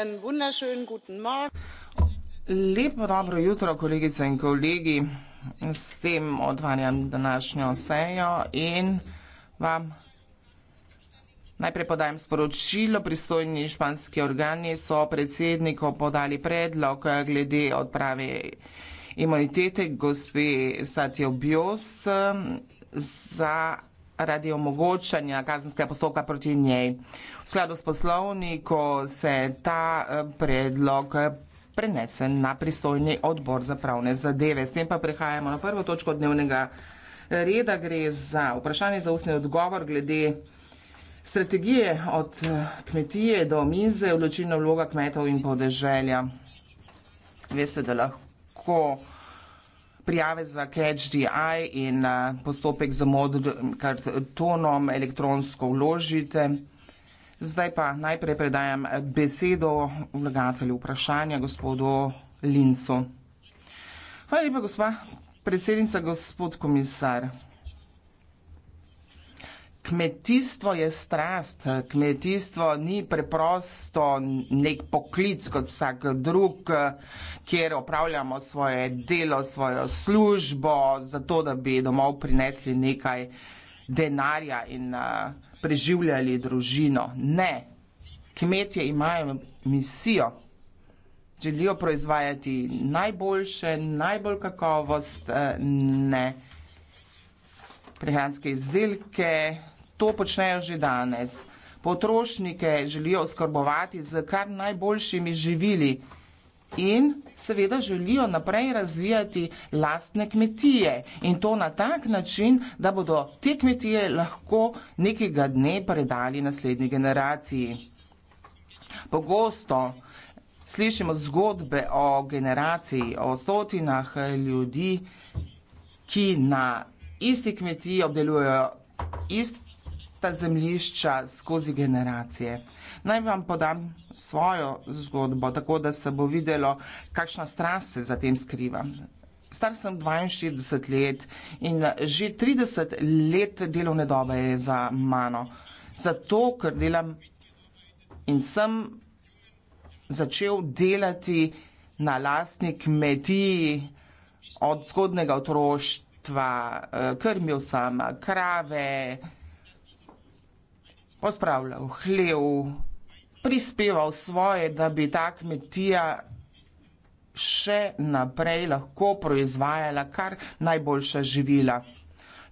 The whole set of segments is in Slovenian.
einen wunderschönen guten Morgen. Lepo dobro jutro, kolegice in kolegi. S tem odvanjam današnjo sejo in vam najprej podajam sporočilo. Pristojni španski organi so predsedniku podali predlog glede odprave imunitete gospe Satjo Bios za radi omogočanja kazenskega postopka proti njej. V skladu s poslovniko se ta eh, predlog eh, prenese na pristojni odbor za pravne zadeve. S tem pa prehajamo na prvo točko dnevnega eh, reda. Gre za vprašanje za ustni odgovor glede strategije od kmetije do mize, vločilna vloga kmetov in podeželja. Veste, da lahko prijave za CatchDI in eh, postopek za modul kartonom elektronsko vložite. Zdaj pa najprej predajam eh, besedo vlagatelju vprašanja gospodu Lincu. Hvala lepa, gospa predsednica, gospod komisar. Kmetijstvo je strast, kmetijstvo ni preprosto nek poklic kot vsak drug, kjer opravljamo svoje delo, svojo službo, zato da bi domov prinesli nekaj denarja in preživljali družino. Ne, kmetje imajo misijo, želijo proizvajati najboljše, najbolj kakovost, e, ne prehranske izdelke, to počnejo že danes. Potrošnike želijo oskrbovati z kar najboljšimi živili in seveda želijo naprej razvijati lastne kmetije in to na tak način, da bodo te kmetije lahko nekega dne predali naslednji generaciji. Pogosto slišimo zgodbe o generaciji, o stotinah ljudi, ki na isti kmetiji obdelujejo isto ta zemljišča skozi generacije. Naj vam podam svojo zgodbo, tako da se bo videlo, kakšna strast se za tem skriva. Star sem 62 let in že 30 let delovne dobe je za mano. Zato, ker delam in sem začel delati na lastni kmetiji od zgodnega otroštva, eh, krmil sem krave, pospravljal hlev, prispeval svoje, da bi ta kmetija še naprej lahko proizvajala kar najboljša živila.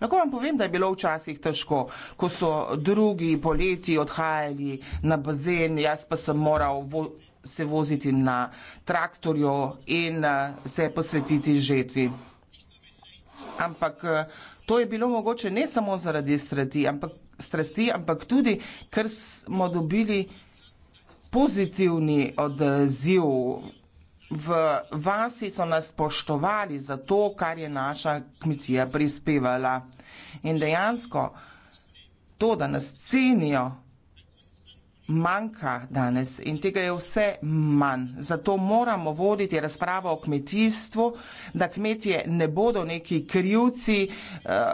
Lahko vam povem, da je bilo včasih težko, ko so drugi poleti odhajali na bazen, jaz pa sem moral vo se voziti na traktorju in se posvetiti žetvi. Ampak to je bilo mogoče ne samo zaradi strati, ampak strasti, ampak tudi, ker smo dobili pozitivni odziv. V vasi so nas poštovali za to, kar je naša kmetija prispevala. In dejansko to, da nas cenijo, manjka danes in tega je vse manj. Zato moramo voditi razpravo o kmetijstvu, da kmetije ne bodo neki krivci, eh,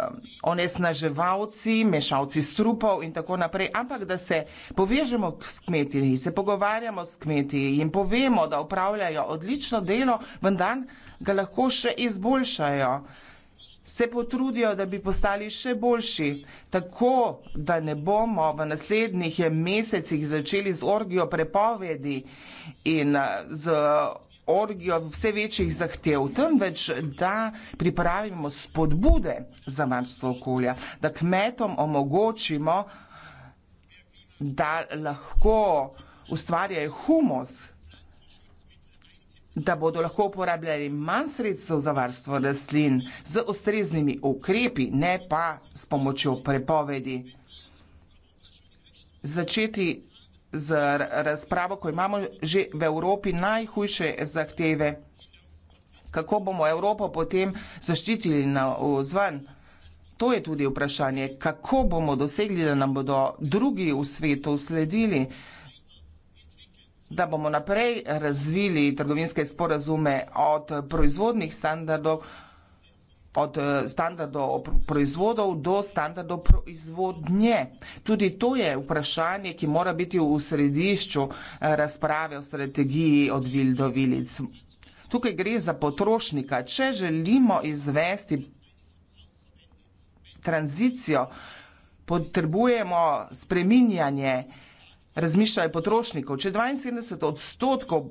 onesnaževalci, mešalci strupov in tako naprej, ampak da se povežemo s kmetiji, se pogovarjamo s kmetiji in povemo, da upravljajo odlično delo, vendar ga lahko še izboljšajo se potrudijo, da bi postali še boljši, tako da ne bomo v naslednjih mesecih začeli z orgijo prepovedi in z orgijo vse večjih zahtev, temveč da pripravimo spodbude za varstvo okolja, da kmetom omogočimo, da lahko ustvarjajo humus da bodo lahko uporabljali manj sredstev za varstvo rastlin z ustreznimi ukrepi, ne pa s pomočjo prepovedi. Začeti z razpravo, ko imamo že v Evropi najhujše zahteve, kako bomo Evropo potem zaščitili na ozven. To je tudi vprašanje, kako bomo dosegli, da nam bodo drugi v svetu sledili da bomo naprej razvili trgovinske sporazume od proizvodnih standardov, od eh, standardov proizvodov do standardov proizvodnje. Tudi to je vprašanje, ki mora biti v središču eh, razprave o strategiji od vil do vilic. Tukaj gre za potrošnika. Če želimo izvesti tranzicijo, potrebujemo spreminjanje tranzicijo, razmišljajo potrošnikov. Če 72 odstotkov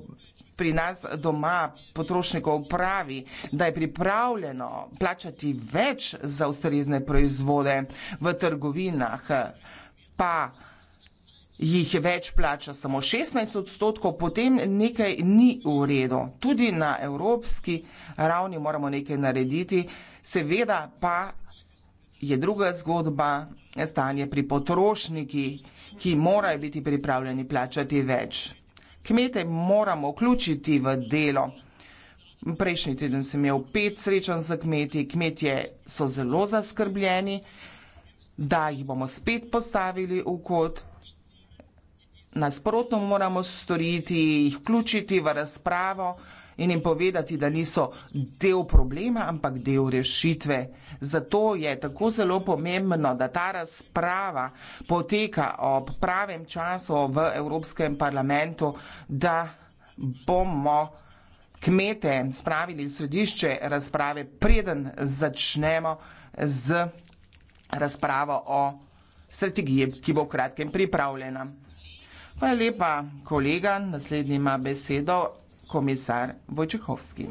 pri nas doma potrošnikov pravi, da je pripravljeno plačati več za ustrezne proizvode v trgovinah, pa jih več plača samo 16 odstotkov, potem nekaj ni v redu. Tudi na evropski ravni moramo nekaj narediti, seveda pa je druga zgodba stanje pri potrošnikih ki morajo biti pripravljeni plačati več. Kmete moramo vključiti v delo. Prejšnji teden sem imel pet srečanj z kmeti. Kmetje so zelo zaskrbljeni, da jih bomo spet postavili v kot. Nasprotno moramo storiti, jih vključiti v razpravo in jim povedati, da niso del problema, ampak del rešitve. Zato je tako zelo pomembno, da ta razprava poteka ob pravem času v Evropskem parlamentu, da bomo kmete spravili v središče razprave, preden začnemo z razpravo o strategiji, ki bo v kratkem pripravljena. Hvala lepa, kolega, naslednji ima besedo komisar Vojčehovski.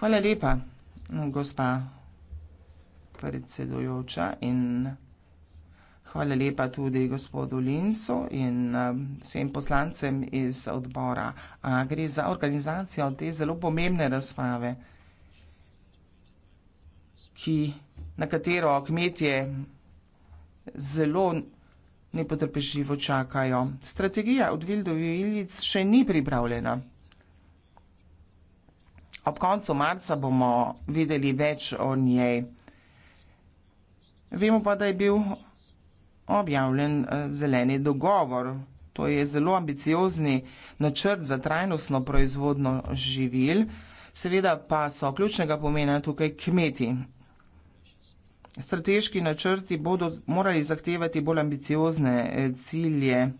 Hvala lepa, gospa predsedujoča in hvala lepa tudi gospodu Lincu in um, vsem poslancem iz odbora. Gre za organizacijo te zelo pomembne razprave, ki, na katero kmetje zelo nepotrpežljivo čakajo. Strategija od Vildovilic še ni pripravljena. Ob koncu marca bomo videli več o njej. Vemo pa, da je bil objavljen eh, zeleni dogovor. To je zelo ambiciozni načrt za trajnostno proizvodno živil. Seveda pa so ključnega pomena tukaj kmeti strateški načrti bodo morali zahtevati bolj ambiciozne eh, cilje,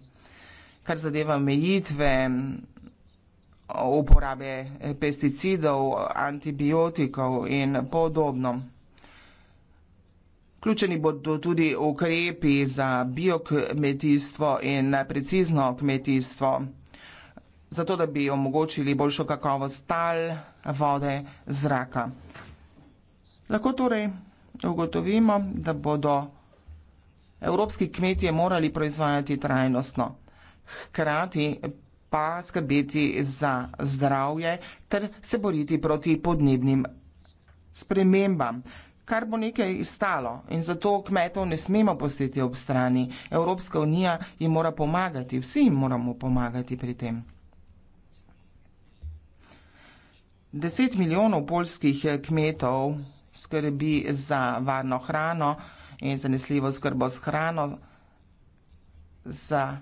kar zadeva mejitve uporabe eh, pesticidov, antibiotikov in podobno. Ključeni bodo tudi ukrepi za biokmetijstvo in precizno kmetijstvo, zato da bi omogočili boljšo kakovost tal, vode, zraka. Lahko torej ugotovimo, da bodo evropski kmetje morali proizvajati trajnostno, hkrati pa skrbeti za zdravje ter se boriti proti podnebnim spremembam. Kar bo nekaj stalo in zato kmetov ne smemo postiti ob strani. Evropska unija jim mora pomagati, vsi jim moramo pomagati pri tem. 10 milijonov polskih kmetov skrbi za varno hrano in zanesljivo skrbo s hrano za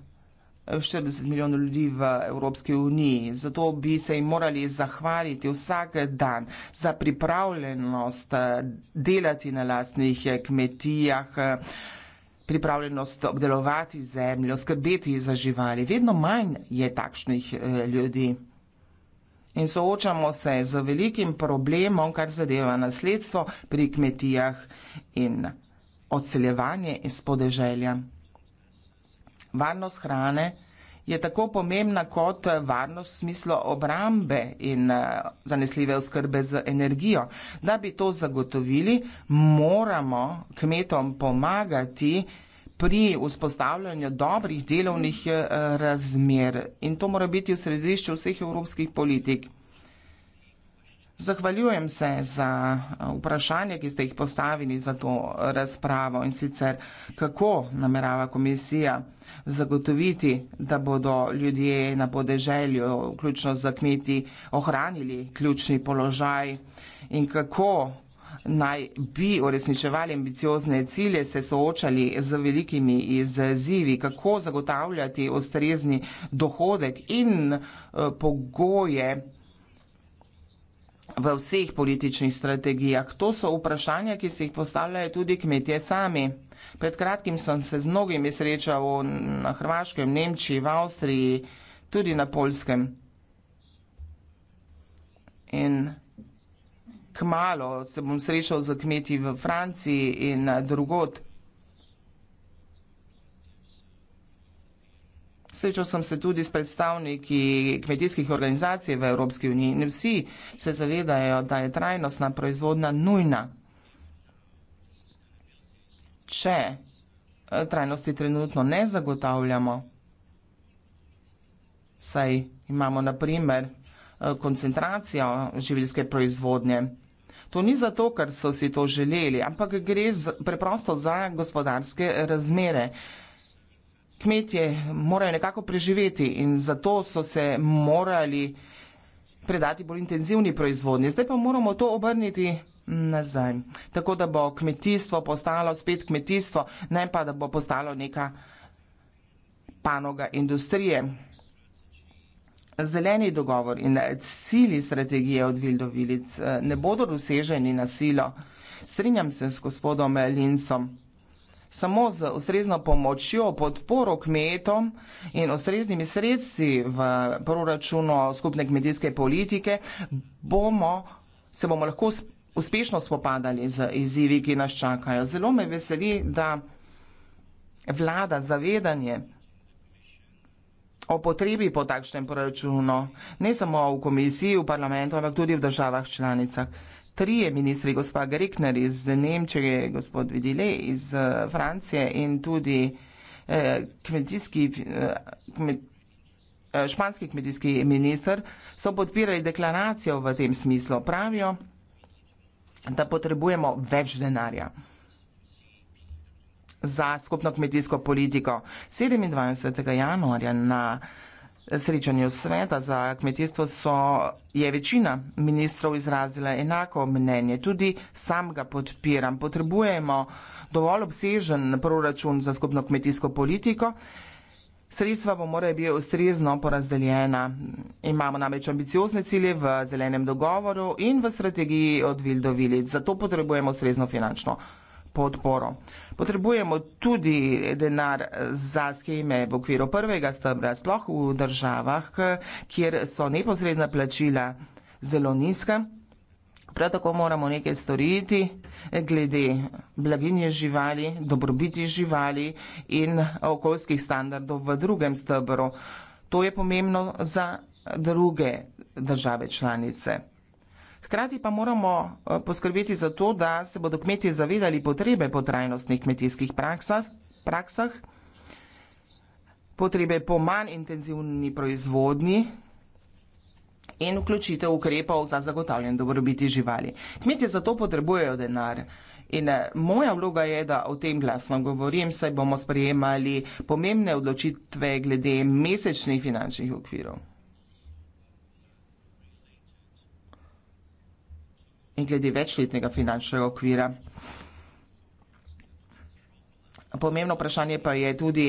40 milijonov ljudi v Evropski uniji. Zato bi se jim morali zahvaliti vsak dan za pripravljenost eh, delati na lastnih eh, kmetijah, eh, pripravljenost obdelovati zemljo, skrbeti za živali. Vedno manj je takšnih ljudi in soočamo se z velikim problemom, kar zadeva nasledstvo pri kmetijah in odseljevanje iz podeželja. Varnost hrane je tako pomembna kot varnost v smislu obrambe in eh, zanesljive oskrbe z energijo. Da bi to zagotovili, moramo kmetom pomagati, da bi to zagotovili, pri vzpostavljanju dobrih delovnih eh, razmer in to mora biti v središču vseh evropskih politik. Zahvaljujem se za eh, vprašanje, ki ste jih postavili za to eh, razpravo in sicer kako namerava komisija zagotoviti, da bodo ljudje na podeželju, vključno za kmeti, ohranili ključni položaj in kako================См naj bi uresničevali ambiciozne cilje, se soočali z velikimi izzivi, kako zagotavljati ustrezni dohodek in eh, pogoje v vseh političnih strategijah. To so vprašanja, ki se jih postavljajo tudi kmetje sami. Pred kratkim sem se z mnogimi srečal na Hrvaškem, Nemčiji, v Avstriji, tudi na Polskem. In kmalo se bom srečal z kmeti v Franciji in eh, drugod. Srečal sem se tudi s predstavniki kmetijskih organizacij v Evropski uniji in vsi se zavedajo, da je trajnostna proizvodna nujna. Če eh, trajnosti trenutno ne zagotavljamo, saj imamo na primer eh, koncentracijo življske proizvodnje, To ni zato, ker so si to želeli, ampak gre za, preprosto za gospodarske razmere. Kmetje morajo nekako preživeti in zato so se morali predati bolj intenzivni proizvodnji. Zdaj pa moramo to obrniti nazaj, tako da bo kmetijstvo postalo spet kmetijstvo, ne pa da bo postalo neka panoga industrije zeleni dogovor in cilji strategije od Vildovilic eh, ne bodo doseženi na silo. Strinjam se s gospodom Lincom. Samo z ustrezno pomočjo, podporo kmetom in ustreznimi sredstvi v proračunu skupne kmetijske politike bomo, se bomo lahko uspešno spopadali z izzivi, ki nas čakajo. Zelo me veseli, da vlada zavedanje o potrebi po takšnem proračunu, ne samo v komisiji, v parlamentu, ampak tudi v državah članicah. Trije ministri, gospa Grekner iz Nemčije, gospod Vidile iz eh, Francije in tudi eh, kmetijski, eh, kmet, španski kmetijski minister, so podpirali deklaracijo v tem smislu. Pravijo, da potrebujemo več denarja za skupno kmetijsko politiko 27. januarja na srečanju sveta za kmetijstvo so, je večina ministrov izrazila enako mnenje. Tudi sam ga podpiram. Potrebujemo dovolj obsežen proračun za skupno kmetijsko politiko. Sredstva bo morajo biti ustrezno porazdeljena. Imamo namreč ambiciozne cilje v zelenem dogovoru in v strategiji od vil do vilic. Zato potrebujemo ustrezno finančno podporo. Potrebujemo tudi denar za scheme v okviru prvega stebra, sploh v državah, kjer so neposredna plačila zelo nizka. Prav tako moramo nekaj storiti glede blaginje živali, dobrobiti živali in okoljskih standardov v drugem stebru. To je pomembno za druge države članice. Hkrati pa moramo eh, poskrbeti za to, da se bodo kmetje zavedali potrebe po trajnostnih kmetijskih praksas, praksah, potrebe po manj intenzivni proizvodnji in vključitev ukrepov za zagotavljanje dobrobiti živali. Kmetje zato potrebujejo denar. In eh, moja vloga je, da o tem glasno govorim, saj bomo sprejemali pomembne odločitve glede mesečnih finančnih okvirov. in glede večletnega finančnega okvira. Pomembno vprašanje pa je tudi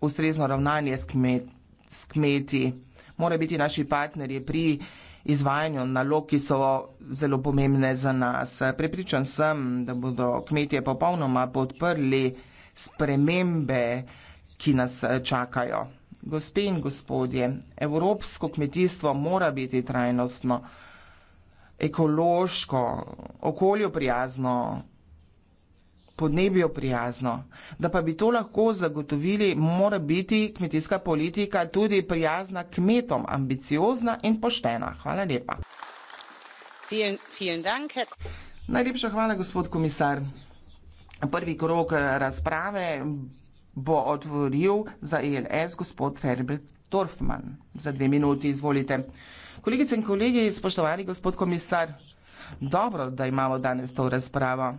ustrezno ravnanje s, kmet, s kmeti. Mora biti naši partnerji pri izvajanju nalog, ki so zelo pomembne za nas. Prepričan sem, da bodo kmetje popolnoma podprli spremembe, ki nas čakajo. Gospe in gospodje, evropsko kmetijstvo mora biti trajnostno ekološko, okolju prijazno, podnebju prijazno. Da pa bi to lahko zagotovili, mora biti kmetijska politika tudi prijazna kmetom, ambiciozna in poštena. Hvala lepa. Vielen, vielen Dank, Najlepša hvala, gospod komisar. Prvi krok eh, razprave bo otvoril za ELS gospod Ferbert Dorfman. Za dve minuti izvolite. Kolegice in kolegi, spoštovani gospod komisar, dobro, da imamo danes to razpravo.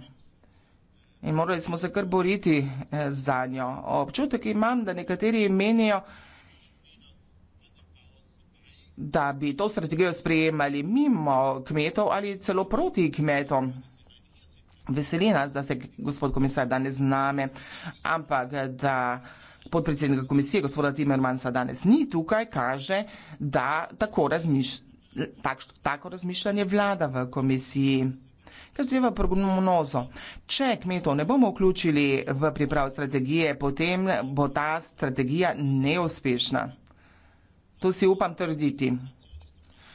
In morali smo se kar boriti eh, za njo. Občutek imam, da nekateri menijo, da bi to strategijo sprejemali mimo kmetov ali celo proti kmetom. Veseli nas, da ste gospod komisar danes z nami, ampak eh, da podpredsednika komisije, gospoda Timermansa, danes ni tukaj, kaže, da tako, razmišlj, tak, tako razmišljanje vlada v komisiji. Kar zdaj v prognozo. Če kmetov ne bomo vključili v pripravo strategije, potem bo ta strategija neuspešna. To si upam trditi.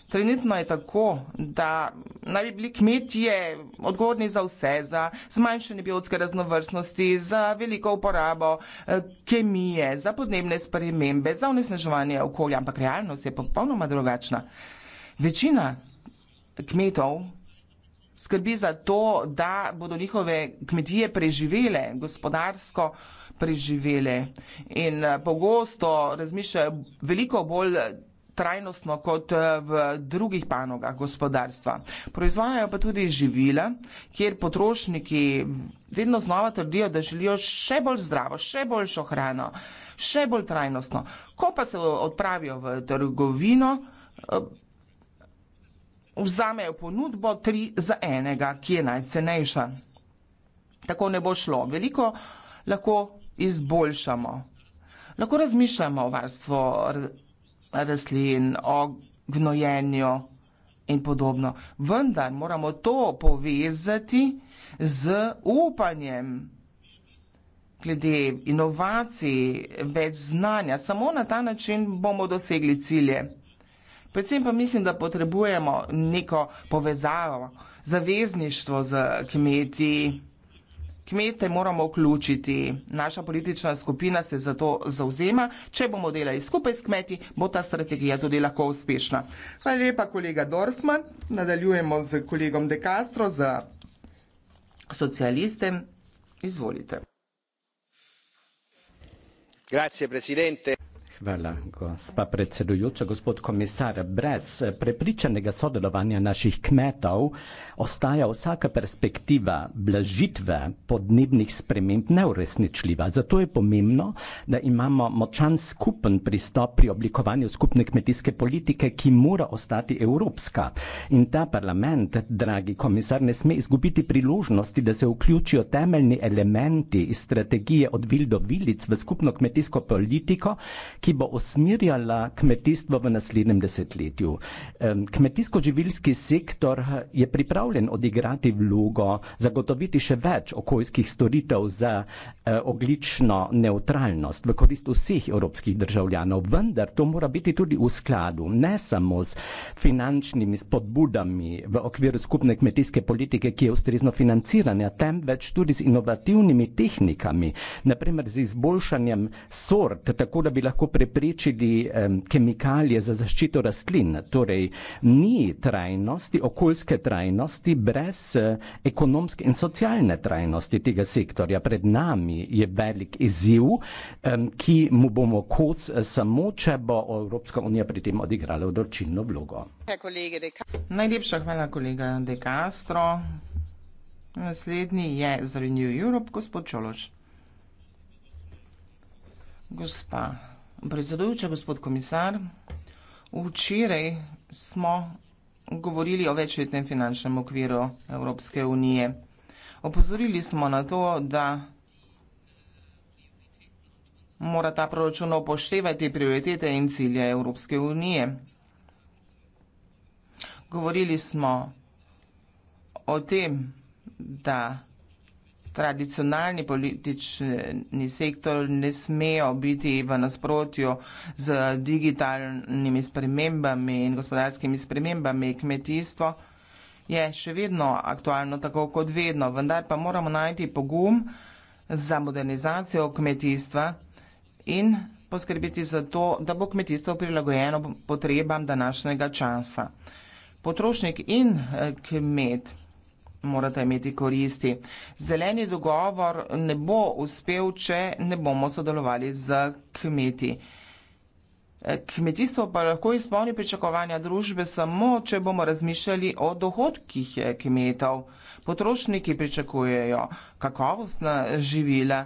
Trenutno je tako, da naj bi bili kmetje odgovorni za vse, za zmanjšanje biotske raznovrstnosti, za veliko uporabo eh, kemije, za podnebne spremembe, za onesnaževanje okolja, ampak realnost je popolnoma drugačna. Večina kmetov skrbi za to, da bodo njihove kmetije preživele, gospodarsko preživele in eh, pogosto razmišljajo veliko bolj trajnostno kot eh, v drugih panogah gospodarstva. Proizvajajo pa tudi živila, kjer potrošniki vedno znova trdijo, da želijo še bolj zdravo, še boljšo hrano, še bolj trajnostno. Ko pa se odpravijo v trgovino, eh, vzamejo ponudbo tri za enega, ki je najcenejša. Tako ne bo šlo. Veliko lahko izboljšamo. Lahko razmišljamo o varstvu rastlin, o gnojenju in podobno. Vendar moramo to povezati z upanjem glede inovacij, več znanja. Samo na ta način bomo dosegli cilje. Predvsem pa mislim, da potrebujemo neko povezavo, zavezništvo z kmetijami. Kmete moramo vključiti. Naša politična skupina se za to zauzema. Če bomo delali skupaj s kmeti, bo ta strategija tudi lahko uspešna. Hvala lepa, kolega Dorfman. Nadaljujemo z kolegom De Castro, z socialistem. Izvolite. Hvala, gospa predsedujoča, gospod komisar. Brez prepričanega sodelovanja naših kmetov ostaja vsaka perspektiva blažitve podnebnih sprememb neuresničljiva. Zato je pomembno, da imamo močan skupen pristop pri oblikovanju skupne kmetijske politike, ki mora ostati evropska. In ta parlament, dragi komisar, ne sme izgubiti priložnosti, da se vključijo temeljni elementi iz strategije od vil do vilic v skupno kmetijsko politiko, ki bo usmirjala kmetijstvo v naslednjem desetletju. Kmetijsko-življski sektor je pripravljen odigrati vlogo, zagotoviti še več okoljskih storitev za e, oglično neutralnost v korist vseh evropskih državljanov, vendar to mora biti tudi v skladu ne samo s finančnimi spodbudami v okviru skupne kmetijske politike, ki je ustrezno financirana, temveč tudi z inovativnimi tehnikami, naprimer z izboljšanjem sort, tako da bi lahko preprečili eh, kemikalije za zaščito rastlin. Torej, ni trajnosti, okoljske trajnosti brez eh, ekonomske in socialne trajnosti tega sektorja. Pred nami je velik izziv, eh, ki mu bomo koc eh, samo, če bo Evropska unija pri tem odigrala odločilno vlogo. Najlepša hvala, kolega De Castro. Naslednji je za Renew Europe, gospod Čološ. Gospa Predsedujoča, gospod komisar, včeraj smo govorili o večletnem finančnem okviru Evropske unije. Opozorili smo na to, da mora ta proračun upoštevati prioritete in cilje Evropske unije. Govorili smo o tem, da tradicionalni politični sektor ne smejo biti v nasprotju z digitalnimi spremembami in gospodarskimi spremembami kmetijstvo. Je še vedno aktualno, tako kot vedno, vendar pa moramo najti pogum za modernizacijo kmetijstva in poskrbeti za to, da bo kmetijstvo prilagojeno potrebam današnjega časa. Potrošnik in eh, kmet morata imeti koristi. Zeleni dogovor ne bo uspel, če ne bomo sodelovali z kmeti. E, kmetijstvo pa lahko izpolni pričakovanja družbe samo, če bomo razmišljali o dohodkih e, kmetov. Potrošniki pričakujejo kakovostna živila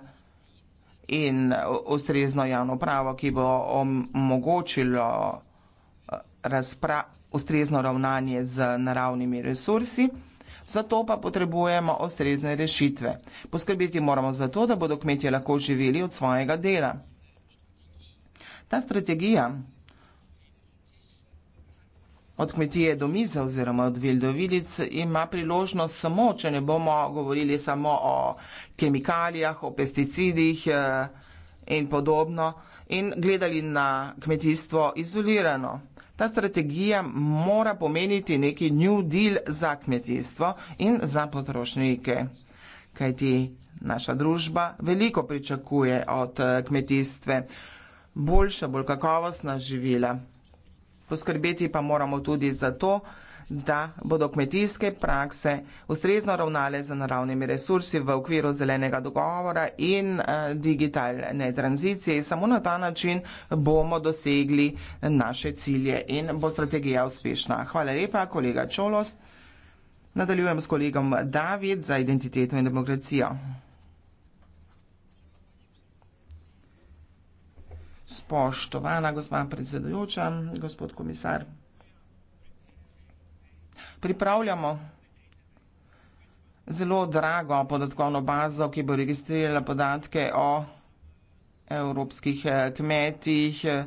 in ustrezno javno pravo, ki bo omogočilo e, razpra, ustrezno ravnanje z naravnimi resursi zato pa potrebujemo ostrezne rešitve. Poskrbiti moramo za to, da bodo kmetje lahko živeli od svojega dela. Ta strategija od kmetije do mize oziroma od vil do vilic ima priložnost samo, če ne bomo govorili samo o kemikalijah, o pesticidih eh, in podobno in gledali na kmetijstvo izolirano. Ta strategija mora pomeniti neki new deal za kmetijstvo in za potrošnike. Kaj ti naša družba veliko pričakuje od eh, kmetijstve? Boljša, bolj kakovostna živila. Poskrbeti pa moramo tudi za to, da bodo kmetijske prakse ustrezno ravnale z naravnimi resursi v okviru zelenega dogovora in eh, digitalne tranzicije. Samo na ta način bomo dosegli naše cilje in bo strategija uspešna. Hvala lepa, kolega Čolos. Nadaljujem s kolegom David za identiteto in demokracijo. Spoštovana gospod predsedujoča, gospod komisar pripravljamo zelo drago podatkovno bazo, ki bo registrirala podatke o evropskih eh, kmetih eh,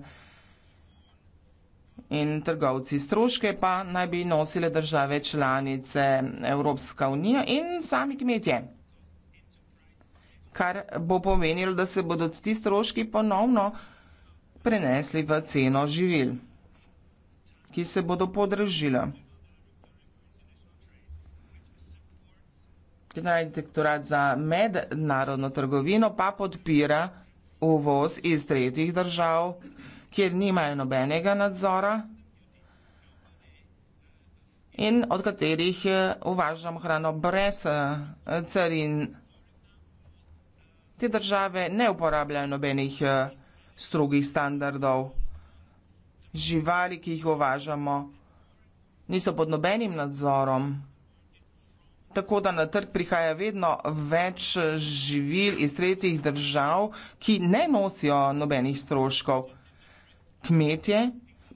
in trgovci. Stroške pa naj bi nosile države članice Evropska unija in sami kmetje. Kar bo pomenilo, da se bodo ti stroški ponovno prenesli v ceno živil, ki se bodo podražila. Generalni direktorat za mednarodno trgovino pa podpira uvoz iz tretjih držav, kjer nimajo nobenega nadzora in od katerih eh, uvažamo hrano brez eh, carin. Te države ne uporabljajo nobenih eh, strogih standardov. Živali, ki jih uvažamo, niso pod nobenim nadzorom tako da na trg prihaja vedno več živil iz tretjih držav, ki ne nosijo nobenih stroškov. Kmetje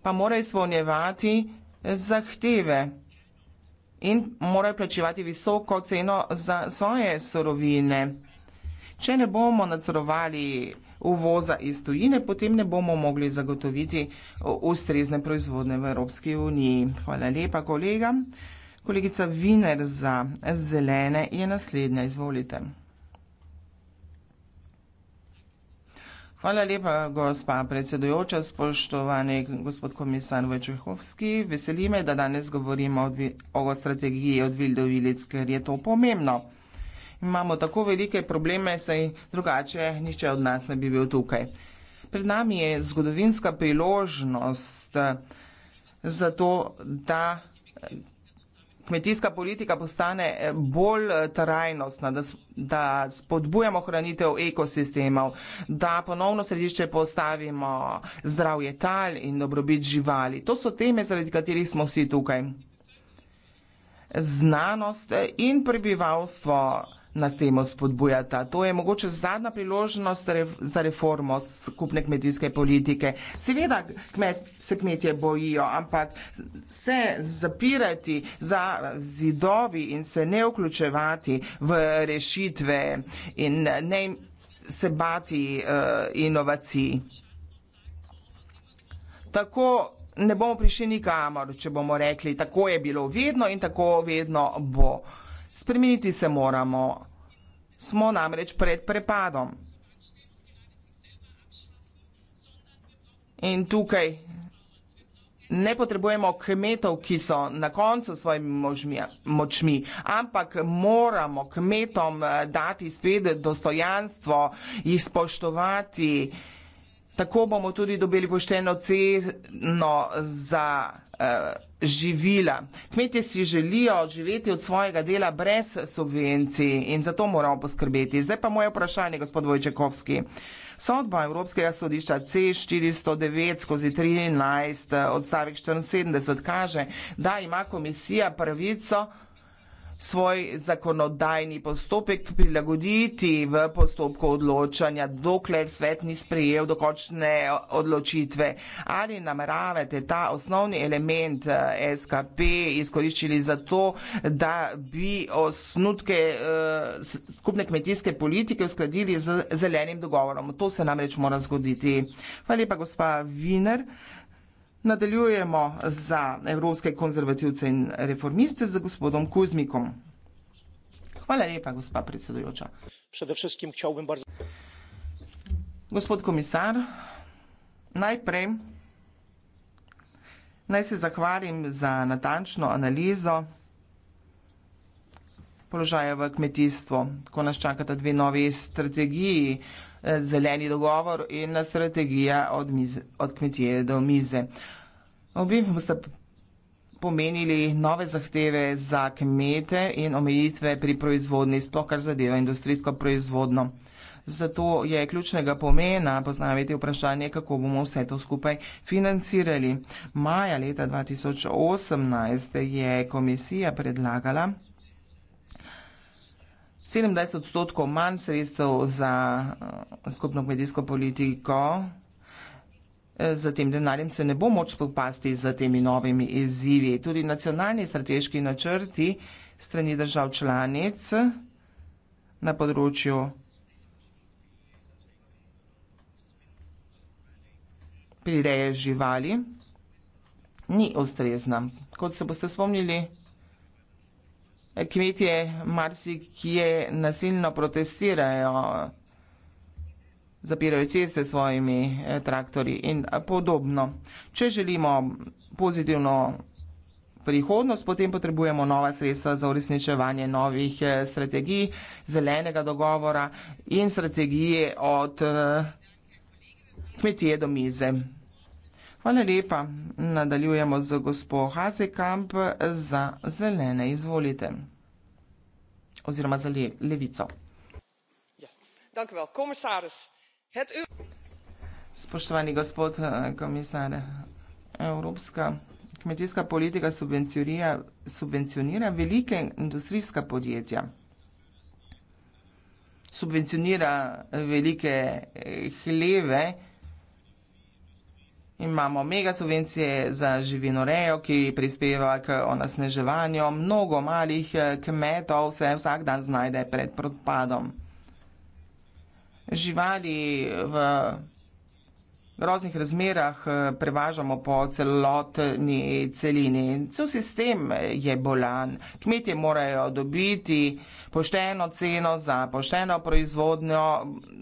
pa morajo izpolnjevati zahteve in morajo plačevati visoko ceno za svoje sorovine. Če ne bomo nadzorovali uvoza iz tujine, potem ne bomo mogli zagotoviti ustrezne proizvodne v Evropski uniji. Hvala lepa, kolega. Kolegica Viner za zelene je naslednja, izvolite. Hvala lepa, gospa predsedujoča, spoštovani gospod komisar Vojčehovski. Veseli me, da danes govorimo o, o strategiji od vil do vilic, ker je to pomembno. Imamo tako velike probleme, saj drugače nihče od nas ne bi bil tukaj. Pred nami je zgodovinska priložnost za to, da kmetijska politika postane eh, bolj eh, trajnostna, da, da spodbujamo hranitev ekosistemov, da ponovno središče postavimo zdravje tal in dobrobit živali. To so teme, zaradi katerih smo vsi tukaj. Znanost eh, in prebivalstvo nas temu spodbujata. To je mogoče zadnja priložnost za reformo skupne kmetijske politike. Seveda kmet, se kmetje bojijo, ampak se zapirati za zidovi in se ne vključevati v rešitve in ne se bati uh, inovacij. Tako ne bomo prišli nikamor, če bomo rekli, tako je bilo vedno in tako vedno bo. Spremeniti se moramo smo namreč pred prepadom. In tukaj ne potrebujemo kmetov, ki so na koncu svojimi možmi, močmi, ampak moramo kmetom eh, dati spet dostojanstvo, jih spoštovati. Tako bomo tudi dobili pošteno ceno za eh, živila. Kmetje si želijo živeti od svojega dela brez subvencij in zato moramo poskrbeti. Zdaj pa moje vprašanje, gospod Vojčekovski. Sodba Evropskega sodišča C409 skozi 13 odstavek 74 kaže, da ima komisija pravico svoj zakonodajni postopek prilagoditi v postopku odločanja, dokler svet ni sprejel dokončne odločitve. Ali nameravate ta osnovni element eh, SKP izkoriščili za to, da bi osnutke eh, skupne kmetijske politike uskladili z zelenim dogovorom? To se namreč mora zgoditi. Hvala lepa, gospa Viner. Nadaljujemo za evropske konzervativce in reformiste z gospodom Kuzmikom. Hvala lepa, gospa predsedujoča. Gospod komisar, najprej naj se zahvalim za natančno analizo položaja v kmetijstvu, ko nas čakata dve novi strategiji zeleni dogovor in strategija od, mize, od kmetije do mize. Obim boste pomenili nove zahteve za kmete in omejitve pri proizvodni, sploh kar zadeva industrijsko proizvodno. Zato je ključnega pomena poznaviti vprašanje, kako bomo vse to skupaj financirali. Maja leta 2018 je komisija predlagala, 70 odstotkov manj sredstev za eh, skupno kmetijsko politiko, eh, za tem denarjem se ne bo moč spopasti z temi novimi izzivi. Tudi nacionalni strateški načrti strani držav članic na področju prireje živali ni ustrezna. Kot se boste spomnili, kmetje marsi, ki je nasilno protestirajo, zapirajo ceste svojimi eh, traktori in eh, podobno. Če želimo pozitivno prihodnost, potem potrebujemo nova sredstva za uresničevanje novih eh, strategij zelenega dogovora in strategije od kmetije do mize. Hvala lepa. Nadaljujemo z gospo Hazekamp za zelene. Izvolite. Oziroma za le, levico. Ja. Spoštovani gospod eh, komisar, evropska kmetijska politika subvencionira, subvencionira velike industrijska podjetja. Subvencionira velike eh, hleve. Imamo mega subvencije za živinorejo, ki prispeva k onasneževanju. Mnogo malih eh, kmetov se vsak dan znajde pred propadom. Živali v groznih razmerah eh, prevažamo po celotni celini. Cel sistem je bolan. Kmetje morajo dobiti pošteno ceno za pošteno proizvodnjo,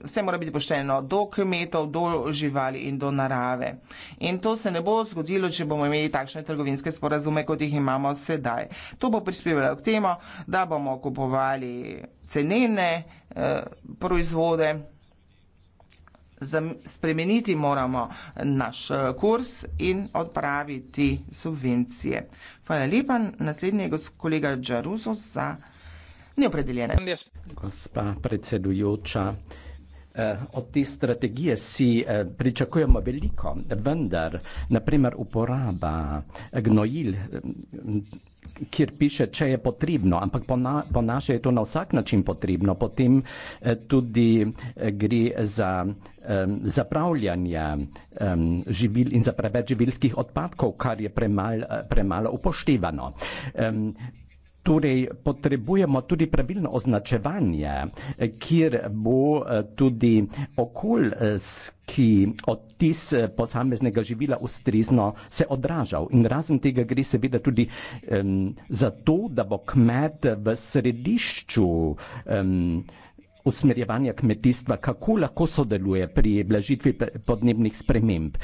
vse mora biti pošteno do kmetov, do živali in do narave. In to se ne bo zgodilo, če bomo imeli takšne trgovinske sporazume, kot jih imamo sedaj. To bo prispevalo k temu, da bomo kupovali cenene eh, proizvode spremeniti moramo naš eh, kurs in odpraviti subvencije. Hvala lepa. Naslednji je kolega Džaruzo za neopredeljene. Gospa predsedujoča, eh, Od te strategije si eh, pričakujemo veliko, vendar naprimer uporaba gnojil kjer piše, če je potrebno, ampak po, na, po naše je to na vsak način potrebno, potem eh, tudi eh, gre za eh, zapravljanje eh, živil in za preveč živilskih odpadkov, kar je premalo eh, premal upoštevano. Eh, Torej, potrebujemo tudi pravilno označevanje, kjer bo eh, tudi okoljski odtis eh, posameznega živila ustrezno se odražal. In razen tega gre seveda tudi um, za to, da bo kmet v središču um, usmerjevanja kmetijstva, kako lahko sodeluje pri blažitvi podnebnih sprememb.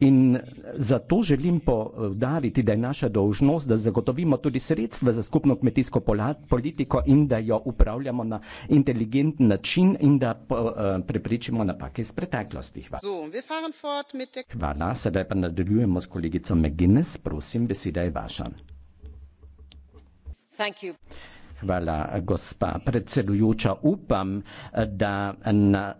In zato želim povdariti, da je naša dolžnost, da zagotovimo tudi sredstva za skupno kmetijsko politiko in da jo upravljamo na inteligenten način in da eh, prepričimo napake iz preteklosti. Hvala. Hvala, sedaj pa nadaljujemo s kolegico McGuinness. Prosim, beseda je vaša. Thank you. Hvala, gospa predsedujoča. Upam, da na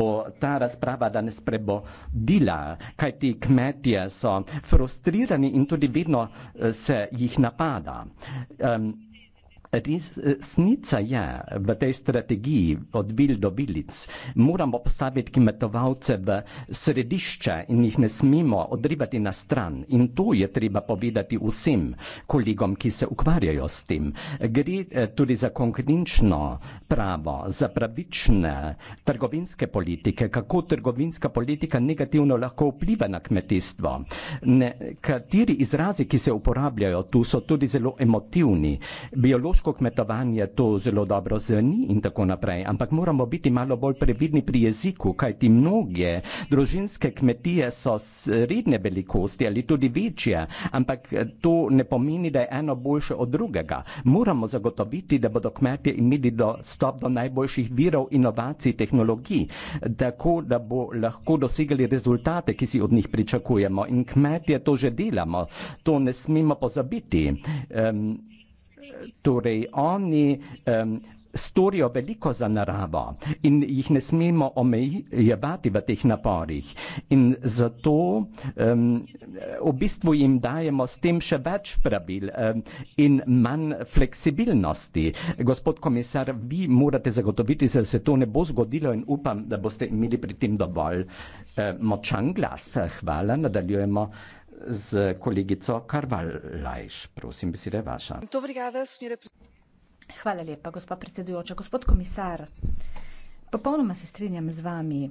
bo ta razprava danes prebodila, kajti kmetje so frustrirani in tudi vedno eh, se jih napada. Um, Resnica eh, je v tej strategiji od vil do vilic. Moramo postaviti kmetovalce v središče in jih ne smemo odrivati na stran. In to je treba povedati vsem kolegom, ki se ukvarjajo s tem. Gre eh, tudi za konkurenčno pravo, za pravične trgovinske politike, kako trgovinska politika negativno lahko vpliva na kmetijstvo. Nekateri izrazi, ki se uporabljajo tu, so tudi zelo emotivni. Biološko kmetijsko kmetovanje to zelo dobro zveni in tako naprej, ampak moramo biti malo bolj previdni pri jeziku, kajti mnoge družinske kmetije so srednje velikosti ali tudi večje, ampak to ne pomeni, da je eno boljše od drugega. Moramo zagotoviti, da bodo kmetje imeli dostop do najboljših virov inovacij, tehnologij, tako da bo lahko dosegali rezultate, ki si od njih pričakujemo. In kmetje to že delamo, to ne smemo pozabiti. Um, torej oni um, storijo veliko za naravo in jih ne smemo omejevati v teh naporih. In zato um, v bistvu jim dajemo s tem še več pravil um, in manj fleksibilnosti. Gospod komisar, vi morate zagotoviti, da se to ne bo zgodilo in upam, da boste imeli pri tem dovolj uh, močan glas. Hvala, nadaljujemo z kolegico Karvalajš. Prosim, beseda je vaša. Hvala lepa, gospod predsedujoča. Gospod komisar, popolnoma se strinjam z vami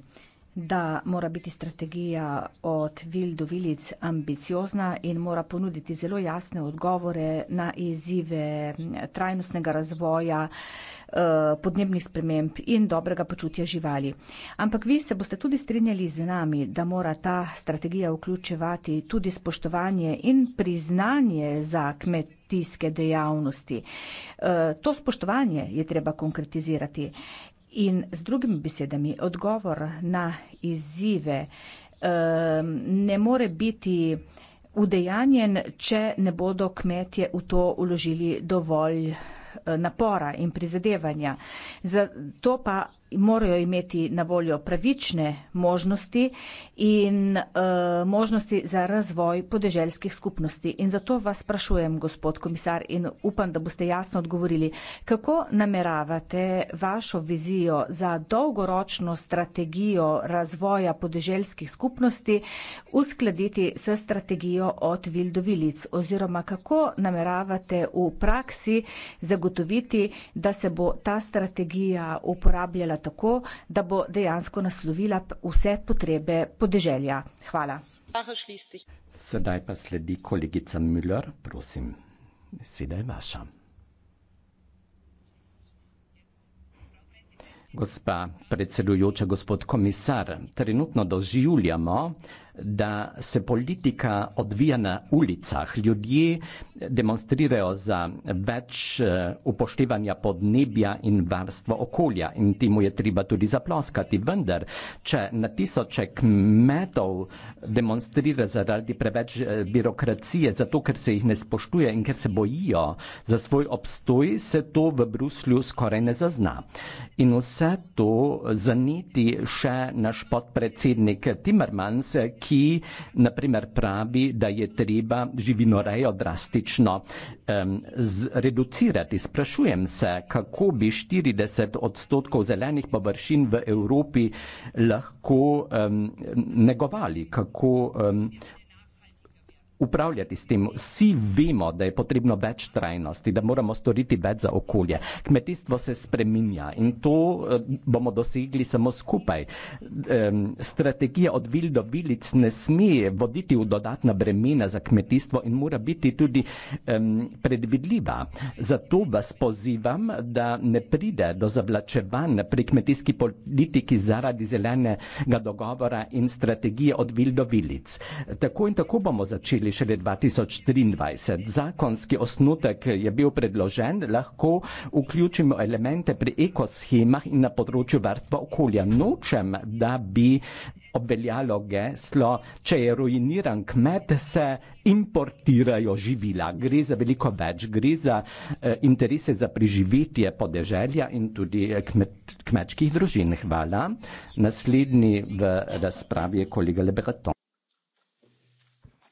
da mora biti strategija od vil do vilic ambiciozna in mora ponuditi zelo jasne odgovore na izzive trajnostnega razvoja, eh, podnebnih sprememb in dobrega počutja živali. Ampak vi se boste tudi strinjali z nami, da mora ta strategija vključevati tudi spoštovanje in priznanje za kmet tiske dejavnosti. Eh, to spoštovanje je treba konkretizirati. In z drugimi besedami, odgovor na izzive ehm, ne more biti udejanjen, če ne bodo kmetje v to vložili dovolj eh, napora in prizadevanja. Zato pa morajo imeti na voljo pravične možnosti in e, možnosti za razvoj podeželskih skupnosti. In zato vas sprašujem, gospod komisar, in upam, da boste jasno odgovorili, kako nameravate vašo vizijo za dolgoročno strategijo razvoja podeželskih skupnosti uskladiti s strategijo od vil do vilic oziroma kako nameravate v praksi zagotoviti, da se bo ta strategija uporabljala tako, da bo dejansko naslovila vse potrebe podeželja. Hvala. Sedaj pa sledi kolegica Müller, prosim, sedaj vaša. Gospa predsedujoča, gospod komisar, trenutno doživljamo da se politika odvija na ulicah. Ljudje demonstrirajo za več eh, upoštevanja podnebja in varstva okolja in temu je treba tudi zaploskati. Vendar, če na tisoče kmetov demonstrira zaradi preveč eh, birokracije, zato ker se jih ne spoštuje in ker se bojijo za svoj obstoj, se to v Bruslju skoraj ne zazna. In vse to zaniti še naš podpredsednik Timmermans, ki ki naprimer pravi, da je treba živinorejo drastično um, zreducirati. Sprašujem se, kako bi 40 odstotkov zelenih površin v Evropi lahko um, negovali, kako um, upravljati s tem. Vsi vemo, da je potrebno več trajnosti, da moramo storiti več za okolje. Kmetijstvo se spreminja in to eh, bomo dosegli samo skupaj. Strategija od vil do vilic ne sme voditi v dodatna bremena za kmetijstvo in mora biti tudi predvidljiva. Zato vas pozivam, da ne pride do zavlačevanj pri kmetijski politiki zaradi zelenega dogovora in strategije od vil do vilic. Tako in tako bomo začeli sprejeli šele 2023. Zakonski osnutek je bil predložen, lahko vključimo elemente pri ekoshemah in na področju varstva okolja. Nočem, da bi obveljalo geslo, če je ruiniran kmet, se importirajo živila. Gre za veliko več, gre za eh, interese za preživetje podeželja in tudi eh, kmet, kmečkih družin. Hvala. Naslednji v razpravi je kolega Lebreton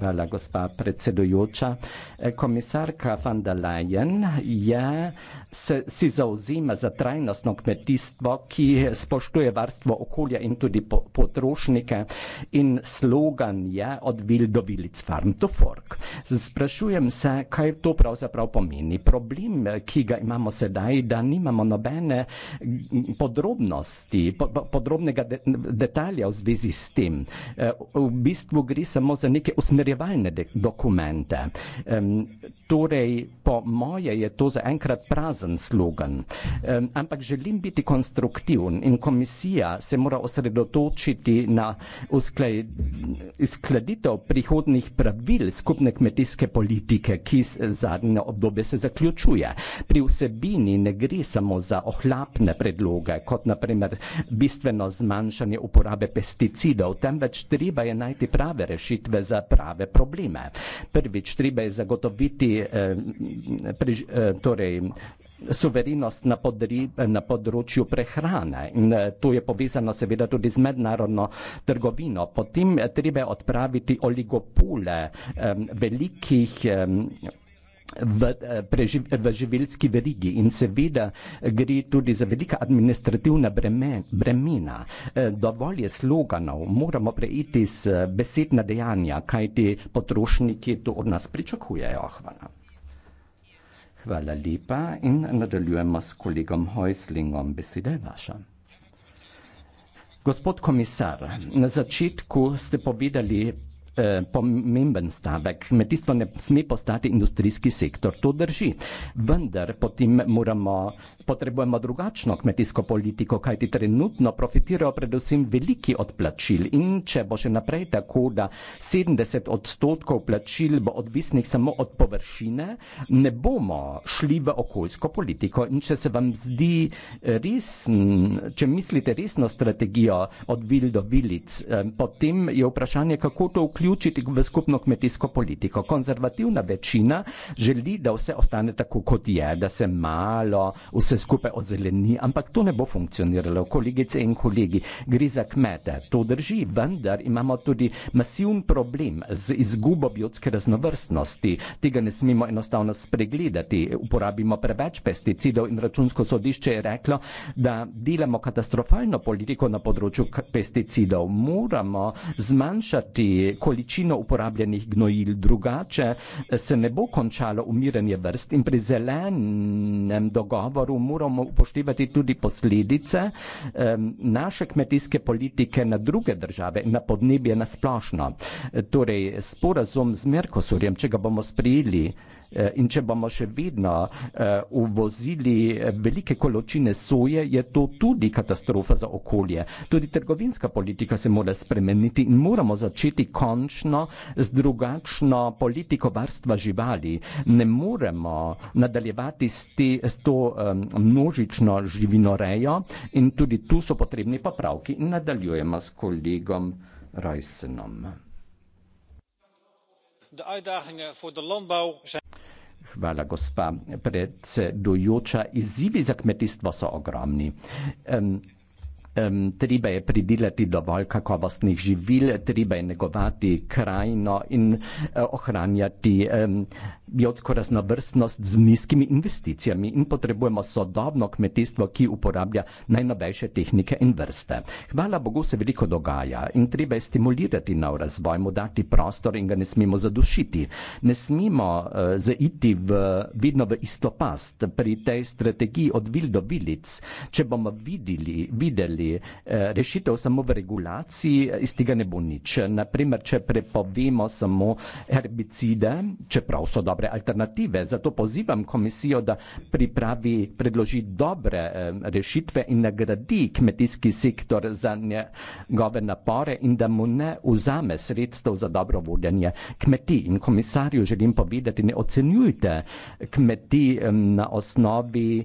Hvala, gospa predsedujoča. E, komisarka van der Leyen je, se, si zauzima za trajnostno kmetijstvo, ki spoštuje varstvo okolja in tudi po, potrošnike in slogan je od Wild do Willits Farm to Fork. Sprašujem se, kaj to pravzaprav pomeni. Problem, ki ga imamo sedaj, da nimamo nobene podrobnosti, po, podrobnega de, detalja v zvezi s tem. E, v bistvu gre samo za neke usmeritve nerjevalne dokumente. Um, torej, po moje je to zaenkrat prazen slogan, um, ampak želim biti konstruktivn in komisija se mora osredotočiti na uskladitev prihodnih pravil skupne kmetijske politike, ki zadnje obdobje se zaključuje. Pri vsebini ne gre samo za ohlapne predloge, kot naprimer bistveno zmanjšanje uporabe pesticidov, temveč treba je najti prave rešitve za prave nove probleme. Prvič, treba je zagotoviti eh, prež, eh, torej, suverenost na, na področju prehrane in eh, to je povezano seveda tudi z mednarodno trgovino. Potem eh, treba odpraviti oligopole eh, velikih eh, v, eh, preživ, v živilski verigi in seveda gre tudi za velika administrativna bremen, bremena. Eh, dovolj je sloganov, moramo preiti z eh, besed na dejanja, kaj ti potrošniki to od nas pričakujejo. Hvala. Hvala lepa in nadaljujemo s kolegom Hojslingom. Beseda je vaša. Gospod komisar, na začetku ste povedali Eh, pomemben stavek. Kmetijstvo ne sme postati industrijski sektor. To drži. Vendar potem moramo Potrebujemo drugačno kmetijsko politiko, kajti trenutno profitirajo predvsem veliki odplačil in če bo še naprej tako, da 70 odstotkov plačil bo odvisnih samo od površine, ne bomo šli v okoljsko politiko in če se vam zdi eh, resn, če mislite resno strategijo od vil do vilic, eh, potem je vprašanje, kako to vključiti v skupno kmetijsko politiko. Konzervativna večina želi, da vse ostane tako, kot je, da se malo vse vse skupaj ozeleni, ampak to ne bo funkcioniralo, kolegice in kolegi. Gre za kmete, to drži, vendar imamo tudi masivn problem z izgubo biotske raznovrstnosti. Tega ne smemo enostavno spregledati. Uporabimo preveč pesticidov in računsko sodišče je reklo, da delamo katastrofalno politiko na področju pesticidov. Moramo zmanjšati količino uporabljenih gnojil, drugače eh, se ne bo končalo umiranje vrst in pri zelenem dogovoru moramo upoštevati tudi posledice um, naše kmetijske politike na druge države, na podnebje na splošno. Torej, sporazum z Merkosurjem, če ga bomo sprijeli, Eh, in če bomo še vedno eh, uvozili eh, velike količine soje, je to tudi katastrofa za okolje. Tudi trgovinska politika se mora spremeniti in moramo začeti končno z drugačno politiko varstva živali. Ne moremo nadaljevati s, te, s to množično živinorejo in tudi tu so potrebni popravki. In nadaljujemo s kolegom Rajsenom. De uitdagingen voor de landbouw zijn hvala gospa predsedujoča, izzivi za kmetijstvo so ogromni. Um, Um, treba je pridelati dovolj kakovostnih živil, treba je negovati krajino in uh, ohranjati um, biotsko raznovrstnost z nizkimi investicijami in potrebujemo sodobno kmetijstvo, ki uporablja najnovejše tehnike in vrste. Hvala Bogu se veliko dogaja in treba je stimulirati nov razvoj, mu dati prostor in ga ne smemo zadušiti. Ne smemo uh, zaiti v, vidno v isto past pri tej strategiji od vil do vilic. Če bomo videli, videli uh, rešitev samo v regulaciji, iz tega ne bo nič. Naprimer, če prepovemo samo herbicide, čeprav so dobro dobre alternative. Zato pozivam komisijo, da pripravi, predloži dobre rešitve in nagradi kmetijski sektor za njegove napore in da mu ne vzame sredstev za dobro vodenje kmetij. In komisarju želim povedati, ne ocenjujte kmetij na osnovi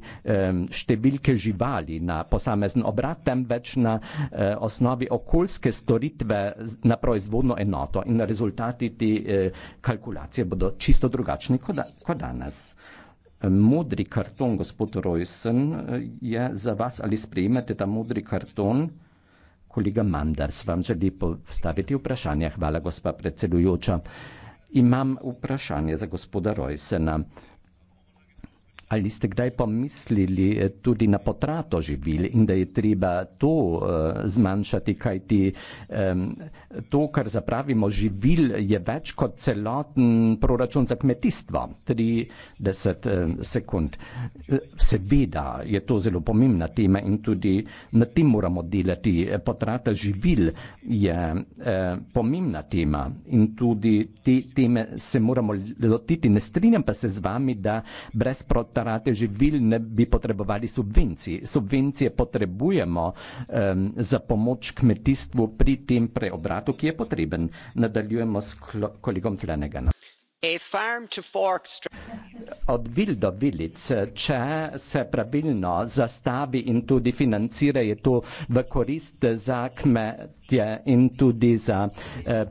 številke živali na posamezen obrat, temveč na eh, osnovi okoljske storitve na proizvodno enoto in rezultati te eh, kalkulacije bodo čisto drugačni drugačni kot da, ko danes. Modri karton, gospod Rojsen, je za vas ali sprejmete ta modri karton? Kolega Mandars vam želi postaviti vprašanje. Hvala, gospa predsedujoča. Imam vprašanje za gospoda Rojsena. Ali ste kdaj pomislili eh, tudi na potrato živil in da je treba to uh, zmanjšati, kaj ti um, to, kar zapravimo živil, je več kot celoten proračun za kmetijstvo? 30 um, sekund. Eh, seveda je to zelo pomembna tema in tudi na tem moramo delati. Potrata živil je um, pomembna tema in tudi te teme se moramo lotiti. Ne strinjam pa se z vami, da brez protestov doktorate živil, ne bi potrebovali subvencij. Subvencije potrebujemo um, za pomoč kmetijstvu pri tem preobratu, ki je potreben. Nadaljujemo s kolegom Fleneganom. Od vil do vilic, če se pravilno zastavi in tudi financira, je to v korist za kmetje in tudi za eh,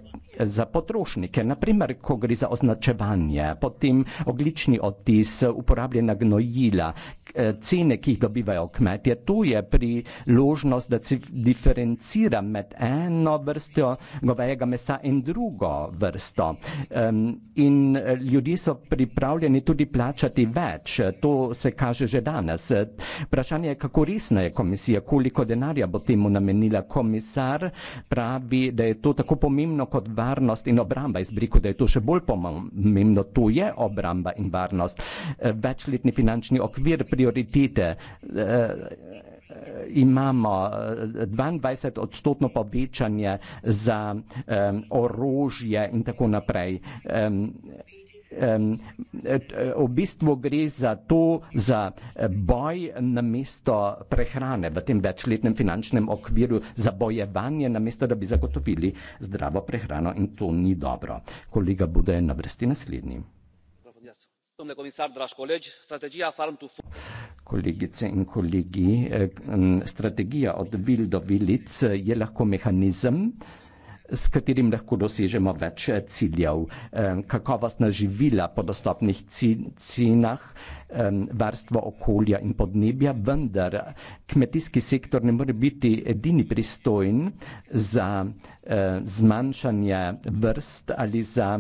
za potrošnike, naprimer, ko gre za označevanje, potem oglični odtis, uporabljena gnojila, eh, cene, ki jih dobivajo kmetje. Tu je priložnost, da se diferencira med eno vrsto govejega mesa in drugo vrsto. In eh, ljudje so pripravljeni tudi plačati več. To se kaže že danes. Vprašanje je, kako resna je komisija, koliko denarja bo temu namenila komisar, pravi, da je to tako pomembno kot vaš varnost in obramba. Jaz bi rekel, da je to še bolj pomembno. To je obramba in varnost. Eh, večletni finančni okvir, prioritete. Eh, imamo 22 eh, odstotno povečanje za um, orožje in tako naprej. Um, E, v bistvu gre za to, za e, boj na mesto prehrane v tem večletnem finančnem okviru, za bojevanje na mesto, da bi zagotovili zdravo prehrano in to ni dobro. Kolega bude na vrsti naslednji. Kolegice in kolegi, e, strategija od vil do vilic je lahko mehanizem, s katerim lahko dosežemo več eh, ciljev. Kakovostna živila po dostopnih cenah, varstvo okolja in podnebja, vendar kmetijski sektor ne more biti edini pristojen za eh, zmanjšanje vrst ali za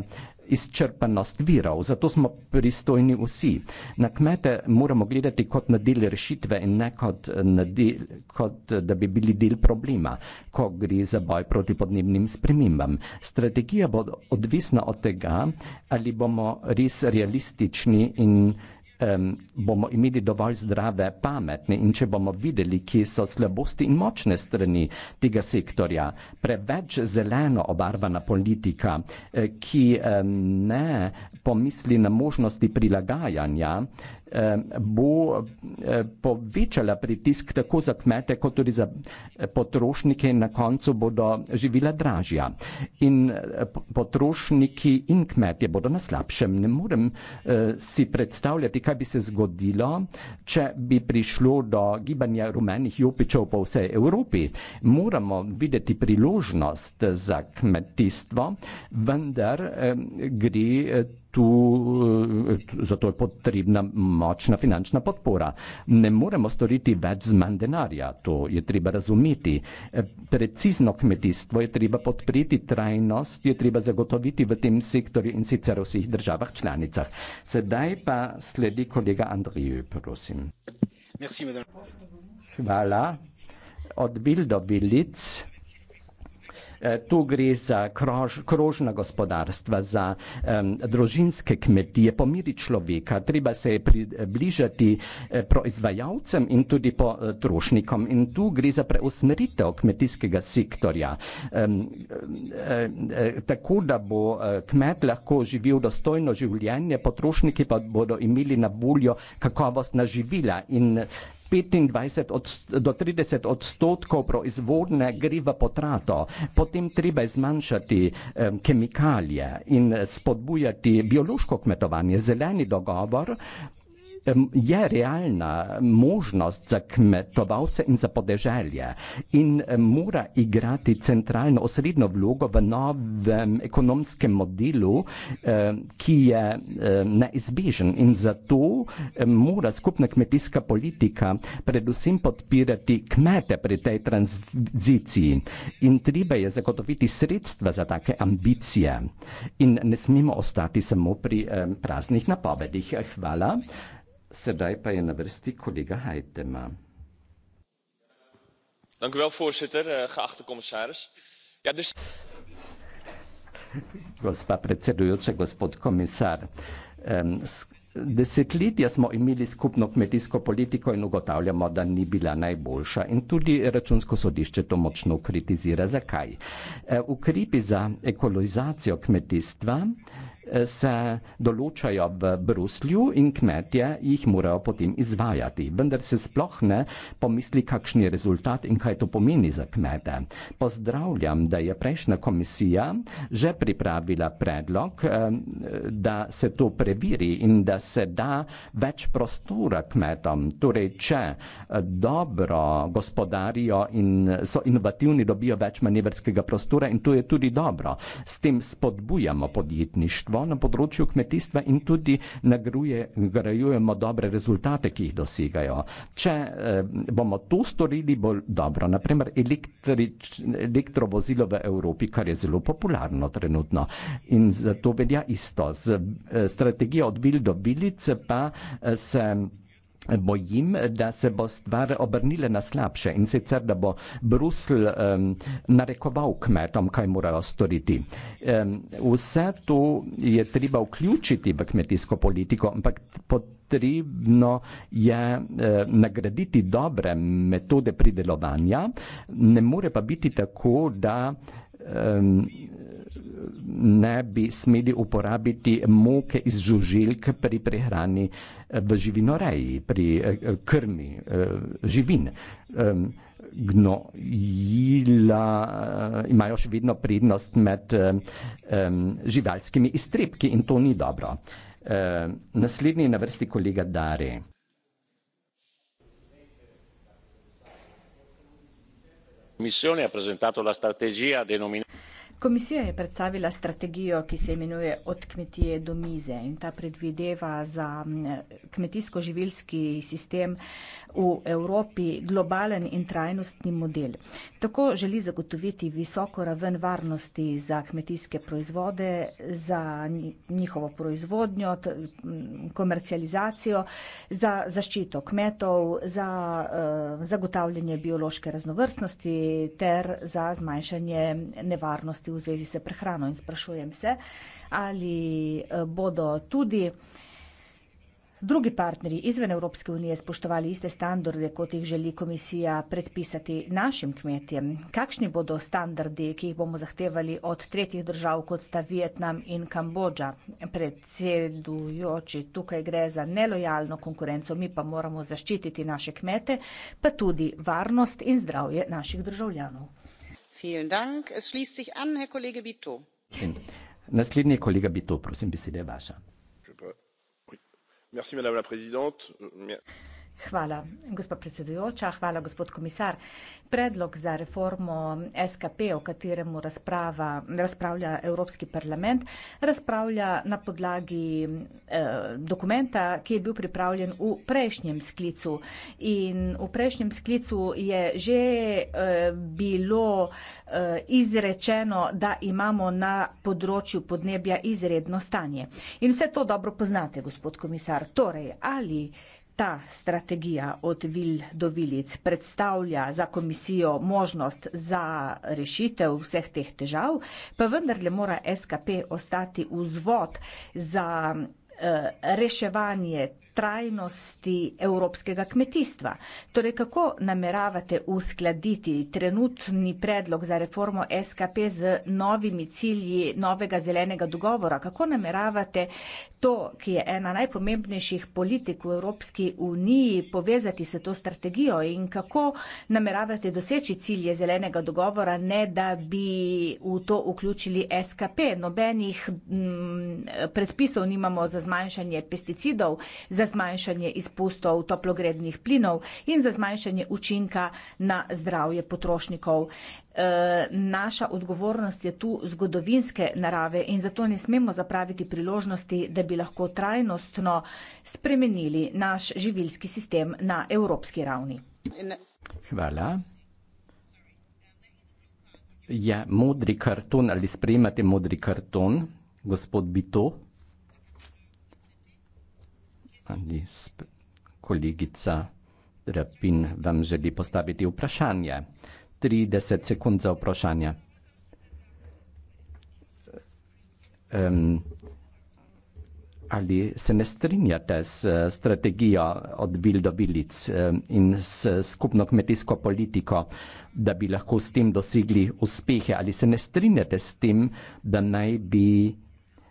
izčrpanost virov. Zato smo pristojni vsi. Na kmete moramo gledati kot na del rešitve in ne kot, del, kot da bi bili del problema, ko gre za boj proti podnebnim spremembam. Strategija bo odvisna od tega, ali bomo res realistični in realistični um, bomo imeli dovolj zdrave pametne in če bomo videli, kje so slabosti in močne strani tega sektorja. Preveč zeleno obarvana politika, eh, ki um, ne pomisli na možnosti prilagajanja, Eh, bo eh, povečala pritisk tako za kmete, kot tudi za eh, potrošnike in na koncu bodo živila dražja. In potrošniki in kmetje bodo na slabšem. Ne morem si predstavljati, kaj bi se zgodilo, če bi prišlo do gibanja rumenih jopičev po vsej Evropi. Moramo videti priložnost za kmetijstvo, vendar gre tudi tu, eh, zato je potrebna močna finančna podpora. Ne moremo storiti več z manj denarja, to je treba razumeti. Eh, precizno kmetijstvo je treba podpreti, trajnost je treba zagotoviti v tem sektorju in sicer v vseh državah članicah. Sedaj pa sledi kolega Andriju, prosim. Hvala. Od Vildo Vilic. Eh, tu gre za krož, krožna gospodarstva, za um, družinske kmetije, pomiri človeka, treba se je približati eh, eh, proizvajalcem in tudi potrošnikom. Eh, in tu gre za preusmeritev kmetijskega sektorja, um, eh, eh, tako da bo eh, kmet lahko živel dostojno življenje, potrošniki pa bodo imeli na voljo kakovostna živila in 25 do 30 odstotkov proizvodne gre v potrato, potem treba zmanjšati um, kemikalije in spodbujati biološko kmetovanje, zeleni dogovor, je realna možnost za kmetovalce in za podeželje in mora igrati centralno osrednjo vlogo v novem ekonomskem modelu, ki je neizbežen in zato mora skupna kmetijska politika predvsem podpirati kmete pri tej tranziciji in treba je zagotoviti sredstva za take ambicije in ne smemo ostati samo pri praznih napovedih. Hvala. Sedaj pa je na vrsti kolega Hajtema. Dank u wel, voorzitter. Eh, geachte commissaris. Ja, dus... Gospa predsedujoča, gospod komisar. Desetletja smo imeli skupno kmetijsko politiko in ugotavljamo, da ni bila najboljša in tudi računsko sodišče to močno kritizira. Zakaj? E, ukrepi za ekolizacijo kmetijstva Eh, se določajo v Bruslju in kmetje jih morajo potem izvajati. Vendar se sploh ne pomisli, kakšen je rezultat in kaj to pomeni za kmete. Pozdravljam, da je prejšnja komisija že pripravila predlog, eh, da se to preveri in da se da več prostora kmetom. Torej, če eh, dobro gospodarijo in so inovativni, dobijo več manevrskega prostora in to je tudi dobro. S tem spodbujamo podjetništvo nivo na področju kmetijstva in tudi nagrajujemo dobre rezultate, ki jih dosegajo. Če eh, bomo to storili bolj dobro, naprimer elektrovozilo v Evropi, kar je zelo popularno trenutno in zato velja isto. Z eh, strategijo od vil do vilice pa eh, se bojim, da se bo stvar obrnila na slabše in sicer, da bo Brusl um, narekoval kmetom, kaj morajo storiti. Um, vse to je treba vključiti v kmetijsko politiko, ampak potrebno je um, nagraditi dobre metode pridelovanja, ne more pa biti tako, da um, ne bi smeli uporabiti moke iz žuželjk pri prehrani. Um, v živinoreji, pri eh, krmi eh, živin. Gnojila eh, imajo še vedno prednost med živalskimi iztrebki in to ni dobro. Naslednji je na vrsti kolega Dare. Misijo je predstavila strategija denominacije. Komisija je predstavila strategijo, ki se imenuje Od kmetije do mize in ta predvideva za kmetijsko-živilski sistem v Evropi globalen in trajnostni model. Tako želi zagotoviti visoko raven varnosti za kmetijske proizvode, za njihovo proizvodnjo, komercializacijo, za zaščito kmetov, za e, zagotavljanje biološke raznovrstnosti ter za zmanjšanje nevarnosti obveznosti v zvezi s prehrano in sprašujem se, ali eh, bodo tudi drugi partnerji izven Evropske unije spoštovali iste standarde, kot jih želi komisija predpisati našim kmetjem. Kakšni bodo standardi, ki jih bomo zahtevali od tretjih držav, kot sta Vietnam in Kambodža? Predsedujoči, tukaj gre za nelojalno konkurenco, mi pa moramo zaščititi naše kmete, pa tudi varnost in zdravje naših državljanov madame la présidente merci à la commission pour ce rapport. Hvala, gospod predsedujoča. Hvala, gospod komisar. Predlog za reformo SKP, o kateremu razpravlja Evropski parlament, razpravlja na podlagi eh, dokumenta, ki je bil pripravljen v prejšnjem sklicu. In v prejšnjem sklicu je že eh, bilo eh, izrečeno, da imamo na področju podnebja izredno stanje. In vse to dobro poznate, gospod komisar. Torej, ali ta strategija od vil do vilic predstavlja za komisijo možnost za rešitev vseh teh težav, pa vendarle mora SKP ostati vzvod za eh, reševanje trajnosti evropskega kmetijstva. Torej, kako nameravate uskladiti trenutni predlog za reformo SKP z novimi cilji novega zelenega dogovora? Kako nameravate to, ki je ena najpomembnejših politik v Evropski uniji, povezati se to strategijo in kako nameravate doseči cilje zelenega dogovora, ne da bi v to vključili SKP? Nobenih m, mm, predpisov nimamo za zmanjšanje pesticidov, za zmanjšanje izpustov toplogrednih plinov in za zmanjšanje učinka na zdravje potrošnikov. E, naša odgovornost je tu zgodovinske narave in zato ne smemo zapraviti priložnosti, da bi lahko trajnostno spremenili naš živilski sistem na evropski ravni. Hvala. Ja, modri karton ali sprejemate modri karton, gospod Bito? ali kolegica Rapin vam želi postaviti vprašanje. 30 sekund za vprašanje. Um, ali se ne strinjate s strategijo od bil do bilic in s skupno kmetijsko politiko, da bi lahko s tem dosegli uspehe? Ali se ne strinjate s tem, da naj bi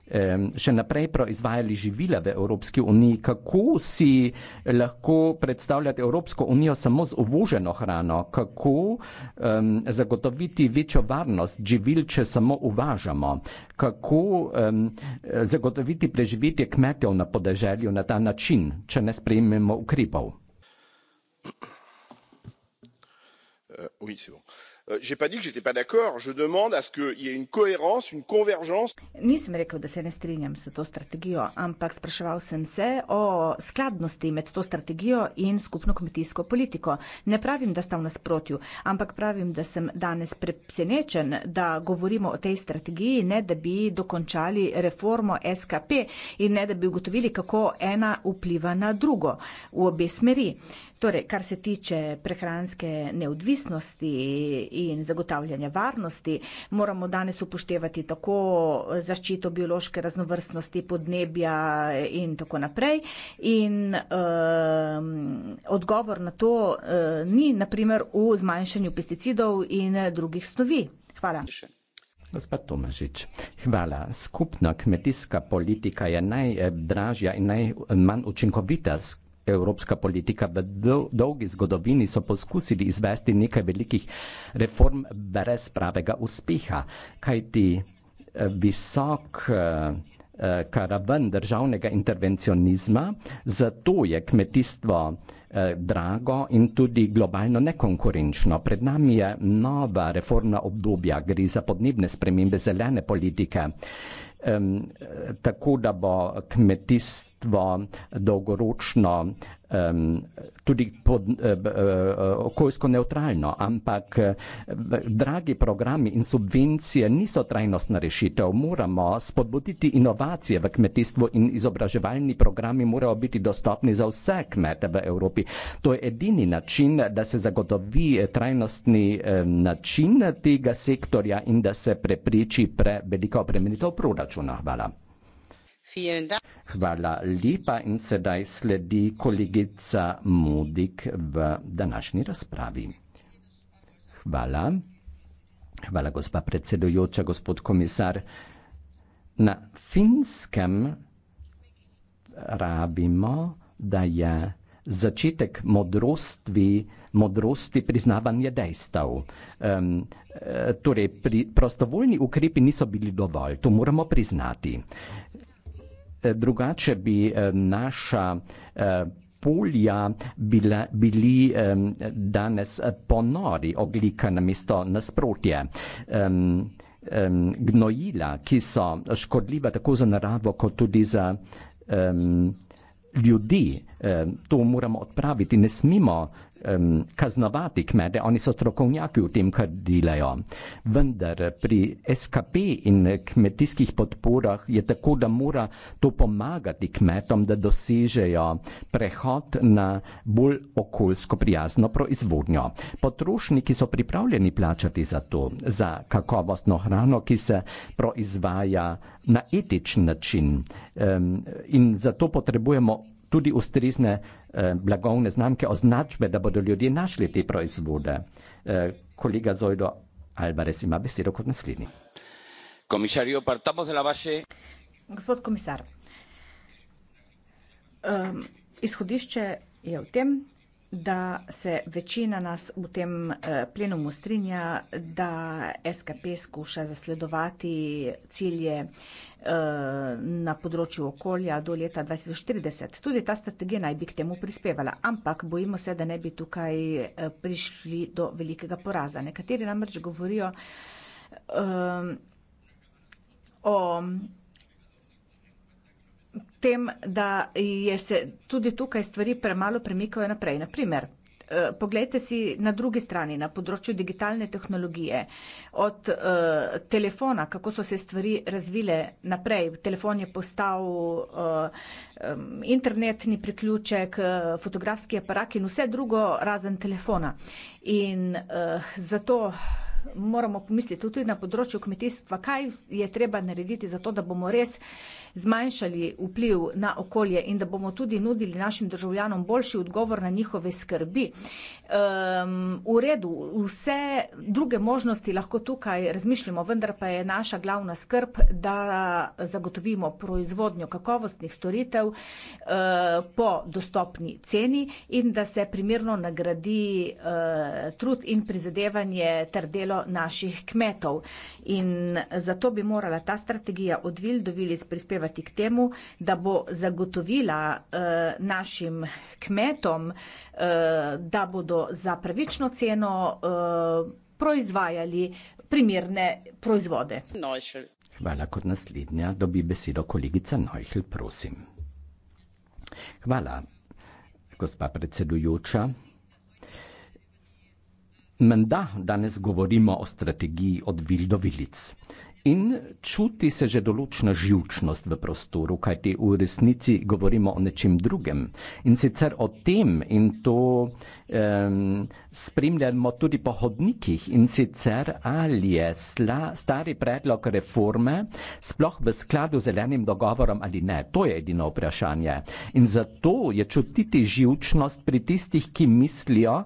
še naprej proizvajali živila v Evropski uniji. Kako si lahko predstavljate Evropsko unijo samo z uvoženo hrano? Kako um, zagotoviti večjo varnost živil, če samo uvažamo? Kako um, zagotoviti preživetje kmetov na podeželju na ta način, če ne sprejmemo ukrepov? Uh, eh, oui, c'est bon. Euh, j'ai pas dit que j'étais pas d'accord je demande à ce qu'il y ait une cohérence une convergence. nisem rekel da se ne strinjam s to strategijo ampak spraševal sem se o skladnosti med to strategijo in skupno kmetijsko politiko ne pravim da sta v nasprotju ampak pravim da sem danes presenečen da govorimo o tej strategiji ne da bi dokončali reformo skp in ne da bi ugotovili kako ena vpliva na drugo v obe smeri. Torej, kar se tiče prehranske neodvisnosti in zagotavljanja varnosti, moramo danes upoštevati tako zaščito biološke raznovrstnosti, podnebja in tako naprej. In um, odgovor na to uh, ni, naprimer, v zmanjšanju pesticidov in drugih snovi. Hvala. Gospod Tomažič, hvala. Skupna kmetijska politika je najdražja in najmanj učinkovita evropska politika. V dolgi zgodovini so poskusili izvesti nekaj velikih reform brez pravega uspeha, kajti eh, visok eh, eh, karaven državnega intervencionizma, zato je kmetijstvo drago in tudi globalno nekonkurenčno. Pred nami je nova reformna obdobja, gre za podnebne spremembe zelene politike, tako da bo kmetijstvo gospodarstva dolgoročno um, tudi pod, uh, okoljsko neutralno, ampak eh, dragi programi in subvencije niso trajnostna rešitev. Moramo spodbuditi inovacije v kmetijstvu in izobraževalni programi morajo biti dostopni za vse kmete v Evropi. To je edini način, da se zagotovi trajnostni um, način tega sektorja in da se prepriči preveliko obremenitev proračuna. Hvala. Hvala lepa in sedaj sledi kolegica Modik v današnji razpravi. Hvala. Hvala, gospa predsedujoča, gospod komisar. Na finskem rabimo, da je začetek modrosti, modrosti priznavanje dejstev. Um, torej, pri, prostovoljni ukrepi niso bili dovolj, to moramo priznati. Eh, drugače bi eh, naša eh, polja bila, bili danes ponori oglika namesto nasprotje. Gnojila, ki so škodljiva tako za naravo, kot tudi za ljudi, to moramo odpraviti. Ne smemo um, kaznovati kmete, oni so strokovnjaki v tem, kar delajo. Vendar pri SKP in kmetijskih podporah je tako, da mora to pomagati kmetom, da dosežejo prehod na bolj okoljsko prijazno proizvodnjo. Potrošniki so pripravljeni plačati za to, za kakovostno hrano, ki se proizvaja na etičen način. Um, in zato potrebujemo tudi ustrezne eh, blagovne znamke, označbe, da bodo ljudje našli te proizvode. Eh, kolega Zojdo Alvarez ima besedo kot naslednji. Komisarju, partamo z vaše. Gospod komisar, um, izhodišče je v tem, da se večina nas v tem eh, plenumu strinja, da SKP skuša zasledovati cilje eh, na področju okolja do leta 2040. Tudi ta strategija naj bi k temu prispevala, ampak bojimo se, da ne bi tukaj eh, prišli do velikega poraza. Nekateri namreč govorijo um, o tem, da je se tudi tukaj stvari premalo premikajo naprej. Naprimer, eh, Poglejte si na drugi strani, na področju digitalne tehnologije, od uh, telefona, kako so se stvari razvile naprej. Telefon je postal uh, um, internetni priključek, uh, fotografski aparat in vse drugo razen telefona. In uh, zato moramo pomisliti tudi na področju kmetijstva, kaj je treba narediti za to, da bomo res uh, zmanjšali vpliv na okolje in da bomo tudi nudili našim državljanom boljši odgovor na njihove skrbi. Um, v redu, vse druge možnosti lahko tukaj razmišljamo, vendar pa je naša glavna skrb, da zagotovimo proizvodnjo kakovostnih storitev uh, po dostopni ceni in da se primirno nagradi uh, trud in prizadevanje ter delo naših kmetov. In zato bi morala ta strategija od vil do vil iz prispeva prispevati k temu, da bo zagotovila uh, našim kmetom, uh, da bodo za pravično ceno uh, proizvajali primerne proizvode. Neuchel. Hvala kot naslednja, dobi besedo kolegica Neuchel, prosim. Hvala, gospa predsedujoča. Menda danes govorimo o strategiji od vildovilic. In čuti se že določena živčnost v prostoru, kajti v resnici govorimo o nečem drugem. In sicer o tem, in to um, spremljamo tudi po hodnikih, in sicer ali je sla, stari predlog reforme sploh v skladu z zelenim dogovorom ali ne. To je edino vprašanje. In zato je čutiti živčnost pri tistih, ki mislijo,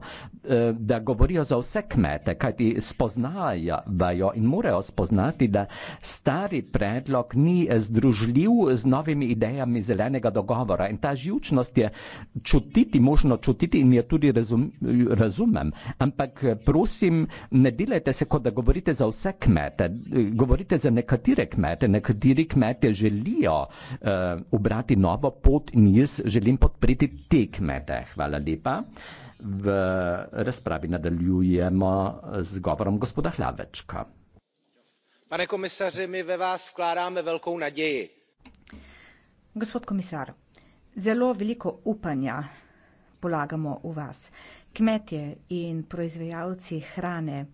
Eh, da govorijo za vse kmete, kajti spoznajo in morajo spoznati, da stari predlog ni združljiv z novimi idejami zelenega dogovora. In ta živčnost je čutiti, možno čutiti in jo tudi razum, razumem. Ampak eh, prosim, ne delajte se, kot da govorite za vse kmete, govorite za nekatere kmete. Nekateri kmete želijo eh, ubrati uh, novo pot in jaz želim podpreti te kmete. Hvala lepa. V razpravi nadaljujemo z govorom gospoda Hlavečka. Pane komisarze, mi ve vas vkladamo veliko nadeje. Gospod komisar, zelo veliko upanja polagamo v vas. Kmetje in proizvajalci hrane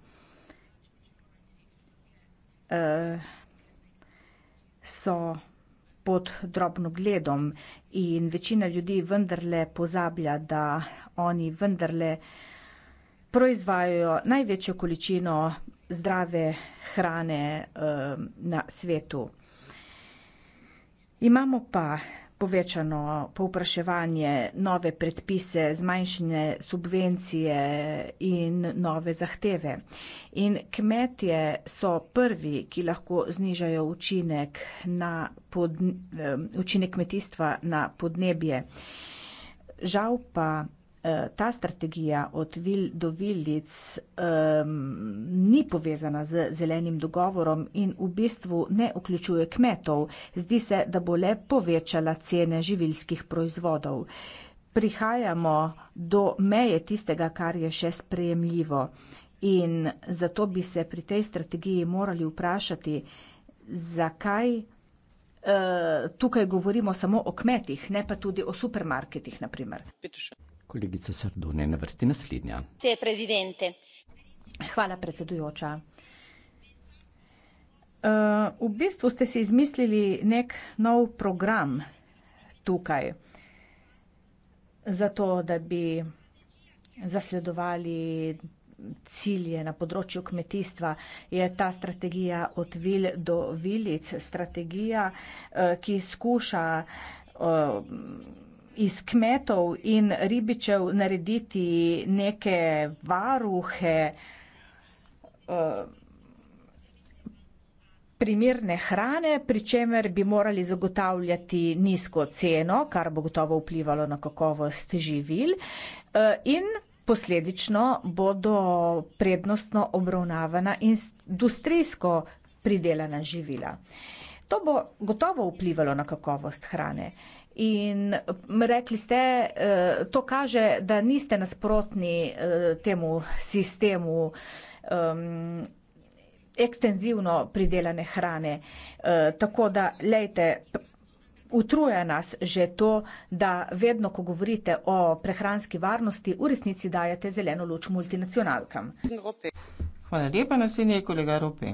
uh, so pod drobnogledom in večina ljudi vendarle pozablja, da oni vendarle proizvajajo največjo količino zdrave hrane eh, na svetu. Imamo pa povečano povpraševanje, nove predpise, zmanjšene subvencije in nove zahteve. In kmetje so prvi, ki lahko znižajo učinek, na pod, eh, učinek kmetijstva na podnebje. Žal pa Eh, ta strategija od vil do vilic um, ni povezana z zelenim dogovorom in v bistvu ne vključuje kmetov. Zdi se, da bo le povečala cene živilskih proizvodov. Prihajamo do meje tistega, kar je še sprejemljivo. In zato bi se pri tej strategiji morali vprašati, zakaj uh, tukaj govorimo samo o kmetih, ne pa tudi o supermarketih, naprimer. Petuša. Hvala, predsedujoča. Eh, v bistvu ste si izmislili nek nov program tukaj, zato da bi zasledovali cilje na področju kmetijstva. Je ta strategija od vil do vilic, strategija, eh, ki skuša uh, iz kmetov in ribičev narediti neke varuhe uh, eh, primerne hrane, pri čemer bi morali zagotavljati nizko ceno, kar bo gotovo vplivalo na kakovost živil. Uh, in posledično bodo prednostno obravnavana industrijsko pridelana živila. To bo gotovo vplivalo na kakovost hrane. Uh, In rekli ste, eh, to kaže, da niste nasprotni eh, temu sistemu um, ekstenzivno pridelane hrane. Eh, tako da, lejte, utruja nas že to, da vedno, ko govorite o prehranski varnosti, v resnici dajete zeleno luč multinacionalkam. Hvala lepa, naslednji je kolega Rupi.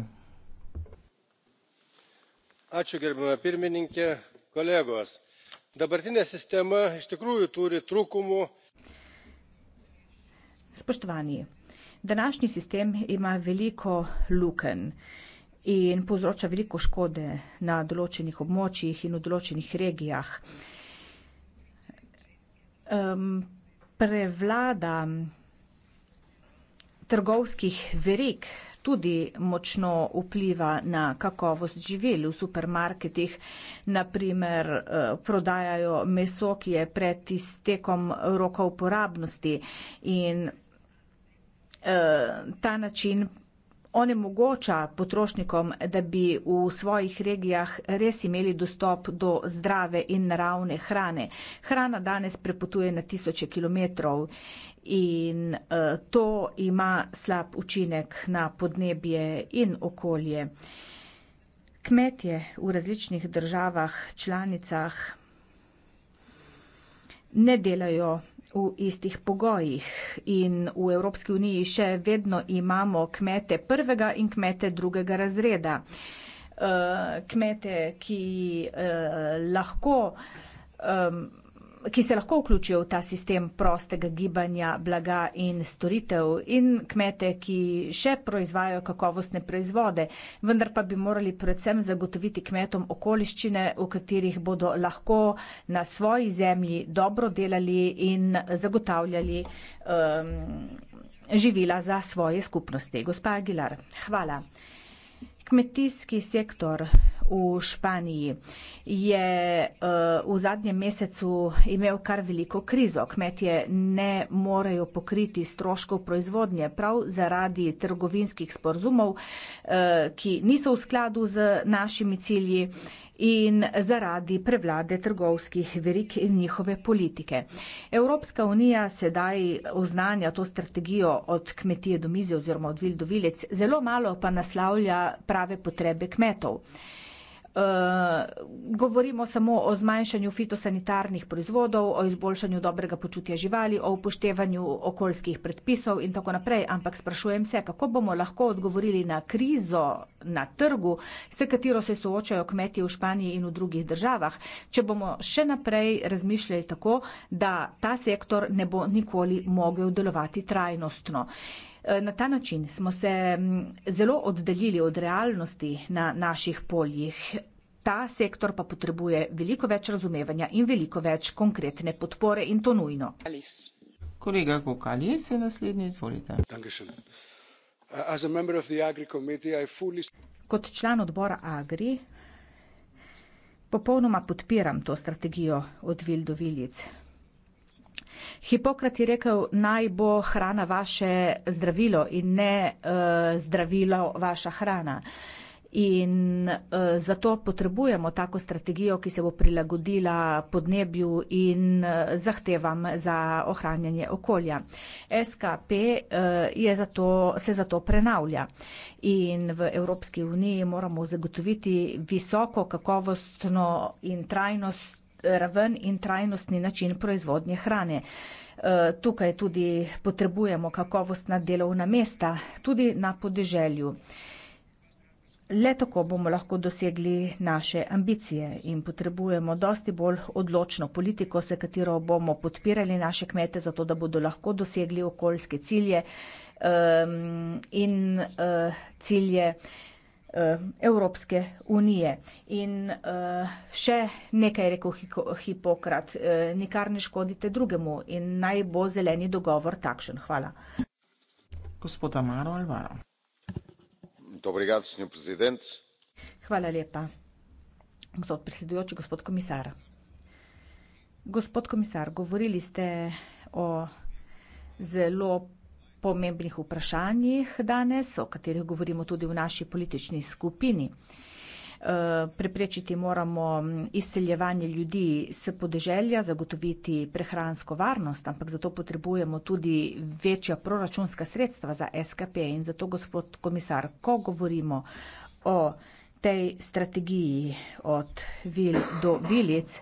Ačiū gerbama pirmininkė, kolegos dabartinė sistema iš tikrųjų turi trūkumų Spoštovani, današnji sistem ima veliko luken in povzroča veliko škode na določenih območjih in v določenih regijah. Um, prevlada trgovskih verik tudi močno vpliva na kakovost živil. V supermarketih naprimer eh, prodajajo meso, ki je pred iztekom roka uporabnosti in eh, ta način onemogoča potrošnikom, da bi v svojih regijah res imeli dostop do zdrave in naravne hrane. Hrana danes prepotuje na tisoče kilometrov in eh, to ima slab učinek na podnebje in okolje. Kmetje v različnih državah, članicah ne delajo v istih pogojih. In v Evropski uniji še vedno imamo kmete prvega in kmete drugega razreda. Eh, kmete, ki eh, lahko ki se lahko vključijo v ta sistem prostega gibanja blaga in storitev in kmete, ki še proizvajajo kakovostne proizvode, vendar pa bi morali predvsem zagotoviti kmetom okoliščine, v katerih bodo lahko na svoji zemlji dobro delali in zagotavljali um, živila za svoje skupnosti. Gospa Aguilar, hvala. Kmetijski sektor v Španiji je uh, v zadnjem mesecu imel kar veliko krizo. Kmetje ne morejo pokriti stroškov proizvodnje prav zaradi trgovinskih sporozumov, uh, eh, ki niso v skladu z našimi cilji in zaradi prevlade trgovskih verik in njihove politike. Evropska unija sedaj oznanja to strategijo od kmetije do mize oziroma od vil do vilec, zelo malo pa naslavlja prave potrebe kmetov. Eh, govorimo samo o zmanjšanju fitosanitarnih proizvodov, o izboljšanju dobrega počutja živali, o upoštevanju okoljskih predpisov in tako naprej. Ampak sprašujem se, kako bomo lahko odgovorili na krizo na trgu, s katero se soočajo kmetje v Španiji in v drugih državah, če bomo še naprej razmišljali tako, da ta sektor ne bo nikoli mogel delovati trajnostno. Eh, na ta način smo se mm, zelo oddaljili od realnosti na naših poljih. Ta sektor pa potrebuje veliko več razumevanja in veliko več konkretne podpore in to nujno. Kolega Kokali, se naslednji izvolite. Uh, Kot član odbora Agri popolnoma podpiram to strategijo od vil do vilic. Hipokrat je rekel, naj bo hrana vaše zdravilo in ne uh, zdravilo vaša hrana. In uh, zato potrebujemo tako strategijo, ki se bo prilagodila podnebju in uh, zahtevam za ohranjanje okolja. SKP uh, zato, se zato prenavlja in v Evropski uniji moramo zagotoviti visoko kakovostno in trajnost raven in trajnostni način proizvodnje hrane. E, tukaj tudi potrebujemo kakovostna delovna mesta, tudi na podeželju. Le tako bomo lahko dosegli naše ambicije in potrebujemo dosti bolj odločno politiko, se katero bomo podpirali naše kmete, zato da bodo lahko dosegli okoljske cilje um, in uh, cilje uh, Eh, Evropske unije. In uh, še nekaj je rekel Hipokrat, uh, nikar ne škodite drugemu in naj bo zeleni dogovor takšen. Hvala. Gospod Amaro Alvaro. Dobrigad, snjo prezident. Hvala lepa. Gospod predsedujoči, gospod komisar. Gospod komisar, govorili ste o zelo pomembnih vprašanjih danes, o katerih govorimo tudi v naši politični skupini. Eh, preprečiti moramo izseljevanje ljudi s podeželja, zagotoviti prehransko varnost, ampak zato potrebujemo tudi večja proračunska sredstva za SKP in zato, gospod komisar, ko govorimo o tej strategiji od vil do vilic,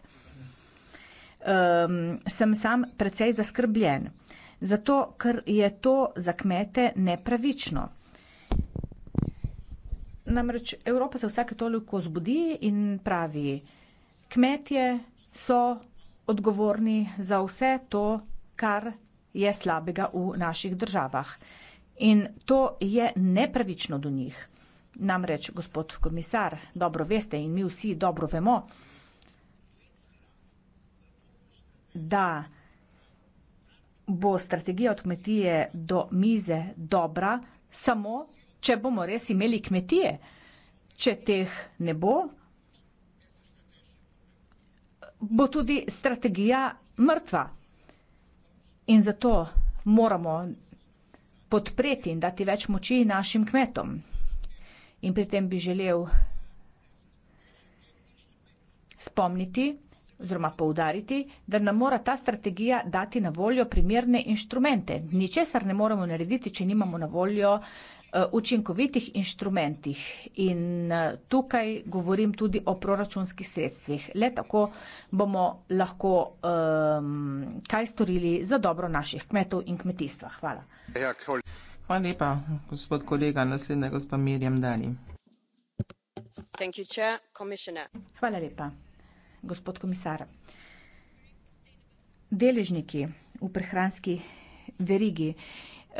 ehm, sem sam precej zaskrbljen zato ker je to za kmete nepravično. Namreč Evropa se vsake toliko zbudi in pravi, kmetje so odgovorni za vse to, kar je slabega v naših državah. In to je nepravično do njih. Namreč, gospod komisar, dobro veste in mi vsi dobro vemo, da bo strategija od kmetije do mize dobra, samo če bomo res imeli kmetije. Če teh ne bo, bo tudi strategija mrtva. In zato moramo podpreti in dati več moči našim kmetom. In pri tem bi želel spomniti, oziroma poudariti, da nam mora ta strategija dati na voljo primerne inštrumente. Ničesar ne moremo narediti, če nimamo na voljo eh, učinkovitih inštrumentih. In eh, tukaj govorim tudi o proračunskih sredstvih. Le tako bomo lahko um, kaj storili za dobro naših kmetov in kmetijstva. Hvala. Hvala lepa, gospod kolega. Naslednja gospa Mirjam Dani. Thank you, Chair. Commissioner. Hvala lepa gospod komisar. Deležniki v prehranski verigi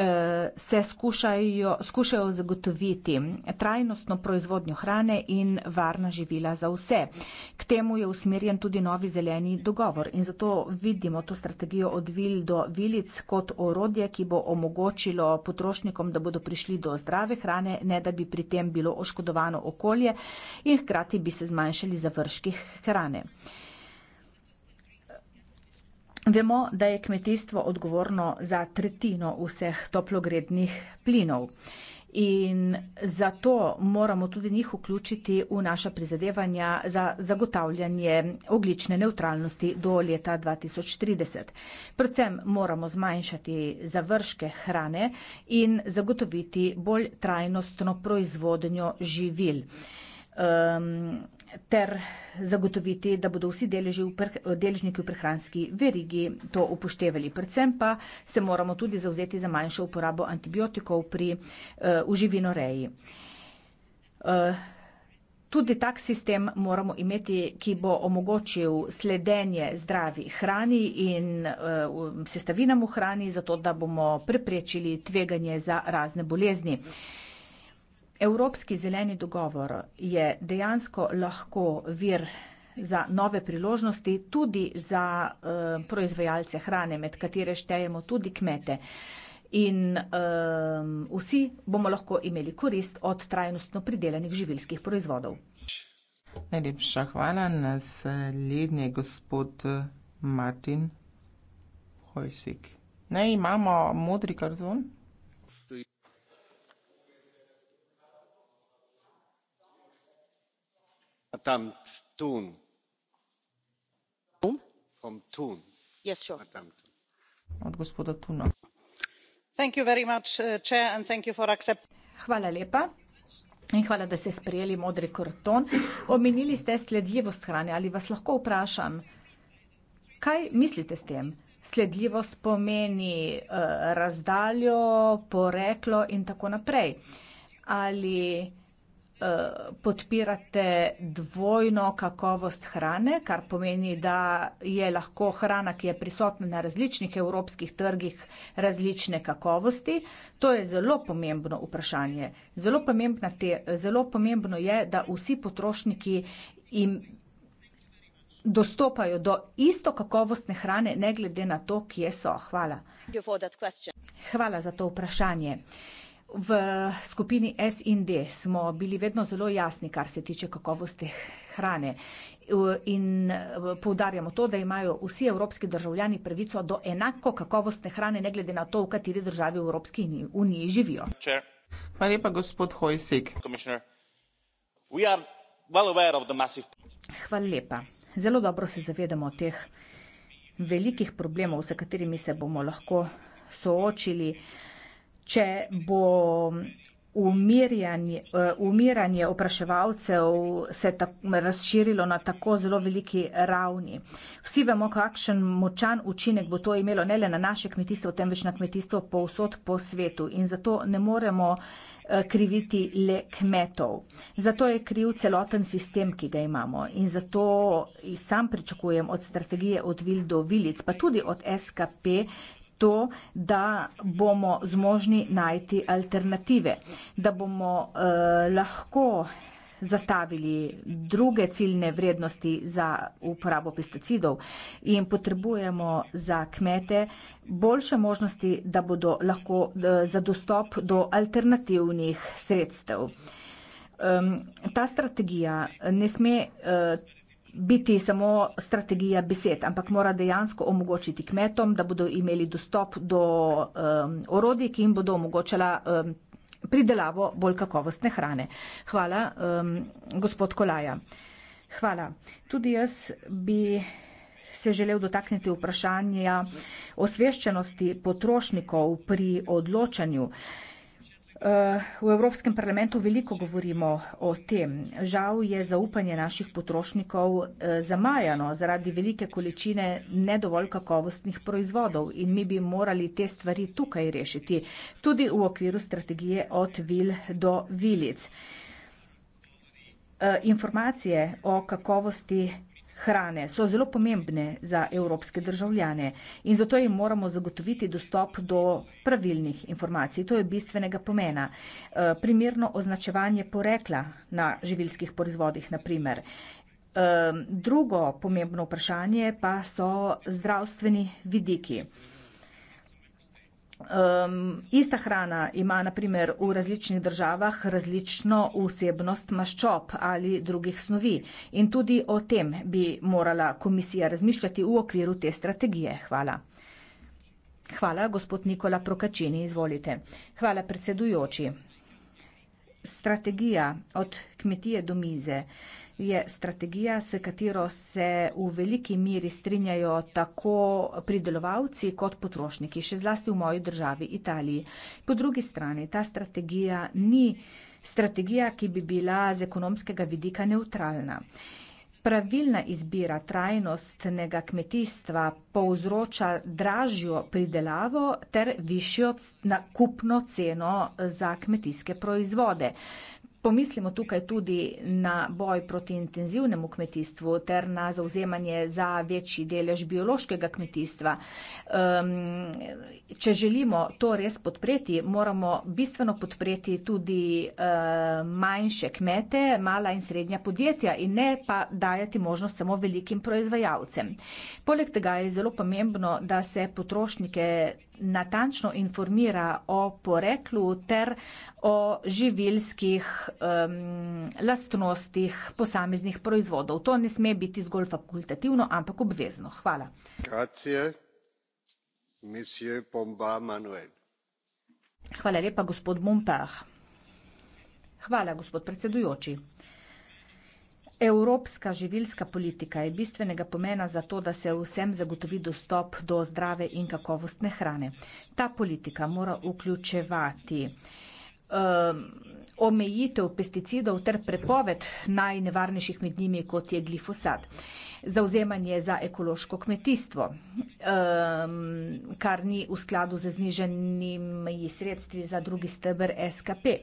Eh, se skušajo, skušajo zagotoviti trajnostno proizvodnjo hrane in varna živila za vse. K temu je usmerjen tudi novi zeleni dogovor in zato vidimo to strategijo od vil do vilic kot orodje, ki bo omogočilo potrošnikom, da bodo prišli do zdrave hrane, ne da bi pri tem bilo oškodovano okolje in hkrati bi se zmanjšali završki hrane. Vemo, da je kmetijstvo odgovorno za tretjino vseh toplogrednih plinov. In zato moramo tudi njih vključiti v naša prizadevanja za zagotavljanje oglične neutralnosti do leta 2030. Predvsem moramo zmanjšati završke hrane in zagotoviti bolj trajnostno proizvodnjo živil. Um, ter zagotoviti, da bodo vsi deleži v deležniki v prehranski verigi to upoštevali. Predvsem pa se moramo tudi zauzeti za manjšo uporabo antibiotikov pri uh, eh, uživinoreji. Uh, eh, Tudi tak sistem moramo imeti, ki bo omogočil sledenje zdravi hrani in eh, sestavinam v hrani, zato da bomo preprečili tveganje za razne bolezni. Evropski zeleni dogovor je dejansko lahko vir za nove priložnosti, tudi za uh, proizvajalce hrane, med katere štejemo tudi kmete. In um, vsi bomo lahko imeli korist od trajnostno pridelanih živilskih proizvodov. Najlepša hvala. Naslednji je gospod eh, Martin Hojsik. Ne imamo modri karton. Uh, hvala lepa in hvala, da ste sprejeli modri karton. Omenili ste sledljivost hrane. Ali vas lahko vprašam, kaj mislite s tem? Sledljivost pomeni, uh, razdaljo, poreklo in tako naprej. Ali Eh, podpirate dvojno kakovost hrane, kar pomeni, da je lahko hrana, ki je prisotna na različnih evropskih trgih, različne kakovosti. To je zelo pomembno vprašanje. Zelo, te, zelo pomembno je, da vsi potrošniki jim dostopajo do isto kakovostne hrane, ne glede na to, kje so. Hvala. Hvala za to vprašanje. Uh, V skupini SND smo bili vedno zelo jasni, kar se tiče kakovosti hrane. In eh, poudarjamo to, da imajo vsi evropski državljani pravico do enako kakovostne hrane, ne glede na to, v kateri državi v Evropski uniji živijo. Hvala lepa, gospod Hojsik. Hvala lepa. Zelo dobro se zavedamo teh velikih problemov, s katerimi se bomo lahko soočili če bo mm, umiranje, eh, umiranje opraševalcev se ta, razširilo na tako zelo veliki ravni. Vsi vemo, kakšen močan učinek bo to imelo ne le na naše kmetijstvo, temveč na kmetijstvo povsod po svetu in zato ne moremo eh, kriviti le kmetov. Zato je kriv celoten sistem, ki ga imamo in zato sam pričakujem od strategije od vil do vilic, pa tudi od SKP, to, da bomo zmožni najti alternative, da bomo eh, lahko zastavili druge ciljne vrednosti za uporabo pesticidov in potrebujemo za kmete boljše možnosti, da bodo lahko eh, za dostop do alternativnih sredstev. Eh, ta strategija ne sme. Eh, biti samo strategija besed, ampak mora dejansko omogočiti kmetom, da bodo imeli dostop do um, orodij, ki jim bodo omogočala um, pridelavo bolj kakovostne hrane. Hvala, um, gospod Kolaja. Hvala. Tudi jaz bi se želel dotakniti vprašanja osveščenosti potrošnikov pri odločanju. Uh, Eh, v Evropskem parlamentu veliko govorimo o tem. Žal je zaupanje naših potrošnikov eh, zamajano zaradi velike količine nedovolj kakovostnih proizvodov in mi bi morali te stvari tukaj rešiti, tudi v okviru strategije od vil do vilic. Eh, informacije o kakovosti hrane so zelo pomembne za evropske državljane in zato jim moramo zagotoviti dostop do pravilnih informacij. To je bistvenega pomena. Eh, primerno označevanje porekla na živilskih proizvodih, naprimer. Eh, drugo pomembno vprašanje pa so zdravstveni vidiki. Um, ista hrana ima naprimer v različnih državah različno vsebnost maščob ali drugih snovi in tudi o tem bi morala komisija razmišljati v okviru te strategije. Hvala. Hvala, gospod Nikola Prokačini, izvolite. Hvala, predsedujoči. Strategija od kmetije do mize. Uh, je strategija, s katero se v veliki meri strinjajo tako pridelovalci kot potrošniki, še zlasti v moji državi Italiji. Po drugi strani, ta strategija ni strategija, ki bi bila z ekonomskega vidika neutralna. Pravilna izbira trajnostnega kmetijstva povzroča dražjo pridelavo ter višjo nakupno ceno za kmetijske proizvode. Pomislimo tukaj tudi na boj proti intenzivnemu kmetijstvu ter na zauzemanje za večji delež biološkega kmetijstva. Um, če želimo to res podpreti, moramo bistveno podpreti tudi uh, manjše kmete, mala in srednja podjetja in ne pa dajati možnost samo velikim proizvajalcem. Poleg tega je zelo pomembno, da se potrošnike natančno informira o poreklu ter o živilskih um, lastnostih posameznih proizvodov. To ne sme biti zgolj fakultativno, ampak obvezno. Hvala. Grazie, monsieur Bomba Manuel. Hvala lepa, gospod Bomper. Hvala, gospod predsedujoči. Evropska živilska politika je bistvenega pomena za to, da se vsem zagotovi dostop do zdrave in kakovostne hrane. Ta politika mora vključevati um, omejitev pesticidov ter prepoved najnevarnejših med njimi, kot je glifosat, zauzemanje za ekološko kmetijstvo, um, kar ni v skladu z zniženimi sredstvi za drugi stebr SKP,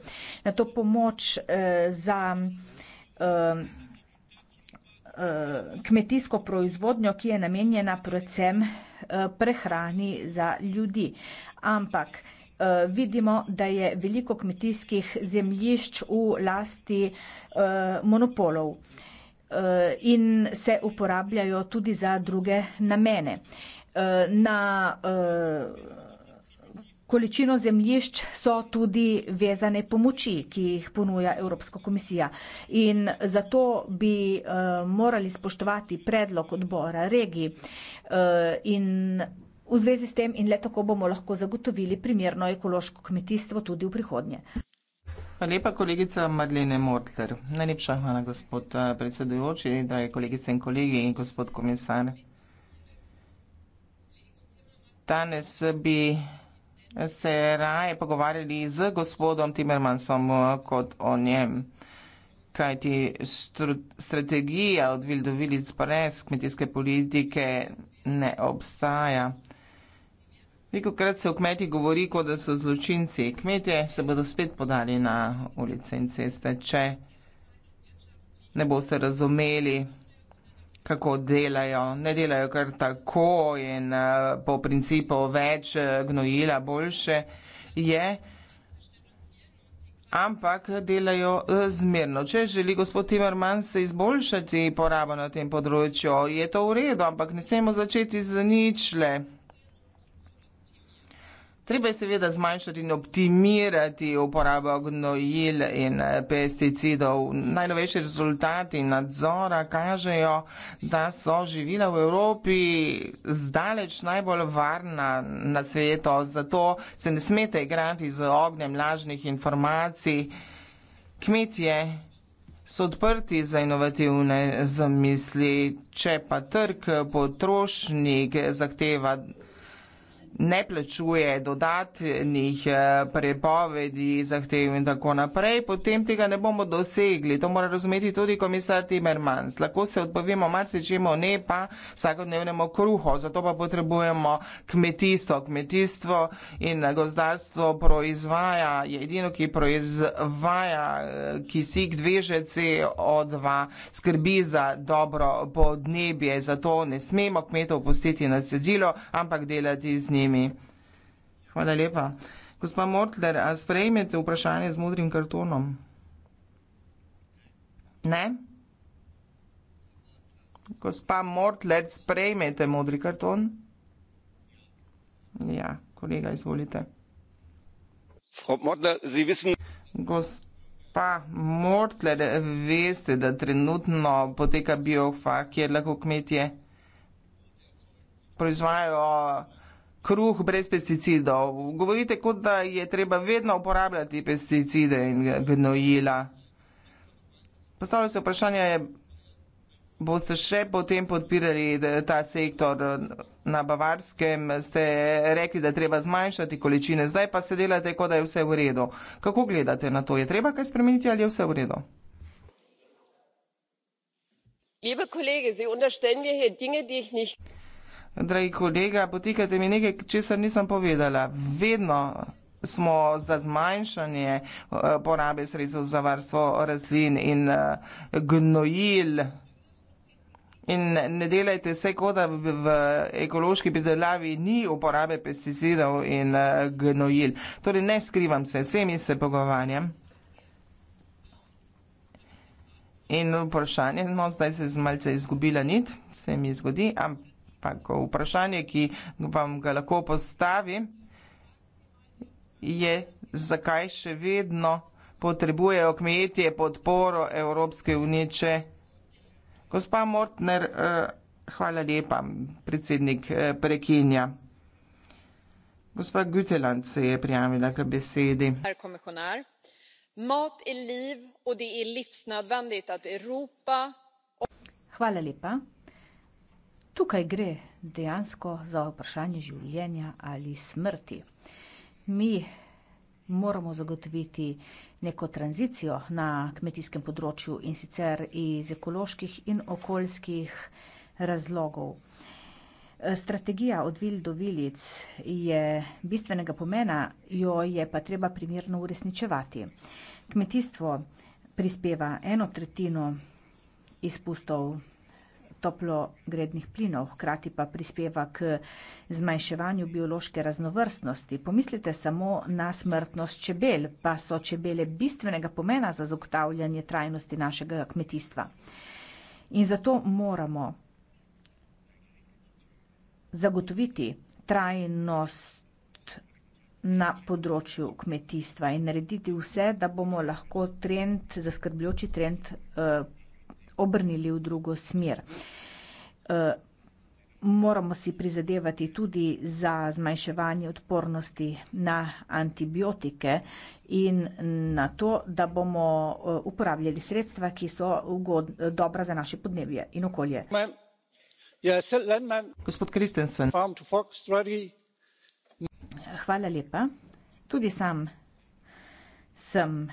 na to pomoč uh, za um, Eh, kmetijsko proizvodnjo, ki je namenjena predvsem eh, prehrani za ljudi. Ampak eh, vidimo, da je veliko kmetijskih zemljišč v lasti monopolov in se uporabljajo tudi za druge namene. Na Količino zemljišč so tudi vezane pomoči, ki jih ponuja Evropska komisija. In zato bi uh, morali spoštovati predlog odbora regij uh, in v zvezi s tem in le tako bomo lahko zagotovili primerno ekološko kmetijstvo tudi v prihodnje. Hvala lepa, kolegica Marlene Mortler. Najlepša hvala, gospod eh, predsedujoči, drage kolegice in kolegi in gospod komisar. Danes bi se raje pogovarjali z gospodom Timmermansom kot o njem. Kaj ti strategija od Vildovilic Pres, kmetijske politike, ne obstaja. Veliko krat se v kmeti govori, kot da so zločinci. Kmetje se bodo spet podali na ulice in ceste, če ne boste razumeli kako delajo. Ne delajo kar tako in eh, po principu več eh, gnojila boljše je, ampak delajo eh, zmerno. Če želi gospod Timerman se izboljšati porabo na tem področju, je to v redu, ampak ne smemo začeti z ničle. Treba je seveda zmanjšati in optimirati uporabo gnojil in eh, pesticidov. Najnovejši rezultati nadzora kažejo, da so živila v Evropi zdaleč najbolj varna na svetu, zato se ne smete igrati z ognjem lažnih informacij. Kmetje so odprti za inovativne zamisli, če pa trg potrošnik zahteva ne plačuje dodatnih eh, prepovedi, zahtev in tako naprej, potem tega ne bomo dosegli. To mora razumeti tudi komisar Timmermans. Lahko se odpovemo marsičemu, ne pa vsakodnevnemu kruhu, zato pa potrebujemo kmetijstvo. Kmetijstvo in gozdarstvo proizvaja, je edino, ki proizvaja eh, kisik, dveže CO2, skrbi za dobro podnebje, zato ne smemo kmetov pustiti na cedilo, ampak delati z njim temi. Hvala lepa. Gospa Mortler, a sprejmete vprašanje z modrim kartonom? Ne? Gospa Mortler, sprejmete modri karton? Ja, kolega, izvolite. Frau Mortler, Sie wissen... Gospa Mortler, veste, da trenutno poteka biofak, kjer lahko kmetje proizvajajo kruh brez pesticidov. Govorite, kot da je treba vedno uporabljati pesticide in gnojila. Postavlja se vprašanje, boste še potem podpirali ta sektor na Bavarskem, ste rekli, da treba zmanjšati količine, zdaj pa se delate, kot da je vse v redu. Kako gledate na to? Je treba kaj spremeniti ali je vse v redu? Liebe kolege, Sie unterstellen mir hier Dinge, die ich nicht dragi kolega, potikate mi nekaj, česar nisem povedala. Vedno smo za zmanjšanje eh, porabe sredstev za varstvo rastlin in eh, gnojil. In ne delajte vse, kot da v ekološki pridelavi ni uporabe pesticidov in eh, gnojil. Torej, ne skrivam se, vsemi se pogovarjam. In vprašanje, no, zdaj se je malce izgubila nit, se mi zgodi, ampak tako vprašanje, ki vam ga lahko postavim, je, zakaj še vedno potrebujejo kmetje podporo Evropske uniče. Gospa Mortner, eh, hvala lepa, predsednik eh, prekinja. Gospa Güteland se je prijavila k besedi. Er er hvala lepa. Tukaj gre dejansko za vprašanje življenja ali smrti. Mi moramo zagotoviti neko tranzicijo na kmetijskem področju in sicer iz ekoloških in okoljskih razlogov. Strategija od vil do vilic je bistvenega pomena, jo je pa treba primerno uresničevati. Kmetijstvo prispeva eno tretjino izpustov toplogrednih plinov, hkrati pa prispeva k zmanjševanju biološke raznovrstnosti. Pomislite samo na smrtnost čebel, pa so čebele bistvenega pomena za zagotavljanje trajnosti našega kmetijstva. In zato moramo zagotoviti trajnost na področju kmetijstva in narediti vse, da bomo lahko trend, zaskrbljujoči trend eh, obrnili v drugo smer. Eh, moramo si prizadevati tudi za zmanjševanje odpornosti na antibiotike in na to, da bomo eh, uporabljali sredstva, ki so ugod, dobra za naše podnebje in okolje. Gospod Kristensen. Hvala lepa. Tudi sam sem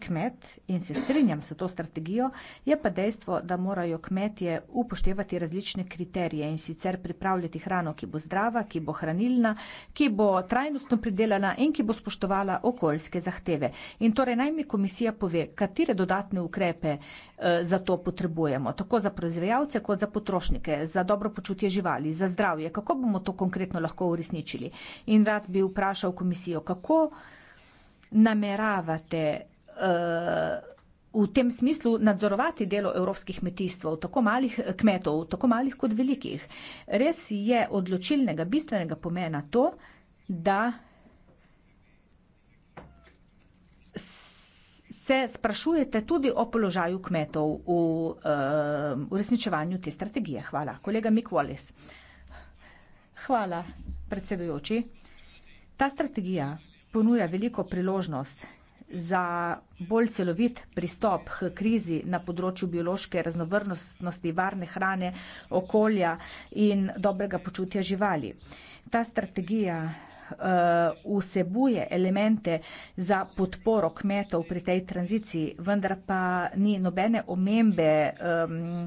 kmet in se strinjam s to strategijo, je pa dejstvo, da morajo kmetje upoštevati različne kriterije in sicer pripravljati hrano, ki bo zdrava, ki bo hranilna, ki bo trajnostno pridelana in ki bo spoštovala okoljske zahteve. In torej naj mi komisija pove, katere dodatne ukrepe e, za to potrebujemo, tako za proizvajalce kot za potrošnike, za dobro počutje živali, za zdravje, kako bomo to konkretno lahko uresničili. In rad bi vprašal komisijo, kako nameravate Eh, v tem smislu nadzorovati delo evropskih kmetijstv, tako malih eh, kmetov, tako malih kot velikih. Res je odločilnega, bistvenega pomena to, da se sprašujete tudi o položaju kmetov v eh, uresničevanju te strategije. Hvala. Kolega Mick Wallace. Hvala, predsedujoči. Ta strategija ponuja veliko priložnost za bolj celovit pristop k krizi na področju biološke raznovrnostnosti, varne hrane, okolja in dobrega počutja živali. Ta strategija eh, vsebuje elemente za podporo kmetov pri tej tranziciji, vendar pa ni nobene omembe ehm,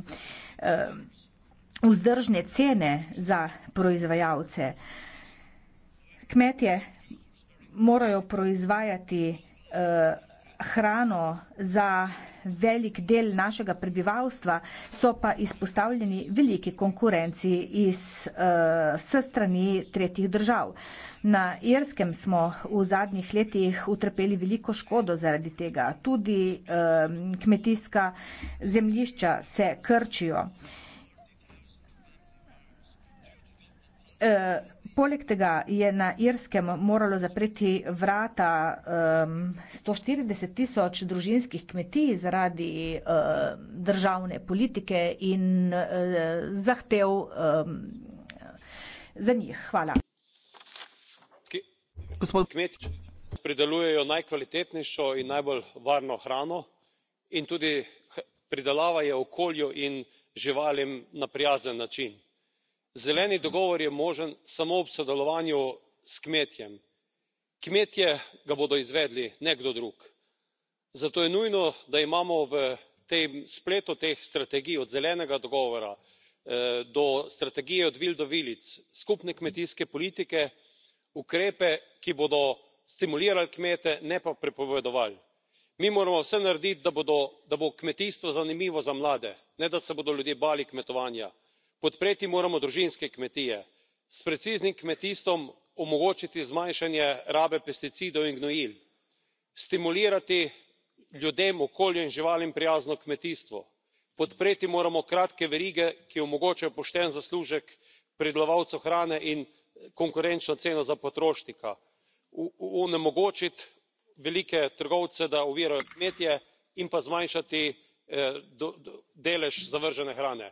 ehm, vzdržne cene za proizvajalce. Kmetje morajo proizvajati Eh, hrano za velik del našega prebivalstva, so pa izpostavljeni veliki konkurenci iz uh, s strani tretjih držav. Na Irskem smo v zadnjih letih utrpeli veliko škodo zaradi tega. Tudi uh, kmetijska zemljišča se krčijo. Uh, Poleg tega je na Irskem moralo zapreti vrata um, 140 tisoč družinskih kmetij zaradi uh, državne politike in uh, zahtev um, za njih. Hvala. Gospod Kmetič, pridelujejo najkvalitetnejšo in najbolj varno hrano in tudi pridelava je okolju in živalim na prijazen način zeleni dogovor je možen samo ob sodelovanju s kmetjem. kmetje ga bodo izvedli ne kdo drug. zato je nujno da imamo v tem spletu teh strategij od zelenega dogovora eh, do strategije od vil do vilic skupne kmetijske politike ukrepe ki bodo stimulirali kmete ne pa prepovedovali. mi moramo vse narediti da bo kmetijstvo zanimivo za mlade ne da se bodo ljudje bali kmetovanja podpreti moramo družinske kmetije s preciznim kmetijstvom omogočiti zmanjšanje rabe pesticidov in gnojil stimulirati ljudem okolju in živalim prijazno kmetijstvo podpreti moramo kratke verige ki omogočajo pošten zaslužek pridelovalcu hrane in eh, konkurenčno ceno za potrošnika onemogočiti velike trgovce da ovirajo kmetje in pa zmanjšati eh, delež zavržene hrane.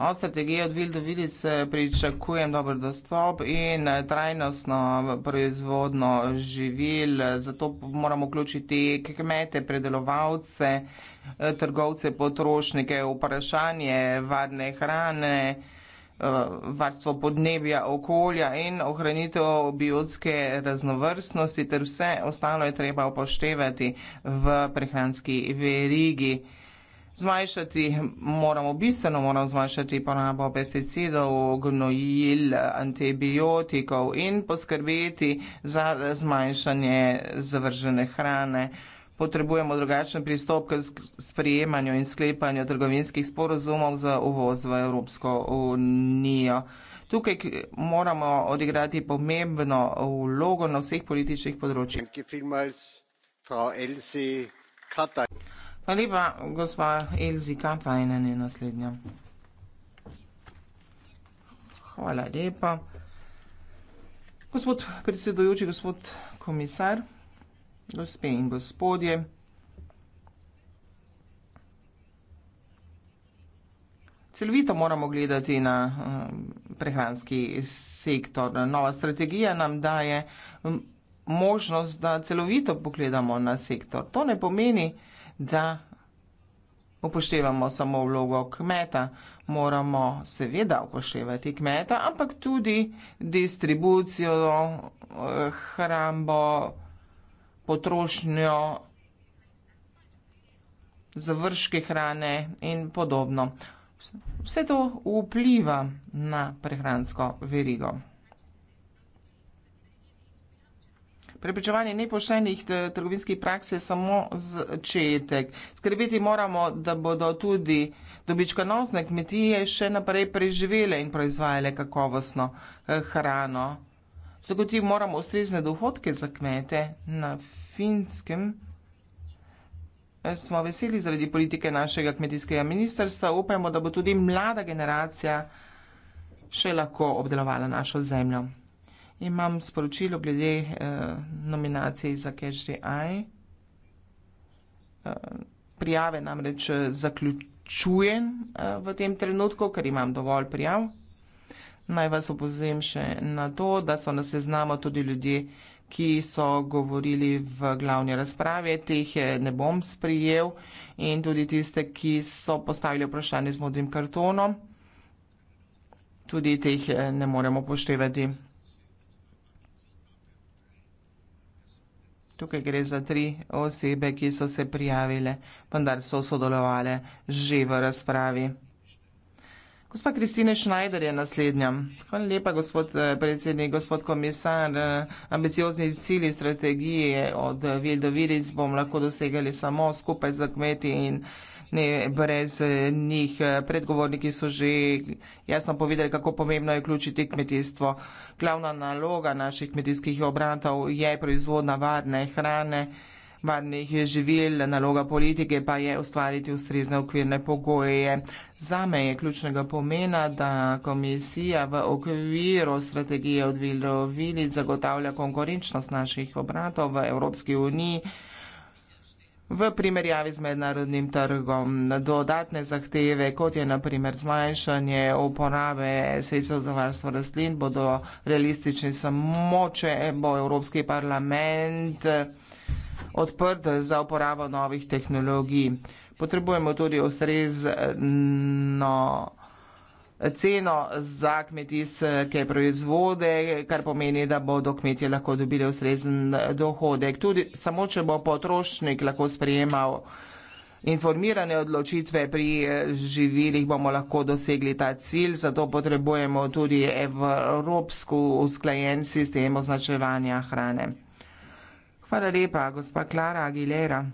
Od strategije od Vildo Vidic pričakujem dober dostop in trajnostno proizvodno živil. Zato moramo vključiti kmete, predelovalce, eh, trgovce, potrošnike. Vprašanje varne hrane, eh, varstvo podnebja, okolja in ohranitev biotske raznovrstnosti ter vse ostalo je treba upoštevati v prehranski verigi zmanjšati, moramo bistveno moramo zmanjšati porabo pesticidov, gnojil, antibiotikov in poskrbeti za zmanjšanje zavržene hrane. Potrebujemo drugačen pristop k sprejemanju in sklepanju trgovinskih sporozumov za uvoz v Evropsko unijo. Tukaj moramo odigrati pomembno vlogo na vseh političnih področjih. Hvala lepa, gospa Elzi Katajnen je naslednja. Hvala lepa. Gospod predsedujoči, gospod komisar, gospe in gospodje, celovito moramo gledati na um, prehranski sektor. Nova strategija nam daje um, možnost, da celovito pogledamo na sektor. To ne pomeni, da je da upoštevamo samo vlogo kmeta. Moramo seveda upoštevati kmeta, ampak tudi distribucijo, eh, hrambo, potrošnjo, završke hrane in podobno. Vse to vpliva na prehransko verigo. Prepričevanje nepoštenih trgovinskih praks je samo začetek. Skrbeti moramo, da bodo tudi dobičkonosne kmetije še naprej preživele in proizvajale kakovostno eh, hrano. Zagotiv moramo ustrezne dohodke za kmete na finskem. Eh, smo veseli zaradi politike našega kmetijskega ministrstva. Upajmo, da bo tudi mlada generacija še lahko obdelovala našo zemljo imam sporočilo glede eh, nominacij za Cash the Eye. Eh, prijave namreč eh, zaključujem eh, v tem trenutku, ker imam dovolj prijav. Naj vas opozorim še na to, da so na seznamu tudi ljudje, ki so govorili v glavni razprave, teh eh, ne bom sprijel in tudi tiste, ki so postavili vprašanje z modrim kartonom, tudi teh eh, ne moremo poštevati. Tukaj gre za tri osebe, ki so se prijavile, vendar so sodelovali že v razpravi. Gospa Kristine Šnajder je naslednja. Hvala lepa, gospod eh, predsednik, gospod komisar. Eh, ambiciozni cilji strategije od Vildovilic bomo lahko dosegali samo skupaj z kmeti in kmeti ne brez eh, njih. Eh, predgovorniki so že jasno povedali, kako pomembno je vključiti kmetijstvo. Glavna naloga naših kmetijskih obratov je proizvodna varne hrane, varnih živil, naloga politike pa je ustvariti ustrezne okvirne pogoje. Zame je ključnega pomena, da komisija v okviru strategije odvilovili zagotavlja konkurenčnost naših obratov v Evropski uniji v primerjavi z mednarodnim trgom dodatne zahteve, kot je naprimer zmanjšanje uporabe sredstev za varstvo rastlin, bodo realistični samo, če bo Evropski parlament odprt za uporabo novih tehnologij. Potrebujemo tudi ustrezno ceno za kmetijske proizvode, kar pomeni, da bodo kmetje lahko dobili ustrezen dohodek. Tudi samo, če bo potrošnik lahko sprejemal informirane odločitve pri živilih, bomo lahko dosegli ta cilj. Zato potrebujemo tudi evropsko usklajen sistem označevanja hrane. Hvala lepa, gospa Klara Aguilera.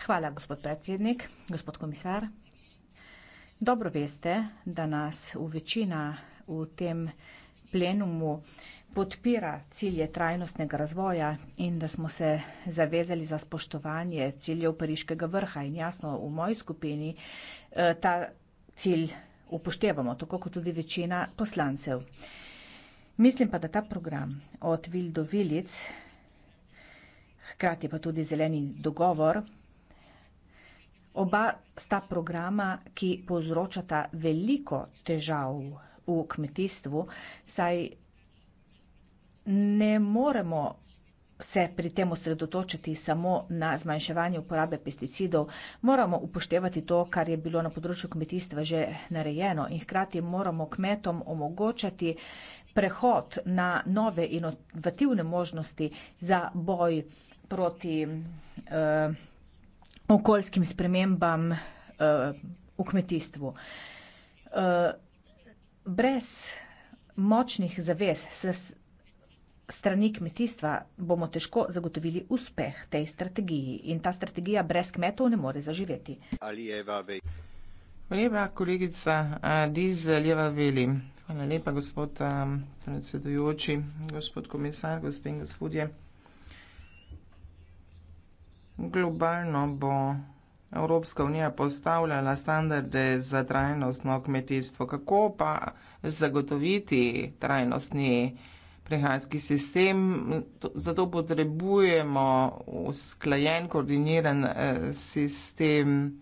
Hvala, gospod predsednik, gospod komisar. Dobro veste, da nas v večina v tem plenumu podpira cilje trajnostnega razvoja in da smo se zavezali za spoštovanje ciljev Pariškega vrha in jasno v moji skupini eh, ta cilj upoštevamo, tako kot tudi večina poslancev. Mislim pa, da ta program od vil do vilic, hkrati pa tudi zeleni dogovor, Oba sta programa, ki povzročata veliko težav v kmetijstvu, saj ne moremo se pri tem osredotočiti samo na zmanjševanje uporabe pesticidov, moramo upoštevati to, kar je bilo na področju kmetijstva že narejeno in hkrati moramo kmetom omogočati prehod na nove inovativne možnosti za boj proti eh, okoljskim spremembam uh, v kmetijstvu. Uh, brez močnih zaves s strani kmetijstva bomo težko zagotovili uspeh tej strategiji in ta strategija brez kmetov ne more zaživeti. Lepa kolegica Dizeljeva Veli. Hvala lepa, gospod eh, predsedujoči, gospod komisar, gospod in gospodje. Globalno bo Evropska unija postavljala standarde za trajnostno kmetijstvo. Kako pa zagotoviti trajnostni prehajalski sistem? Zato potrebujemo usklajen, koordiniran eh, sistem.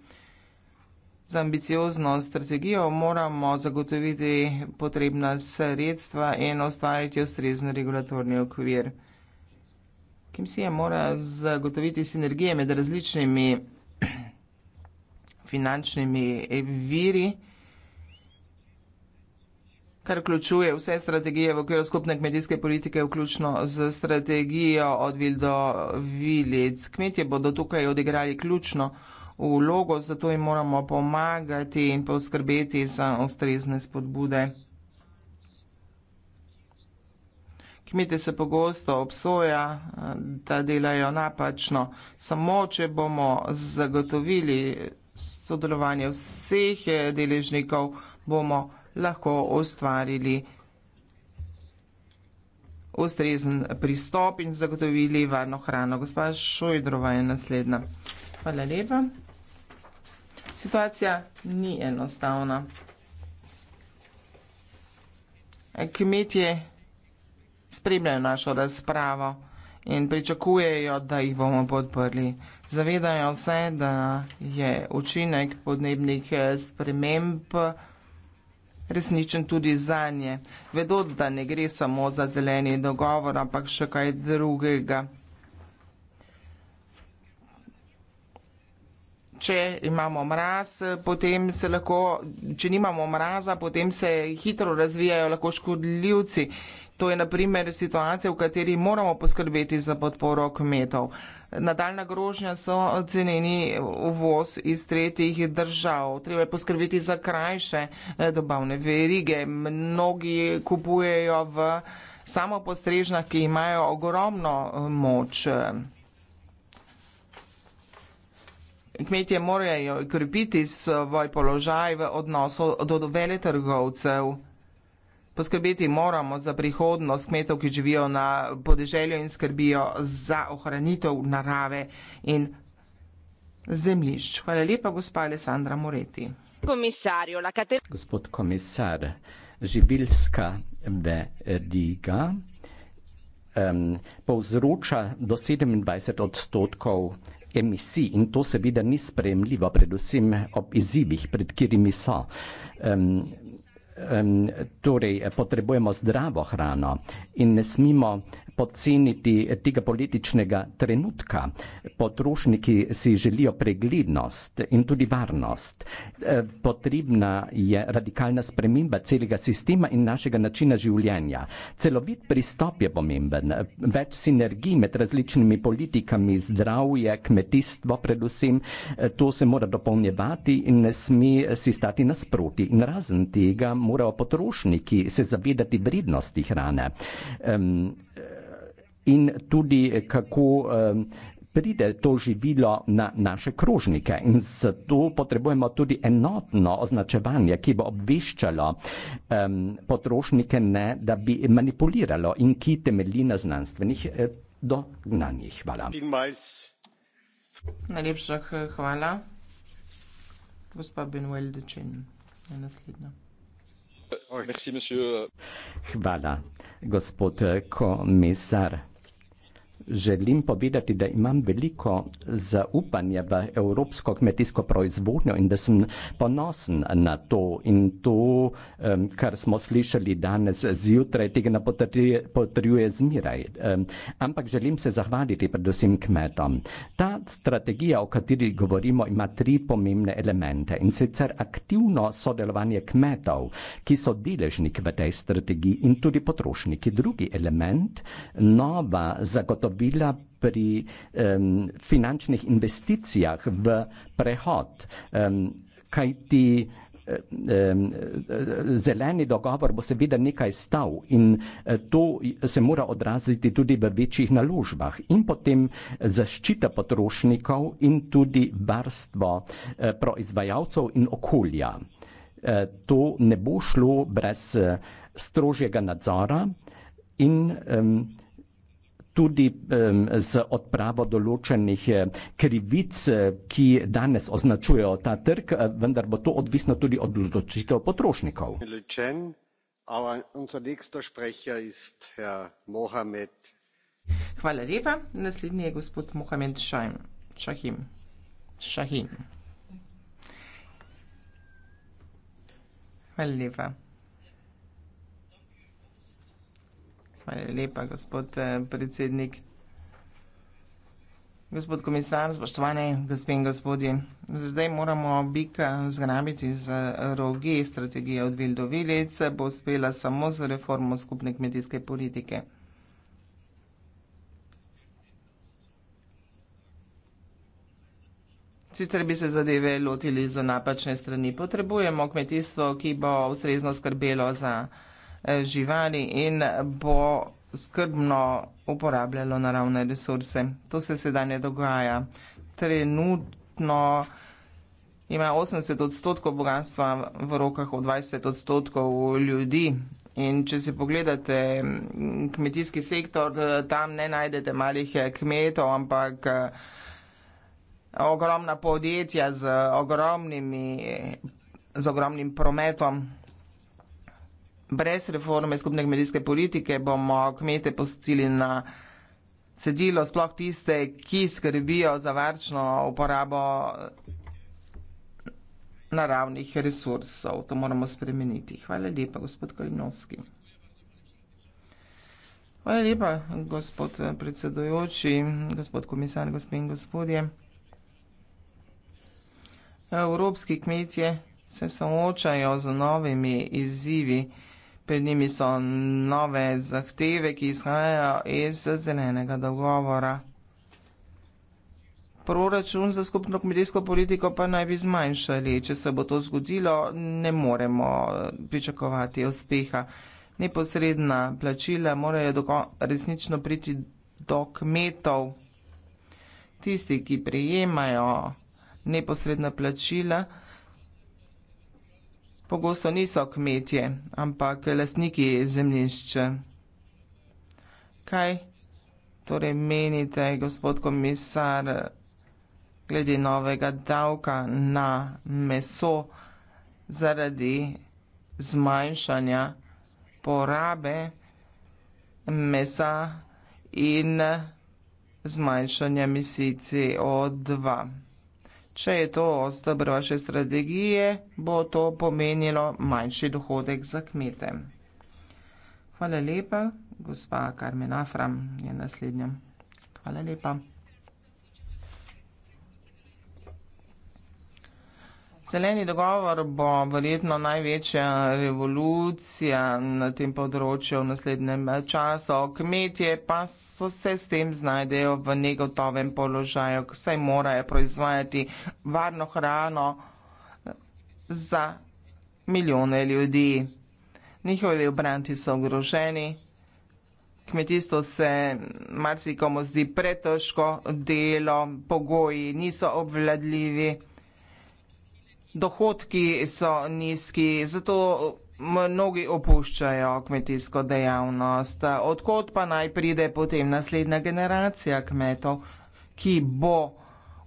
Z ambiciozno strategijo moramo zagotoviti potrebna sredstva in ustvariti ustrezen regulatorni okvir. Kimsija mora zagotoviti sinergije med različnimi finančnimi viri, kar vključuje vse strategije v okviru skupne kmetijske politike, vključno z strategijo od vil do vilic. Kmetje bodo tukaj odigrali ključno vlogo, zato jim moramo pomagati in poskrbeti za ustrezne spodbude. Kmete se pogosto obsoja, da delajo napačno. Samo, če bomo zagotovili sodelovanje vseh deležnikov, bomo lahko ustvarili ustrezen pristop in zagotovili varno hrano. Gospa Šojdrova je naslednja. Hvala lepa. Situacija ni enostavna. Kmetje spremljajo našo razpravo in pričakujejo, da jih bomo podprli. Zavedajo se, da je učinek podnebnih eh, sprememb resničen tudi za nje. Vedo, da ne gre samo za zeleni dogovor, ampak še kaj drugega. Če imamo mraz, potem se lahko, če nimamo mraza, potem se hitro razvijajo lahko škodljivci, To je naprimer situacija, v kateri moramo poskrbeti za podporo kmetov. Nadaljna grožnja so ceneni uvoz iz tretjih držav. Treba je poskrbeti za krajše eh, dobavne verige. Mnogi kupujejo v samopostrežnah, ki imajo ogromno eh, moč. Kmetje morajo krepiti svoj položaj v odnosu do veletrgovcev. Poskrbeti moramo za prihodnost kmetov, ki živijo na podeželju in skrbijo za ohranitev narave in zemljišč. Hvala lepa, gospa Alessandra Moreti. Gospod komisar, živilska veriga um, povzroča do 27 odstotkov emisij in to seveda ni spremljivo, predvsem ob izzivih, pred katerimi so. Um, um, torej eh, potrebujemo zdravo hrano in ne smemo podceniti eh, tega političnega trenutka. Potrošniki si želijo preglednost in tudi varnost. Eh, potrebna je radikalna sprememba celega sistema in našega načina življenja. Celovit pristop je pomemben. Več sinergij med različnimi politikami, zdravje, kmetijstvo predvsem, to se mora dopolnjevati in ne sme si stati nasproti. In razen tega morajo potrošniki se zavedati vrednosti hrane um, in tudi kako um, pride to živilo na naše krožnike in zato potrebujemo tudi enotno označevanje, ki bo obveščalo um, potrošnike, ne da bi manipuliralo in ki temelji na znanstvenih eh, dognanjih. Hvala. Najlepša hvala. Gospa Benuel Dečin je naslednja. Hvala, gospod komisar želim povedati, da imam veliko zaupanja v evropsko kmetijsko proizvodnjo in da sem ponosen na to. In to, kar smo slišali danes zjutraj, tega ne potrjuje zmeraj. Ampak želim se zahvaliti predvsem kmetom. Ta strategija, o kateri govorimo, ima tri pomembne elemente in sicer aktivno sodelovanje kmetov, ki so deležnik v tej strategiji in tudi potrošniki. Drugi element, nova zagotovitev, pravila pri um, finančnih investicijah v prehod. Um, kaj ti um, zeleni dogovor bo seveda nekaj stal in e, to se mora odraziti tudi v večjih naložbah in potem zaščita potrošnikov in tudi varstvo uh, proizvajalcev in okolja. E, to ne bo šlo brez strožjega nadzora in um, tudi z odpravo določenih eh, krivic, eh, ki danes označujejo ta trg, eh, vendar bo to odvisno tudi od odločitev potrošnikov. Hvala lepa. Naslednji je gospod Mohamed Šahim. Šahim. Šahim. Hvala lepa. Hvala lepa, gospod eh, predsednik. Gospod komisar, spoštovane gospe in gospodi, zdaj moramo bika zgrabiti z rogi strategije od vil do vilic, bo uspela samo z reformo skupne kmetijske politike. Sicer bi se zadeve lotili z napačne strani. Potrebujemo kmetijstvo, ki bo ustrezno skrbelo za kmetijstvo, Eh, živali in bo skrbno uporabljalo naravne resurse. To se sedaj ne dogaja. Trenutno ima 80 odstotkov bogatstva v rokah od 20 odstotkov ljudi. In če si pogledate mm, kmetijski sektor, tam ne najdete malih eh, kmetov, ampak eh, ogromna podjetja z, ogromnimi, z ogromnim prometom brez reforme skupne kmetijske politike bomo kmete postili na cedilo sploh tiste, ki skrbijo za varčno uporabo naravnih resursov. To moramo spremeniti. Hvala lepa, gospod Kalinovski. Hvala lepa, gospod predsedojoči, gospod komisar, gospe in gospodje. Evropski kmetje se soočajo z novimi izzivi pred njimi so nove zahteve, ki izhajajo iz zelenega dogovora. Proračun za skupno kmetijsko politiko pa naj bi zmanjšali. Če se bo to zgodilo, ne moremo eh, pričakovati uspeha. Neposredna plačila morajo resnično priti do kmetov. Tisti, ki prejemajo neposredna plačila, pogosto niso kmetje, ampak lasniki zemljišče. Kaj torej menite, gospod komisar, glede novega davka na meso zaradi zmanjšanja porabe mesa in zmanjšanja misici O2? Če je to stebr vaše strategije, bo to pomenilo manjši dohodek za kmete. Hvala lepa, gospa Karmen Afram je naslednja. Hvala lepa. Zeleni dogovor bo verjetno največja revolucija na tem področju v naslednjem času. Kmetje pa so se s tem znajdejo v negotovem položaju, saj morajo proizvajati varno hrano za milijone ljudi. Njihovi obranti so ogroženi. Kmetijstvo se marsikomu zdi pretežko delo, pogoji niso obvladljivi dohodki so nizki, zato mnogi opuščajo kmetijsko dejavnost. Odkot pa naj pride potem naslednja generacija kmetov, ki bo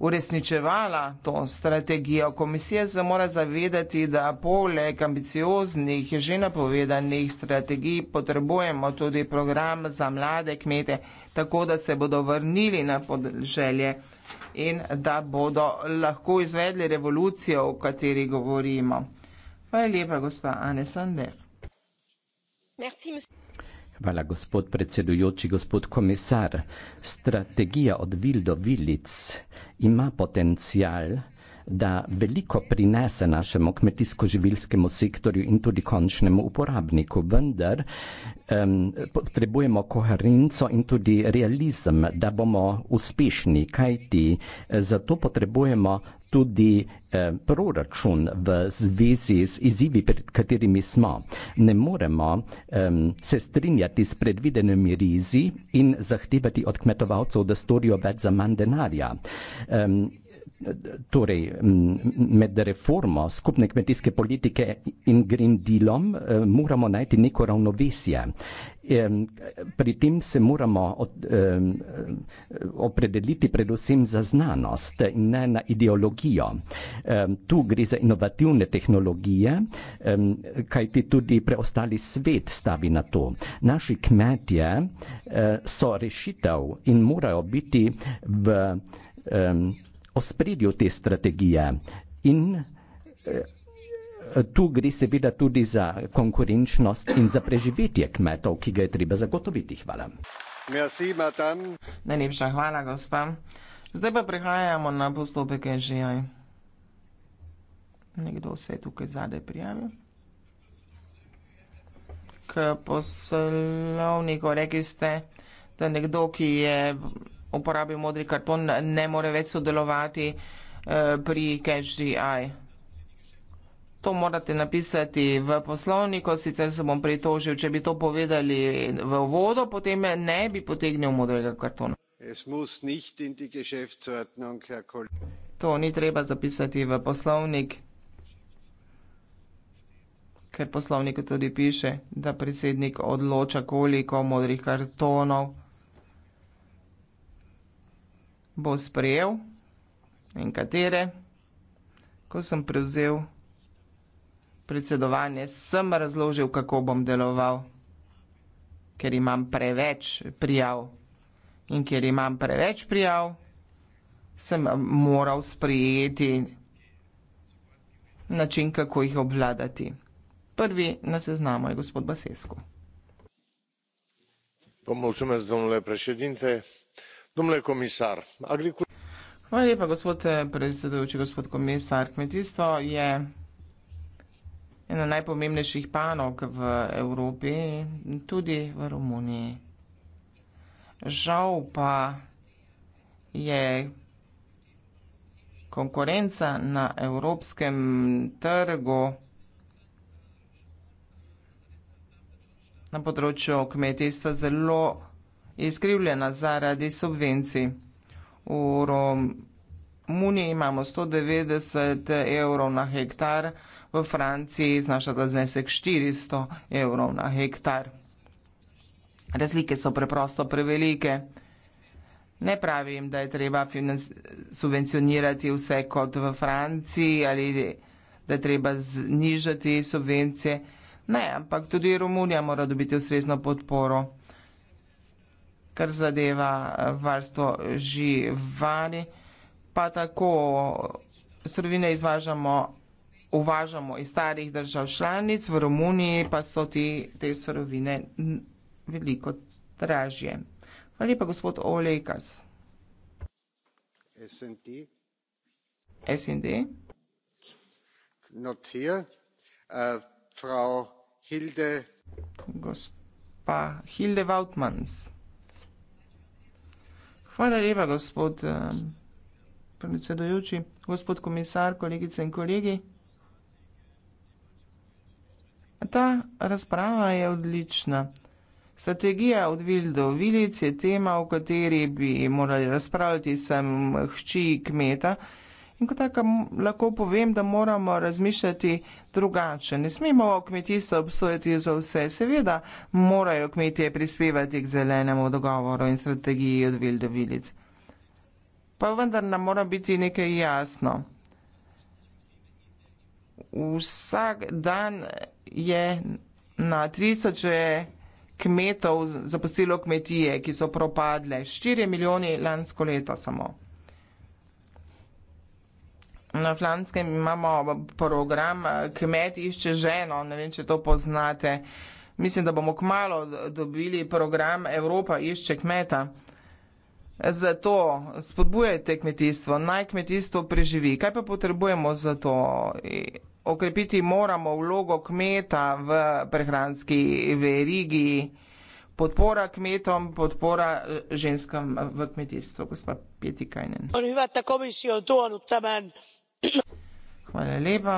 uresničevala to strategijo. Komisija se mora zavedati, da poleg ambicioznih in že napovedanih strategij potrebujemo tudi program za mlade kmete, tako da se bodo vrnili na podželje in da bodo lahko izvedli revolucijo, o kateri govorimo. Hvala lepa, gospa Anne Sander. Merci, Hvala, gospod predsedujoči, gospod komisar. Strategija od vil do vilic ima potencial da veliko prinese našemu kmetijsko-življskemu sektorju in tudi končnemu uporabniku, vendar um, potrebujemo koherenco in tudi realizem, da bomo uspešni, kajti eh, zato potrebujemo tudi eh, proračun v zvezi z izzivi, pred katerimi smo. Ne moremo eh, se strinjati s predvidenimi rizi in zahtevati od kmetovalcev, da storijo več za manj denarja. Eh, torej med reformo skupne kmetijske politike in Green Dealom eh, moramo najti neko ravnovesje. Eh, pri tem se moramo eh, opredeliti predvsem za znanost in ne na ideologijo. Tu gre za inovativne tehnologije, kajti tudi preostali svet stavi na to. Naši kmetje so rešitev in morajo biti v ospredju te strategije. In eh, tu gre seveda tudi za konkurenčnost in za preživetje kmetov, ki ga je treba zagotoviti. Hvala. Merci, Najlepša hvala, gospa. Zdaj pa prehajamo na postopek EŽI. Nekdo se je tukaj zadaj prijavil. K poslovniku rekli ste, da nekdo, ki je uporabi modri karton, ne more več sodelovati eh, pri CashGI. To morate napisati v poslovniku, sicer se bom pritožil, če bi to povedali v vodo, potem ne bi potegnil modrega kartona. To ni treba zapisati v poslovnik, ker poslovnik tudi piše, da predsednik odloča, koliko modrih kartonov bo sprejel in katere. Ko sem prevzel predsedovanje, sem razložil, kako bom deloval, ker imam preveč prijav. In ker imam preveč prijav, sem moral sprejeti način, kako jih obvladati. Prvi na seznamu je gospod Basesko. Pa mulțumesc, domnule președinte. Hvala lepa, gospod eh, predsedujoči, gospod komisar. Kmetijstvo je ena najpomembnejših panog v Evropi in tudi v Romuniji. Žal pa je konkurenca na evropskem trgu na področju kmetijstva zelo izkrivljena zaradi subvencij. V Romuniji imamo 190 evrov na hektar, v Franciji znaša ta znesek 400 evrov na hektar. Razlike so preprosto prevelike. Ne pravim, da je treba subvencionirati vse kot v Franciji ali da je treba znižati subvencije. Ne, ampak tudi Romunija mora dobiti ustrezno podporo kar zadeva eh, varstvo živali, pa tako surovine izvažamo, uvažamo iz starih držav članic, v Romuniji pa so ti, te surovine veliko dražje. Hvala lepa, gospod Olejkas. SND. SND. Notir. Uh, frau Hilde. Gospa Hilde Wautmanns. Hvala lepa, gospod eh, predsedujoči, gospod komisar, kolegice in kolegi. Ta razprava je odlična. Strategija od Vil do Vilic je tema, o kateri bi morali razpravljati sem hči kmeta. In kot tako lahko povem, da moramo razmišljati drugače. Ne smemo kmetijstvo obsojati za vse. Seveda morajo kmetije prispevati k zelenemu dogovoru in strategiji od vil do vilic. Pa vendar nam mora biti nekaj jasno. Vsak dan je na tisoče kmetov zapustilo kmetije, ki so propadle. 4 milijoni lansko leto samo. Na Flandskem imamo program eh, Kmet išče ženo, ne vem, če to poznate. Mislim, da bomo kmalo dobili program Evropa išče kmeta. Zato spodbujajte kmetijstvo, naj kmetijstvo preživi. Kaj pa potrebujemo za to? E, okrepiti moramo vlogo kmeta v prehranski verigi, podpora kmetom, podpora eh, ženskam v kmetijstvu, gospod Pietikajnen. Hvala lepa.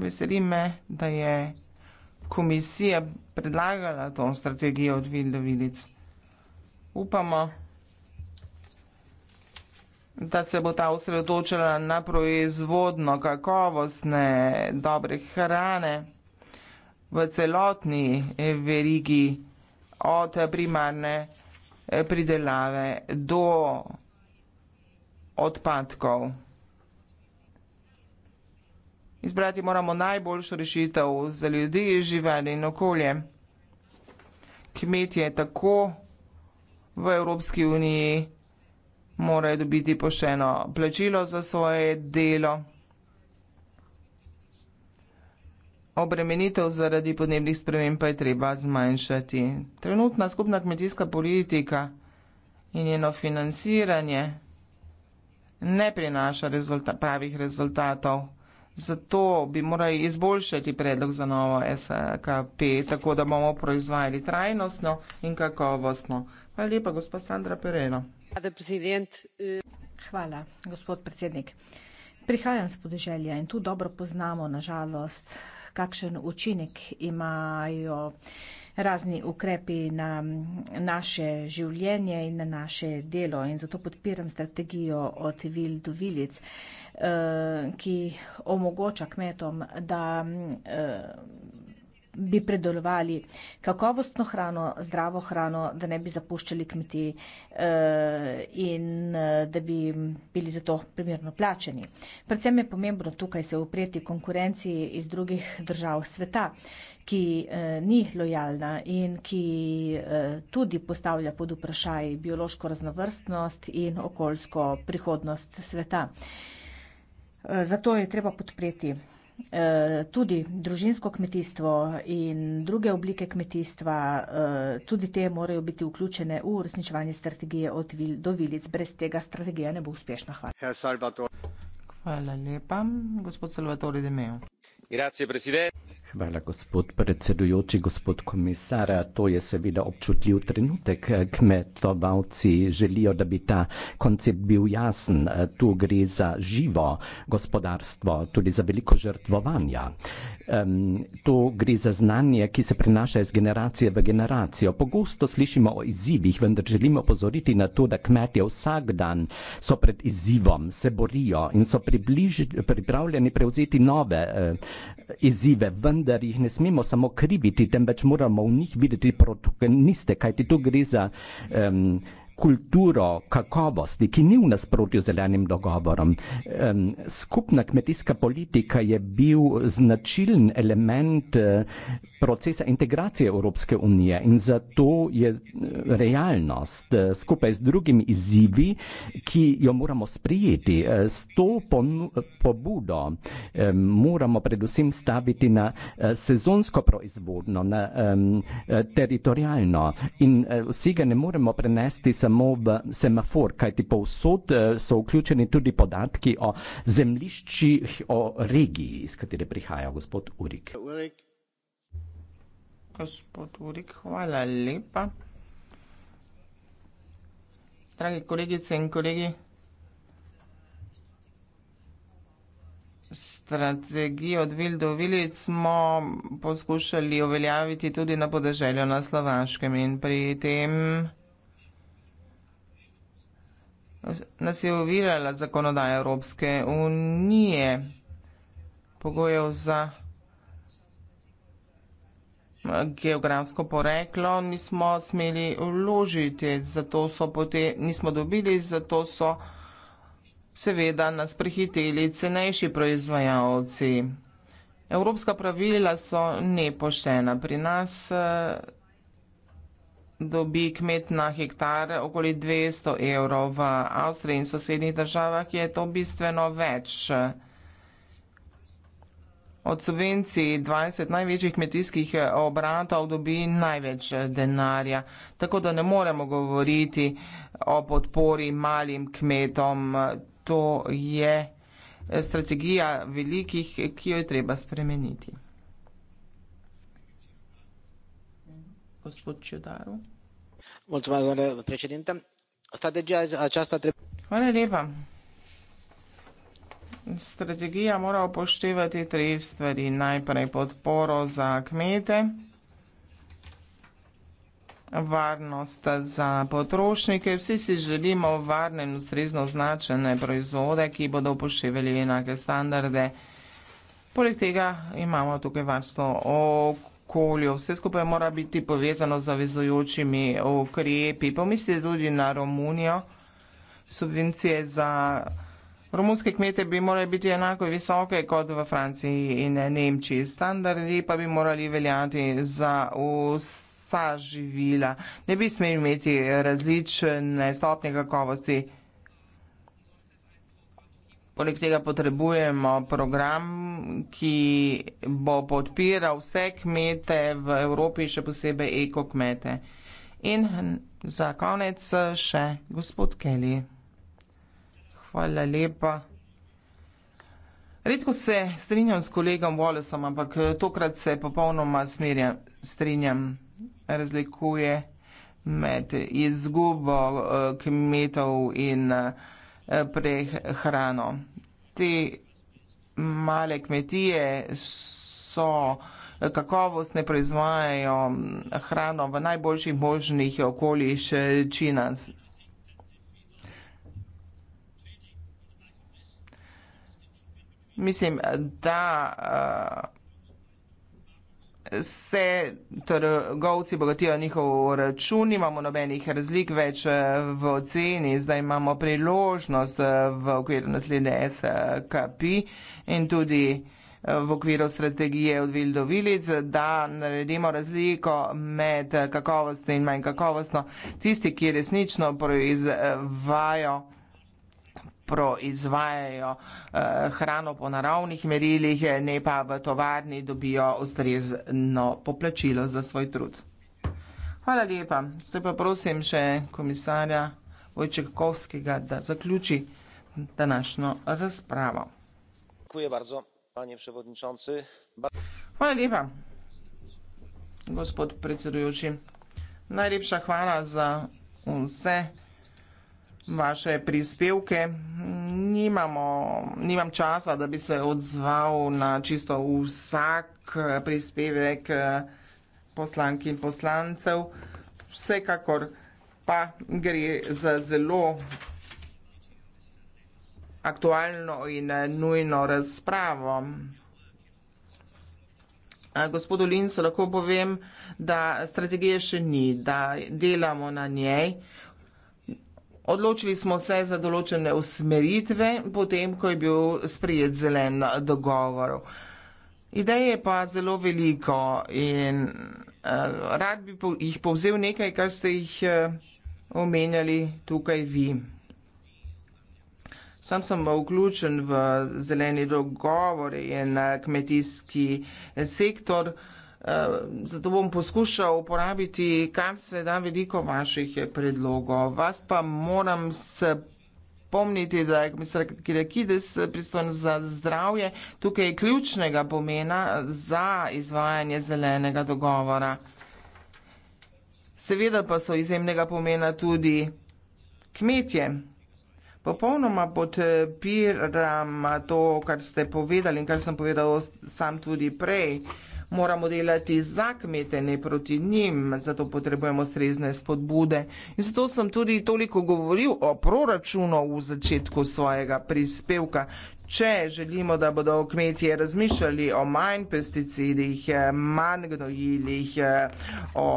Veseli me, da je komisija predlagala to strategijo od Vildovilic. Upamo, da se bo ta usredočila na proizvodno kakovostne dobre hrane v celotni eh, verigi od primarne eh, pridelave do odpadkov. Izbrati moramo najboljšo rešitev za ljudi, živali in okolje. Kmetje tako v Evropski uniji morajo dobiti pošteno plačilo za svoje delo. Obremenitev zaradi podnebnih sprememb pa je treba zmanjšati. Trenutna skupna kmetijska politika in njeno financiranje ne prinaša rezulta pravih rezultatov. Zato bi morali izboljšati predlog za novo SKP, tako da bomo proizvajali trajnostno in kakovostno. Hvala lepa, gospa Sandra Pereno. Hvala, gospod predsednik. Prihajam z podeželja in tu dobro poznamo, nažalost, kakšen učinek imajo razni ukrepi na naše življenje in na naše delo. In zato podpiram strategijo od vil do vilic, eh, ki omogoča kmetom, da eh, bi predelovali kakovostno hrano, zdravo hrano, da ne bi zapuščali kmetij eh, in eh, da bi bili za to primerno plačeni. Predvsem je pomembno tukaj se upreti konkurenciji iz drugih držav sveta, ki eh, ni lojalna in ki tudi postavlja pod vprašaj biološko raznovrstnost in okoljsko prihodnost sveta. Zato je treba podpreti Eh, tudi družinsko kmetijstvo in druge oblike kmetijstva, eh, tudi te morajo biti vključene v uresničevanje strategije od vil do vilic. Brez tega strategija ne bo uspešna. Hvala. Hvala lepa. Gospod Salvatore De Meo. Hvala, gospod predsedujoči, gospod komisar. To je seveda občutljiv trenutek. Kmetovalci želijo, da bi ta koncept bil jasen. Tu gre za živo gospodarstvo, tudi za veliko žrtvovanja. Um, tu gre za znanje, ki se prenaša iz generacije v generacijo. Pogosto slišimo o izzivih, vendar želimo opozoriti na to, da kmetje vsak dan so pred izzivom, se borijo in so približ, pripravljeni prevzeti nove uh, izzive. Vendar vendar jih ne smemo samo kriviti, temveč moramo v njih videti protagoniste, kajti tu gre za um, kulturo kakovosti, ki ni v nasprotju z zelenim dogovorom. Um, skupna kmetijska politika je bil značilen element. Uh, procesa integracije Evropske unije in zato je eh, realnost eh, skupaj z drugimi izzivi, ki jo moramo sprijeti. Eh, s to pobudo moramo predvsem staviti na sezonsko proizvodno, na teritorijalno in vsi ga ne moremo prenesti samo v semafor, kajti povsod so vključeni tudi podatki o zemliščih, o regiji, iz katere prihaja gospod Urik. Urik gospod Urik, hvala lepa. Dragi kolegice in kolegi, strategijo od Vil do Vilic smo poskušali uveljaviti tudi na podeželju na Slovaškem in pri tem nas je ovirala zakonodaja Evropske unije pogojev za geografsko poreklo, nismo smeli vložiti, zato so potem, nismo dobili, zato so seveda nas prihiteli cenejši proizvajalci. Evropska pravila so nepoštena. Pri nas eh, dobi kmet na hektar okoli 200 evrov, v Avstriji in sosednjih državah je to bistveno več od subvencij 20 največjih kmetijskih eh, obratov dobi največ eh, denarja. Tako da ne moremo govoriti o podpori malim kmetom. To je eh, strategija velikih, ki jo je treba spremeniti. Gospod Čudaru. Mulțumesc, doamnă președintă. Strategia aceasta trebuie... Hvala lepa strategija mora upoštevati tri stvari. Najprej podporo za kmete, varnost za potrošnike. Vsi si želimo varne in ustrezno značene proizvode, ki bodo upoštevali enake standarde. Poleg tega imamo tukaj varstvo okolju. Vse skupaj mora biti povezano z zavezujočimi ukrepi. Pomislite tudi na Romunijo, subvencije za kmete, Romunske kmete bi morali biti enako visoke kot v Franciji in Nemčiji, standardi pa bi morali veljati za vsa živila. Ne bi smeli imeti različne stopnje kakovosti. Poleg tega potrebujemo program, ki bo podpiral vse kmete v Evropi, še posebej ekokmete. In za konec še gospod Kelly. Hvala lepa. Redko se strinjam s kolegom Wallaceom, ampak eh, tokrat se popolnoma smerjam, strinjam. Razlikuje med izgubo eh, kmetov in eh, prehrano. Te male kmetije so kakovostne, proizvajajo hm, hrano v najboljših možnih okoliščinah. mislim, da uh, se trgovci bogatijo njihov račun, imamo nobenih razlik več eh, v oceni, zdaj imamo priložnost eh, v okviru naslednje SKP in tudi v okviru strategije od Vil do Vilic, da naredimo razliko med kakovostno in manj kakovostno, tisti, ki resnično proizvajo proizvajajo eh, hrano po naravnih merilih, ne pa v tovarni dobijo ustrezno poplačilo za svoj trud. Hvala lepa. Zdaj pa prosim še komisarja Vojčekovskega, da zaključi današnjo razpravo. Hvala lepa, gospod predsedujoči. Najlepša hvala za vse vaše prispevke. Nimamo, nimam časa, da bi se odzval na čisto vsak prispevek eh, poslank in poslancev. Vsekakor pa gre za zelo aktualno in eh, nujno razpravo. Eh, gospodu Lincu lahko povem, da strategije še ni, da delamo na njej. Odločili smo se za določene usmeritve, potem ko je bil sprejet zelen dogovor. Ideje je pa zelo veliko in uh, rad bi po, jih povzel nekaj, kar ste jih uh, omenjali tukaj vi. Sam sem vključen v zeleni dogovor in uh, kmetijski sektor. Uh, zato bom poskušal uporabiti kar se da veliko vaših predlogov. Vas pa moram se pomniti, da je komisar Kirakides pristojen za zdravje, tukaj je ključnega pomena za izvajanje zelenega dogovora. Seveda pa so izjemnega pomena tudi kmetje. Popolnoma podpiram to, kar ste povedali in kar sem povedal sam tudi prej. Uh, moramo delati za kmete, ne proti njim, zato potrebujemo strezne spodbude. In zato sem tudi toliko govoril o proračunu v začetku svojega prispevka. Če želimo, da bodo kmetje razmišljali o manj pesticidih, manj gnojilih, o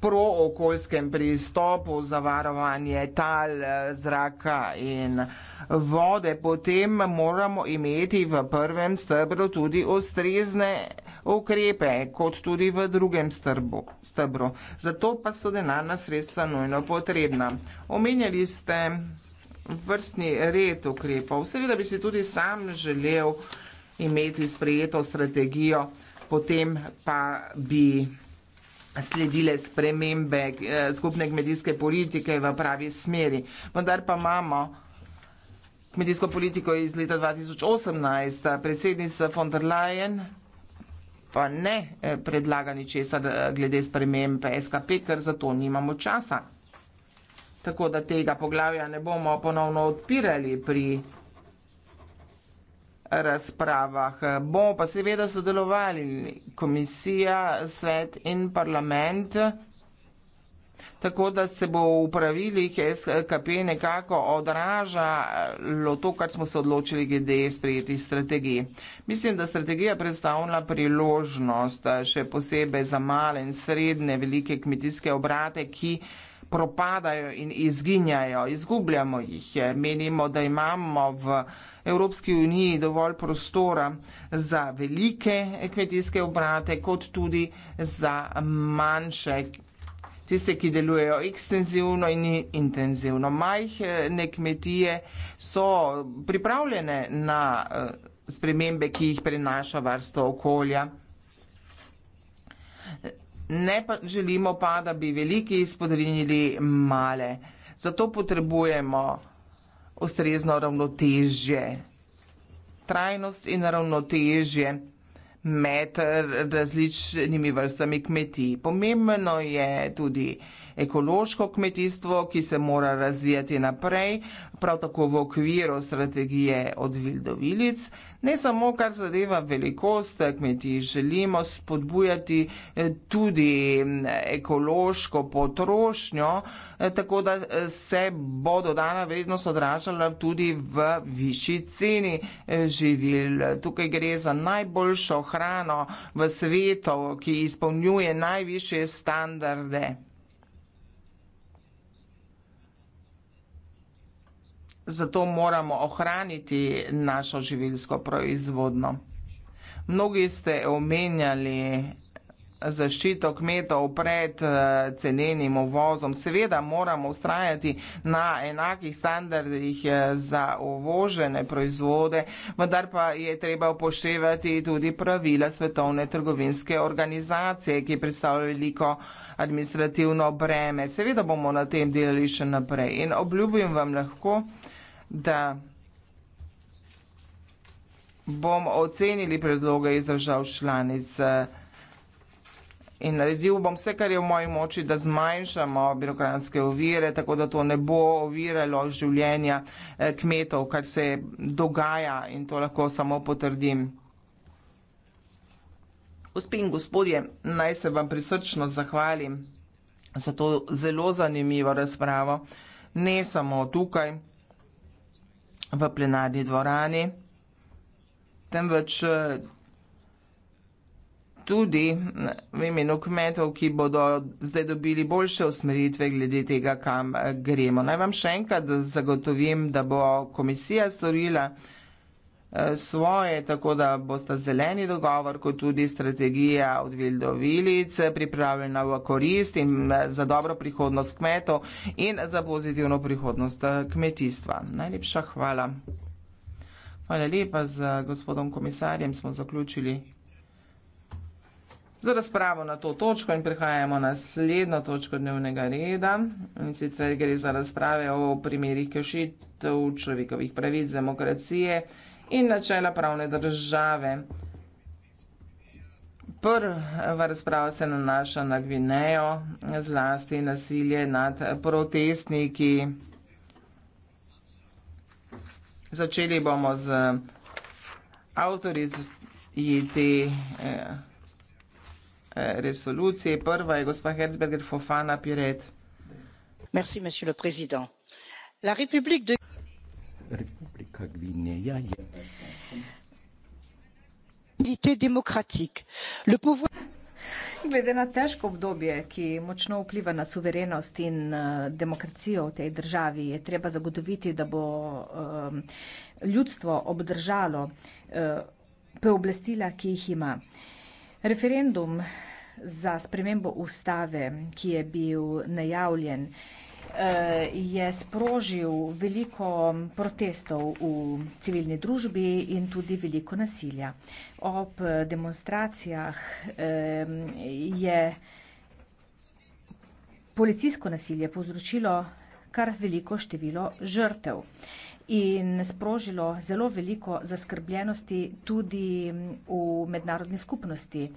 prookoljskem pristopu za varovanje tal, zraka in vode, potem moramo imeti v prvem stebru tudi ustrezne ukrepe, kot tudi v drugem strbu, stebru. Zato pa so denarna sredstva nujno potrebna. Omenjali ste vrstni red ukrepov. Seveda bi si tudi sam želel imeti sprejeto strategijo, potem pa bi sledile spremembe eh, skupne kmetijske politike v pravi smeri. Vendar pa imamo kmetijsko politiko iz leta 2018, predsednica von der Leyen pa ne eh, predlaga ničesar eh, glede sprememb SKP, ker za to nimamo časa. Tako da tega poglavja ne bomo ponovno odpirali pri razpravah. Bomo pa seveda sodelovali komisija, svet in parlament vsega, tako da se bo v pravilih SKP nekako odražalo to, kar smo se odločili glede sprejeti strategiji. Mislim, da strategija predstavlja priložnost še posebej za male in srednje velike kmetijske obrate, ki propadajo in izginjajo, izgubljamo jih. Menimo, da imamo v Evropski uniji dovolj prostora za velike kmetijske obrate, kot tudi za manjše kmetijske obrate tiste, ki delujejo ekstenzivno in intenzivno. Majhne kmetije so pripravljene na eh, spremembe, ki jih prenaša varstvo okolja. Ne pa želimo pa, da bi veliki spodrinili male. Zato potrebujemo ustrezno ravnotežje, trajnost in ravnotežje med različnimi vrstami kmetij. Pomembno je tudi ekološko kmetijstvo, ki se mora razvijati naprej, prav tako v okviru strategije od vil do vilic. Ne samo, kar zadeva velikost kmetij, želimo spodbujati eh, tudi mm, ekološko potrošnjo, eh, tako da eh, se bo dodana vrednost odražala tudi v višji ceni živil. Tukaj gre za najboljšo hrano v svetu, ki izpolnjuje najviše standarde. Zato moramo ohraniti našo živilsko proizvodno. Mnogi ste omenjali zaščito kmetov pred eh, cenenim uvozom. Seveda moramo ustrajati na enakih standardih eh, za uvožene proizvode, vendar pa je treba upoštevati tudi pravila svetovne trgovinske organizacije, ki predstavljajo veliko administrativno breme. Seveda bomo na tem delali še naprej in obljubim vam lahko, da bom ocenili predloge iz držav članic eh, in naredil bom vse, kar je v moji moči, da zmanjšamo birokranske ovire, tako da to ne bo oviralo življenja eh, kmetov, kar se dogaja in to lahko samo potrdim. Gospi in gospodje, naj se vam prisrčno zahvalim za to zelo zanimivo razpravo, ne samo tukaj, v plenarni dvorani, temveč eh, tudi v imenu kmetov, ki bodo zdaj dobili boljše usmeritve glede tega, kam eh, gremo. Naj vam še enkrat zagotovim, da bo komisija storila Eh, svoje, tako da bosta zeleni dogovor, kot tudi strategija od vil do vilic pripravljena v korist in eh, za dobro prihodnost kmetov in za pozitivno prihodnost eh, kmetijstva. Najlepša hvala. Hvala lepa z gospodom komisarjem smo zaključili z razpravo na to točko in prehajamo na sledno točko dnevnega reda. In sicer gre za razprave o primerih kršitev človekovih pravic demokracije in načela pravne države. Prva razprava se nanaša na Gvinejo, zlasti nasilje nad protestniki. Začeli bomo z avtorici te eh, eh, resolucije. Prva je gospa Herzberger Fofana Piret. Merci, monsieur le président. La République de gvinea je. Glede na težko obdobje, ki močno vpliva na suverenost in eh, demokracijo v tej državi, je treba zagotoviti, da bo eh, ljudstvo obdržalo eh, peoblastila, ki jih ima. Referendum za spremembo ustave, ki je bil najavljen, Eh, je sprožil veliko protestov v civilni družbi in tudi veliko nasilja. Ob demonstracijah je policijsko nasilje povzročilo kar veliko število žrtev in sprožilo zelo veliko zaskrbljenosti tudi v mednarodni skupnosti.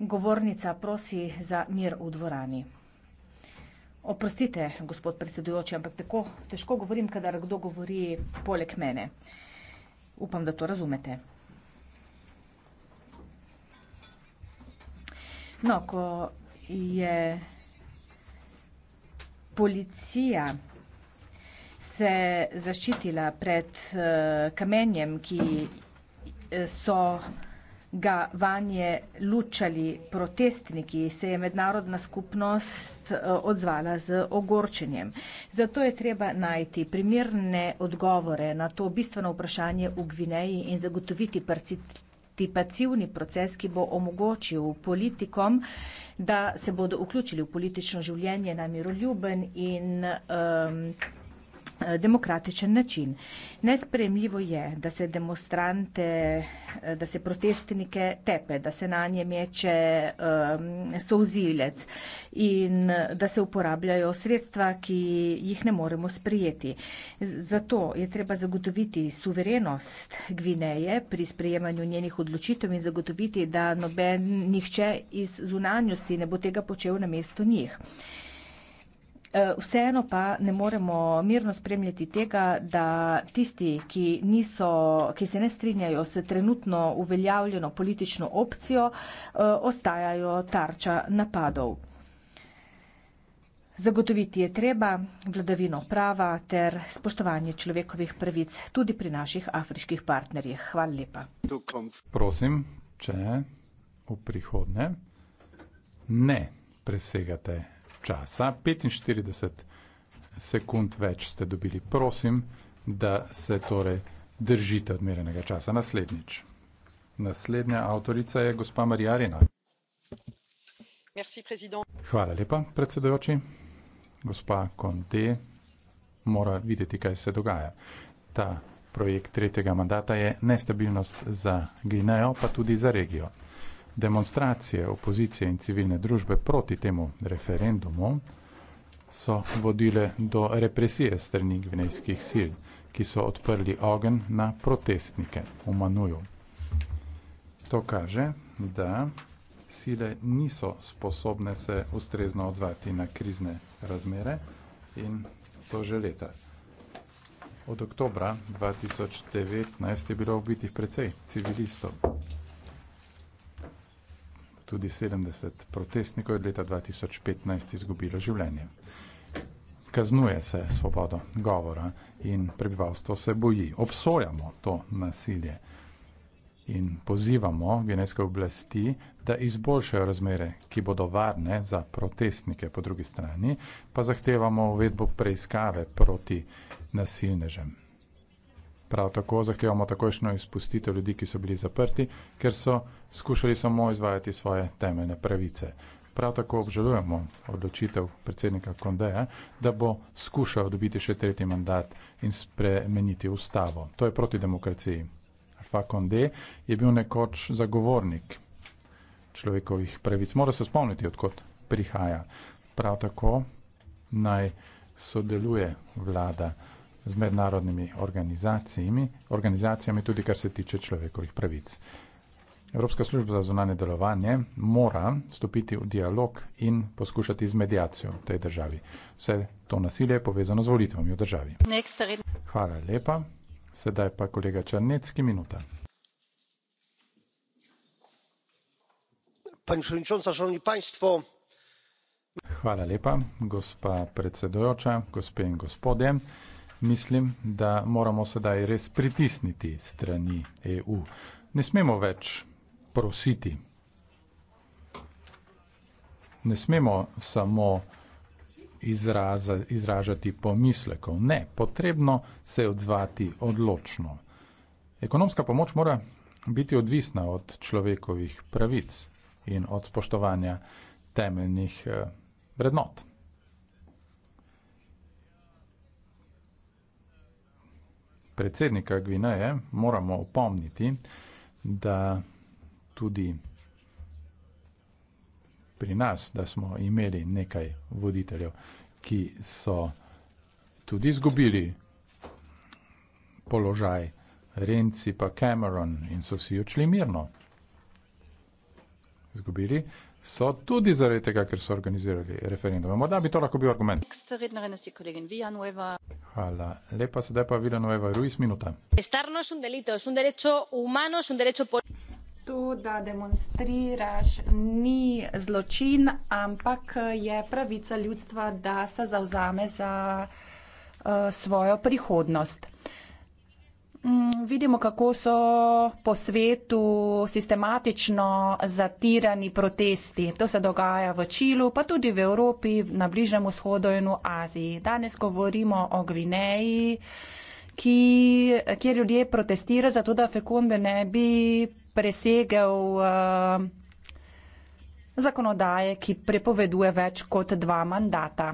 Govornica prosi za mir v dvorani. Oprostite, gospod predsedujoči, ampak tako težko govorim, kadar kdo govori poleg mene. Upam, da to razumete. No, ko je policija se zaščitila pred eh, kamenjem, ki eh, so vsega, ga vanje lučali protestniki, se je mednarodna skupnost eh, odzvala z ogorčenjem. Zato je treba najti primirne odgovore na to bistveno vprašanje v Gvineji in zagotoviti participativni proces, ki bo omogočil politikom, da se bodo vključili v politično življenje na miroljuben in um, Eh, demokratičen način. Nespremljivo je, da se demonstrante, eh, da se protestnike tepe, da se na nje meče um, souzilec in eh, da se uporabljajo sredstva, ki jih ne moremo sprijeti. Zato je treba zagotoviti suverenost Gvineje pri sprejemanju njenih odločitev in zagotoviti, da noben nihče iz zunanjosti ne bo tega počel na mesto njih. Eh, vseeno pa ne moremo mirno spremljati tega, da tisti, ki, niso, ki se ne strinjajo s trenutno uveljavljeno politično opcijo, eh, ostajajo tarča napadov. Zagotoviti je treba vladavino prava ter spoštovanje človekovih pravic tudi pri naših afriških partnerjih. Hvala lepa. Prosim, če v prihodne ne presegate časa, 45 sekund več ste dobili. Prosim, da se torej držite odmerenega časa. Naslednjič. Naslednja avtorica je gospa Marijarina. Hvala lepa, predsedojoči. Gospa Conte mora videti, kaj se dogaja. Ta projekt tretjega mandata je nestabilnost za Gvinejo, pa tudi za regijo demonstracije opozicije in civilne družbe proti temu referendumu so vodile do represije strani gvinejskih sil, ki so odprli ogen na protestnike v Manuju. To kaže, da sile niso sposobne se ustrezno odzvati na krizne razmere in to že leta. Od oktobra 2019 je bilo ubitih precej civilistov tudi 70 protestnikov je leta 2015 izgubilo življenje. Kaznuje se svobodo govora in prebivalstvo se boji. Obsojamo to nasilje in pozivamo genetske oblasti, da izboljšajo razmere, ki bodo varne za protestnike po drugi strani, pa zahtevamo uvedbo preiskave proti nasilnežem. Prav tako zahtevamo takošno izpustitev ljudi, ki so bili zaprti, ker so skušali samo izvajati svoje temeljne pravice. Prav tako obžalujemo odločitev predsednika Kondeja, da bo skušal dobiti še tretji mandat in spremeniti ustavo. To je proti demokraciji. Alfa Konde je bil nekoč zagovornik človekovih pravic. Mora se spomniti, odkot prihaja. Prav tako naj sodeluje vlada z mednarodnimi organizacijami, organizacijami tudi kar se tiče človekovih pravic. Evropska služba za zunanje delovanje mora stopiti v dialog in poskušati z medijacijo v tej državi. Vse to nasilje je povezano z volitvami v državi. Hvala lepa. Sedaj pa kolega Črnecki, minuta. Hvala lepa, gospa predsedojoča, gospe in gospode mislim, da moramo sedaj res pritisniti strani EU. Ne smemo več prositi. Ne smemo samo izraza, izražati pomislekov. Ne, potrebno se je odzvati odločno. Ekonomska pomoč mora biti odvisna od človekovih pravic in od spoštovanja temeljnih eh, vrednot. Eh, predsednika Gvineje moramo opomniti, da tudi pri nas, da smo imeli nekaj voditeljev, ki so tudi izgubili položaj Renzi pa Cameron in so si učili mirno. Izgubili So tudi zaradi tega, ker so organizirali referendum. Morda bi to lahko bil argument. Hvala. Lepa sedaj pa Vila Nueva Ruiz minuta. No to, da demonstriraš, ni zločin, ampak je pravica ljudstva, da se zauzame za uh, svojo prihodnost. Uh, Mm, vidimo, kako so po svetu sistematično zatirani protesti. To se dogaja v Čilu, pa tudi v Evropi, na Bližnem vzhodu in v Aziji. Danes govorimo o Gvineji, ki, kjer ljudje protestirajo zato, da fekunde ne bi presegel uh, zakonodaje, ki prepoveduje več kot dva mandata.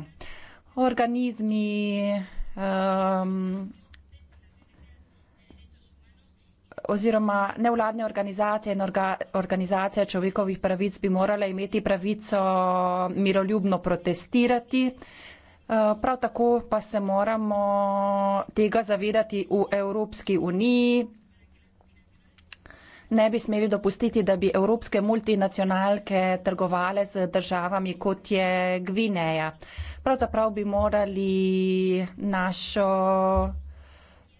Organizmi. Um, oziroma nevladne organizacije in orga, organizacije človekovih pravic bi morale imeti pravico miroljubno protestirati. Eh, prav tako pa se moramo tega zavedati v Evropski uniji. Ne bi smeli dopustiti, da bi evropske multinacionalke trgovale z državami, kot je Gvineja. Pravzaprav bi morali našo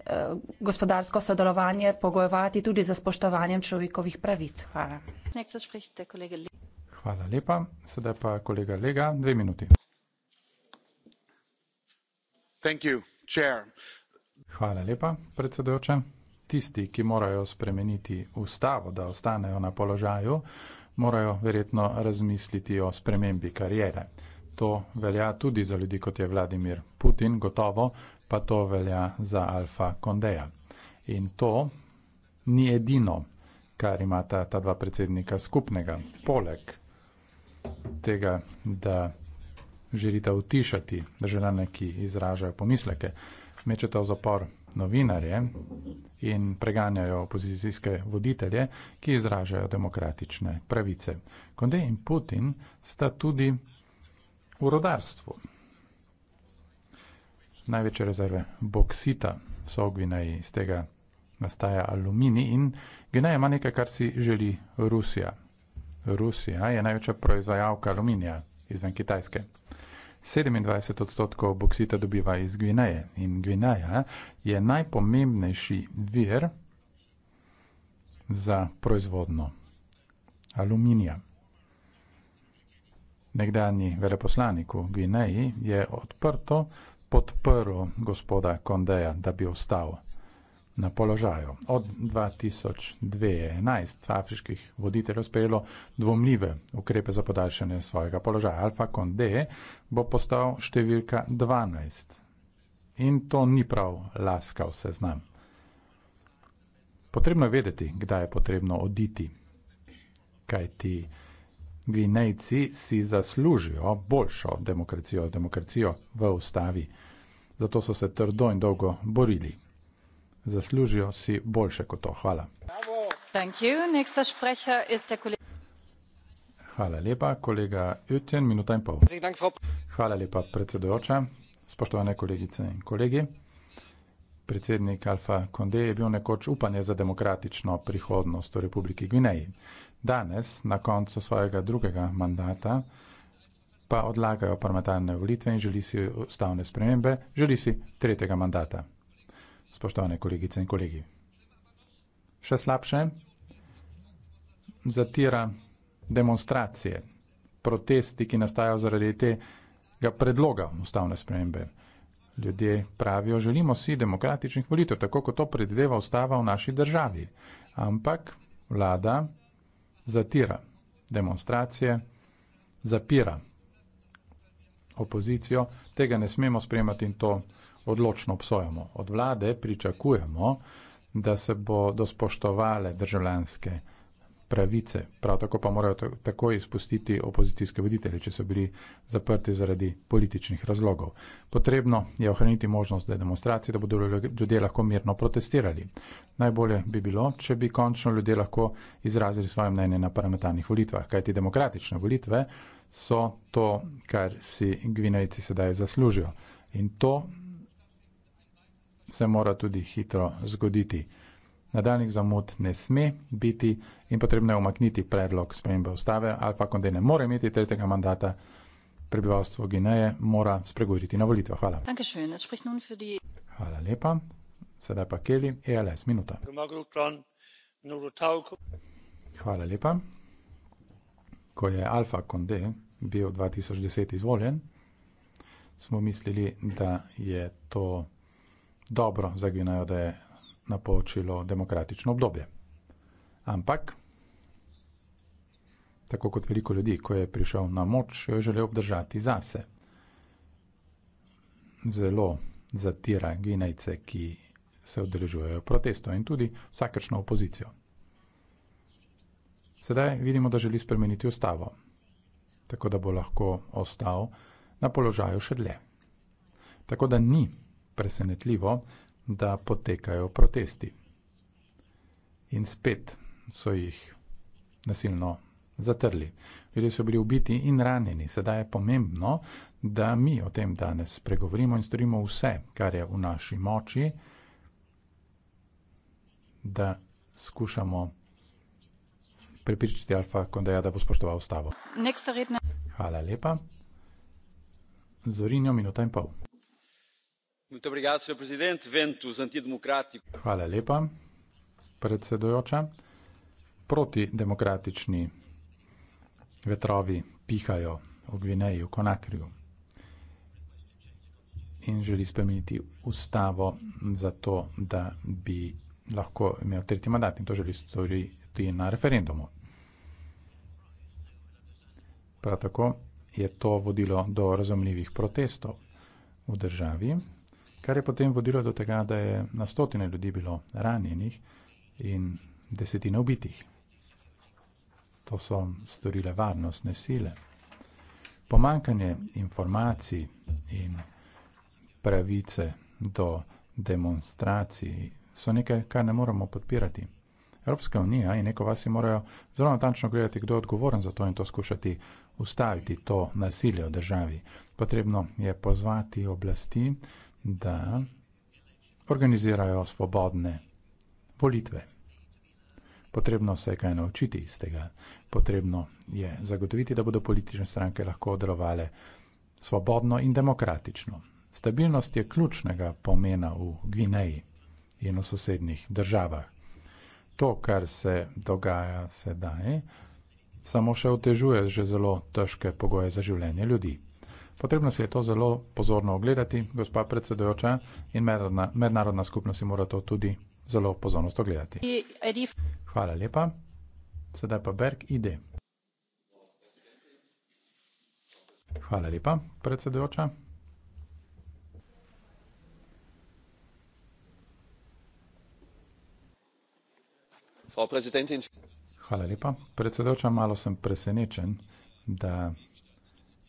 Eh, gospodarsko sodelovanje pogojevati tudi za spoštovanjem človekovih pravic. Hvala. Hvala lepa. Sedaj pa kolega Lega, dve minuti. Hvala lepa, predsedujoča. Tisti, ki morajo spremeniti ustavo, da ostanejo na položaju, morajo verjetno razmisliti o spremembi karijere. To velja tudi za ljudi, kot je Vladimir Putin, gotovo, pa to velja za Alfa Kondeja. In to ni edino, kar imata ta dva predsednika skupnega. Poleg tega, da želite utišati državljane, ki izražajo pomisleke, mečete v zapor novinarje in preganjajo opozicijske voditelje, ki izražajo demokratične pravice. Konde in Putin sta tudi v rodarstvu največje rezerve boksita, sogvinaj iz tega nastaja aluminij in Gineja ima nekaj, kar si želi Rusija. Rusija je največja proizvajalka aluminija izven Kitajske. 27 odstotkov boksita dobiva iz Gvineje in Gvineja je najpomembnejši vir za proizvodno aluminija. Nekdanji veleposlanik v Gvineji je odprto podprl gospoda Kondeja, da bi ostal na položaju. Od 2011 afriških voditeljev sprejelo dvomljive ukrepe za podaljšanje svojega položaja. Alfa Konde bo postal številka 12. In to ni prav laskav seznam. Potrebno je vedeti, kdaj je potrebno oditi, kaj ti Gvinejci si zaslužijo boljšo demokracijo, demokracijo v ustavi zato so se trdo in dolgo borili. Zaslužijo si boljše kot to. Hvala. Hvala lepa, kolega Ötjen, minuta in pol. Hvala lepa, predsedujoča, spoštovane kolegice in kolegi. Predsednik Alfa Konde je bil nekoč upanje za demokratično prihodnost v Republiki Gvineji. Danes, na koncu svojega drugega mandata, pa odlagajo parlamentarne volitve in želi si ustavne spremembe, želi si tretjega mandata. Spoštovane kolegice in kolegi. Še slabše, zatira demonstracije, protesti, ki nastajajo zaradi tega predloga ustavne spremembe. Ljudje pravijo, želimo si demokratičnih volitev, tako kot to predveva ustava v naši državi. Ampak vlada zatira demonstracije, zapira opozicijo, tega ne smemo spremati in to odločno obsojamo. Od vlade pričakujemo, da se bodo spoštovale državljanske pravice. Prav tako pa morajo tako izpustiti opozicijske voditelje, če so bili zaprti zaradi političnih razlogov. Potrebno je ohraniti možnost demonstracij, da bodo ljudje lahko mirno protestirali. Najbolje bi bilo, če bi končno ljudje lahko izrazili svoje mnenje na parlamentarnih volitvah, kajti demokratične volitve so to, kar si Gvinejci sedaj zaslužijo. In to se mora tudi hitro zgoditi. Nadaljnih zamud ne sme biti in potrebno je umakniti predlog spremembe ustave. Alfa Konde ne more imeti tretjega mandata. Prebivalstvo Gineje mora spregovoriti na volitvah. Hvala. Hvala lepa. Sedaj pa Keli, ELS, minuta. Hvala lepa ko je Alfa Conde bil 2010 izvoljen, smo mislili, da je to dobro za Gvinejo, da je napočilo demokratično obdobje. Ampak, tako kot veliko ljudi, ko je prišel na moč, jo je želel obdržati zase. Zelo zatira Gvinejce, ki se odrežujejo protestov in tudi vsakačno opozicijo. Sedaj vidimo, da želi spremeniti ustavo, tako da bo lahko ostal na položaju še dlje. Tako da ni presenetljivo, da potekajo protesti. In spet so jih nasilno zatrli. Ljudje so bili ubiti in ranjeni. Sedaj je pomembno, da mi o tem danes pregovorimo in storimo vse, kar je v naši moči, da skušamo prepričati Alfa Kondaja, da bo spoštoval ustavo. Hvala lepa. Zorinjo, minuta in pol. Hvala lepa, predsedojoča. Protidemokratični vetrovi pihajo v Gvineji, v Konakriju in želi spremeniti ustavo za to, da bi lahko imel tretji mandat in to želi storiti na referendumu. Prav tako je to vodilo do razumljivih protestov v državi, kar je potem vodilo do tega, da je na stotine ljudi bilo ranjenih in desetine ubitih. To so storile varnostne sile. Pomankanje informacij in pravice do demonstracij so nekaj, kar ne moramo podpirati. Evropska unija in neko vasi morajo zelo natančno gledati, kdo je odgovoren za to in to skušati ustaviti to nasilje v državi. Potrebno je pozvati oblasti, da organizirajo svobodne volitve. Potrebno se je kaj naučiti iz tega. Potrebno je zagotoviti, da bodo politične stranke lahko delovale svobodno in demokratično. Stabilnost je ključnega pomena v Gvineji in v sosednjih državah. To, kar se dogaja sedaj, samo še otežuje že zelo težke pogoje za življenje ljudi. Potrebno se je to zelo pozorno ogledati, gospa predsedojoča, in mednarodna, mednarodna skupnost si mora to tudi zelo pozorno ogledati. Hvala lepa. Sedaj pa Berg ide. Hvala lepa, predsedojoča. Frau Präsidentin. Hvala lepa. Predsedoča, malo sem presenečen, da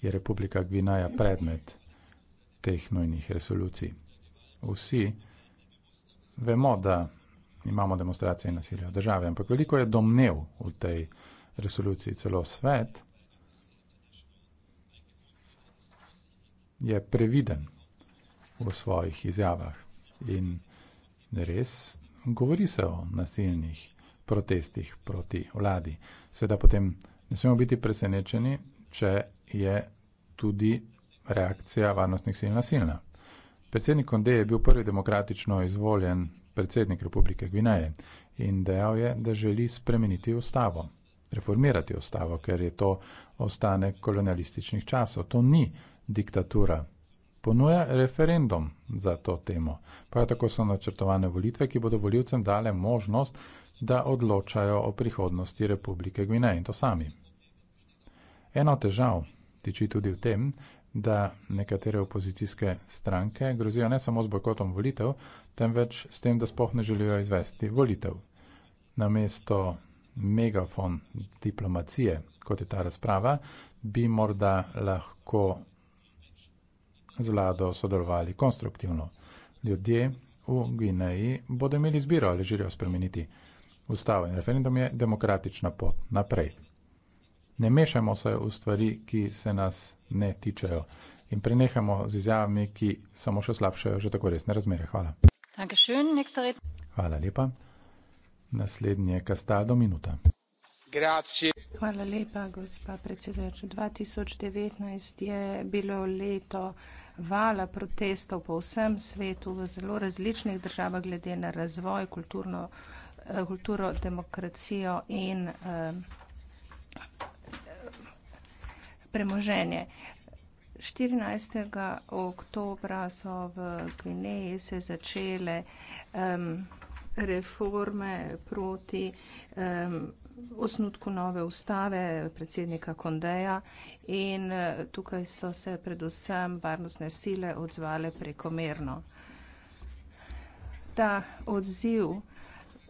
je Republika Gvinaja predmet teh nojnih resolucij. Vsi vemo, da imamo demonstracije in nasilje v državi, ampak veliko je domnev v tej resoluciji. Celo svet je previden v svojih izjavah in res govori se o nasilnih resolucijah protestih proti vladi. Seveda potem ne smemo biti presenečeni, če je tudi reakcija varnostnih sil nasilna. Predsednik Konde je bil prvi demokratično izvoljen predsednik Republike Gvineje in dejal je, da želi spremeniti ustavo, reformirati ustavo, ker je to ostanek kolonialističnih časov. To ni diktatura. Ponuja referendum za to temo. Prav tako so načrtovane volitve, ki bodo voljivcem dale možnost da odločajo o prihodnosti Republike Gvineje in to sami. Eno težav tiči tudi v tem, da nekatere opozicijske stranke grozijo ne samo z bojkotom volitev, temveč s tem, da spohne želijo izvesti volitev. Namesto megafon diplomacije, kot je ta razprava, bi morda lahko z vlado sodelovali konstruktivno. Ljudje v Gvineji bodo imeli izbiro ali želijo spremeniti. Ustava in referendum je demokratična pot naprej. Ne mešamo se v stvari, ki se nas ne tičejo in prenehamo z izjavami, ki samo še slabšajo že tako resne razmere. Hvala. Hvala lepa. Naslednje kastado minuta. Hvala lepa, gospa predsedujoča. 2019 je bilo leto vala protestov po vsem svetu v zelo različnih državah glede na razvoj, kulturno. Eh, kulturo, demokracijo in eh, premoženje. 14. oktobra so v Gvineji se začele um, reforme proti um, osnutku nove ustave predsednika Kondeja in uh, tukaj so se predvsem varnostne sile odzvale prekomerno. Ta odziv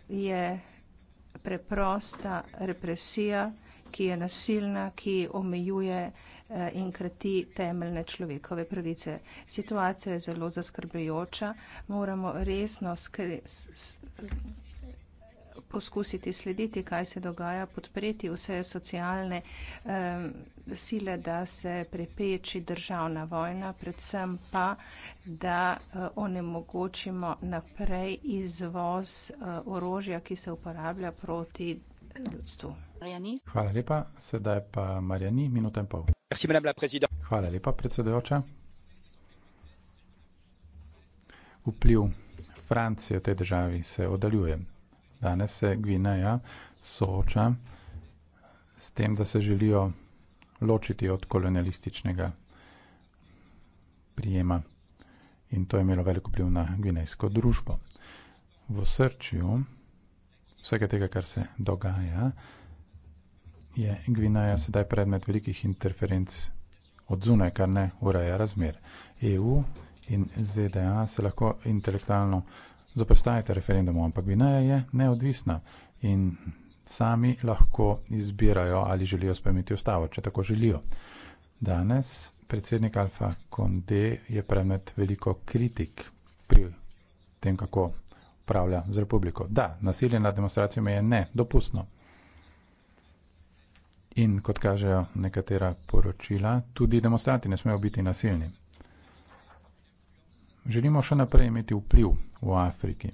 je preprosta represija, ki je nasilna, ki omejuje eh, in krati temeljne človekove pravice. Situacija je zelo zaskrbljujoča. Moramo resno skrbeti poskusiti slediti, kaj se dogaja, podpreti vse socialne um, sile, da se prepeči državna vojna, predvsem pa, da uh, onemogočimo naprej izvoz uh, orožja, ki se uporablja proti ljudstvu. Hvala lepa, sedaj pa Marjani, minuto in pol. Hvala lepa, predsedujoča. Vpliv Francije v tej državi se oddaljuje danes se Gvineja sooča s tem, da se želijo ločiti od kolonialističnega prijema. In to je imelo veliko pliv na gvinejsko družbo. V srčju vsega tega, kar se dogaja, je Gvineja sedaj predmet velikih interferenc od zunaj, kar ne ureja razmer. EU in ZDA se lahko intelektualno zaprstajate referendumu, ampak Gvineja je neodvisna in sami lahko izbirajo, ali želijo spremeniti ustavo, če tako želijo. Danes predsednik Alfa Konde je premet veliko kritik pri tem, kako pravlja z republiko. Da, nasilje nad demonstracijami je nedopustno. In kot kažejo nekatera poročila, tudi demonstranti ne smejo biti nasilni želimo še naprej imeti vpliv v Afriki.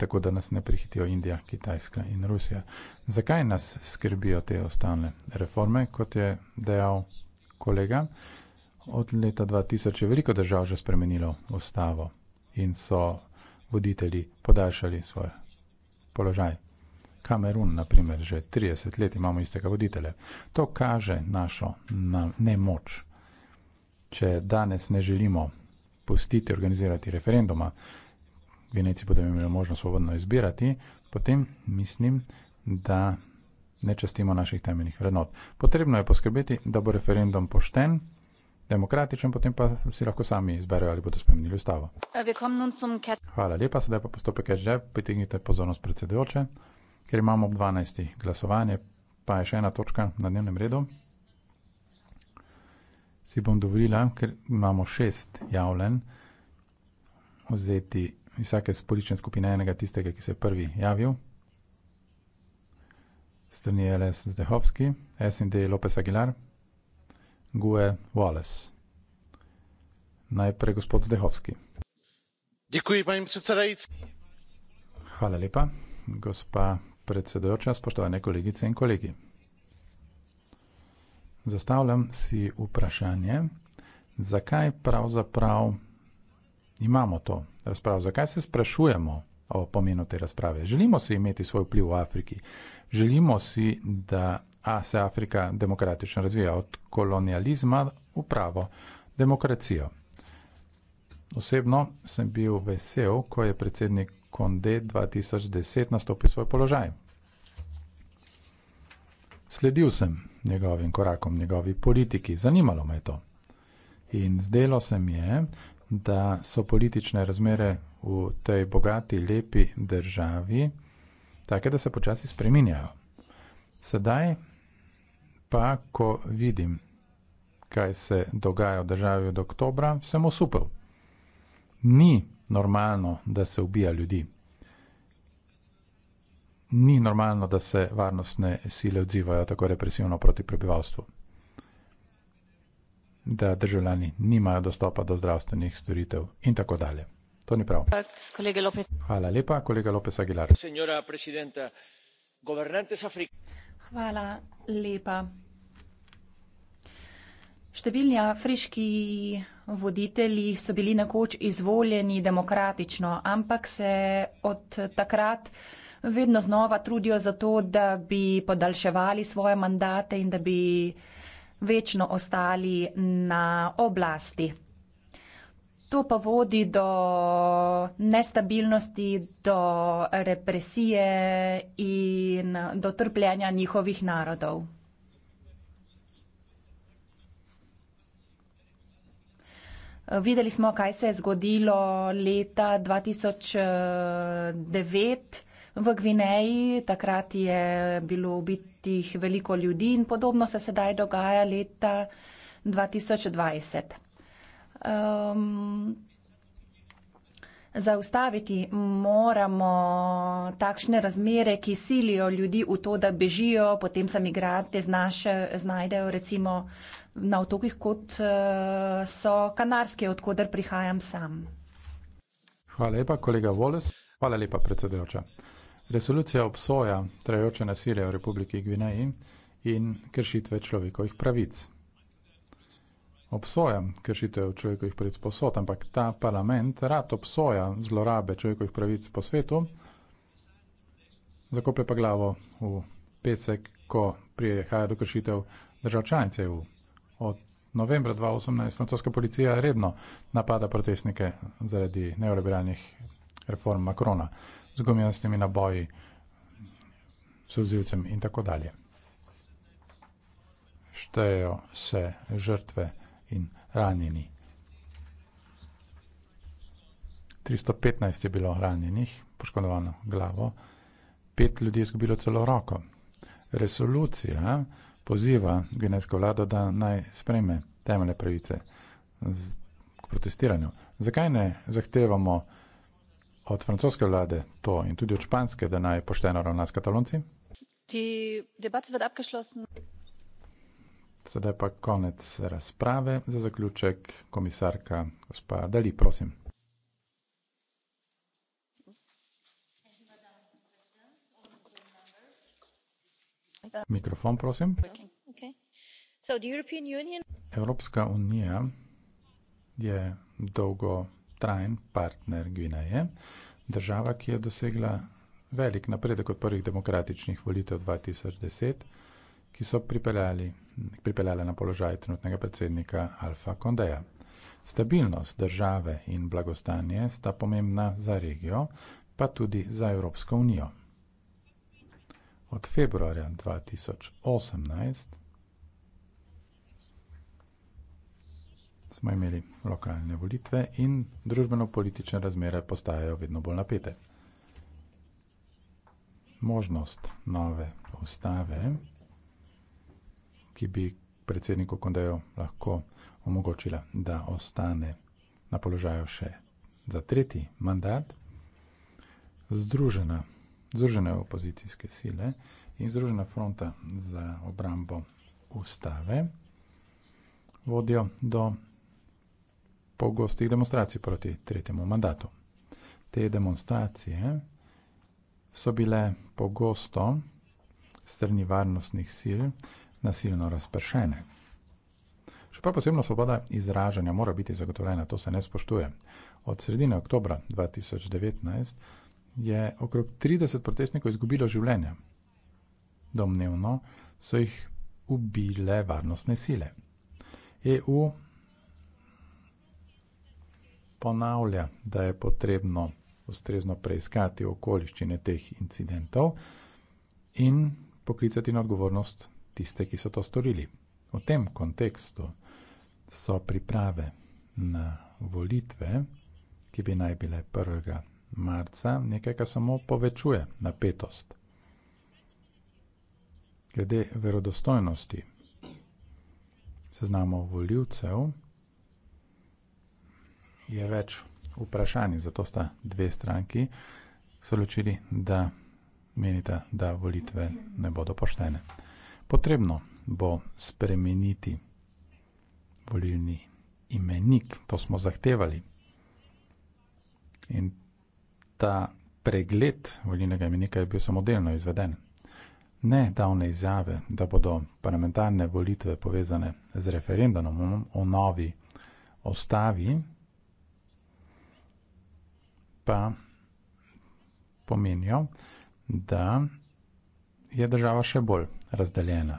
Tako da nas ne prihitijo Indija, Kitajska in Rusija. Zakaj nas skrbijo te ostale reforme, kot je dejal kolega? Od leta 2000 je veliko držav že spremenilo ustavo in so voditelji podaljšali svoj položaj. Kamerun, na primer, že 30 let imamo istega voditelja. To kaže našo nemoč. Na če danes ne želimo pustiti organizirati referenduma, Veneci bodo imeli možnost svobodno izbirati, potem mislim, da ne častimo naših temeljnih vrednot. Potrebno je poskrbeti, da bo referendum pošten, demokratičen, potem pa si lahko sami izberejo, ali bodo spremenili ustavo. Eh, Hvala lepa, sedaj pa postopek je že, pritegnite pozornost predsedujoče, ker imamo ob 12. glasovanje, pa je še ena točka na dnevnem redu si bom dovolila, ker imamo šest javljen, vzeti vsake sporične skupine enega tistega, ki se je prvi javil. Strni LS Zdehovski, S&D Lopez Aguilar, Gue Wallace. Najprej gospod Zdehovski. Děkuji, paní předsedající. Hvala lepa, gospa predsedujoča, spoštovane kolegice in kolegi zastavljam si vprašanje, zakaj pravzaprav imamo to razpravo, zakaj se sprašujemo o pomenu te razprave. Želimo si imeti svoj vpliv v Afriki, želimo si, da a, se Afrika demokratično razvija od kolonializma v pravo demokracijo. Osebno sem bil vesel, ko je predsednik Konde 2010 nastopil svoj položaj. Sledil sem njegovim korakom, njegovi politiki. Zanimalo me je to. In zdelo se mi je, da so politične razmere v tej bogati, lepi državi take, da se počasi spreminjajo. Sedaj pa, ko vidim, kaj se dogaja v državi od oktobra, sem osupel. Ni normalno, da se ubija ljudi ni normalno, da se varnostne sile odzivajo tako represivno proti prebivalstvu, da državljani nimajo dostopa do zdravstvenih storitev in tako dalje. To ni prav. Hvala lepa, kolega Lopes Aguilar. Hvala lepa. Številni afriški voditelji so bili nekoč izvoljeni demokratično, ampak se od takrat vedno znova trudijo za to, da bi podaljševali svoje mandate in da bi večno ostali na oblasti. To pa vodi do nestabilnosti, do represije in do trpljenja njihovih narodov. Videli smo, kaj se je zgodilo leta 2009. V Gvineji takrat je bilo ubitih veliko ljudi in podobno se sedaj dogaja leta 2020. Um, ehm, zaustaviti moramo takšne razmere, ki silijo ljudi v to, da bežijo, potem se migrante znajdejo recimo na otokih, kot eh, so kanarske, odkuder prihajam sam. Hvala lepa, kolega Voles. Hvala lepa, predsedujoča. Resolucija obsoja trajoče nasilje v Republiki Gvineji in kršitve človekovih pravic. Obsojam kršitev človekovih pravic posod, ampak ta parlament rad obsoja zlorabe človekovih pravic po svetu, zakoplje pa glavo v pesek, ko prihaja do kršitev držav članic EU. Od novembra 2018 francoska policija redno napada protestnike zaradi neoliberalnih reform Makrona z gumijastimi naboji, sozivcem in tako dalje. Štejejo se žrtve in ranjeni. 315 je bilo ranjenih, poškodovano glavo, pet ljudi je izgubilo celo roko. Resolucija poziva genetsko vlado, da naj sprejme temele pravice k protestiranju. Zakaj ne zahtevamo od francoske vlade to in tudi od španske, da naj pošteno ravna s katalonci? Sedaj pa konec razprave. Za zaključek, komisarka, gospa Dali, prosim. Mikrofon, prosim. Evropska unija je dolgo trajen partner Gvineje, država, ki je dosegla velik napredek od prvih demokratičnih volitev 2010, ki so pripeljali na položaj trenutnega predsednika Alfa Kondeja. Stabilnost države in blagostanje sta pomembna za regijo, pa tudi za Evropsko unijo. Od februarja 2018 smo imeli lokalne volitve in družbeno-politične razmere postajajo vedno bolj napete. Možnost nove ustave, ki bi predsedniku Kondejo lahko omogočila, da ostane na položaju še za tretji mandat, združena, združene opozicijske sile in združena fronta za obrambo ustave vodijo do pogostih demonstracij proti tretjemu mandatu. Te demonstracije so bile pogosto strani varnostnih sil nasilno razpršene. Še pa posebno svoboda izražanja mora biti zagotovljena, to se ne spoštuje. Od sredine oktobra 2019 je okrog 30 protestnikov izgubilo življenja. Domnevno so jih ubile varnostne sile. EU ponavlja, da je potrebno ustrezno preiskati okoliščine teh incidentov in poklicati na odgovornost tiste, ki so to storili. V tem kontekstu so priprave na volitve, ki bi naj bile 1. marca, nekaj, kar samo povečuje napetost. Glede verodostojnosti seznamov voljivcev, je več vprašanj, zato sta dve stranki se ločili, da menita, da volitve ne bodo poštene. Potrebno bo spremeniti volilni imenik, to smo zahtevali. In ta pregled volilnega imenika je bil samo delno izveden. Ne davne izjave, da bodo parlamentarne volitve povezane z referendumom o novi ostavi, pa pomenijo, da je država še bolj razdeljena.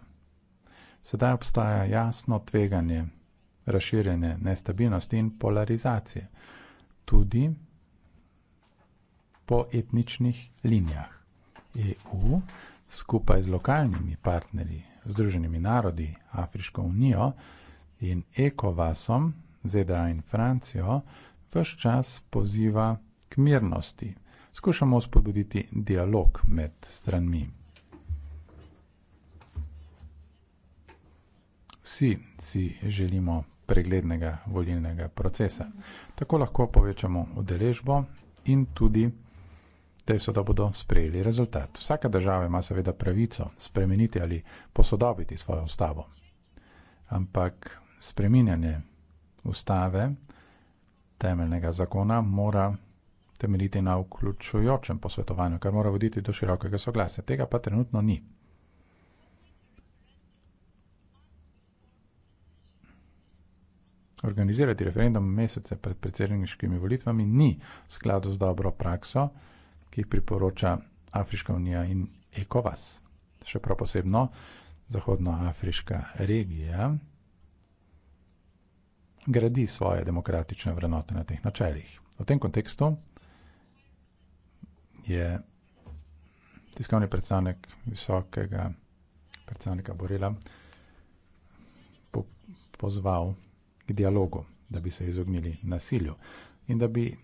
Sedaj obstaja jasno tveganje razširjene nestabilnosti in polarizacije, tudi po etničnih linijah. EU skupaj z lokalnimi partnerji, Združenimi narodi, Afriško unijo in ECOWASom, ZDA in Francijo, vse čas poziva k mirnosti. Skušamo spodbuditi dialog med stranmi. Vsi si želimo preglednega volilnega procesa. Tako lahko povečamo udeležbo in tudi te so, da bodo sprejeli rezultat. Vsaka država ima seveda pravico spremeniti ali posodobiti svojo ustavo. Ampak spreminjanje ustave temeljnega zakona mora temeljiti na vključujočem posvetovanju, kar mora voditi do širokega soglasja. Tega pa trenutno ni. Organizirati referendum mesece pred predsedniškimi volitvami ni v skladu z dobro prakso, ki priporoča Afriška unija in ECOWAS, še prav posebno Zahodnoafriška regija, gradi svoje demokratične vrednote na teh načeljih. V tem kontekstu je tiskovni predstavnik visokega predstavnika Borela po pozval k dialogu, da bi se izognili nasilju in da bi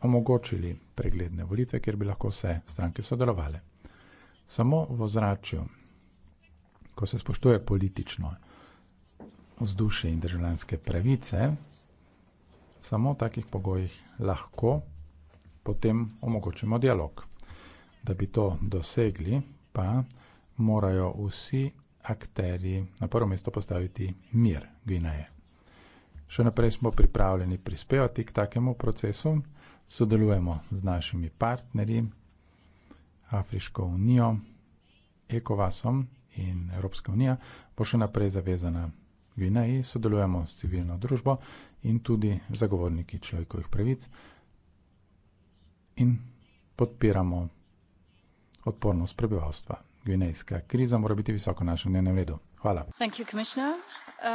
omogočili pregledne volitve, kjer bi lahko vse stranke sodelovale. Samo v ozračju, ko se spoštuje politično vzdušje in državljanske pravice, samo v takih pogojih lahko potem omogočimo dialog. Da bi to dosegli, pa morajo vsi akteri na prvo mesto postaviti mir Gvineje. Še naprej smo pripravljeni prispevati k takemu procesu, sodelujemo z našimi partnerji, Afriško unijo, Ekovasom in Evropska unija bo še naprej zavezana Gvineji, sodelujemo s civilno družbo in tudi zagovorniki človekovih pravic in podpiramo odpornost prebivalstva. Gvinejska kriza mora biti visoko na našem dnevnem redu. Hvala. Thank you, Commissioner.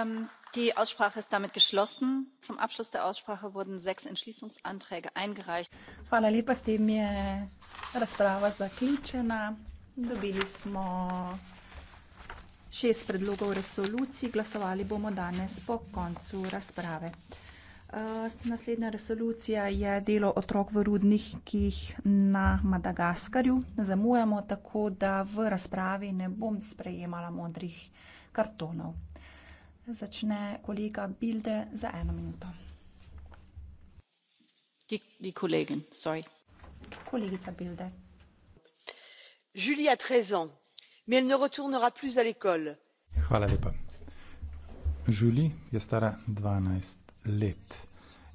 Um, die Aussprache ist damit geschlossen. Zum Abschluss der Aussprache wurden sechs Entschließungsanträge eingereicht. Hvala lepa, s tem je razprava zaključena. Dobili smo šest predlogov resolucij, glasovali bomo danes po koncu razprave. Eh, naslednja resolucija je delo otrok v rudnikih na Madagaskarju. Zamujamo tako, da v razpravi ne bom sprejemala modrih kartonov. Začne kolega Bilde za eno minuto. Die Kollegin, sorry. Kolegica Bilde. Julia, 13 ans, mais elle ne retournera plus à l'école. Hvala lepa. Julie je stara 12 let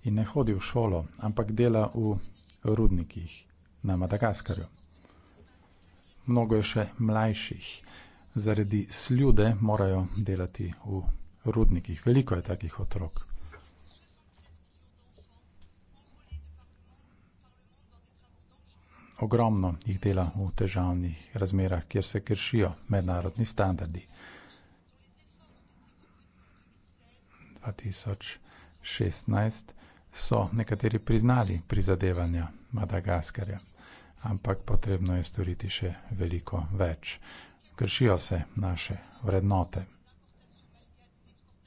in ne hodi v šolo, ampak dela v rudnikih na Madagaskarju. Mnogo je še mlajših, zaradi sljude morajo delati v rudnikih. Veliko je takih otrok. Ogromno jih dela v težavnih razmerah, kjer se kršijo mednarodni standardi. 2000 šestnajst so nekateri priznali prizadevanja Madagaskarja. Ampak potrebno je storiti še veliko več. Kršijo se naše vrednote.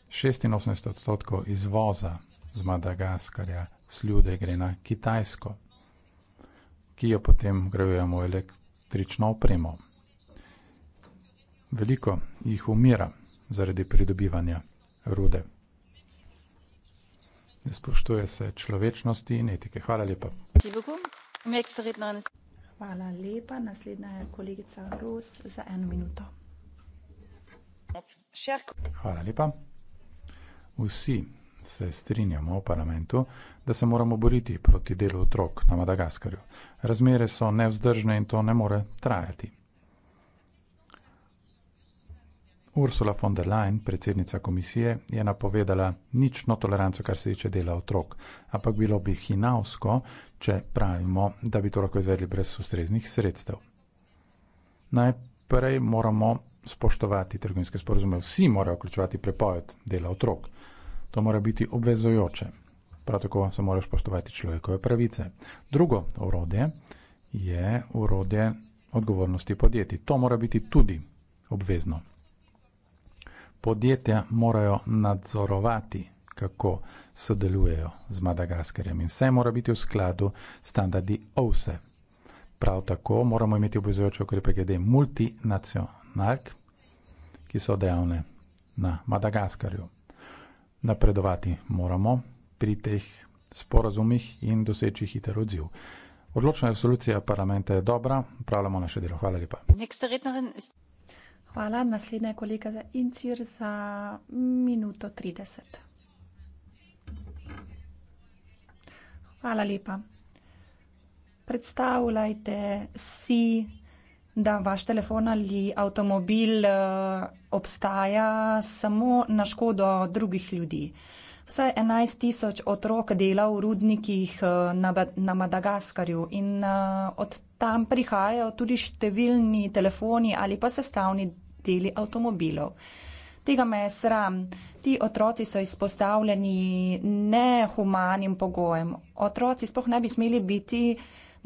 86 odstotkov izvoza z Madagaskarja sljude gre na Kitajsko, ki jo potem grejujemo električno opremo. Veliko jih umira zaradi pridobivanja rude spoštuje se človečnosti in etike. Hvala lepa. Hvala lepa. Naslednja je kolegica Ros za eno minuto. Hvala lepa. Vsi se strinjamo v parlamentu, da se moramo boriti proti delu otrok na Madagaskarju. Razmere so nevzdržne in to ne more trajati. Ursula von der Leyen, predsednica komisije, je napovedala nično toleranco, kar se tiče dela otrok, ampak bilo bi hinavsko, če pravimo, da bi to lahko izvedli brez ustreznih sredstev. Najprej moramo spoštovati trgovinske sporozume. Vsi morajo vključevati prepoved dela otrok. To mora biti obvezojoče. Prav tako se morajo spoštovati človekove pravice. Drugo urode je urode odgovornosti podjetij. To mora biti tudi obvezno podjetja morajo nadzorovati, kako sodelujejo z Madagaskarjem in vse mora biti v skladu s standardi OVSE. Prav tako moramo imeti obvezujoče ukrepe glede multinacionalk, ki so dejavne na Madagaskarju. Napredovati moramo pri teh sporazumih in doseči hiter odziv. Odločna resolucija parlamenta je dobra, pravljamo naše delo. Hvala lepa. Hvala, naslednja je kolega Incir za minuto 30. Hvala lepa. Predstavljajte si, da vaš telefon ali avtomobil eh, obstaja samo na škodo drugih ljudi. Vsaj 11 tisoč otrok dela v rudnikih eh, na, na Madagaskarju in eh, od tam prihajajo tudi številni telefoni ali pa sestavni deli avtomobilov. Tega me je sram. Ti otroci so izpostavljeni nehumanim pogojem. Otroci spoh ne bi smeli biti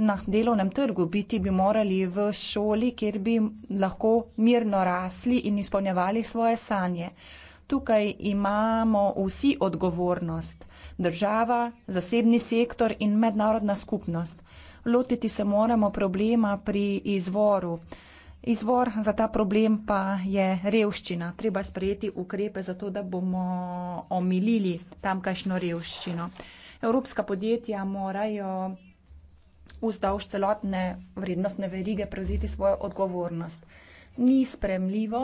na delovnem trgu, biti bi morali v šoli, kjer bi lahko mirno rasli in izpolnjevali svoje sanje. Tukaj imamo vsi odgovornost. Država, zasebni sektor in mednarodna skupnost. Lotiti se moramo problema pri izvoru. Izvor za ta problem pa je revščina. Treba sprejeti ukrepe za to, da bomo omilili tamkajšno revščino. Evropska podjetja morajo vzdolž celotne vrednostne verige prevzeti svojo odgovornost. Ni spremljivo,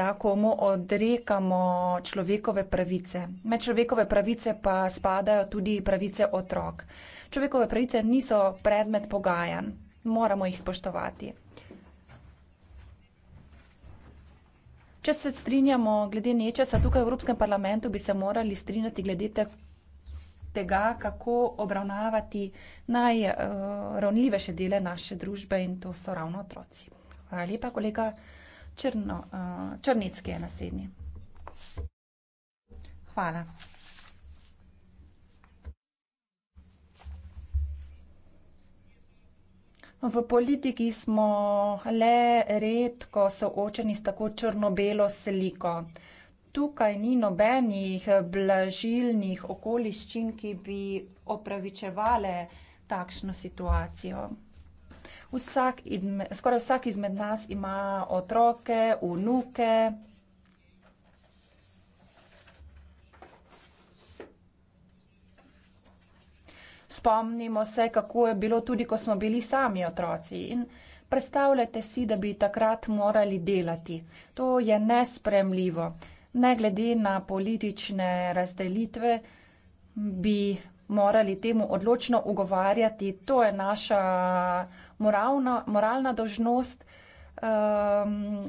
da komu odrekamo človekove pravice. Med človekove pravice pa spadajo tudi pravice otrok. Človekove pravice niso predmet pogajanj, moramo jih spoštovati. Če se strinjamo glede nečesa, tukaj v Evropskem parlamentu bi se morali strinjati glede tega, kako obravnavati najravnljivejše uh, dele naše družbe in to so ravno otroci. Hvala lepa, kolega Črno, uh, Črnecki je naslednji. Hvala. V politiki smo le redko soočeni s tako črno-belo sliko. Tukaj ni nobenih blažilnih okoliščin, ki bi opravičevale takšno situacijo. Vsak, skoraj vsak izmed nas ima otroke, vnuke, spomnimo se, kako je bilo tudi, ko smo bili sami otroci. In predstavljate si, da bi takrat morali delati. To je nespremljivo. Ne glede na politične razdelitve, bi morali temu odločno ugovarjati. To je naša moralna, moralna dožnost. Um, ehm,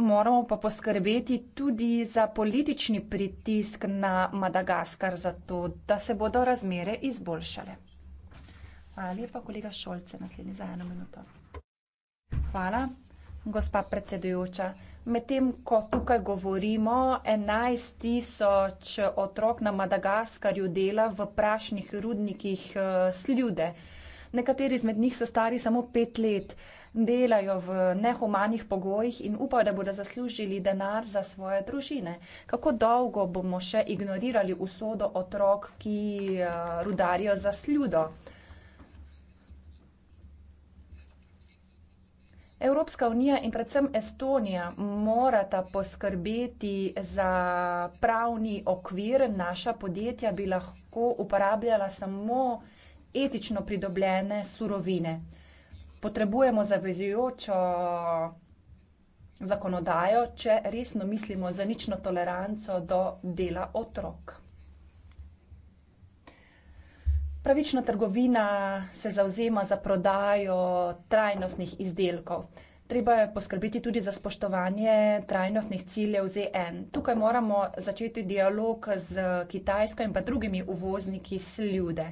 moramo pa poskrbeti tudi za politični pritisk na Madagaskar, zato da se bodo razmere izboljšale. Hvala lepa, kolega Šolce, naslednji za eno minuto. Hvala, gospa predsedujoča. Medtem, ko tukaj govorimo, 11 tisoč otrok na Madagaskarju dela v prašnih rudnikih eh, sljude. Nekateri izmed njih so stari samo pet let delajo v nehumanih pogojih in upajo, da bodo zaslužili denar za svoje družine. Kako dolgo bomo še ignorirali usodo otrok, ki eh, rudarijo za sljudo? Evropska unija in predvsem Estonija morata poskrbeti za pravni okvir. Naša podjetja bi lahko uporabljala samo etično pridobljene surovine potrebujemo zavezujočo zakonodajo, če resno mislimo za nično toleranco do dela otrok. Pravična trgovina se zauzema za prodajo trajnostnih izdelkov. Treba je poskrbeti tudi za spoštovanje trajnostnih ciljev ZN. Tukaj moramo začeti dialog z Kitajsko in pa drugimi uvozniki sljude.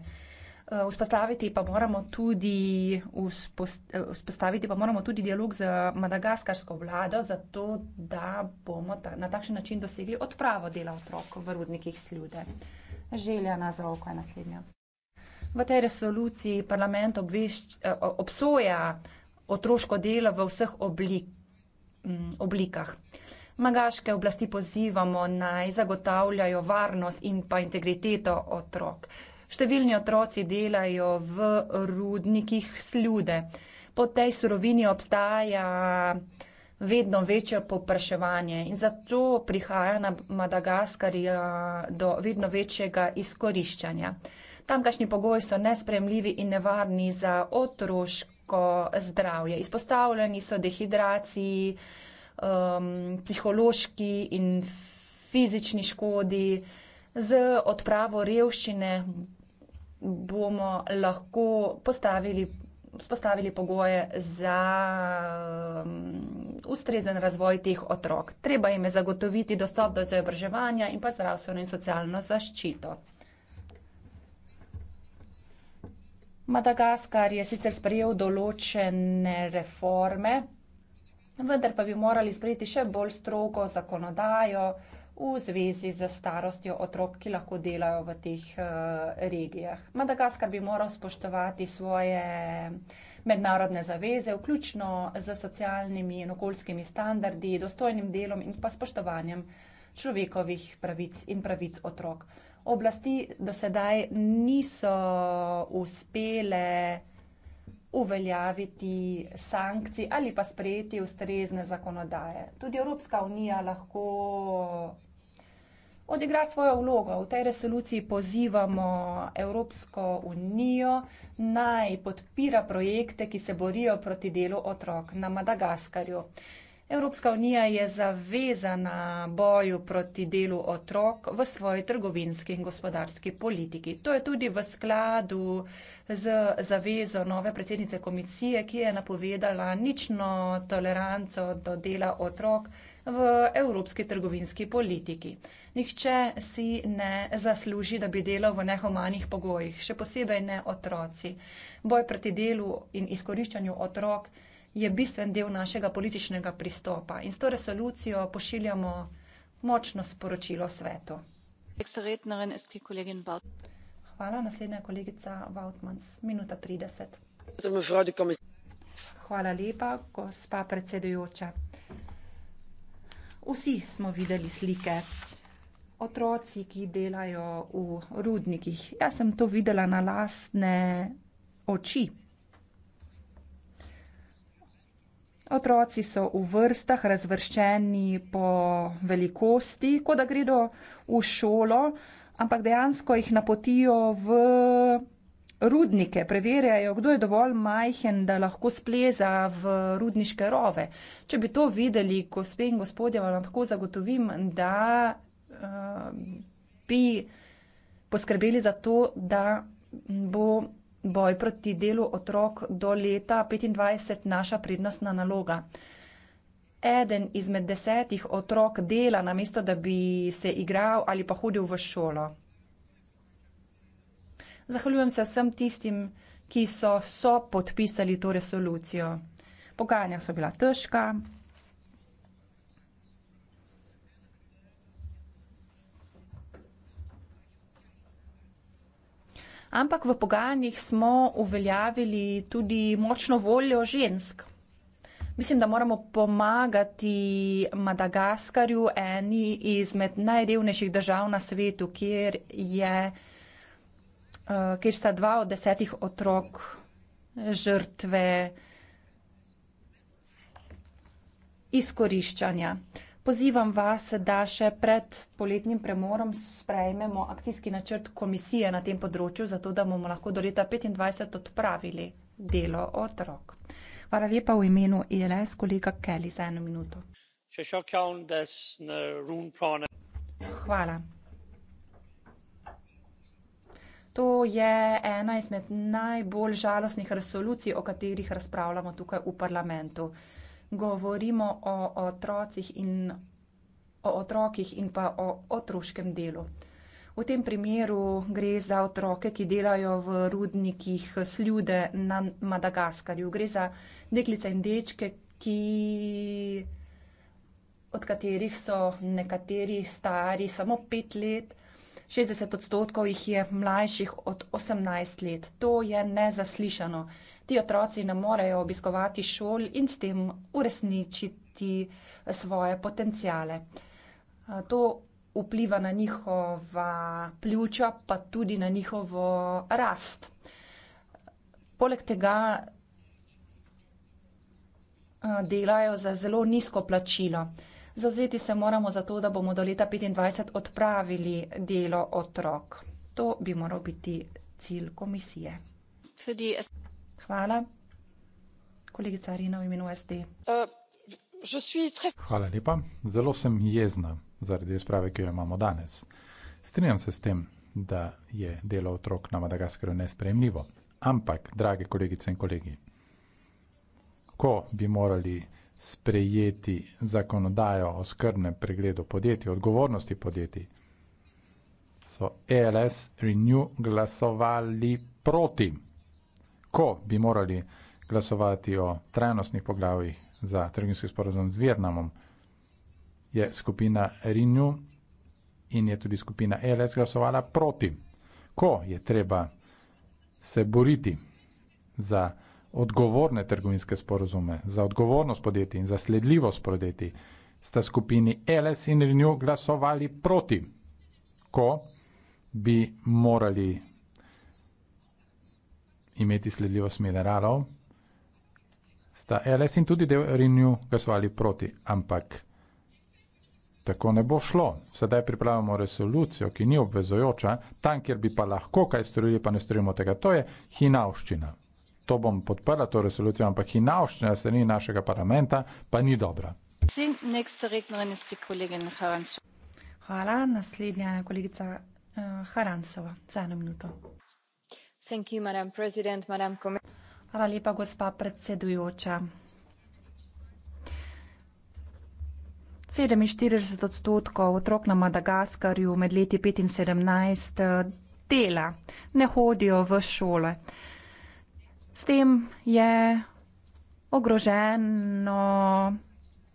Eh, vzpostaviti pa moramo tudi, vzpost, eh, vzpostaviti pa moramo tudi dialog z madagaskarsko vlado, zato da bomo ta, na takšen način dosegli odpravo dela otrok v rudnikih sljude. Željena za oko je naslednja. V tej resoluciji parlament obvešč, eh, obsoja otroško delo v vseh oblik, mm, oblikah. Magaške oblasti pozivamo naj zagotavljajo varnost in pa integriteto otrok. Številni otroci delajo v rudnikih slude. Po tej surovini obstaja vedno večje popraševanje in zato prihaja na Madagaskarja do vedno večjega izkoriščanja. Tamkajšnji pogoji so nespremljivi in nevarni za otroško zdravje. Izpostavljeni so dehidraciji, um, psihološki in fizični škodi, z odpravo revščine bomo lahko postavili, spostavili pogoje za um, ustrezen razvoj teh otrok. Treba jim je zagotoviti dostop do izobraževanja in pa zdravstveno in socialno zaščito. Madagaskar je sicer sprejel določene reforme, vendar pa bi morali sprejeti še bolj strogo zakonodajo v zvezi z starostjo otrok, ki lahko delajo v teh uh, regijah. Madagaskar bi moral spoštovati svoje mednarodne zaveze, vključno z socialnimi in okoljskimi standardi, dostojnim delom in pa spoštovanjem človekovih pravic in pravic otrok. Oblasti do sedaj niso uspele uveljaviti sankcij ali pa sprejeti ustrezne zakonodaje. Tudi Evropska unija lahko odigrati svojo vlogo. V tej resoluciji pozivamo Evropsko unijo naj podpira projekte, ki se borijo proti delu otrok na Madagaskarju. Evropska unija je zavezana boju proti delu otrok v svoji trgovinski in gospodarski politiki. To je tudi v skladu z zavezo nove predsednice komisije, ki je napovedala nično toleranco do dela otrok v evropski trgovinski politiki. Nihče si ne zasluži, da bi delal v nehumanih pogojih, še posebej ne otroci. Boj proti delu in izkoriščanju otrok je bistven del našega političnega pristopa in s to resolucijo pošiljamo močno sporočilo svetu. Hvala, naslednja kolegica Vautmans, minuta 30. Hvala lepa, gospa predsedujoča. Vsi smo videli slike otroci, ki delajo v rudnikih. Jaz sem to videla na lastne oči. Otroci so v vrstah razvrščeni po velikosti, kot da gredo v šolo, ampak dejansko jih napotijo v rudnike, preverjajo, kdo je dovolj majhen, da lahko spleza v rudniške rove. Če bi to videli, gospe in gospodje, vam lahko zagotovim, da bi poskrbeli za to, da bo boj proti delu otrok do leta 2025 naša prednostna naloga. Eden izmed desetih otrok dela, namesto da bi se igral ali pa hodil v šolo. Zahvaljujem se vsem tistim, ki so, so podpisali to resolucijo. Pogajanja so bila težka, ampak v pogajanjih smo uveljavili tudi močno voljo žensk. Mislim, da moramo pomagati Madagaskarju, eni izmed najrevnejših držav na svetu, kjer, je, eh, kjer sta dva od desetih otrok žrtve izkoriščanja. Pozivam vas, da še pred poletnim premorom sprejmemo akcijski načrt komisije na tem področju, zato da bomo lahko do leta 2025 odpravili delo otrok. Hvala lepa v imenu ILS, kolega Kelly, za eno minuto. Hvala. To je ena izmed najbolj žalostnih resolucij, o katerih razpravljamo tukaj v parlamentu govorimo o otrocih in o otrokih in pa o otroškem delu. V tem primeru gre za otroke, ki delajo v rudnikih sljude na Madagaskarju. Gre za deklice in dečke, ki, od katerih so nekateri stari samo pet let, 60 odstotkov jih je mlajših od 18 let. To je nezaslišano ti otroci ne morejo obiskovati šol in s tem uresničiti svoje potencijale. To vpliva na njihova pljuča, pa tudi na njihovo rast. Poleg tega delajo za zelo nizko plačilo. Zavzeti se moramo za to, da bomo do leta 2025 odpravili delo otrok. To bi moral biti cilj komisije. Für die Hvala. Kolegica Arina v imenu SD. Eh, Hvala lepa. Zelo sem jezna zaradi razprave, ki jo imamo danes. Strinjam se s tem, da je delo otrok na Madagaskarju nespremljivo. Ampak, drage kolegice in kolegi, ko bi morali sprejeti zakonodajo o skrbnem pregledu podjetij, odgovornosti podjetij, so ELS Renew glasovali proti ko bi morali glasovati o trajnostnih poglavjih za trgovinski sporozum z Vietnamom, je skupina Rinju in je tudi skupina e LS glasovala proti. Ko je treba se boriti za odgovorne trgovinske sporozume, za odgovornost podjetij in za sledljivost podjetij, sta skupini e LS in Rinju glasovali proti. Ko bi morali imeti sledljivost mineralov, sta LS in tudi del Renew glasovali proti, ampak tako ne bo šlo. Sedaj pripravljamo resolucijo, ki ni obvezojoča, tam, kjer bi pa lahko kaj storili, pa ne storimo tega. To je hinavščina. To bom podprla, to resolucijo, ampak hinavščina strani našega parlamenta pa ni dobra. Hvala, naslednja je kolegica eh, Haransova. Za eno minuto. Hvala lepa, gospa predsedujoča. Sedeminštirideset odstotkov otrok na Madagaskarju med leti pet in sedemnajst eh, dela, ne hodijo v šole. S tem je ogroženo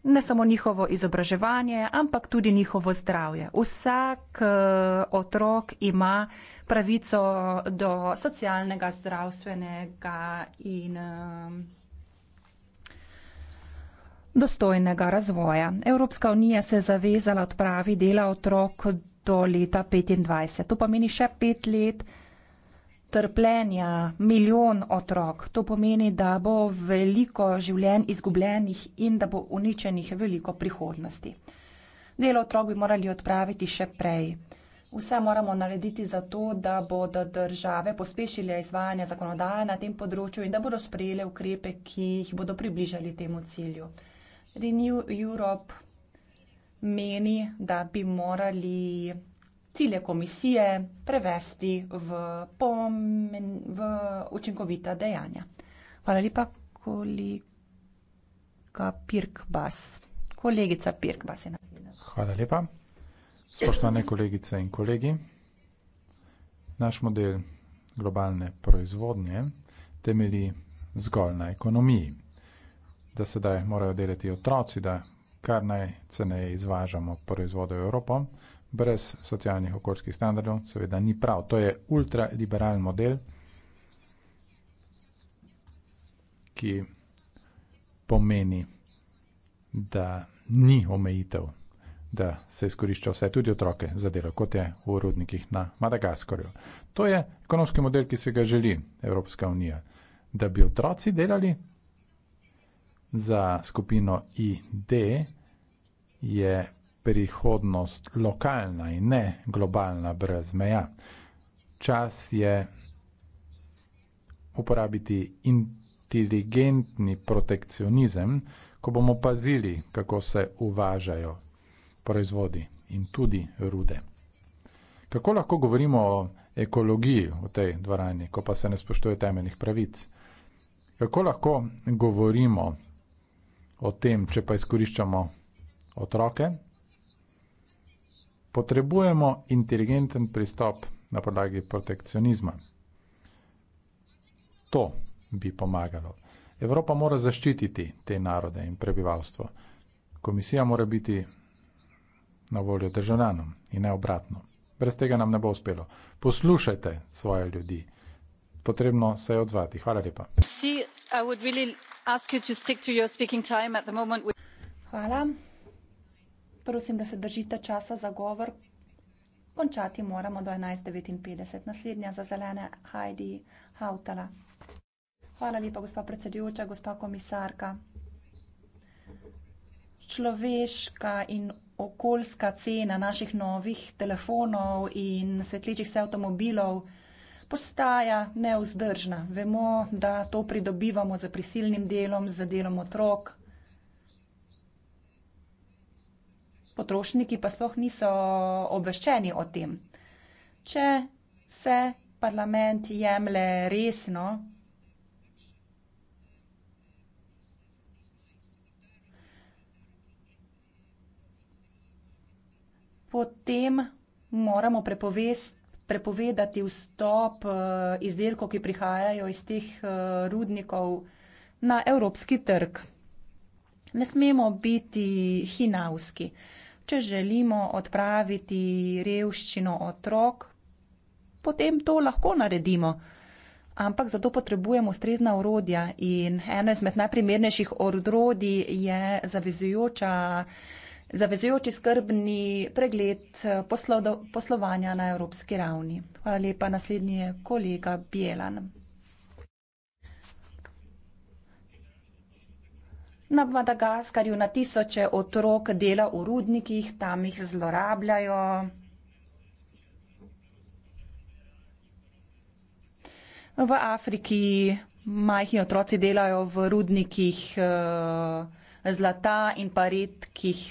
ne samo njihovo izobraževanje, ampak tudi njihovo zdravje. Vsak eh, otrok ima pravico do socialnega, zdravstvenega in eh, dostojnega razvoja. Evropska unija se je zavezala odpravi dela otrok do leta 2025. To pomeni še pet let trpljenja milijon otrok. To pomeni, da bo veliko življenj izgubljenih in da bo uničenih veliko prihodnosti. Delo otrok bi morali odpraviti še prej. Vse moramo narediti za to, da bodo države pospešile izvajanje zakonodaje na tem področju in da bodo sprejele ukrepe, ki jih bodo približali temu cilju. Renew Europe meni, da bi morali cilje komisije prevesti v, pomen, v učinkovita dejanja. Hvala lepa, kolega Pirkbas. Kolegica Pirkbas je naslednja. Hvala lepa. Spoštovane kolegice in kolegi, naš model globalne proizvodnje temeli zgolj na ekonomiji, da sedaj morajo delati otroci, da kar najceneje izvažamo proizvode v Evropo, brez socialnih okoljskih standardov, seveda ni prav. To je ultraliberalen model, ki pomeni, da ni omejitev, da se izkorišča vse, tudi otroke, za delo, kot je v rudnikih na Madagaskarju. To je ekonomski model, ki se ga želi Evropska unija, da bi otroci delali za skupino ID. Je prihodnost lokalna in ne globalna brez meja. Čas je uporabiti inteligentni protekcionizem, ko bomo pazili, kako se uvažajo proizvodi in tudi rude. Kako lahko govorimo o ekologiji v tej dvorani, ko pa se ne spoštuje temeljnih pravic? Kako lahko govorimo o tem, če pa izkoriščamo otroke, Potrebujemo inteligenten pristop na podlagi protekcionizma. To bi pomagalo. Evropa mora zaščititi te narode in prebivalstvo. Komisija mora biti na voljo državljanom in ne obratno. Brez tega nam ne bo uspelo. Poslušajte svoje ljudi. Potrebno se je odzvati. Hvala lepa. See, Hvala prosim, da se držite časa za govor. Končati moramo do 11.59. Naslednja za zelene Heidi Hautala. Hvala lepa, gospa predsedujoča, gospa komisarka. Človeška in okoljska cena naših novih telefonov in svetlečih se avtomobilov postaja neuzdržna. Vemo, da to pridobivamo z prisilnim delom, z delom otrok, potrošniki pa sploh niso obveščeni o tem. Če se parlament jemlje resno, potem moramo prepovesti prepovedati vstop eh, izdelkov, ki prihajajo iz teh eh, rudnikov na evropski trg. Ne smemo biti hinavski. Če želimo odpraviti revščino otrok, potem to lahko naredimo. Ampak za to potrebujemo strezna orodja in eno izmed najprimernejših orodij je zavezujoča, zavezujoči skrbni pregled poslo, poslovanja na evropski ravni. Hvala lepa, naslednji je kolega Bjelan. Na Madagaskarju na tisoče otrok dela v rudnikih, tam jih zlorabljajo. V Afriki majhni otroci delajo v rudnikih eh, zlata in pa redkih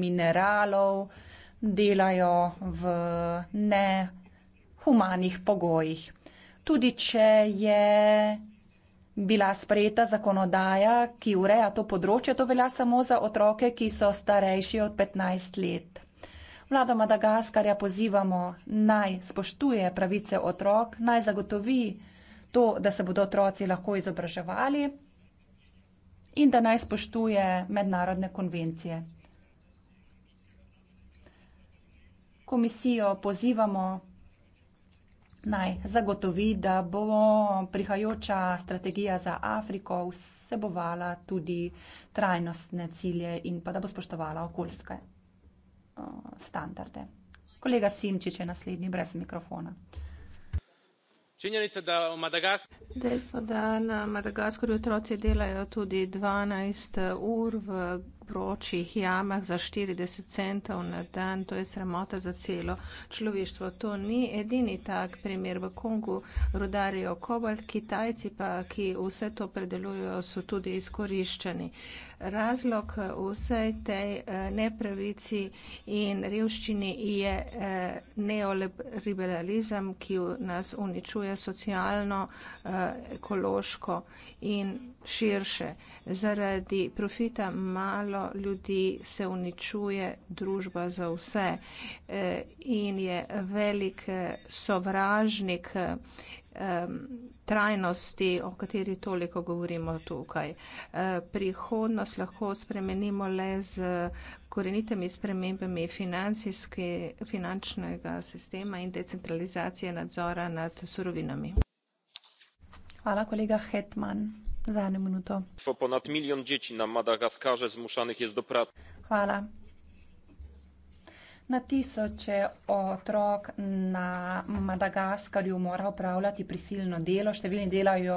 mineralov, delajo v nehumanih pogojih. Tudi če je bila sprejeta zakonodaja, ki ureja to področje, to velja samo za otroke, ki so starejši od 15 let. Vlada Madagaskarja pozivamo naj spoštuje pravice otrok, naj zagotovi to, da se bodo otroci lahko izobraževali in da naj spoštuje mednarodne konvencije. Komisijo pozivamo, naj zagotovi, da bo prihajajoča strategija za Afriko vsebovala tudi trajnostne cilje in pa da bo spoštovala okoljske uh, standarde. Kolega Simčič je naslednji brez mikrofona. Činjenica, da v Madagaskar. Dejstvo, da na Madagaskarju otroci delajo tudi 12 ur v vročih jamah za 40 centov na dan, to je sramota za celo človeštvo. To ni edini tak primer. V Kongu rudarijo kobalt, Kitajci pa, ki vse to predelujejo, so tudi izkoriščeni. Uh, Razlog eh, vsej tej eh, nepravici in revščini je eh, neoliberalizem, ki nas uničuje socialno, ekološko in širše. Zaradi profita malo ljudi se uničuje družba za vse in je velik sovražnik um, trajnosti, o kateri toliko govorimo tukaj. Uh, prihodnost lahko spremenimo le z korenitimi spremembami financijske, finančnega sistema in decentralizacije nadzora nad surovinami. Hvala, kolega Hetman. Za eno minuto. Hvala na tisoče otrok na Madagaskarju mora upravljati prisilno delo, številni delajo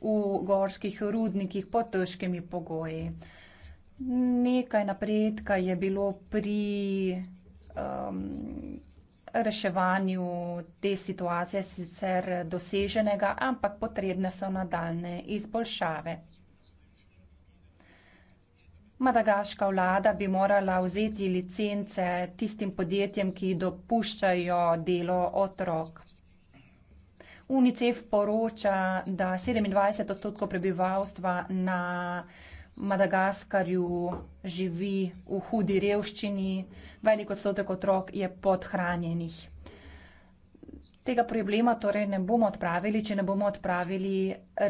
v gorskih rudnikih pod težkimi pogoji. Nekaj napredka je bilo pri um, reševanju te situacije sicer doseženega, ampak potrebne so nadaljne izboljšave. Madagaška vlada bi morala vzeti licence tistim podjetjem, ki dopuščajo delo otrok. UNICEF poroča, da 27 odstotkov prebivalstva na Madagaskarju živi v hudi revščini, veliko odstotek otrok je podhranjenih. Tega problema torej ne bomo odpravili, če ne bomo odpravili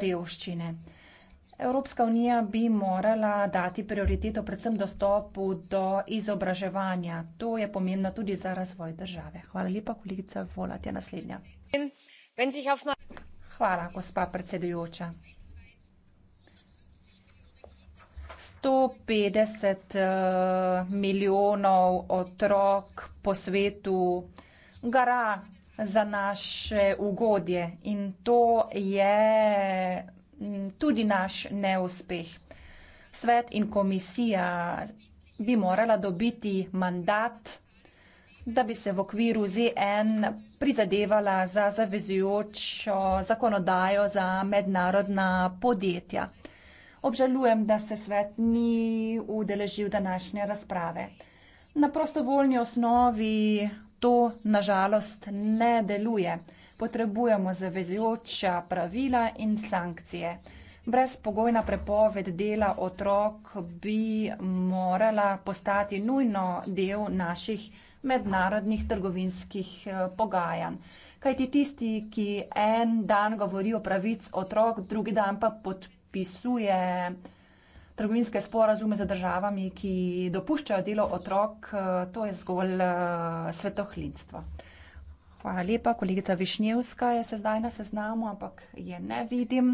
revščine. Evropska unija bi morala dati prioriteto predvsem dostopu do izobraževanja. To je pomembno tudi za razvoj države. Hvala lepa, kolegica Volat je naslednja. Hvala, gospa predsedujoča. 150 eh, milijonov otrok po svetu gara za naše ugodje in to je Mm, tudi naš neuspeh. Svet in komisija bi morala dobiti mandat, da bi se v okviru ZN prizadevala za zavezujočo zakonodajo za mednarodna podjetja. Obžalujem, da se svet ni udeležil današnje razprave. Na prostovoljni osnovi to nažalost ne deluje potrebujemo zavezujoča pravila in sankcije. Brezpogojna prepoved dela otrok bi morala postati nujno del naših mednarodnih trgovinskih eh, pogajanj. Kajti tisti, ki en dan govori o pravic otrok, drugi dan pa podpisuje trgovinske sporazume z državami, ki dopuščajo delo otrok, eh, to je zgolj eh, svetohlinstvo. Hvala lepa. Kolegica Višnjevska je se zdaj na seznamu, ampak je ne vidim.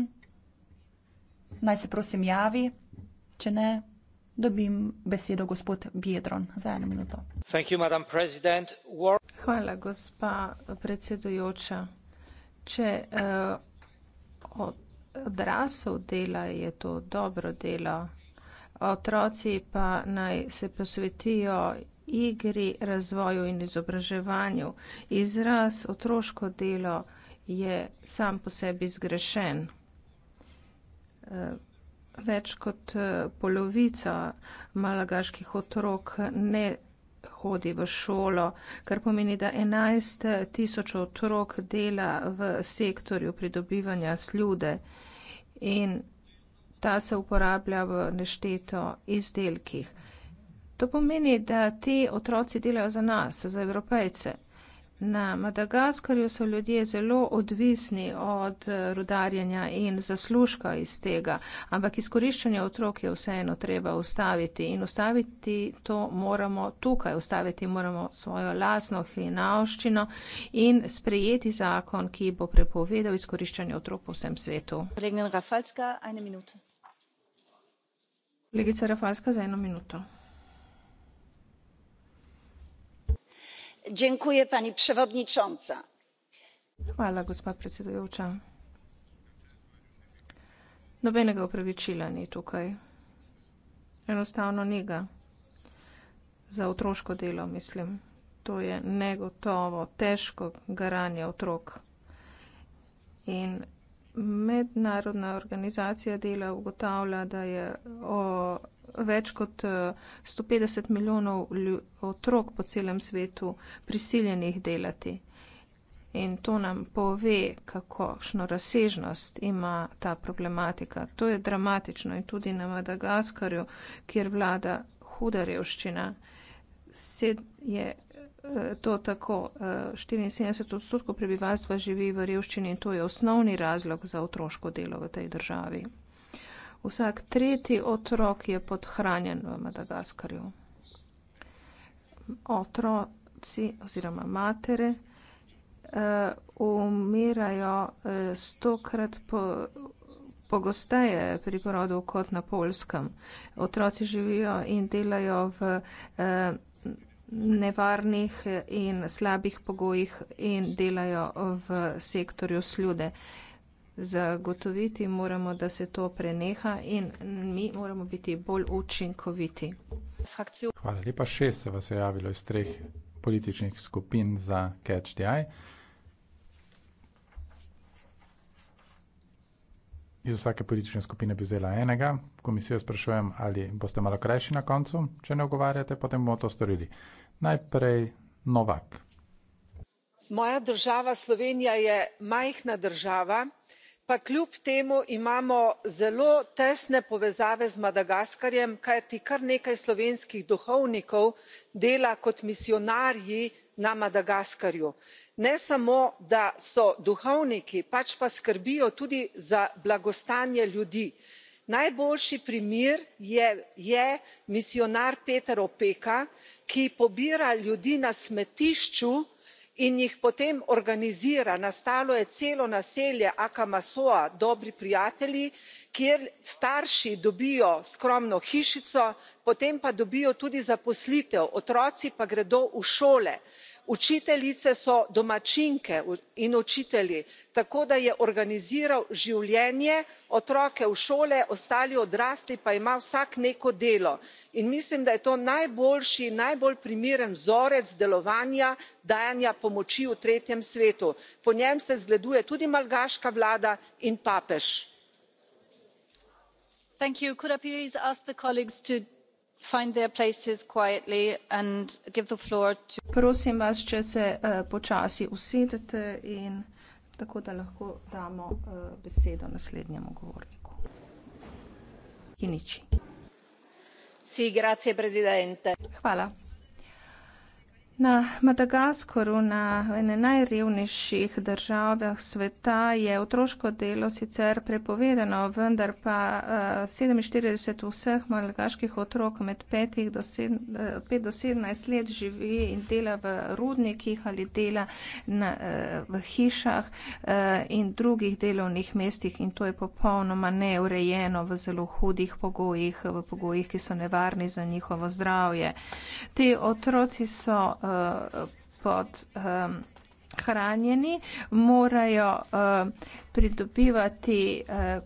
Naj se prosim javi, če ne, dobim besedo gospod Biedron za eno minuto. Hvala, gospa predsedujoča. Če uh, odrasel dela je to dobro delo, otroci pa naj se posvetijo igri, razvoju in izobraževanju. Izraz otroško delo je sam po sebi zgrešen. Eh, več kot eh, polovica malagaških otrok ne hodi v šolo, kar pomeni, da 11 eh, tisoč otrok dela v sektorju pridobivanja sljude in ta se uporablja v nešteto izdelkih. To pomeni, da ti otroci delajo za nas, za evropejce. Na Madagaskarju so ljudje zelo odvisni od eh, rudarjenja in zaslužka iz tega, ampak izkoriščanje otrok je vseeno treba ustaviti in ustaviti to moramo tukaj, ustaviti moramo svojo lasno hinavščino in sprejeti zakon, ki bo prepovedal izkoriščanje otrok po vsem svetu. Kolegica Rafalska, za eno minuto. dziękuję pani przewodnicząca hvala gospa predsedujoča nobenega opravičila ni tukaj enostavno ni ga za otroško delo mislim to je negotovo težko garanje otrok in Mednarodna organizacija dela ugotavlja, da je o več kot 150 eh, milijonov otrok po celem svetu prisiljenih delati. In to nam pove, kakošno razsežnost ima ta problematika. To je dramatično in tudi na Madagaskarju, kjer vlada huda revščina, se je Eh, to tako. 74 eh, odstotkov prebivalstva živi v revščini in to je osnovni razlog za otroško delo v tej državi. Vsak tretji otrok je podhranjen v Madagaskarju. Otroci oziroma matere eh, umirajo stokrat po, pogosteje pri porodu kot na polskem. Otroci živijo in delajo v eh, nevarnih in slabih pogojih in delajo v sektorju sljude. Zagotoviti moramo, da se to preneha in mi moramo biti bolj učinkoviti. Hvala lepa. Šest se vas je javilo iz treh političnih skupin za Catch the Eye. Iz vsake politične skupine bi vzela enega. Komisijo sprašujem, ali boste malo krajši na koncu, če ne ogovarjate, potem bomo to storili najprej novak. moja država slovenija je majhna država pa kljub temu imamo zelo tesne povezave z madagaskarjem kajti kar nekaj slovenskih duhovnikov dela kot misijonarji na madagaskarju. ne samo da so duhovniki pač pa skrbijo tudi za blagostanje ljudi najboljši primer je misijonar peter opeka ki pobira ljudi na smetišču in jih potem organizira nastalo je celo naselje akamasoa dobri prijatelji kjer starši dobijo skromno hišico potem pa dobijo tudi zaposlitev otroci pa gredo v šole učiteljice so domačinke in učitelji tako da je organiziral življenje otroke v šole ostali odrasli pa ima vsak neko delo in mislim da je to najboljši najbolj primeren vzorec delovanja dajanja pomoči v tretjem svetu. po njem se zgleduje tudi malgaška vlada in papež. Prosim vas, če se uh, počasi usedete in tako, da lahko damo uh, besedo naslednjemu govorniku. Kiniči. Sì, grazie, Presidente. Hvala. Na Madagaskoru, na ene najrevnejših državah sveta, je otroško delo sicer prepovedano, vendar pa 47 eh, vseh malagaških otrok med 5 do, 7, 5 eh, do 17 let živi in dela v rudnikih ali dela na, eh, v hišah in drugih delovnih mestih in to je popolnoma neurejeno v zelo hudih pogojih, v pogojih, ki so nevarni za njihovo zdravje. Te otroci so Eh, pod eh, hranjeni, morajo eh, pridobivati,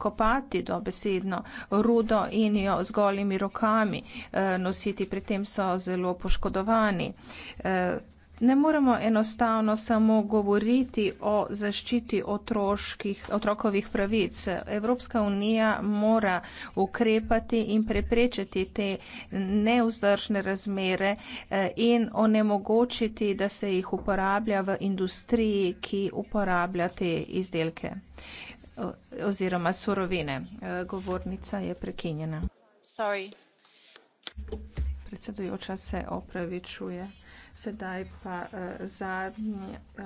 kopati dobesedno rudo in jo z golimi rokami nositi. Pri tem so zelo poškodovani. Ne moremo enostavno samo govoriti o zaščiti otroških, otrokovih pravic. Evropska unija mora ukrepati in preprečiti te neuzdržne razmere eh, in onemogočiti, da se jih uporablja v industriji, ki uporablja te izdelke eh, oziroma surovine. Eh, govornica je prekinjena. Predsedujoča se opravičuje. Sedaj pa uh, zadnji uh,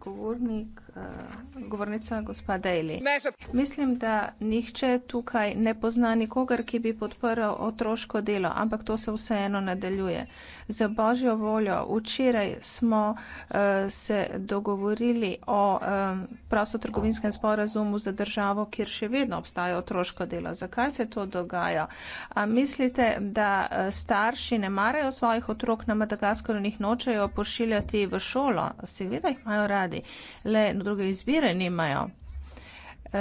govornik, uh, govornica gospa Daly. Mislim, da nihče tukaj ne pozna nikogar, ki bi podprl otroško delo, ampak to se vseeno nadaljuje. Uh, za božjo voljo. Včeraj smo uh, se dogovorili o um, prostotrgovinskem sporazumu za državo, kjer še vedno obstaja otroško delo. Zakaj se to dogaja? A mislite, da eh, starši ne marajo svojih otrok na Madagaskaru in jih nočejo pošiljati v šolo? Seveda jih imajo radi, le druge izbire nimajo. Uh,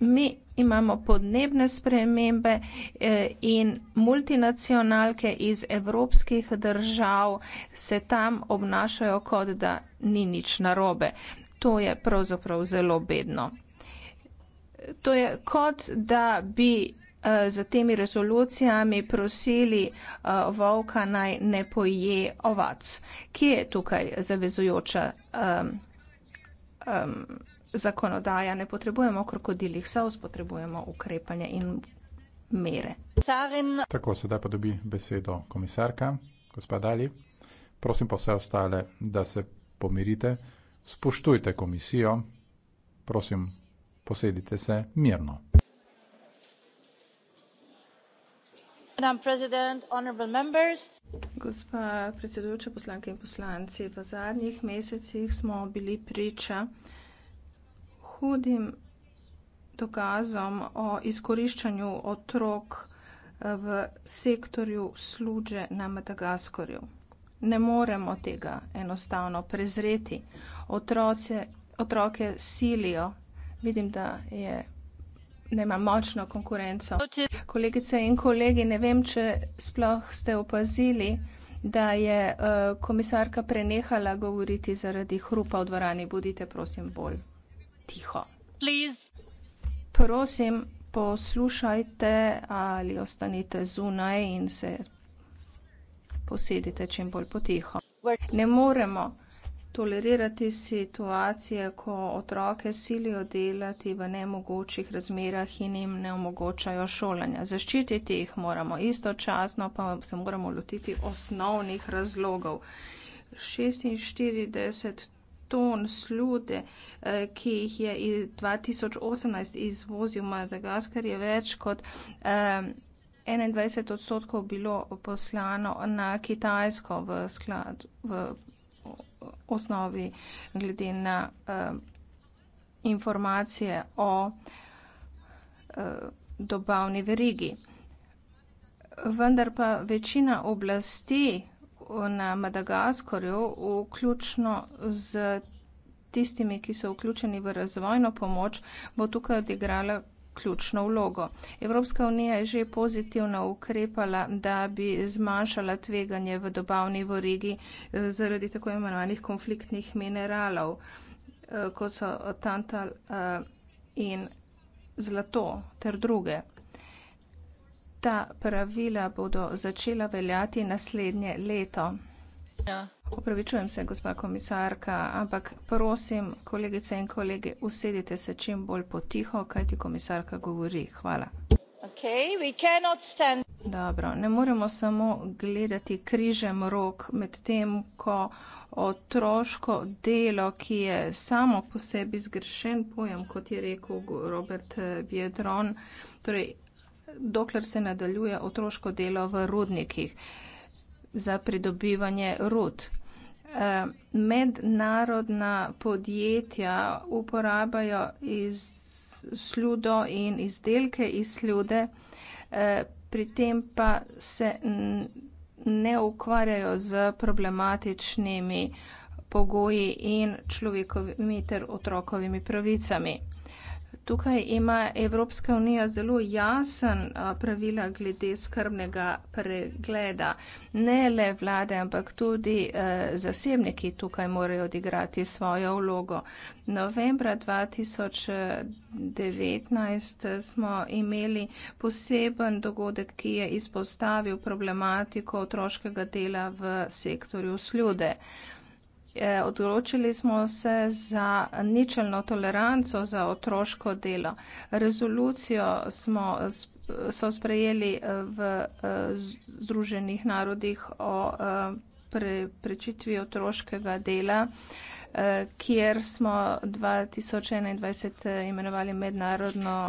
mi imamo podnebne spremembe eh, in multinacionalke iz evropskih držav se tam obnašajo, kot da ni nič narobe. To je pravzaprav zelo bedno. To je kot, da bi eh, za temi rezolucijami prosili eh, volka naj ne poje ovac. Kje je tukaj zavezujoča um, um, zakonodaja, ne potrebujemo krokodilih sos, potrebujemo ukrepanje in mere. Carin. Tako, sedaj pa dobi besedo komisarka, gospod Dali. Prosim pa vse ostale, da se pomirite, spoštujte komisijo, prosim, posedite se mirno. Gospa predsedujoča, poslanke in poslanci, v zadnjih mesecih smo bili priča hudim dokazom o izkoriščanju otrok eh, v sektorju služe na Madagaskarju. Ne moremo tega enostavno prezreti. Otroce, otroke silijo. Vidim, da je, da ima močno konkurenco. Kolegice in kolegi, ne vem, če sploh ste opazili, da je, eh, komisarka prenehala govoriti zaradi hrupa v dvorani. Bodite prosim bolj tiho. Please. Prosim, poslušajte ali ostanite zunaj in se posedite čim bolj potiho. Ne moremo tolerirati situacije, ko otroke silijo delati v nemogočih razmerah in jim ne omogočajo šolanja. Zaščititi jih moramo istočasno, pa se moramo lotiti osnovnih razlogov. 46 ton slude, eh, ki jih je 2018 izvozil Madagaskar, je več kot 21 eh, odstotkov bilo poslano na Kitajsko v, sklad, v osnovi glede na eh, informacije o dobavni verigi. Vendar pa večina oblasti na Madagaskorju, vključno z tistimi, ki so vključeni v razvojno pomoč, bo tukaj odigrala ključno vlogo. Evropska unija je že pozitivno ukrepala, da bi zmanjšala tveganje v dobavni vorigi eh, zaradi tako imenovanih konfliktnih mineralov, eh, kot so tantal eh, in zlato ter druge. Ta pravila bodo začela veljati naslednje leto. Opravičujem se, gospa komisarka, ampak prosim, kolegice in kolegi, usedite se čim bolj potiho, kaj ti komisarka govori. Hvala. Okay, Dobro, ne moremo samo gledati križem rok med tem, ko otroško delo, ki je samo po sebi zgrešen pojem, kot je rekel Robert Biedron, torej dokler se nadaljuje otroško delo v rudnikih za pridobivanje rud. Eh, mednarodna podjetja uporabljajo sludo in izdelke iz slude, eh, pri tem pa se ne ukvarjajo z problematičnimi pogoji in človekovimi ter otrokovimi pravicami. Tukaj ima Evropska unija zelo jasen pravila glede skrbnega pregleda. Ne le vlade, ampak tudi e, zasebniki tukaj morajo odigrati svojo vlogo. Novembra 2019 smo imeli poseben dogodek, ki je izpostavil problematiko otroškega dela v sektorju sljude. Eh, odločili smo se za ničelno toleranco za otroško delo. Rezolucijo smo so sprejeli eh, v eh, Združenih narodih o pre, prečitvi otroškega dela, kjer smo 2021 imenovali mednarodno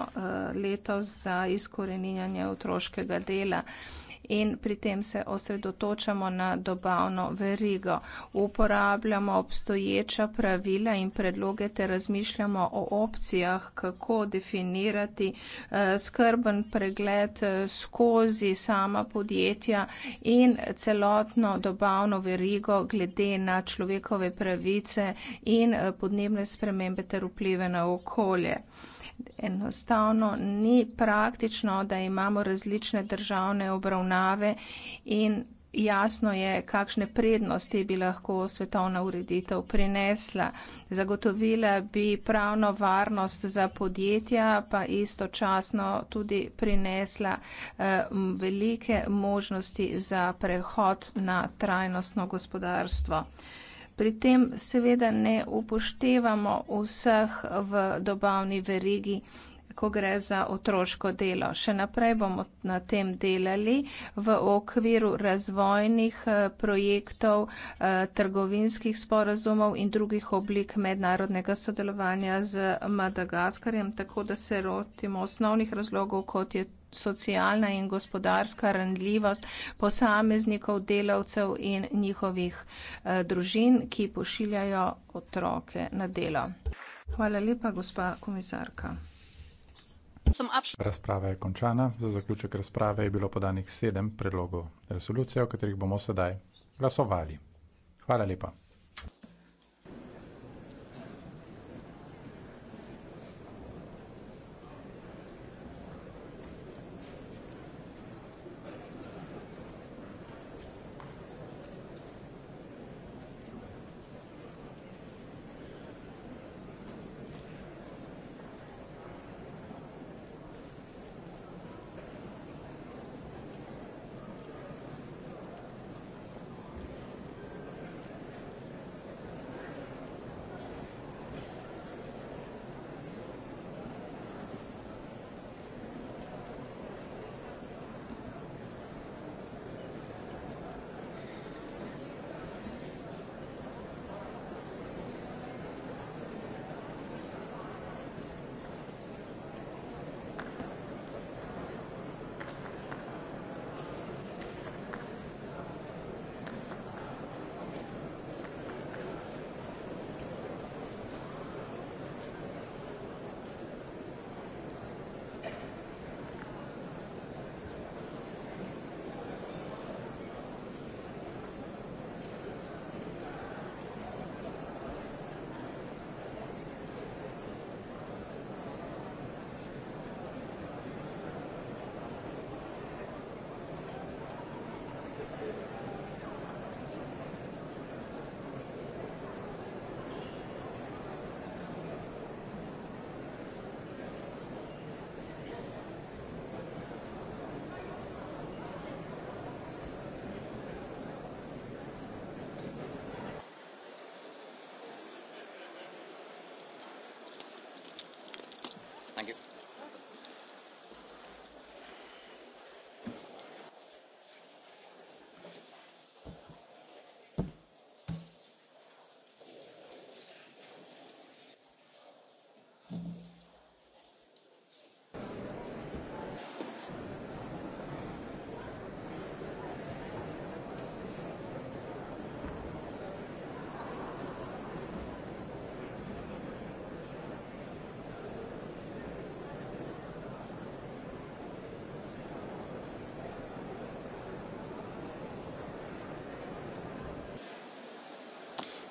leto za izkoreninjanje otroškega dela in pri tem se osredotočamo na dobavno verigo. Uporabljamo obstoječa pravila in predloge ter razmišljamo o opcijah, kako definirati eh, skrben pregled eh, skozi sama podjetja in celotno dobavno verigo glede na človekove pravice in eh, podnebne spremembe ter vplive na okolje enostavno ni praktično, da imamo različne državne obravnave in jasno je, kakšne prednosti bi lahko svetovna ureditev prinesla. Zagotovila bi pravno varnost za podjetja, pa istočasno tudi prinesla eh, velike možnosti za prehod na trajnostno gospodarstvo. Pri tem seveda ne upoštevamo vseh v dobavni verigi, ko gre za otroško delo. Še naprej bomo na tem delali v okviru razvojnih eh, projektov, eh, trgovinskih sporazumov in drugih oblik mednarodnega sodelovanja z Madagaskarjem, tako da se rotimo osnovnih razlogov, kot je socialna in gospodarska randljivost posameznikov, delavcev in njihovih eh, družin, ki pošiljajo otroke na delo. Hvala lepa, gospa komisarka. Razprava je končana. Za zaključek razprave je bilo podanih sedem predlogov resolucije, o katerih bomo sedaj glasovali. Hvala lepa.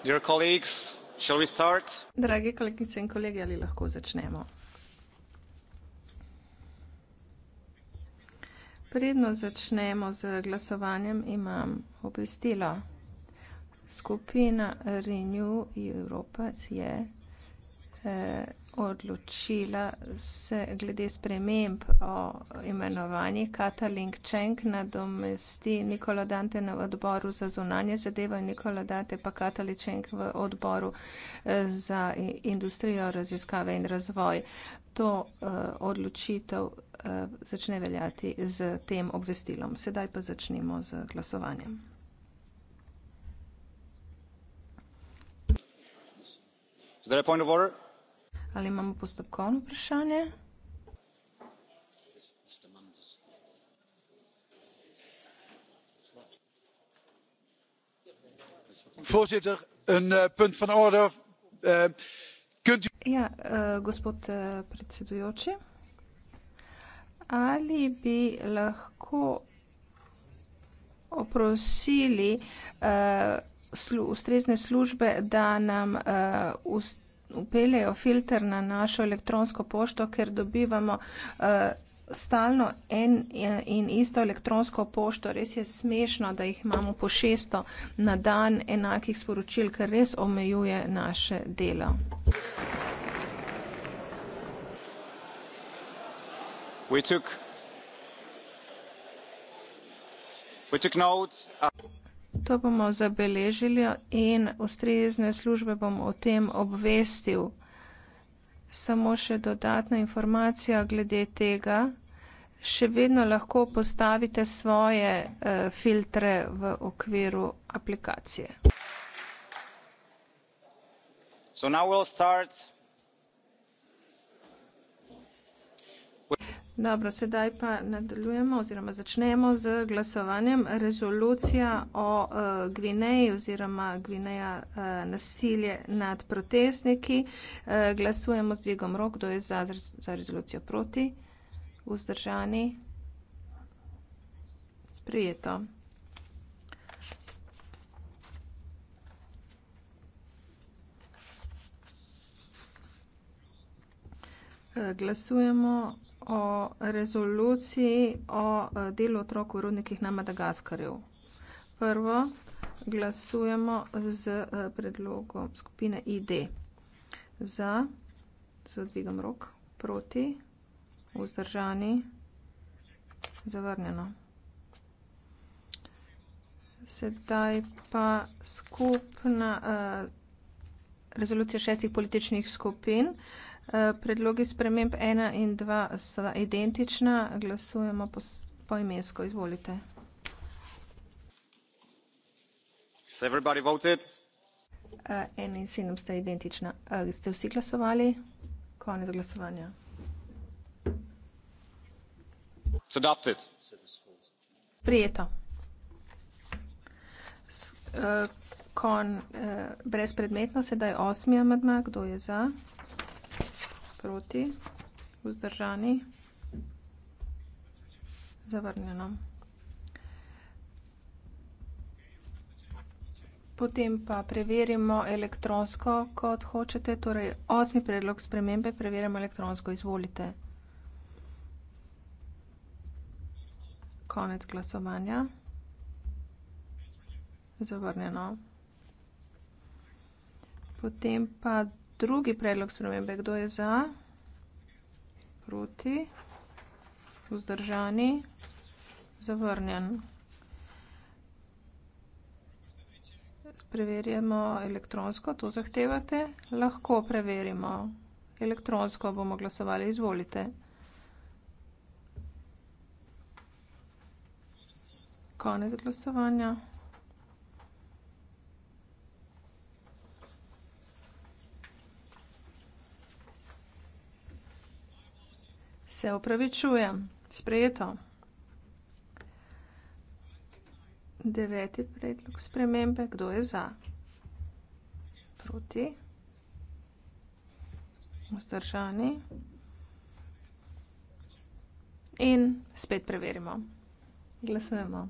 Dear colleagues, shall we start? Drage kolegice in kolegi, ali lahko začnemo? Predno začnemo z glasovanjem, imam obvestilo. Skupina Renew Europe je eh, odločila se glede sprememb o imenovanji Katalink Čeng nadomesti Nikola Dante na odboru za zunanje zadeve in Nikola Dante pa Katali Čeng v odboru eh, za industrijo, raziskave in razvoj. To eh, odločitev eh, začne veljati z tem obvestilom. Sedaj pa začnimo z glasovanjem. Is there a point of order? Ali imamo postopkovno vprašanje? Voorzitter, een eh, punt van orde. Eh, kunt u. Ja, eh, gospod predsedujoči. Ali bi lahko oprosili ustrezne službe, da nam ustrezne upeljejo filter na našo elektronsko pošto, ker dobivamo uh, stalno en eh, in isto elektronsko pošto. Res je smešno, da jih imamo po šesto na dan enakih sporočil, ker res omejuje naše delo. We took, we took notes. Uh... To bomo zabeležili in ustrezne službe bom o tem obvestil. Samo še dodatna informacija glede tega. Še vedno lahko postavite svoje eh, filtre v okviru aplikacije. So now we'll start Dobro, sedaj pa nadaljujemo oziroma začnemo z glasovanjem. Rezolucija o uh, Gvineji oziroma Gvineja uh, nasilje nad protestniki. Uh, glasujemo z dvigom rok, kdo je za, za rezolucijo proti. Vzdržani. Sprijeto. Glasujemo o rezoluciji o eh, delu otrok v rodnikih na Madagaskarju. Prvo glasujemo z eh, predlogom skupine ID. Za, z dvigom rok, proti, vzdržani, zavrnjeno. Sedaj pa skupna eh, resolucija šestih političnih skupin. Eh, predlogi sprememb ena in dva sta identična. Glasujemo poimensko. Po Izvolite. Has everybody voted? Uh, eh, en in sedem sta identična. Uh, ste vsi glasovali? Konec glasovanja. It's adopted. Prijeto. S, uh, kon, uh, brezpredmetno, sedaj osmi amadma. Kdo je za? Proti. Vzdržani. Zavrnjeno. Potem pa preverimo elektronsko, kot hočete. Torej, osmi predlog spremembe preverimo elektronsko. Izvolite. Konec glasovanja. Zavrnjeno. Potem pa Drugi predlog spremembe. Kdo je za? Proti? Vzdržani? Zavrnjen. Preverjamo elektronsko, to zahtevate? Lahko preverimo. Elektronsko bomo glasovali, izvolite. Konec glasovanja. Se opravičujem. Sprejeto. Deveti predlog spremembe. Kdo je za? Proti? Vzdržani? In spet preverimo. Glasujemo.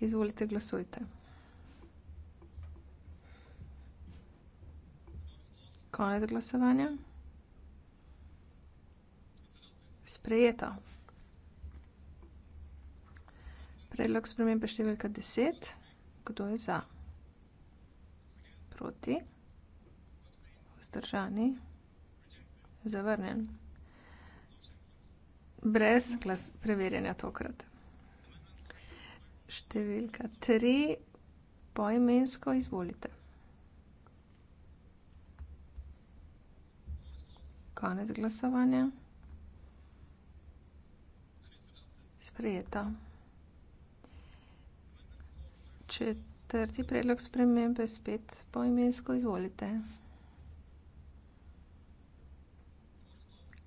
Izvolite, glasujte. Konec glasovanja sprejeta. Predlog spremembe številka 10. Kdo je za? Proti? Vzdržani? Zavrnjen? Brez glas preverjanja tokrat. Številka 3. Poimensko izvolite. Konec glasovanja. sprejeta. Četrti predlog spremembe spet poimensko izvolite.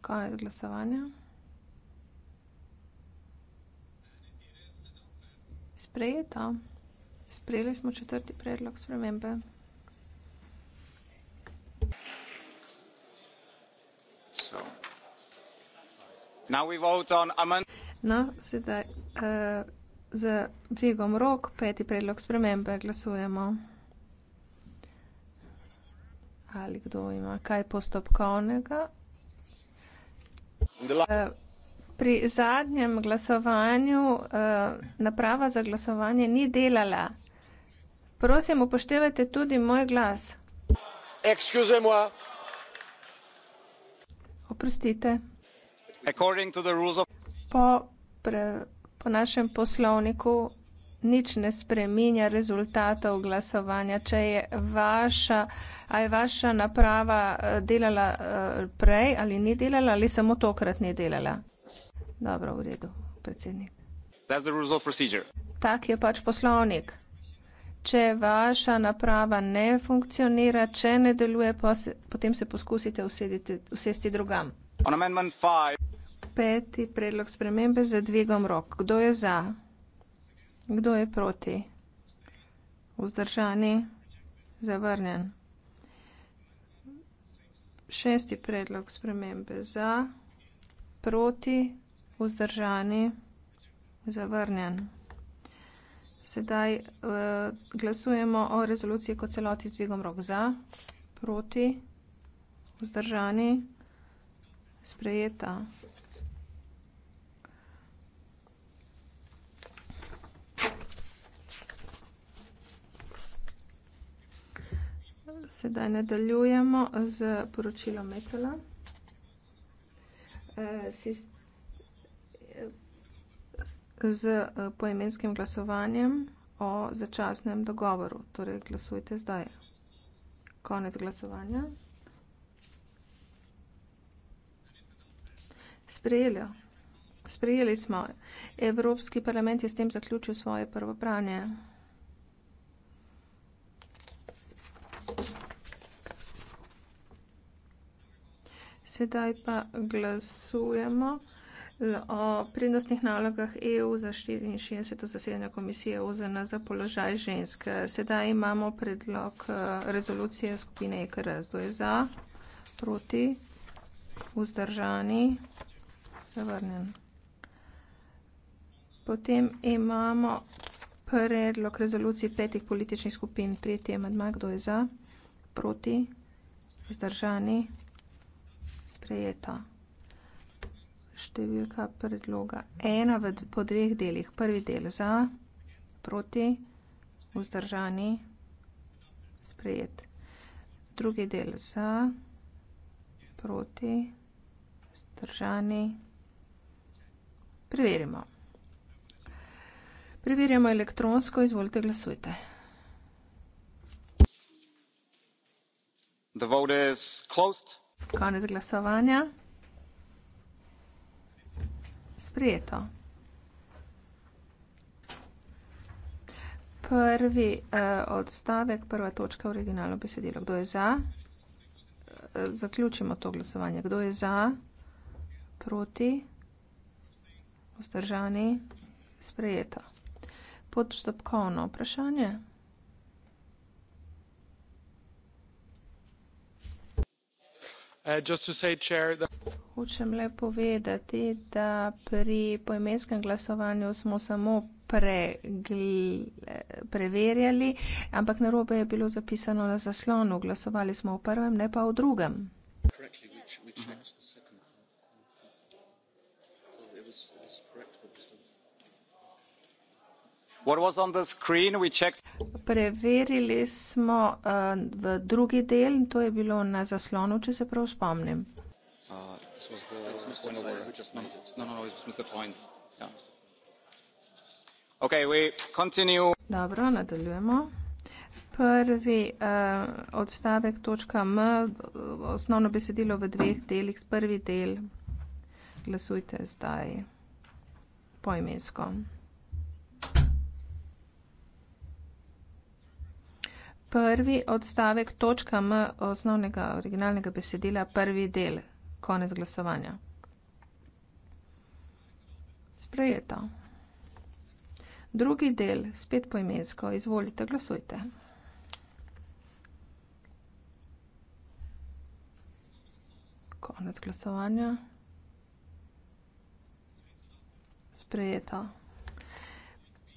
Konec glasovanja. Sprejeta. Sprejeli smo četrti predlog spremembe. So. Now we vote on amendment. No, sedaj uh, z dvigom rok, peti predlog spremembe, glasujemo. Ali kdo ima kaj postopkovnega? Uh, pri zadnjem glasovanju uh, naprava za glasovanje ni delala. Prosim, upoštevajte tudi moj glas. Excusez-moi. Oprostite. According to the rules of. Po pre, po našem poslovniku nič ne spreminja rezultatov glasovanja. Če je vaša, a je vaša naprava eh, delala eh, prej ali ni delala ali samo tokrat ni delala. Dobro, v redu, predsednik. Tak je pač poslovnik. Če vaša naprava ne funkcionira, če ne deluje, se, potem se poskusite usediti, usesti drugam peti predlog spremembe za dvigom rok. Kdo je za? Kdo je proti? Vzdržani? Zavrnjen. Šesti predlog spremembe za, proti, vzdržani, zavrnjen. Sedaj eh, glasujemo o rezoluciji kot celoti z dvigom rok za, proti, vzdržani, sprejeta. Sedaj nadaljujemo z poročilom Metola. Eh, eh, z eh, poimenskim glasovanjem o začasnem dogovoru. Torej, glasujte zdaj. Konec glasovanja. Sprejeli. Sprejeli smo. Evropski parlament je s tem zaključil svoje prvo branje. Sedaj pa glasujemo o prednostnih nalogah EU za 64. zasedanje komisije OZN za položaj žensk. Sedaj imamo predlog eh, rezolucije skupine EKR. Zdo je za, proti, vzdržani, zavrnjen. Potem imamo predlog rezolucij petih političnih skupin. Tretji je madma. Kdo je za, proti, vzdržani, zavrnjen sprejeta. Številka predloga ena v po dveh delih. Prvi del za, proti, vzdržani, sprejet. Drugi del za, proti, vzdržani. Preverimo. Preverjamo elektronsko, izvolite glasujte. The vote is closed. Konec glasovanja. Sprijeto. Prvi eh, odstavek, prva točka v originalno besedilo. Kdo je za? Eh, zaključimo to glasovanje. Kdo je za? Proti? Vzdržani? Sprijeto. Podstopkovno vprašanje. Sprijeto. Uh, Hočem le povedati, da pri poimenskem glasovanju smo samo preverjali, ampak narobe je bilo zapisano na zaslonu. Glasovali smo v prvem, ne pa v drugem. Mm -hmm. Preverili smo uh, v drugi del, to je bilo na zaslonu, če se prav spomnim. Uh, no, no, no, Dobro, nadaljujemo. Prvi uh, odstavek točka M, osnovno besedilo v dveh delih, prvi del glasujte zdaj poimensko. prvi odstavek točka M osnovnega originalnega besedila, prvi del, konec glasovanja. Sprejeto. Drugi del, spet poimensko, izvolite, glasujte. Konec glasovanja. Sprejeto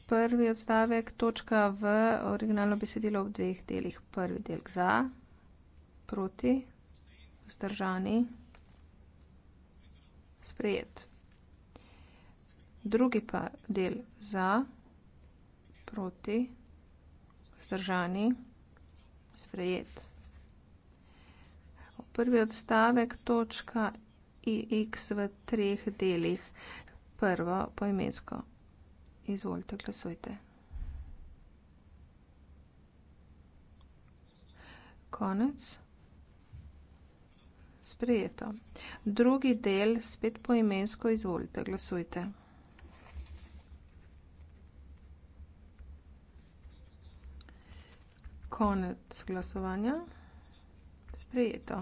prvi odstavek, točka v originalno besedilo v dveh delih. Prvi del za, proti, vzdržani, sprejet. Drugi pa del za, proti, vzdržani, sprejet. Prvi odstavek, točka IX v treh delih. Prvo poimensko. Izvolite, glasujte. Konec. Sprejeto. Drugi del, spet poimensko, izvolite, glasujte. Konec glasovanja. Sprejeto.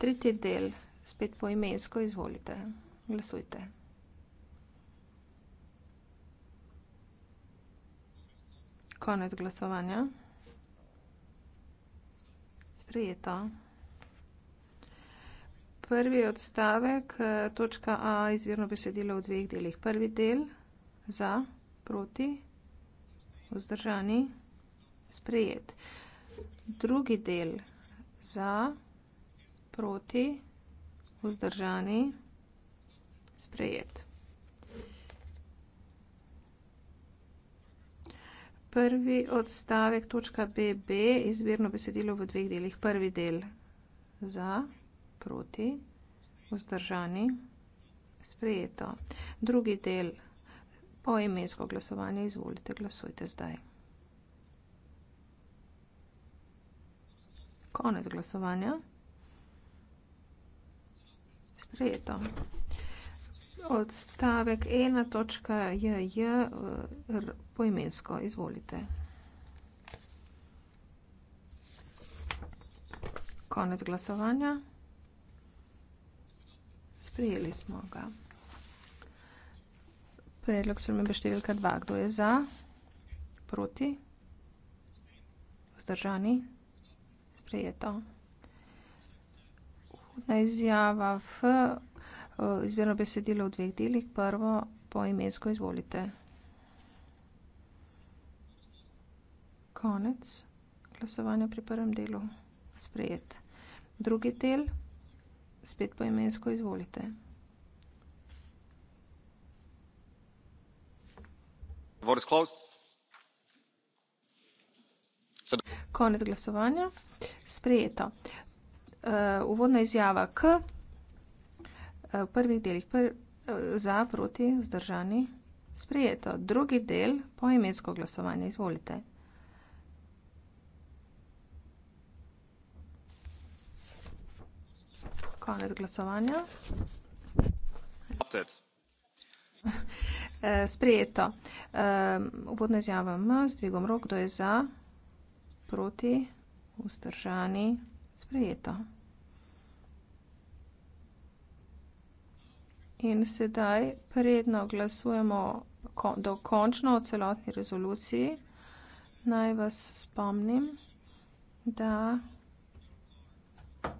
Tretji del, spet poimensko, izvolite, glasujte. konec glasovanja. Sprijeto. Prvi odstavek, eh, točka A, izvirno besedilo v dveh delih. Prvi del, za, proti, vzdržani, sprijet. Drugi del, za, proti, vzdržani, sprijet. Sprijet. prvi odstavek, točka BB, izbirno besedilo v dveh delih. Prvi del za, proti, vzdržani, sprejeto. Drugi del po imensko glasovanje, izvolite, glasujte zdaj. Konec glasovanja. Sprejeto. Odstavek 1.jj poimensko. Izvolite. Konec glasovanja. Sprijeli smo ga. Predlog spremembe številka 2. Kdo je za? Proti? Vzdržani? Sprijeto. Vhodna izjava F. Eh, izbirno besedilo v dveh delih. Prvo, poimensko izvolite. konec glasovanja pri prvem delu sprejet. Drugi del, spet po imensko izvolite. Vote is closed. Konec glasovanja. Sprejeto. Uh, uvodna izjava k uh, prvih delih pr, uh, za proti vzdržani. Sprejeto. Drugi del po imensko glasovanje. Izvolite. konec glasovanja. Eh, sprejeto. Eh, uvodna izjava ima z dvigom rok. Kdo je za? Proti? Vzdržani? Sprejeto. In sedaj, preden glasujemo dokončno o celotni resoluciji, naj vas spomnim, da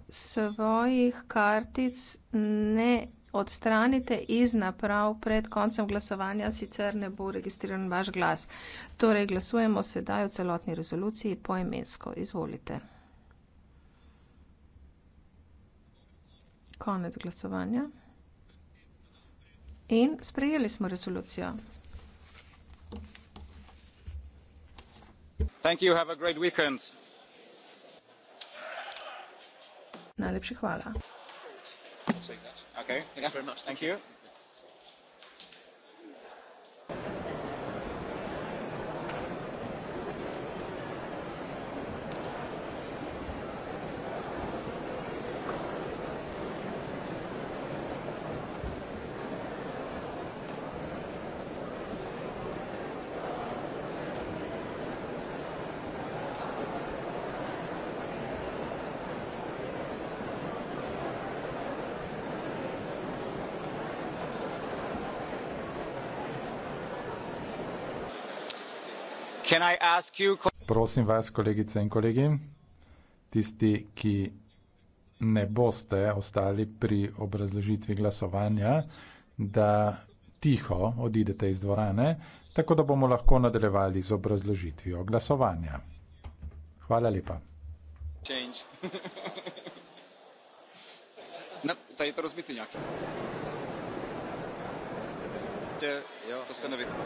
svojih kartic ne odstranite iz naprav pred koncem glasovanja, sicer ne bo registriran vaš glas. Torej, glasujemo sedaj v celotni rezoluciji poemensko. Izvolite. Konec glasovanja. In sprejeli smo rezolucijo. Thank you, have a great weekend. najlepša hvala. Prosim vas, kolegice in kolegi, tisti, ki ne boste ostali pri obrazložitvi glasovanja, da tiho odidete iz dvorane, tako da bomo lahko nadaljevali z obrazložitvijo glasovanja. Hvala lepa. ne, no, tady je to rozbitý nějaký. Tě, jo, to se nevypadá.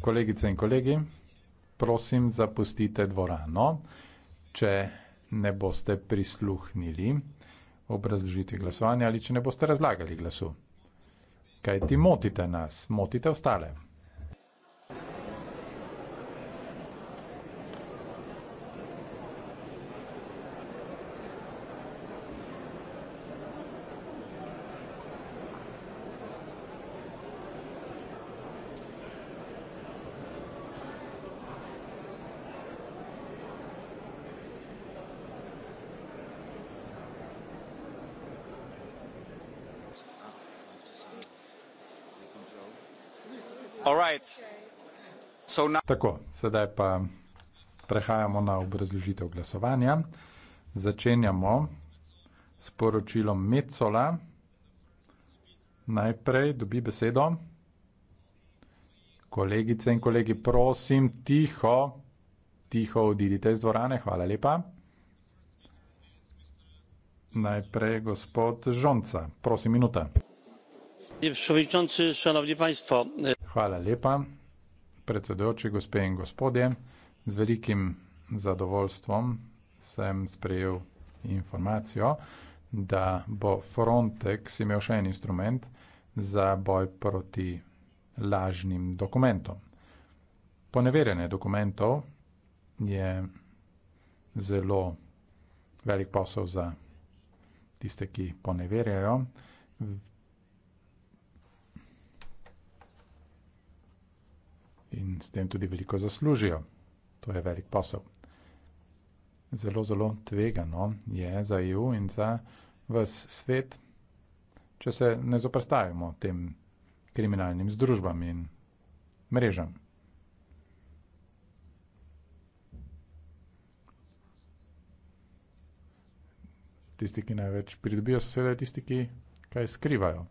Kolegice in kolegi, prosim, zapustite dvorano, če ne boste prisluhnili obrazložitvi glasovanja ali če ne boste razlagali glasu. Kaj ti motite nas, motite ostale. Na... Tako, sedaj pa prehajamo na obrazložitev glasovanja. Začenjamo s poročilom Mecola. Najprej dobi besedo. Kolegice in kolegi, prosim, tiho, tiho odidite iz dvorane. Hvala lepa. Najprej gospod Žonca, prosim, minuta. Hvala lepa predsedujoči, gospe in gospodje. Z velikim zadovoljstvom sem sprejel informacijo, da bo Frontex imel še en instrument za boj proti lažnim dokumentom. Poneverjanje dokumentov je zelo velik posel za tiste, ki poneverjajo. in s tem tudi veliko zaslužijo. To je velik posel. Zelo, zelo tvegano je za EU in za vse svet, če se ne zoprstavimo tem kriminalnim združbam in mrežam. Tisti, ki največ pridobijo, so seveda tisti, ki kaj skrivajo,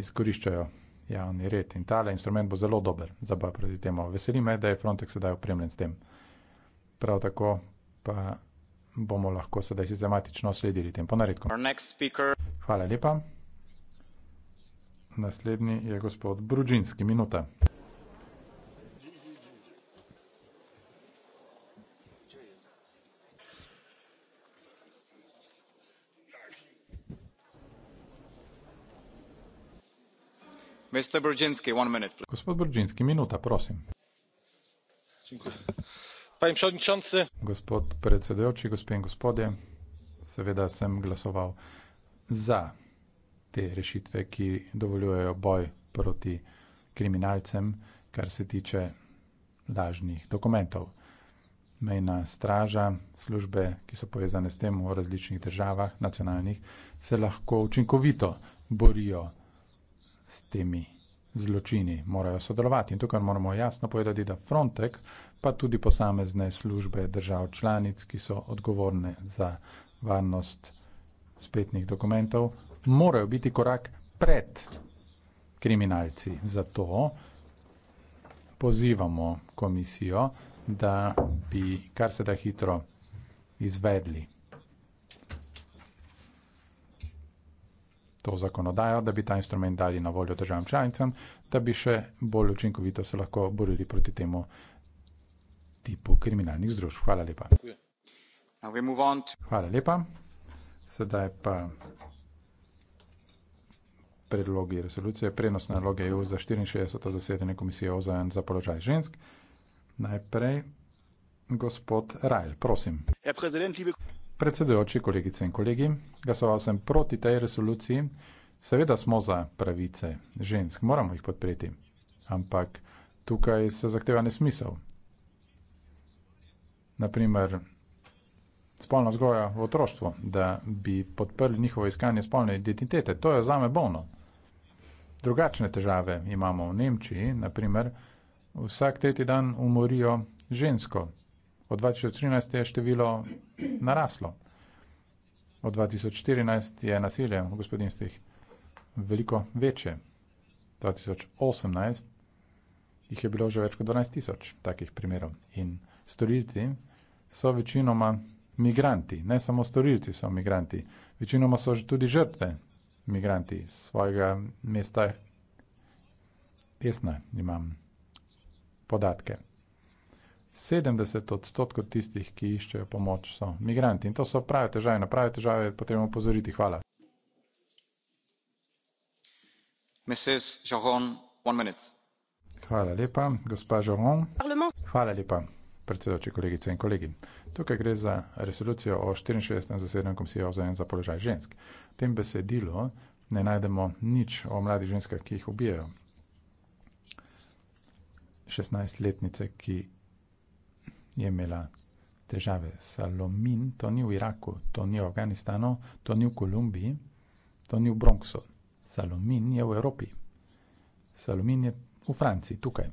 izkoriščajo javni red in tale instrument bo zelo dober za boj proti temu. Veseli me, da je Frontex sedaj opremljen s tem. Prav tako pa bomo lahko sedaj sistematično sledili tem ponaredkom. Hvala lepa. Naslednji je gospod Bružinski, minuta. Gospod Brzezinski, minuta, prosim. Gospod predsedujoči, gospe in gospodje, seveda sem glasoval za te rešitve, ki dovoljujejo boj proti kriminalcem, kar se tiče lažnih dokumentov. Mejna straža, službe, ki so povezane s tem v različnih državah, nacionalnih, se lahko učinkovito borijo s temi zločini, morajo sodelovati. In tukaj moramo jasno povedati, da Frontex, pa tudi posamezne službe držav članic, ki so odgovorne za varnost spletnih dokumentov, morajo biti korak pred kriminalci. Zato pozivamo komisijo, da bi kar se da hitro izvedli to zakonodajo, da bi ta instrument dali na voljo državam članicam, da bi še bolj učinkovito se lahko borili proti temu tipu kriminalnih združb. Hvala lepa. Hvala lepa. Sedaj pa predlogi resolucije prenosne naloge EU za 64. zasedanje komisije OZN za položaj žensk. Najprej gospod Rajl, prosim. Predsedujoči kolegice in kolegi, glasoval sem proti tej resoluciji. Seveda smo za pravice žensk, moramo jih podpreti, ampak tukaj se zahteva nesmisel. Naprimer, spolna vzgoja v otroštvu, da bi podprli njihovo iskanje spolne identitete, to je zame bolno. Drugačne težave imamo v Nemčiji, naprimer, vsak tretji dan umorijo žensko, Od 2013 je število naraslo. Od 2014 je nasilje v gospodinstvih veliko večje. 2018 jih je bilo že več kot 12 tisoč takih primerov. In storilci so večinoma migranti, ne samo storilci so migranti, večinoma so že tudi žrtve migranti iz svojega mesta. Jasno, imam podatke. 70 odstotkov tistih, ki iščejo pomoč, so migranti. In to so prave težave, na prave težave je potrebno opozoriti. Hvala. Jaron, Hvala lepa, gospa Žohon. Hvala lepa, predsedoči kolegice in kolegi. Tukaj gre za resolucijo o 64. zasedanju komisije OZN za položaj žensk. V tem besedilu ne najdemo nič o mladih ženskah, ki jih ubijajo. 16-letnice, ki je imela težave. Salomin, to ni v Iraku, to ni v Afganistanu, to ni v Kolumbiji, to ni v Bronxu. Salomin je v Evropi. Salomin je v Franciji, tukaj.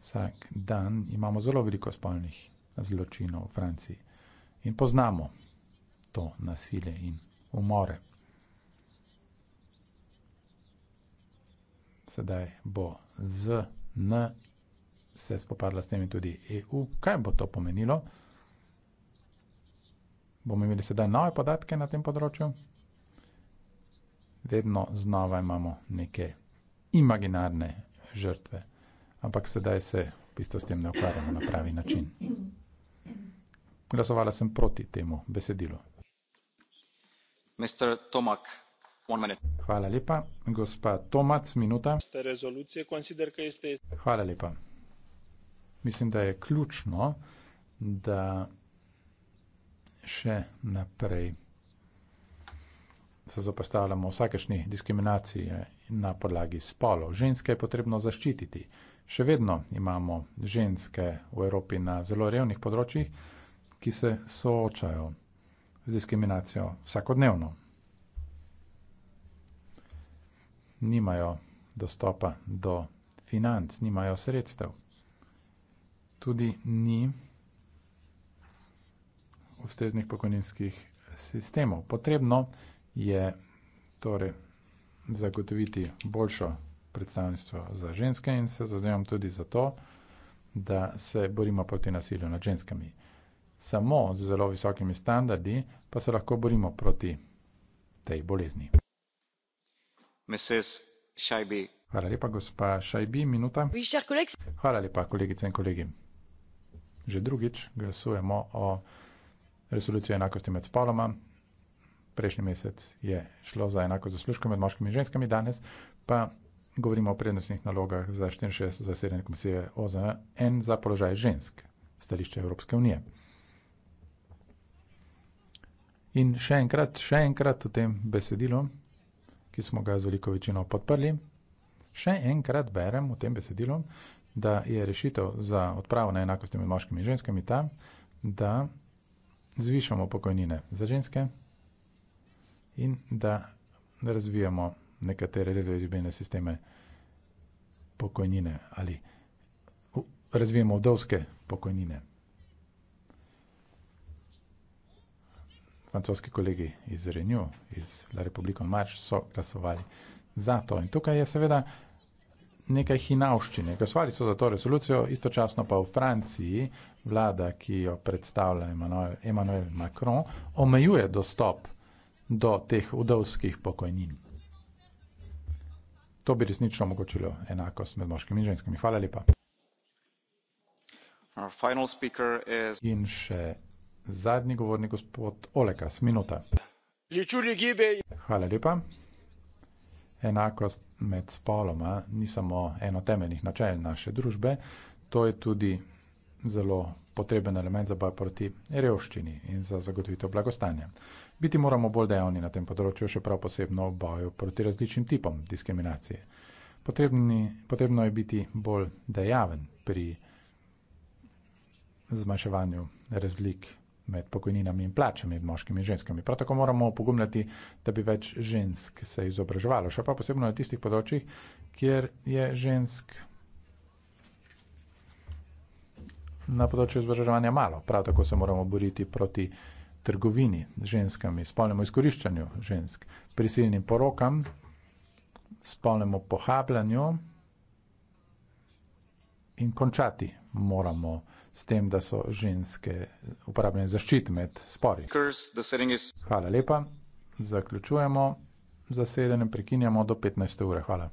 Vsak dan imamo zelo veliko spolnih zločinov v Franciji in poznamo to nasilje in umore. Sedaj bo z N se spopadla s temi tudi EU. Kaj bo to pomenilo? Bomo imeli sedaj nove podatke na tem področju? Vedno znova imamo neke imaginarne žrtve, ampak sedaj se v bistvu s tem ne ukvarjamo na pravi način. Glasovala sem proti temu besedilu. Tomak, Hvala lepa, gospa Tomac, minuta. Hvala lepa mislim, da je ključno, da še naprej se zapostavljamo vsakešni diskriminaciji na podlagi spolov. Ženske je potrebno zaščititi. Še vedno imamo ženske v Evropi na zelo revnih področjih, ki se soočajo z diskriminacijo vsakodnevno. Nimajo dostopa do financ, nimajo sredstev tudi ni ustreznih pokojninskih sistemov. Potrebno je torej zagotoviti boljšo predstavnictvo za ženske in se zazemam tudi za to, da se borimo proti nasilju nad ženskami. Samo z zelo visokimi standardi pa se lahko borimo proti tej bolezni. Hvala lepa, gospa Šajbi, minuta. Hvala lepa, kolegice in kolegi že drugič glasujemo o resoluciji enakosti med spoloma. Prejšnji mesec je šlo za enako zaslužko med moškimi in ženskami, danes pa govorimo o prednostnih nalogah za 64. zasedanje komisije OZN e za položaj žensk, stališče Evropske unije. In še enkrat, še enkrat v tem besedilu, ki smo ga z veliko večino podprli, še enkrat berem v tem besedilu, da je rešitev za odpravo neenakosti med moškimi in ženskami ta, da zvišamo pokojnine za ženske in da razvijamo nekatere redbene sisteme pokojnine ali razvijemo vdovske pokojnine. Francoski kolegi iz Renew, iz La Republika Marš so glasovali za to. In tukaj je seveda nekaj hinavščine. Glasovali so za to resolucijo, istočasno pa v Franciji vlada, ki jo predstavlja Emmanuel, Emmanuel Macron, omejuje dostop do teh udovskih pokojnin. To bi resnično omogočilo enakost med moškimi in ženskami. Hvala lepa. Is... In še zadnji govornik, gospod Olekas, minuta. Hvala lepa enakost med spoloma ni samo eno temeljnih načel naše družbe, to je tudi zelo potreben element za boj proti revščini in za zagotovitev blagostanja. Biti moramo bolj dejavni na tem področju, še prav posebno v boju proti različnim tipom diskriminacije. Potrebni, potrebno je biti bolj dejaven pri zmanjševanju razlik med pokojninami in plačami med moškimi in ženskami. Prav tako moramo opogumljati, da bi več žensk se izobraževalo, še pa posebno na tistih področjih, kjer je žensk na področju izobraževanja malo. Prav tako se moramo boriti proti trgovini ženskami, spolnemu izkoriščanju žensk, prisilnim porokam, spolnemu pohabljanju in končati moramo s tem, da so ženske uporabljene zaščit med spori. Hvala lepa, zaključujemo zasedanje, prekinjamo do 15. ure. Hvala.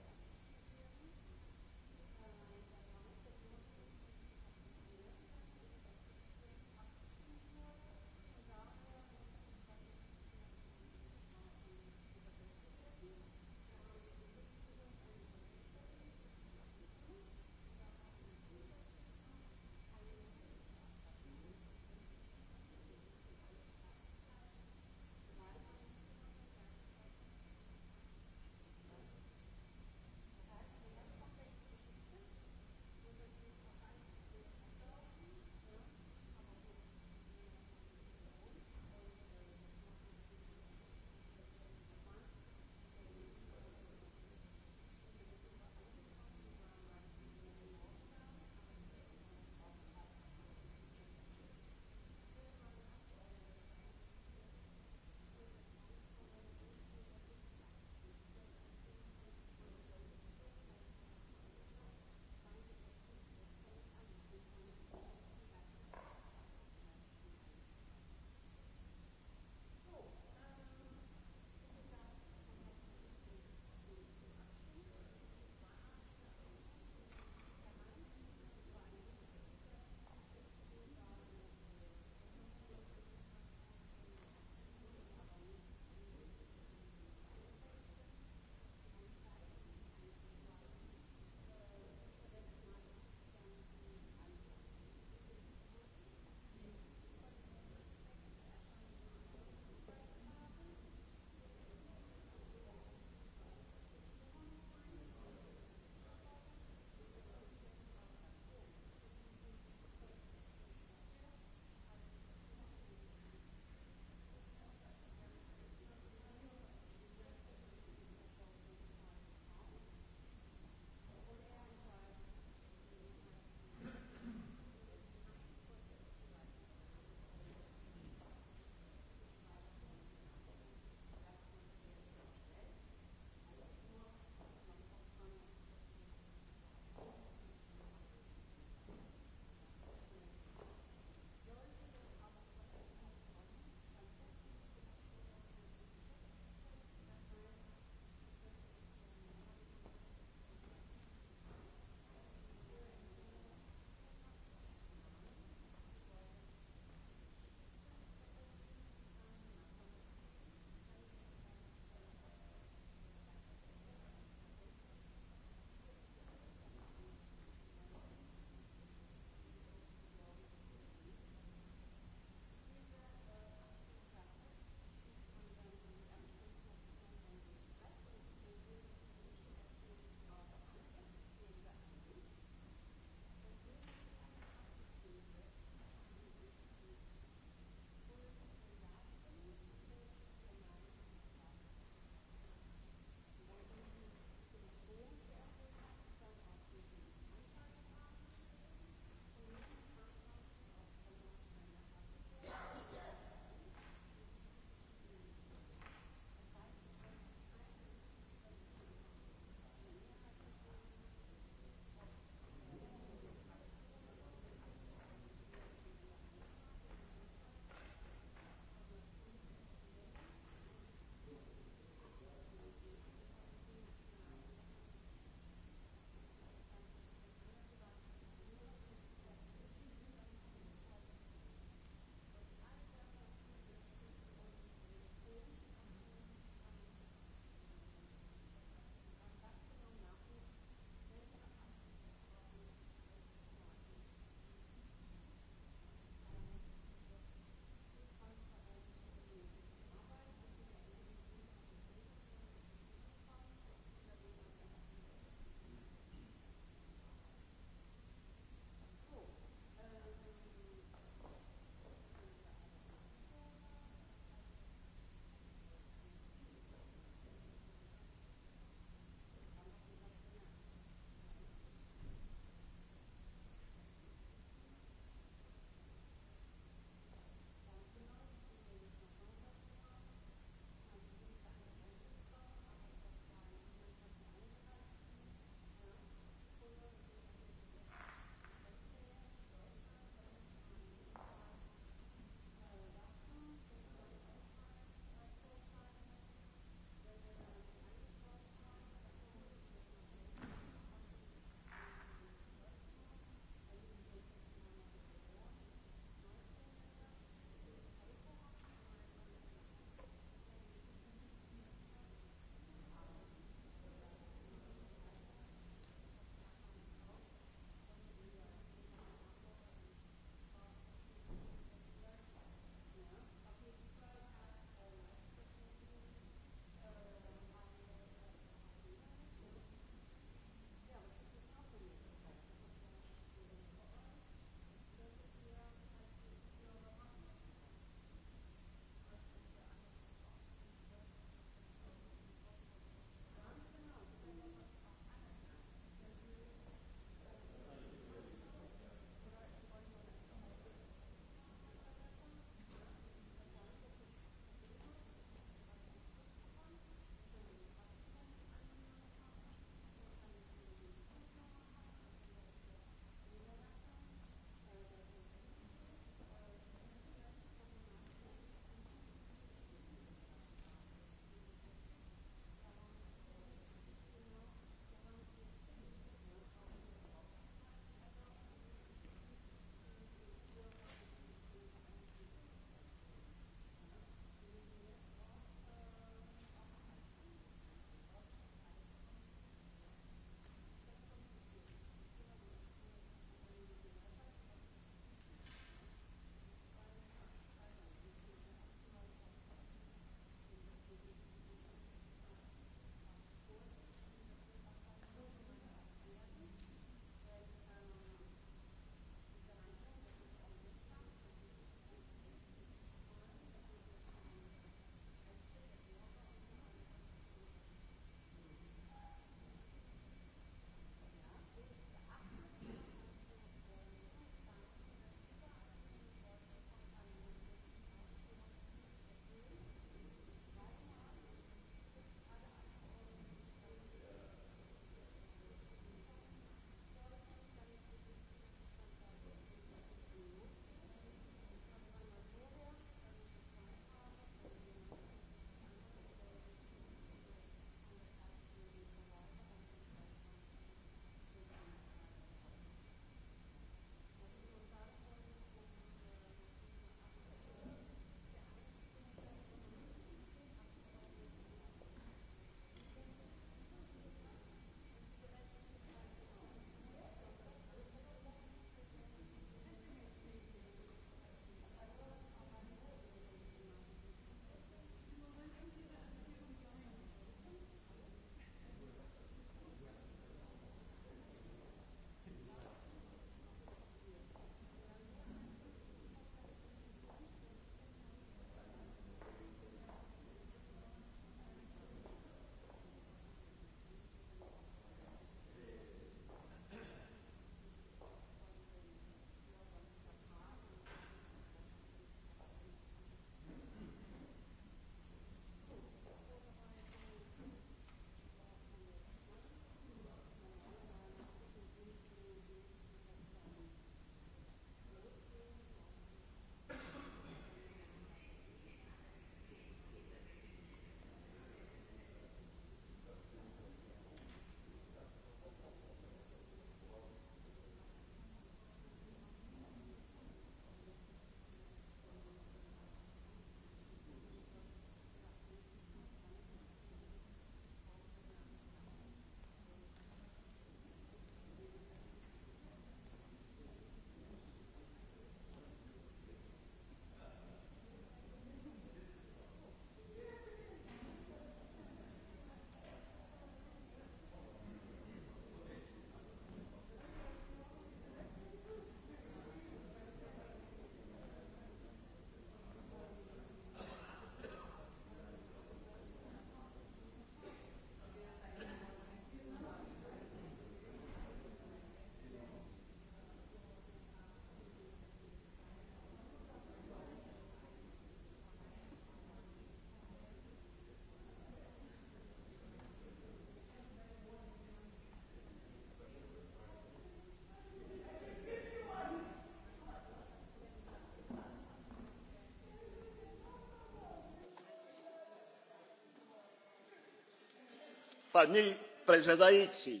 pa ni predsedajci.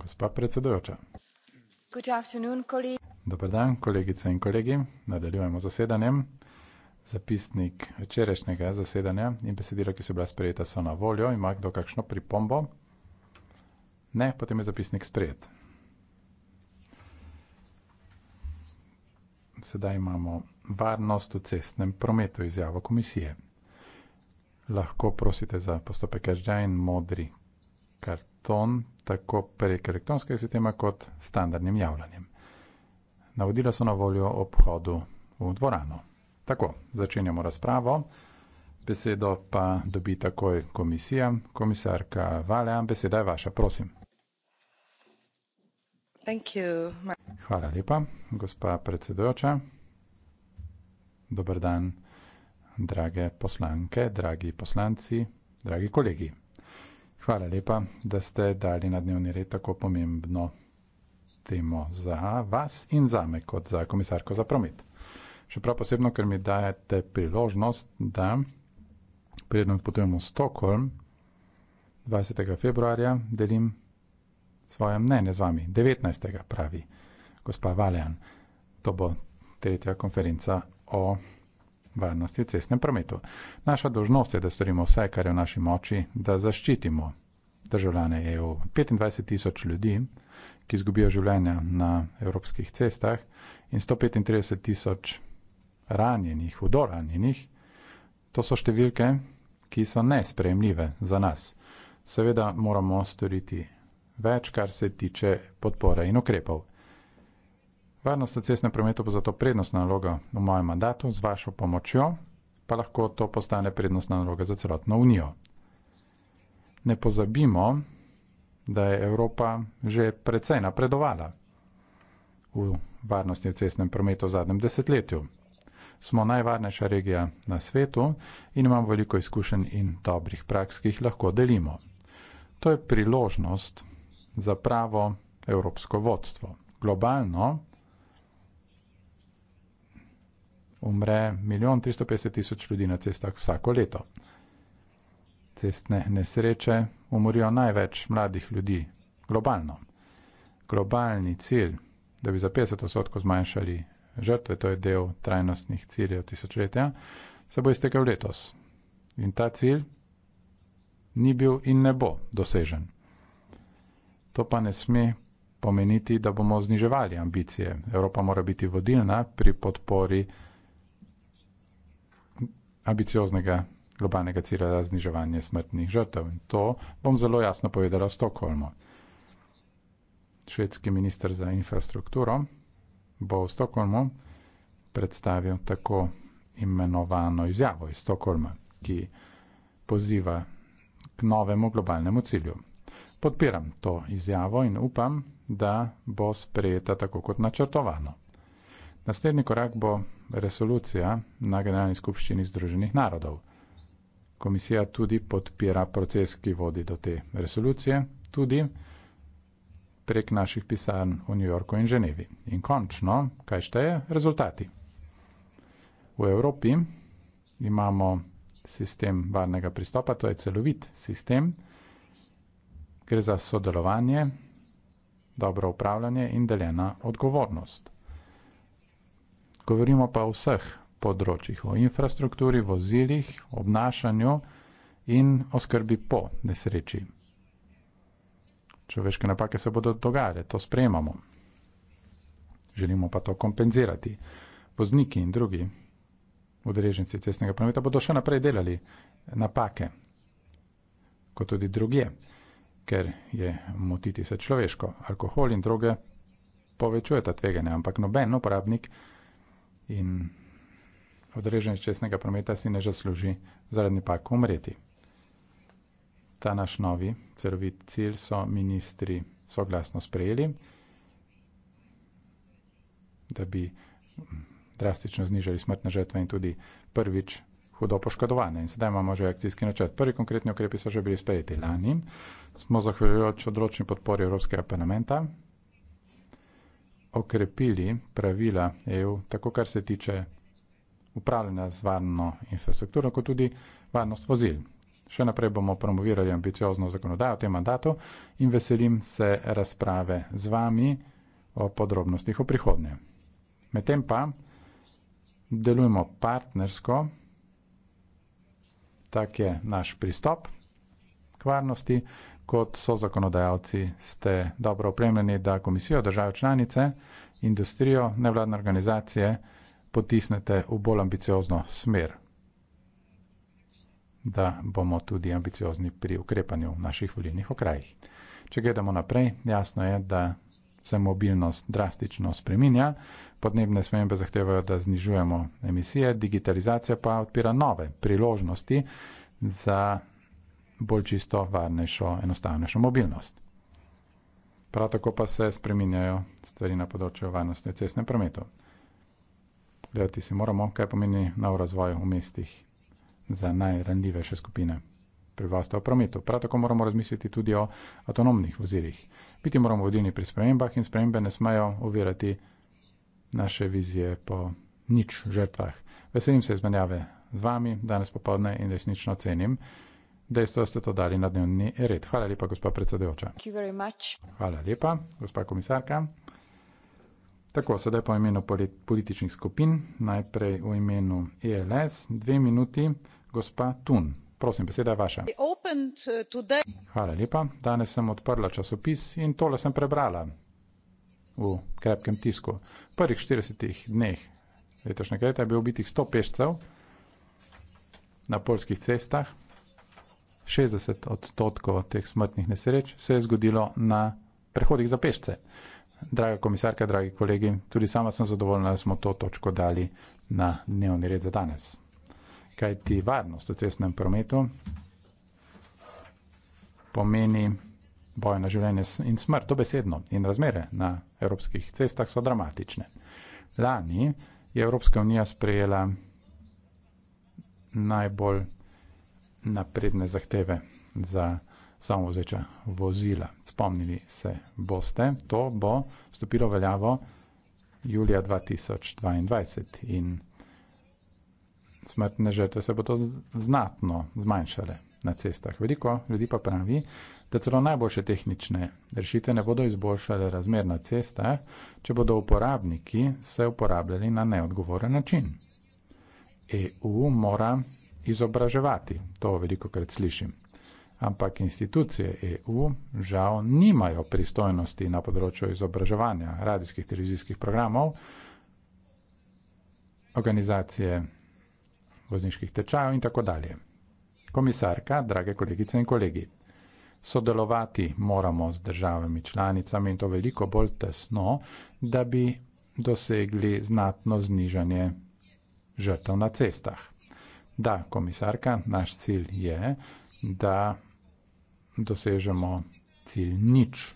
Gospa predsedujoča. Dobro dan, kolegice in kolegi. Nadaljujemo zasedanjem. Zapisnik včerajšnjega zasedanja in besedila, ki so bila sprejeta, so na voljo. Ima kdo kakšno pripombo? Ne, potem je zapisnik sprejet. Sedaj imamo varnost v cestnem prometu, izjavo komisije lahko prosite za postopek HDA in modri karton, tako prek elektronskega sistema kot standardnim javljanjem. Navodila so na voljo ob hodu v dvorano. Tako, začenjamo razpravo. Besedo pa dobi takoj komisija. Komisarka Valea, beseda je vaša, prosim. Hvala lepa, gospa predsedojoča. Dobar dan drage poslanke, dragi poslanci, dragi kolegi. Hvala lepa, da ste dali na dnevni red tako pomembno temo za vas in za me, kot za komisarko za promet. Še prav posebno, ker mi dajete priložnost, da predno odpotujemo v Stokholm 20. februarja, delim svoje mnenje z vami. 19. pravi gospa Valjan. To bo tretja konferenca o varnosti v cestnem prometu. Naša dožnost je, da storimo vse, kar je v naši moči, da zaščitimo državljane EU. 25 tisoč ljudi, ki izgubijo življenja na evropskih cestah in 135 tisoč ranjenih, hudo ranjenih, to so številke, ki so nespremljive za nas. Seveda moramo storiti več, kar se tiče podpore in ukrepov. Varnost v cestnem prometu bo zato prednostna naloga v mojem mandatu, z vašo pomočjo pa lahko to postane prednostna naloga za celotno unijo. Ne pozabimo, da je Evropa že precej napredovala v varnosti v cestnem prometu v zadnjem desetletju. Smo najvarnejša regija na svetu in imamo veliko izkušenj in dobrih praks, ki jih lahko delimo. To je priložnost za pravo evropsko vodstvo. Globalno umre milijon 350 tisoč ljudi na cestah vsako leto. Cestne nesreče umorijo največ mladih ljudi globalno. Globalni cilj, da bi za 50 odstotkov zmanjšali žrtve, to je del trajnostnih ciljev tisočletja, se bo iztekel letos. In ta cilj ni bil in ne bo dosežen. To pa ne sme pomeniti, da bomo zniževali ambicije. Evropa mora biti vodilna pri podpori ambicioznega globalnega cilja za zniževanje smrtnih žrtev. In to bom zelo jasno povedala v Stokholmu. Švedski minister za infrastrukturo bo v Stokholmu predstavil tako imenovano izjavo iz Stokholma, ki poziva k novemu globalnemu cilju. Podpiram to izjavo in upam, da bo sprejeta tako kot načrtovano. Naslednji korak bo resolucija na Generalni skupščini Združenih narodov. Komisija tudi podpira proces, ki vodi do te resolucije, tudi prek naših pisarn v New Yorku in Ženevi. In končno, kaj šteje? Rezultati. V Evropi imamo sistem varnega pristopa, to je celovit sistem, gre za sodelovanje, dobro upravljanje in deljena odgovornost. Govorimo pa o vseh področjih, o infrastrukturi, vozilih, obnašanju in oskrbi po nesreči. Človeške napake se bodo dogajale, to sprejemamo. Želimo pa to kompenzirati. Vozniki in drugi udeleženci cestnega prometa bodo še naprej delali napake, kot tudi druge, ker je motiti se človeško. Alkohol in druge povečujeta tveganja, ampak noben uporabnik. No in odreženje čestnega prometa si ne zasluži zaradi pak umreti. Ta naš novi celovit cilj so ministri soglasno sprejeli, da bi hm, drastično znižali smrtne žrtve in tudi prvič hudo poškodovane. In sedaj imamo že akcijski načrt. Prvi konkretni ukrepi so že bili sprejeti lani. Smo zahvaljujoč odročni podpori Evropskega parlamenta, okrepili pravila EU, tako kar se tiče upravljanja z varno infrastrukturo, kot tudi varnost vozil. Še naprej bomo promovirali ambiciozno zakonodajo v tem mandatu in veselim se razprave z vami o podrobnostih v prihodnje. Medtem pa delujemo partnersko, tak je naš pristop k varnosti kot so zakonodajalci, ste dobro opremljeni, da komisijo, države članice, industrijo, nevladne organizacije potisnete v bolj ambiciozno smer, da bomo tudi ambiciozni pri ukrepanju v naših volilnih okrajih. Če gledamo naprej, jasno je, da se mobilnost drastično spreminja, podnebne spremembe zahtevajo, da znižujemo emisije, digitalizacija pa odpira nove priložnosti za bolj čisto, varnejšo, enostavnejšo mobilnost. Prav tako pa se spreminjajo stvari na področju varnosti v cestnem prometu. Gledati si moramo, kaj pomeni nov razvoj v mestih za najranljivejše skupine prebivalstva v prometu. Prav tako moramo razmisliti tudi o avtonomnih vozilih. Biti moramo vodilni pri spremembah in spremembe ne smejo ovirati naše vizije po nič žrtvah. Veselim se izmenjave z vami danes popovdne in resnično cenim dejstvo, da ste to dali na dnevni red. Hvala lepa, gospa predsedujoča. Hvala lepa, gospa komisarka. Tako, sedaj pa v imenu političnih skupin, najprej v imenu ELS, dve minuti, gospa Tun. Prosim, beseda je vaša. Uh, Hvala lepa, danes sem odprla časopis in tole sem prebrala v krepkem tisku. V prvih 40 dneh letošnjega leta je bilo ubitih 100 pešcev na polskih cestah, 60 odstotkov teh smrtnih nesreč se je zgodilo na prehodih za pešce. Draga komisarka, dragi kolegi, tudi sama sem zadovoljna, da smo to točko dali na dnevni red za danes. Kaj ti varnost v cestnem prometu pomeni boj na življenje in smrt, to besedno. In razmere na evropskih cestah so dramatične. Lani je Evropska unija sprejela najbolj napredne zahteve za samovzeča vozila. Spomnili se boste, to bo stopilo veljavo julija 2022 in smrtne žrtve se bodo znatno zmanjšale na cestah. Veliko ljudi pa pravi, da celo najboljše tehnične rešitve ne bodo izboljšale razmer na cestah, če bodo uporabniki se uporabljali na neodgovoren način. EU mora izobraževati. To veliko krat slišim. Ampak institucije EU žal nimajo pristojnosti na področju izobraževanja radijskih televizijskih programov, organizacije vozniških tečajev in tako dalje. Komisarka, drage kolegice in kolegi, sodelovati moramo z državami članicami in to veliko bolj tesno, da bi dosegli znatno znižanje žrtev na cestah. Da, komisarka, naš cilj je, da dosežemo cilj nič.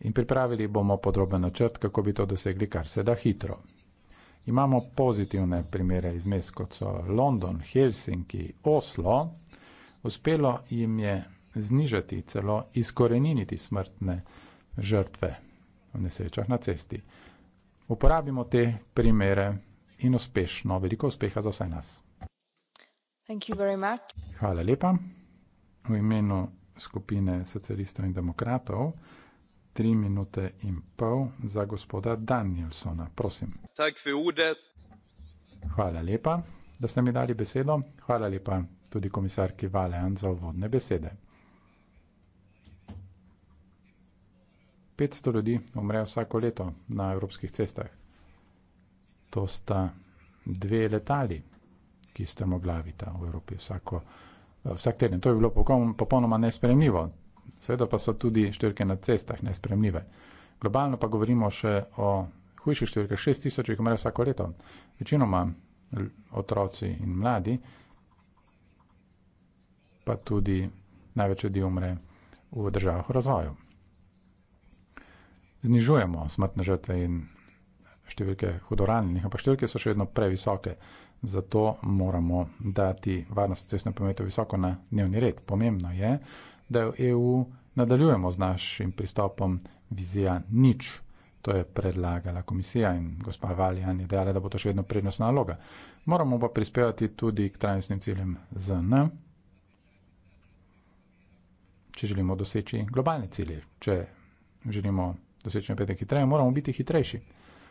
In pripravili bomo podroben načrt, kako bi to dosegli kar se da hitro. Imamo pozitivne primere iz mest, kot so London, Helsinki, Oslo. Uspelo jim je znižati, celo izkoreniniti smrtne žrtve v nesrečah na cesti. Uporabimo te primere in uspešno. Veliko uspeha za vse nas. Hvala lepa. V imenu skupine socialistov in demokratov, tri minute in pol za gospoda Danielsona, prosim. Hvala lepa, da ste mi dali besedo. Hvala lepa tudi komisarki Valean za uvodne besede. 500 ljudi umre vsako leto na evropskih cestah to sta dve letali, ki sta moglavita v Evropi vsako, vsak teden. To je bilo popolnoma nespremljivo. Seveda pa so tudi številke na cestah nespremljive. Globalno pa govorimo še o hujših številkah, 6000, ki umrejo vsako leto. Večinoma otroci in mladi, pa tudi največ ljudi umre v državah v razvoju. Znižujemo smrtne žrtve in številke hudoranjenih, ampak številke so še vedno previsoke. Zato moramo dati varnost v cestnem prometu visoko na dnevni red. Pomembno je, da v EU nadaljujemo z našim pristopom vizija nič. To je predlagala komisija in gospa Valjan je dejala, da bo to še vedno prednostna naloga. Moramo pa prispevati tudi k trajnostnim ciljem ZN, če želimo doseči globalne cilje. Če želimo doseči napredek hitreje, moramo biti hitrejši.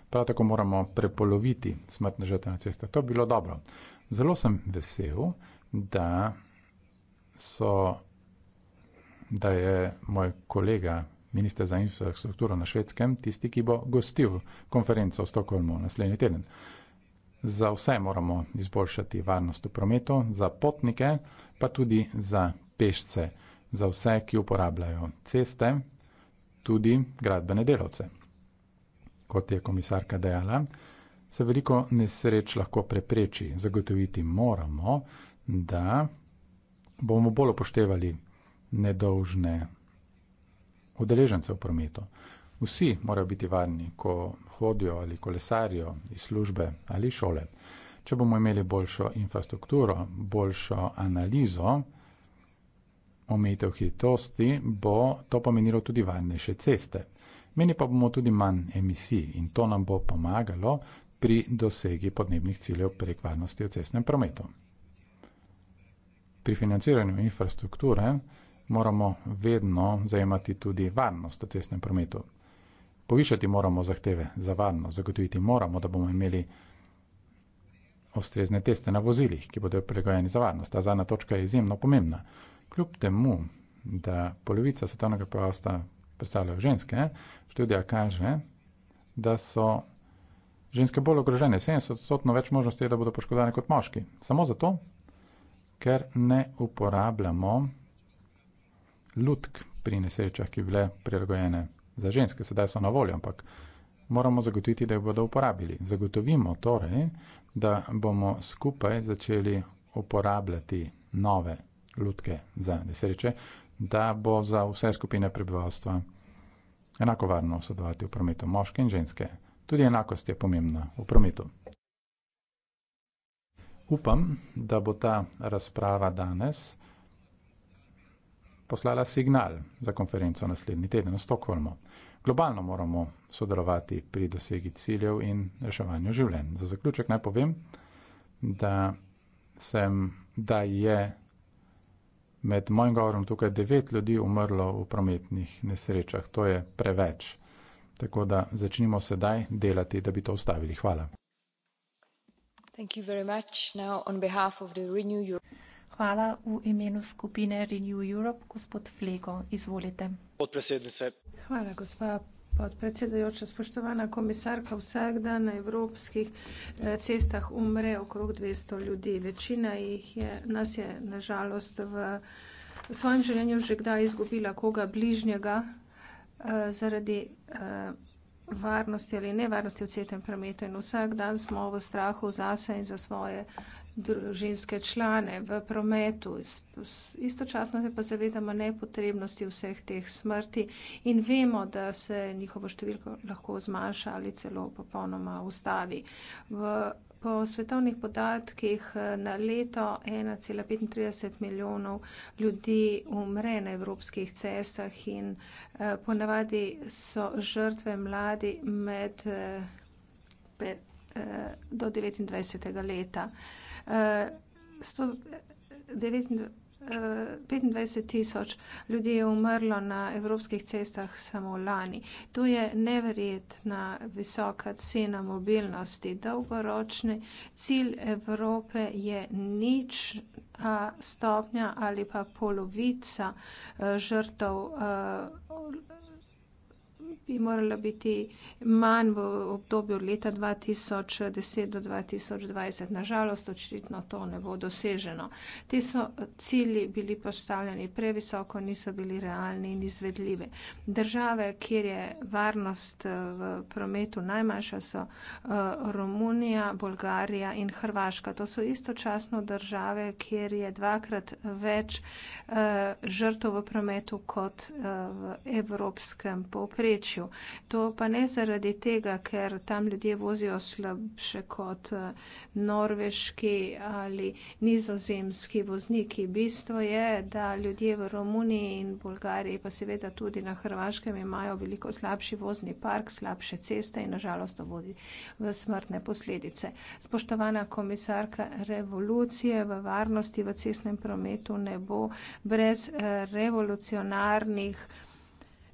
Prav tako moramo prepoloviti smrtne žrtve na cestah. To bi bilo dobro. Zelo sem vesel, da, so, da je moj kolega, minister za infrastrukturo na švedskem, tisti, ki bo gostil konferenco v Stokholmu naslednji teden. Za vse moramo izboljšati varnost v prometu, za potnike, pa tudi za pešce, za vse, ki uporabljajo ceste, tudi gradbene delavce kot je komisarka dejala, se veliko nesreč lahko prepreči. Zagotoviti moramo, da bomo bolj upoštevali nedolžne udeležence v prometu. Vsi morajo biti varni, ko hodijo ali kolesarijo iz službe ali šole. Če bomo imeli boljšo infrastrukturo, boljšo analizo, omejitev hitrosti, bo to pomenilo tudi varnejše ceste. Meni pa bomo tudi manj emisij in to nam bo pomagalo pri dosegi podnebnih ciljev prek varnosti v cestnem prometu. Pri financiranju infrastrukture moramo vedno zajemati tudi varnost v cestnem prometu. Povišati moramo zahteve za varnost, zagotoviti moramo, da bomo imeli ostrezne teste na vozilih, ki bodo prilagojeni za varnost. Ta zadnja točka je izjemno pomembna. Kljub temu, da polovica svetovnega prebivalstva predstavljajo ženske, študija kaže, da so ženske bolj ogrožene, 70-odstotno več možnosti je, da bodo poškodovane kot moški. Samo zato, ker ne uporabljamo lutk pri nesrečah, ki bile prilagojene za ženske, sedaj so na voljo, ampak moramo zagotoviti, da jih bodo uporabili. Zagotovimo torej, da bomo skupaj začeli uporabljati nove lutke za nesreče, da bo za vse skupine prebivalstva enako varno sodelovati v prometu, moške in ženske. Tudi enakost je pomembna v prometu. Upam, da bo ta razprava danes poslala signal za konferenco naslednji teden v Stokholmu. Globalno moramo sodelovati pri dosegi ciljev in reševanju življenj. Za zaključek naj povem, da, sem, da je med mojim govorom tukaj devet ljudi umrlo v prometnih nesrečah. To je preveč. Tako da začnimo sedaj delati, da bi to ustavili. Hvala. Hvala v imenu skupine Renew Europe, gospod Flego. Izvolite. Hvala, gospod podpredsedujoča, spoštovana komisarka, vsak dan na evropskih eh, cestah umre okrog 200 ljudi. Večina jih je, nas je nažalost v svojem življenju že kdaj izgubila koga bližnjega eh, zaradi eh, varnosti ali nevarnosti v cestnem prometu in vsak dan smo v strahu zase in za svoje družinske člane v prometu. Istočasno se pa zavedamo nepotrebnosti vseh teh smrti in vemo, da se njihovo številko lahko zmanjša ali celo popolnoma ustavi. V Po svetovnih podatkih na leto 1,35 milijonov ljudi umre na evropskih cestah in eh, ponavadi so žrtve mladi med eh, pe, eh, do 29. leta. Eh, 25 eh, eh, eh, tisoč ljudi je umrlo na evropskih cestah samo lani. To je neverjetna visoka cena mobilnosti. Dolgoročni cilj Evrope je nič a, stopnja ali pa polovica a, žrtov. A, bi morala biti manj v obdobju od leta 2010 do 2020. Nažalost, očitno to ne bo doseženo. Ti so cilji bili postavljeni previsoko, niso bili realni in izvedljivi. Države, kjer je varnost eh, v prometu najmanjša, so eh, Romunija, Bolgarija in Hrvaška. To so istočasno države, kjer je dvakrat več eh, žrtov v prometu kot v evropskem povprečju povprečju. To pa ne zaradi tega, ker tam ljudje vozijo slabše kot eh, norveški ali nizozemski vozniki. Bistvo je, da ljudje v Romuniji in Bolgariji, pa seveda tudi na Hrvaškem, imajo veliko slabši vozni park, slabše ceste in nažalost to vodi v smrtne posledice. Spoštovana komisarka, revolucije v varnosti v cestnem prometu ne bo brez eh, revolucionarnih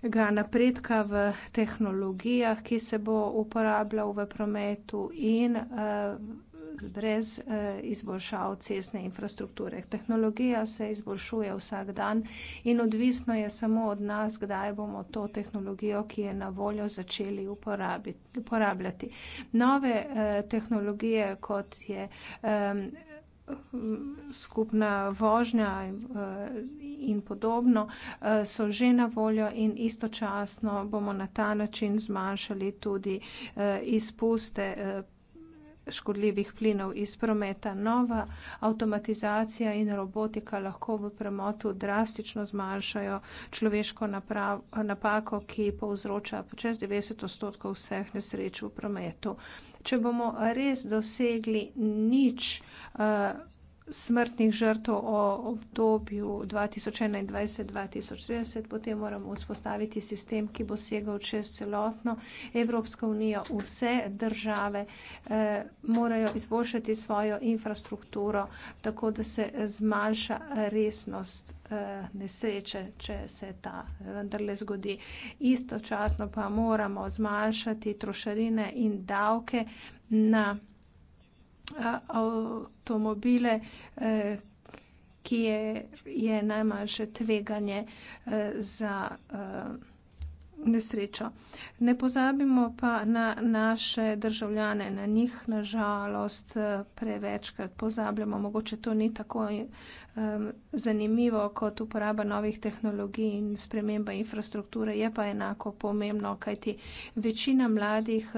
napredka v tehnologijah, ki se bo uporabljal v prometu in uh, brez uh, izboljšav cestne infrastrukture. Tehnologija se izboljšuje vsak dan in odvisno je samo od nas, kdaj bomo to tehnologijo, ki je na voljo, začeli uporabiti, uporabljati. Nove uh, tehnologije, kot je. Um, skupna vožnja eh, in podobno, eh, so že na voljo in istočasno bomo na ta način zmanjšali tudi eh, izpuste škodljivih plinov iz prometa. Nova avtomatizacija in robotika lahko v premotu drastično zmanjšajo človeško napako, ki povzroča čez 90 odstotkov vseh nesreč v prometu če bomo res dosegli nič, eh, smrtnih žrtov o obdobju 2021-2030, potem moramo vzpostaviti sistem, ki bo segal čez celotno Evropsko unijo. Vse države eh, morajo izboljšati svojo infrastrukturo, tako da se zmanjša resnost eh, nesreče, če se ta eh, vendarle zgodi. Istočasno pa moramo zmanjšati trošarine in davke na avtomobile, e, ki je, je najmanjše tveganje e, za e, nesrečo. Ne pozabimo pa na naše državljane, na njih na žalost prevečkrat pozabljamo. Mogoče to ni tako um, zanimivo kot uporaba novih tehnologij in sprememba infrastrukture, je pa enako pomembno, kajti večina mladih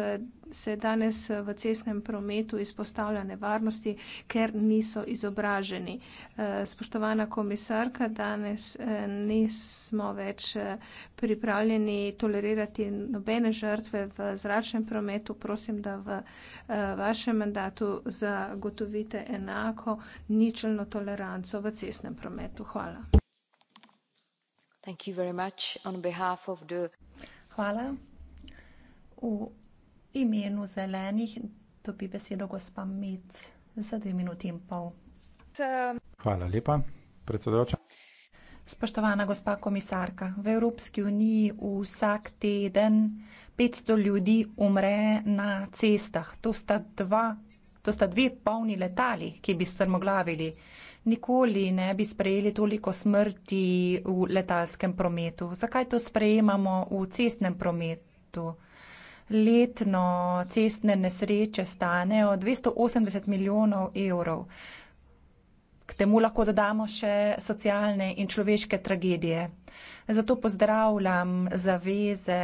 se danes eh, v cestnem prometu izpostavlja nevarnosti, ker niso izobraženi. Eh, spoštovana komisarka, danes eh, nismo več pripravljeni tolerirati nobene žrtve v zračnem prometu. Prosim, da v vašem mandatu zagotovite enako ničelno toleranco v cestnem prometu. Hvala. Hvala. V imenu zelenih dobi besedo gospa Mec za dve minuti in pol. Hvala lepa, predsedujoča. Spoštovana gospa komisarka, v Evropski uniji vsak teden 500 ljudi umre na cestah. To sta, dva, to sta dve polni letali, ki bi strmoglavili. Nikoli ne bi sprejeli toliko smrti v letalskem prometu. Zakaj to sprejemamo v cestnem prometu? letno cestne nesreče stanejo 280 milijonov evrov. K temu lahko dodamo še socialne in človeške tragedije. Zato pozdravljam zaveze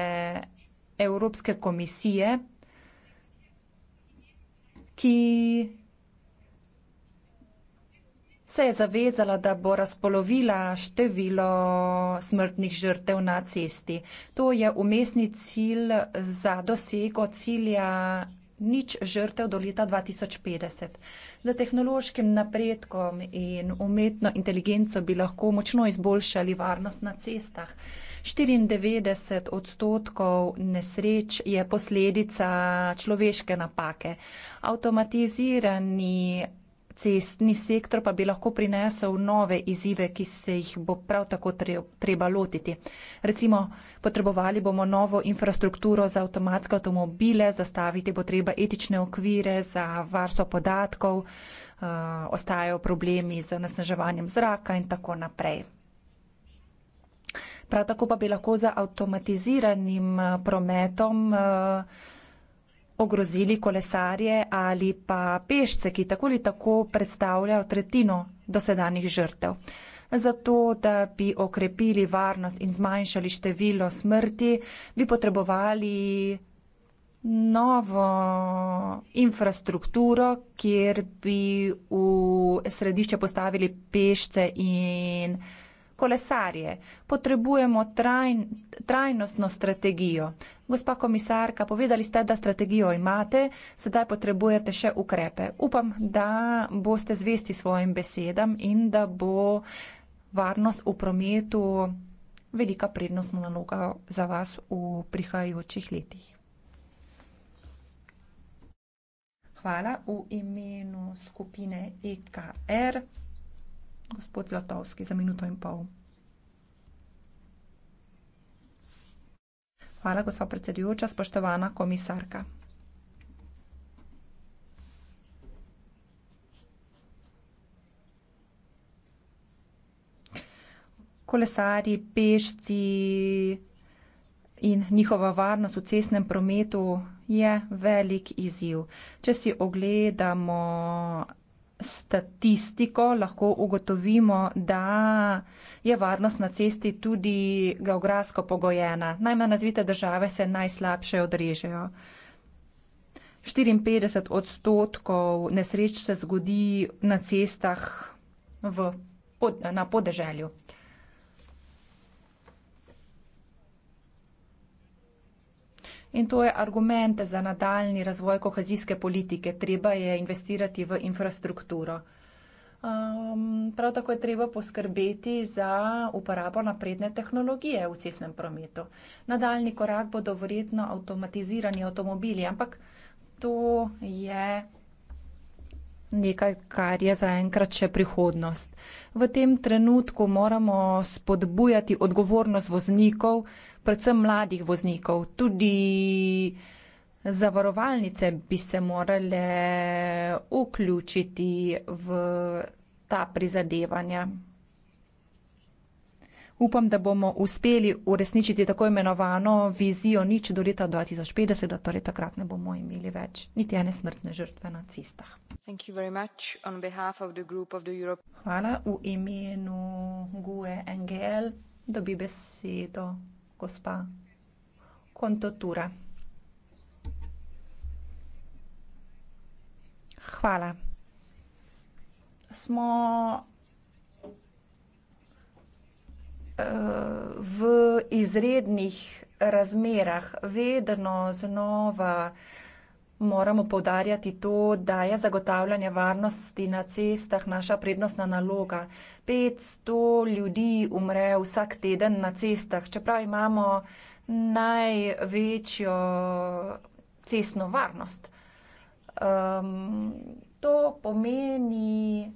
Evropske komisije, ki se je zavezala, da bo razpolovila število smrtnih žrtev na cesti. To je umestni cilj za dosego cilja nič žrtev do leta 2050. Za tehnološkim napredkom in umetno inteligenco bi lahko močno izboljšali varnost na cestah. 94 odstotkov nesreč je posledica človeške napake. Avtomatizirani cestni sektor pa bi lahko prinesel nove izzive, ki se jih bo prav tako treba lotiti. Recimo, potrebovali bomo novo infrastrukturo za avtomatske avtomobile, zastaviti bo treba etične okvire za varstvo podatkov, eh, ostajajo problemi z nasneževanjem zraka in tako naprej. Prav tako pa bi lahko za avtomatiziranim eh, prometom uh, ogrozili kolesarje ali pa pešce, ki tako ali tako predstavljajo tretjino dosedanjih žrtev. Zato, da bi okrepili varnost in zmanjšali število smrti, bi potrebovali novo infrastrukturo, kjer bi v središče postavili pešce in kolesarje. Potrebujemo trajn, trajnostno strategijo. Gospa komisarka, povedali ste, da strategijo imate, sedaj potrebujete še ukrepe. Upam, da boste zvesti svojim besedam in da bo varnost v prometu velika prednostna naloga za vas v prihajajočih letih. Hvala v imenu skupine EKR gospod Zlatovski za minuto in pol. Hvala, gospa predsedujoča, spoštovana komisarka. Kolesarji, pešci in njihova varnost v cestnem prometu je velik izziv. Če si ogledamo statistiko lahko ugotovimo, da je varnost na cesti tudi geografsko pogojena. Najmanj razvite države se najslabše odrežejo. 54 odstotkov nesreč se zgodi na cestah v, pod, na podeželju. In to je argument za nadaljni razvoj kohezijske politike. Treba je investirati v infrastrukturo. Um, prav tako je treba poskrbeti za uporabo napredne tehnologije v cestnem prometu. Nadaljni korak bodo verjetno avtomatizirani avtomobili, ampak to je nekaj, kar je zaenkrat še prihodnost. V tem trenutku moramo spodbujati odgovornost voznikov, predvsem mladih voznikov. Tudi zavarovalnice bi se morale vključiti v ta prizadevanja. Upam, da bomo uspeli uresničiti tako imenovano vizijo nič do leta 2050, da torej takrat ne bomo imeli več niti ene smrtne žrtve na cestah. Hvala v imenu GUE NGL, da bi besedo gospa Kontotura. Hvala. Smo eh, v izrednih razmerah, vedno znova moramo povdarjati to, da je zagotavljanje varnosti na cestah naša prednostna naloga. 500 ljudi umre vsak teden na cestah, čeprav imamo največjo cestno varnost. Um, to pomeni,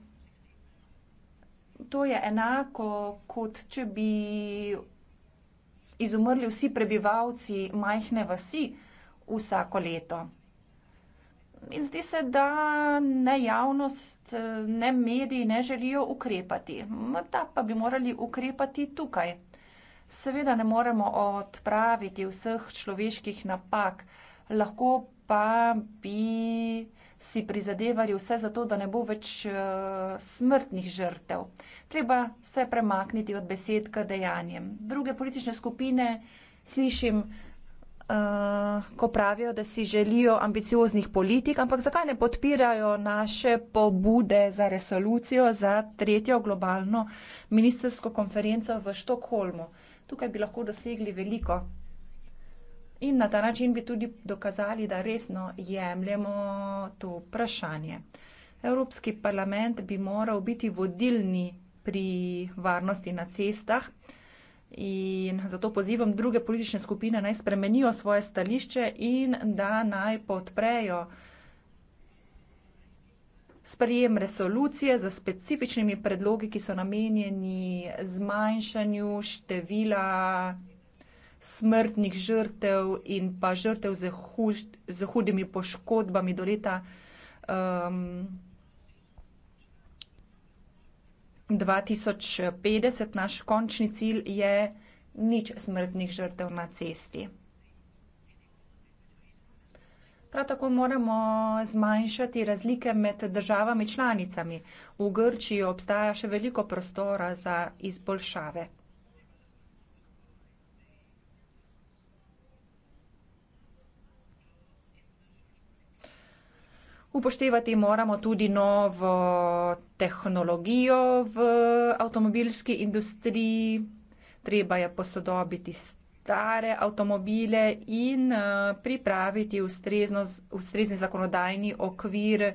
to je enako, kot če bi izumrli vsi prebivalci majhne vasi vsako leto. In zdi se, da ne javnost, eh, ne mediji ne želijo ukrepati. Morda pa bi morali ukrepati tukaj. Seveda ne moremo odpraviti vseh človeških napak, lahko pa bi si prizadevali vse zato, da ne bo več eh, smrtnih žrtev. Treba se premakniti od besed k dejanjem. Druge politične skupine slišim Eh, ko pravijo, da si želijo ambicioznih politik, ampak zakaj ne podpirajo naše pobude za resolucijo za tretjo globalno ministersko konferenco v Štokholmu? Tukaj bi lahko dosegli veliko. In na ta način bi tudi dokazali, da resno jemljemo to vprašanje. Evropski parlament bi moral biti vodilni pri varnosti na cestah. In zato pozivam druge politične skupine naj spremenijo svoje stališče in da naj podprejo sprejem resolucije za specifičnimi predlogi, ki so namenjeni zmanjšanju števila smrtnih žrtev in pa žrtev z, hu z hudimi poškodbami do leta. Um, 2050 naš končni cilj je nič smrtnih žrtev na cesti. Prav tako moramo zmanjšati razlike med državami članicami. V Grčiji obstaja še veliko prostora za izboljšave. Upoštevati moramo tudi novo tehnologijo v avtomobilski industriji. Treba je posodobiti stare avtomobile in eh, pripraviti ustrezno, ustrezni zakonodajni okvir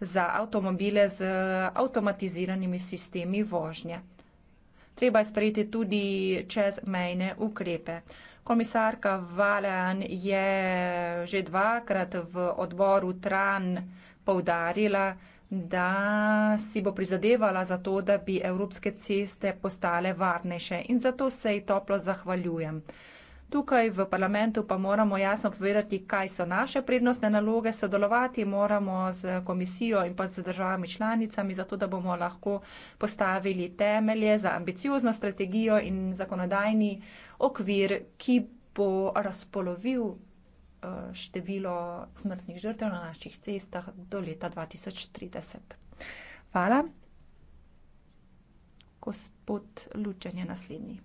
za avtomobile z avtomatiziranimi sistemi vožnje. Treba je sprejeti tudi čezmejne ukrepe. Komisarka Valen je že dvakrat v odboru Tran povdarila, da si bo prizadevala za to, da bi evropske ceste postale varnejše in zato se ji toplo zahvaljujem. Tukaj v parlamentu pa moramo jasno povedati, kaj so naše prednostne naloge, sodelovati moramo z komisijo in pa z državami članicami, zato da bomo lahko postavili temelje za ambiciozno strategijo in zakonodajni okvir, ki bo razpolovil eh, število smrtnih žrtev na naših cestah do leta 2030. Hvala. Gospod Lučen je naslednji.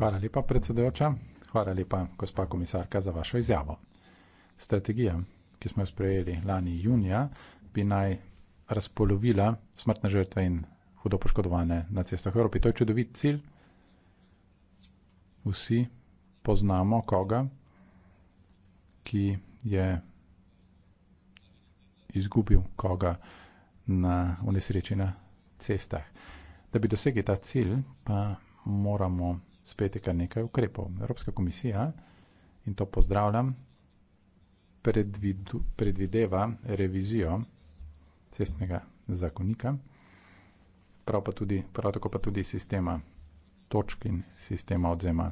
Hvala lepa, predsedujoča. Hvala lepa, gospa komisarka, za vašo izjavo. Strategija, ki smo jo sprejeli lani junija, bi naj razpolovila smrtne žrtve in hudo poškodovane na cestah Evropi. To je čudovit cilj, vsi poznamo koga, ki je izgubil koga na nesreči na cestah. Da bi dosegli ta cilj, pa moramo spet kar nekaj ukrepov. Evropska komisija, in to pozdravljam, predvidu, predvideva revizijo cestnega zakonika, prav, pa tudi, prav tako pa tudi sistema točk in sistema odzema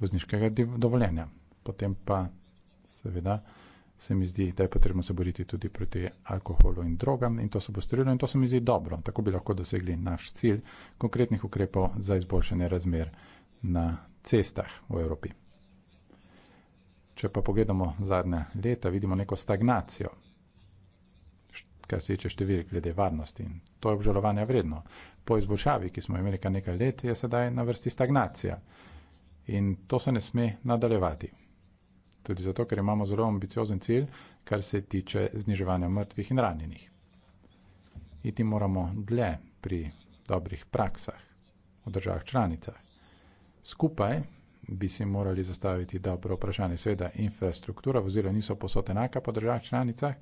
vozniškega dovoljenja. Potem pa, seveda, se mi zdi, da je potrebno se boriti tudi proti alkoholu in drogam in to se bo storilo in to se mi zdi dobro. Tako bi lahko dosegli naš cilj konkretnih ukrepov za izboljšanje razmer na cestah v Evropi. Če pa pogledamo zadnja leta, vidimo neko stagnacijo, kar se tiče številk glede varnosti. To je obžalovanja vredno po izboljšavi, ki smo imeli kar nekaj let, je sedaj na vrsti stagnacija. In to se ne sme nadaljevati. Tudi zato, ker imamo zelo ambiciozen cilj, kar se tiče zniževanja mrtvih in ranjenih. Iti moramo dlje pri dobrih praksah v državah članicah. Skupaj bi si morali zastaviti dobro vprašanje. Seveda, infrastruktura, vozila niso posod enaka po državah članicah,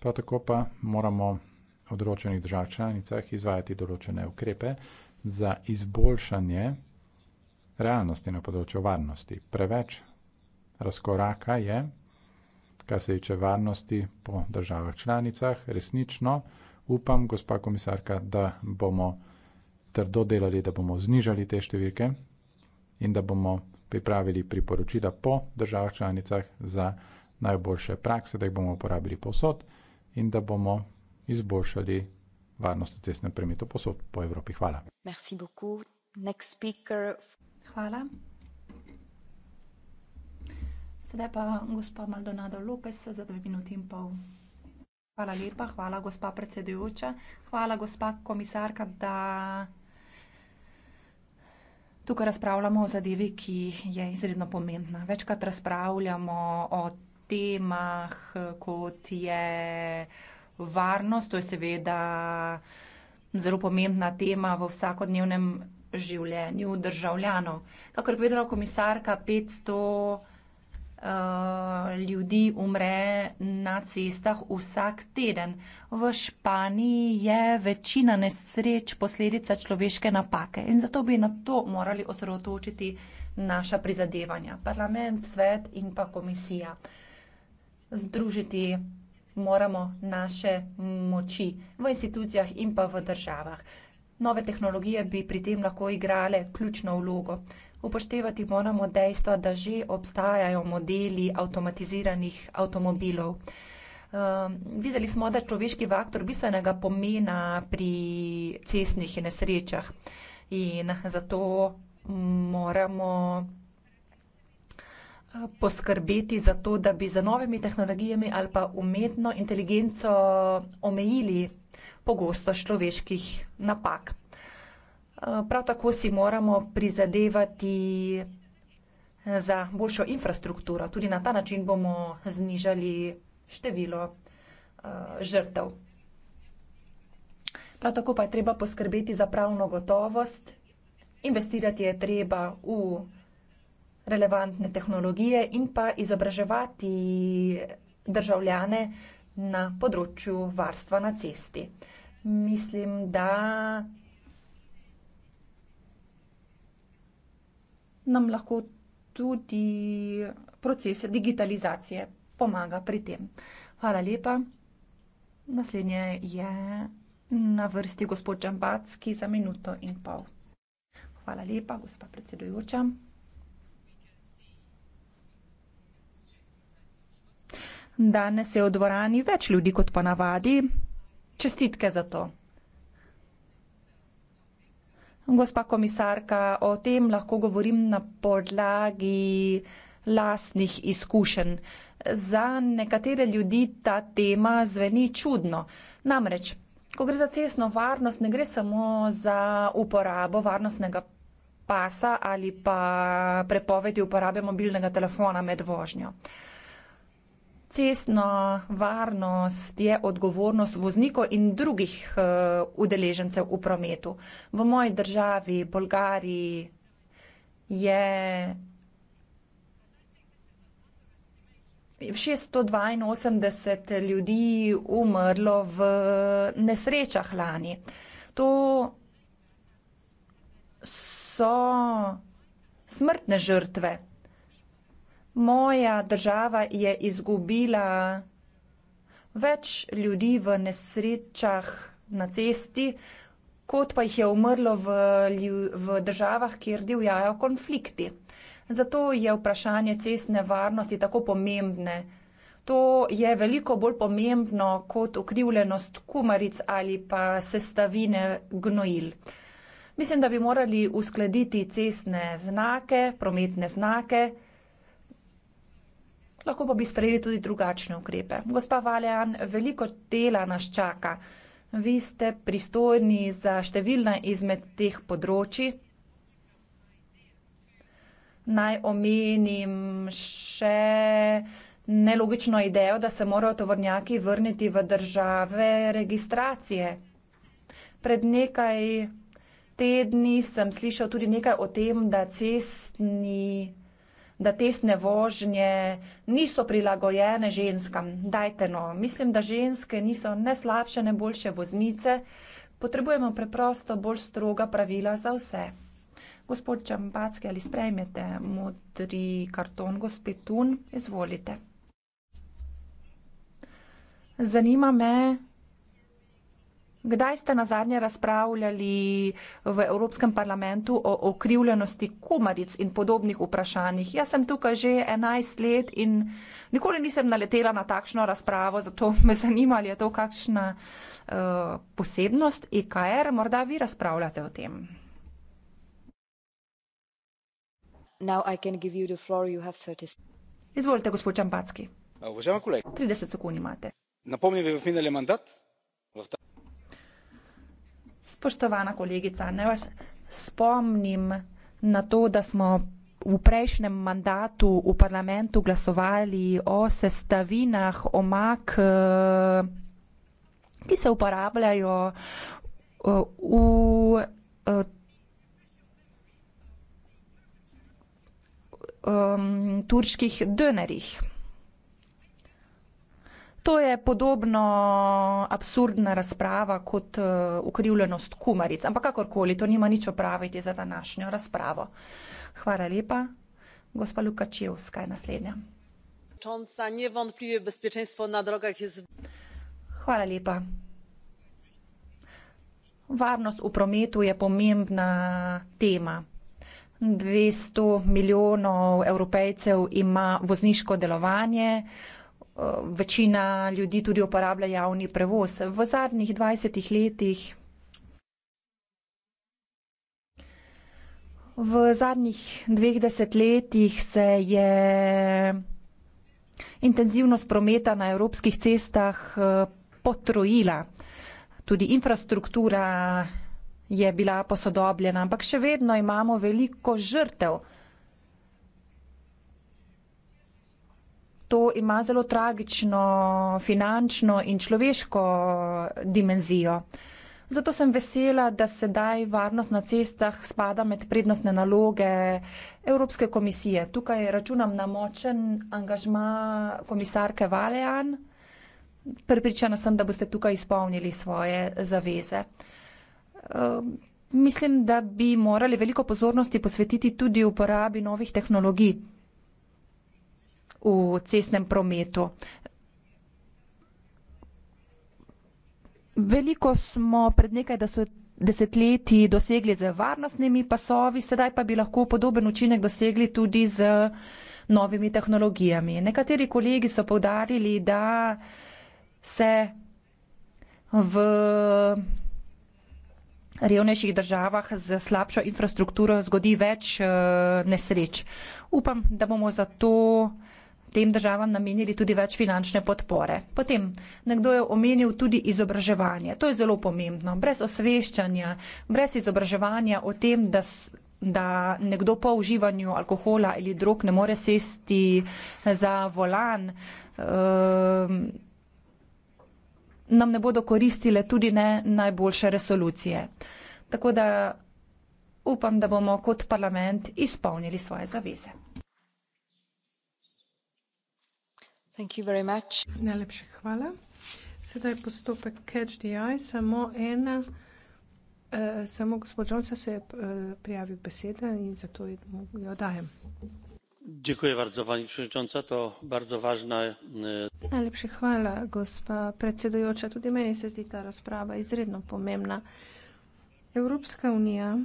prav tako pa moramo v določenih državah članicah izvajati določene ukrepe za izboljšanje realnosti na področju varnosti. Preveč razkoraka je, kar se tiče varnosti po državah članicah, resnično upam, gospa komisarka, da bomo trdo delali, da bomo znižali te številke in da bomo pripravili priporočila po državah članicah za najboljše prakse, da jih bomo uporabili posod in da bomo izboljšali varnost cestnem premetu posod po Evropi. Hvala. Hvala. Sedaj pa gospa Maldonado Lopes za dve minuti in pol. Hvala lepa, hvala gospa predsedujoča, hvala gospa komisarka, da tukaj razpravljamo o zadevi, ki je izredno pomembna. Večkrat razpravljamo o temah, kot je varnost, to je seveda zelo pomembna tema v vsakodnevnem življenju državljanov. Kako je povedala komisarka, 500 uh, eh, ljudi umre na cestah vsak teden. V Španiji je večina nesreč posledica človeške napake in zato bi na to morali osredotočiti naša prizadevanja. Parlament, svet in pa komisija. Združiti moramo naše moči v institucijah in pa v državah. Nove tehnologije bi pri tem lahko igrale ključno vlogo. Upoštevati moramo dejstva, da že obstajajo modeli avtomatiziranih avtomobilov. Uh, videli smo, da je človeški faktor bistvenega pomena pri cestnih nesrečah in zato moramo poskrbeti za to, da bi z novimi tehnologijami ali pa umetno inteligenco omejili pogostost človeških napak. Eh, prav tako si moramo prizadevati eh, za boljšo infrastrukturo. Tudi na ta način bomo znižali število eh, žrtev. Prav tako pa je treba poskrbeti za pravno gotovost. Investirati je treba v relevantne tehnologije in pa izobraževati državljane na področju varstva na cesti. Mislim, da nam lahko tudi proces digitalizacije pomaga pri tem. Hvala lepa. Naslednje je na vrsti gospod Džambac, ki za minuto in pol. Hvala lepa, gospa predsedujoča. Danes je v dvorani več ljudi kot pa navadi. Čestitke za to. Gospa komisarka, o tem lahko govorim na podlagi lastnih izkušenj. Za nekatere ljudi ta tema zveni čudno. Namreč, ko gre za cestno varnost, ne gre samo za uporabo varnostnega pasa ali pa prepovedi uporabe mobilnega telefona med vožnjo cestna varnost je odgovornost voznikov in drugih uh, udeležencev v prometu. V moji državi, Bolgariji, je 682 ljudi umrlo v nesrečah lani. To so smrtne žrtve moja država je izgubila več ljudi v nesrečah na cesti, kot pa jih je umrlo v, v državah, kjer divjajo konflikti. Zato je vprašanje cestne varnosti tako pomembne. To je veliko bolj pomembno kot ukrivljenost kumaric ali pa sestavine gnojil. Mislim, da bi morali uskladiti cestne znake, prometne znake, lahko pa bi sprejeli tudi drugačne ukrepe. Gospa Valjan, veliko dela nas čaka. Vi ste pristojni za številna izmed teh področji. Naj omenim še nelogično idejo, da se morajo tovornjaki vrniti v države registracije. Pred nekaj tedni sem slišal tudi nekaj o tem, da cestni da tesne vožnje niso prilagojene ženskam. Dajte no, mislim, da ženske niso ne slabše, ne boljše voznice. Potrebujemo preprosto bolj stroga pravila za vse. Gospod Čambacki, ali sprejmete modri karton, gospod Tun, izvolite. Zanima me, Kdaj ste na zadnje razpravljali v Evropskem parlamentu o okrivljenosti kumaric in podobnih vprašanjih? Jaz sem tukaj že 11 let in nikoli nisem naletela na takšno razpravo, zato me zanima, ali je to kakšna uh, posebnost IKR. E Morda vi razpravljate o tem. Izvolite, gospod Čambacki. 30 sekund imate. Napomnim, da je v minulem mandatu. Spoštovana kolegica, ne vas spomnim na to, da smo v prejšnjem mandatu v parlamentu glasovali o sestavinah omak, eh, ki se uporabljajo eh, v eh, um, turških dönerih. To je podobno absurdna razprava kot eh, ukrivljenost kumaric, ampak kakorkoli, to nima nič opraviti za današnjo razpravo. Hvala lepa. Gospa Lukačevska je naslednja. Hvala lepa. Varnost v prometu je pomembna tema. 200 milijonov evropejcev ima vozniško delovanje. Eh, večina ljudi tudi uporablja javni prevoz. V zadnjih 20 letih V zadnjih dveh desetletjih se je intenzivnost prometa na evropskih cestah eh, potrojila. Tudi infrastruktura je bila posodobljena, ampak še vedno imamo veliko žrtev. to ima zelo tragično finančno in človeško dimenzijo. Zato sem vesela, da sedaj varnost na cestah spada med prednostne naloge Evropske komisije. Tukaj računam na močen angažma komisarke Valean. Pripričana sem, da boste tukaj izpolnili svoje zaveze. Ehm, mislim, da bi morali veliko pozornosti posvetiti tudi uporabi novih tehnologij v cestnem prometu. Veliko smo pred nekaj desetletji dosegli z varnostnimi pasovi, sedaj pa bi lahko podoben učinek dosegli tudi z novimi tehnologijami. Nekateri kolegi so povdarili, da se v revnejših državah z slabšo infrastrukturo zgodi več eh, nesreč. Upam, da bomo za to vsega tem državam namenili tudi več finančne podpore. Potem, nekdo je omenil tudi izobraževanje. To je zelo pomembno. Brez osveščanja, brez izobraževanja o tem, da da nekdo po uživanju alkohola ali drog ne more sesti eh, za volan, um, nam ne bodo koristile tudi ne najboljše resolucije. Tako da upam, da bomo kot parlament izpolnili svoje zaveze. Najlepša hvala. Sedaj postopek Catch the Eye, samo ena, uh, samo gospod Johnson se je uh, prijavil besede in zato jo dajem. Dziękuję bardzo, pani przewodnicząca. To bardzo ważne. Najlepsza chwała, gospa przewodnicząca. Tudi meni się zdi ta rozprawa izredno pomemna. Europejska Unia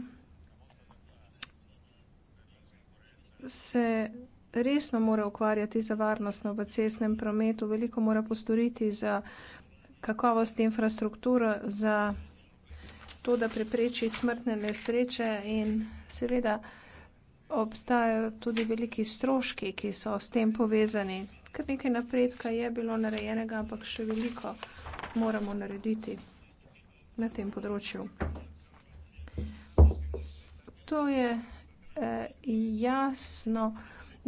se resno mora ukvarjati za varnostno v cestnem prometu, veliko mora postoriti za kakovost infrastrukture, za to, da prepreči smrtne nesreče in seveda obstajajo tudi veliki stroški, ki so s tem povezani. Ker nekaj napredka je bilo narejenega, ampak še veliko moramo narediti na tem področju. To je eh, jasno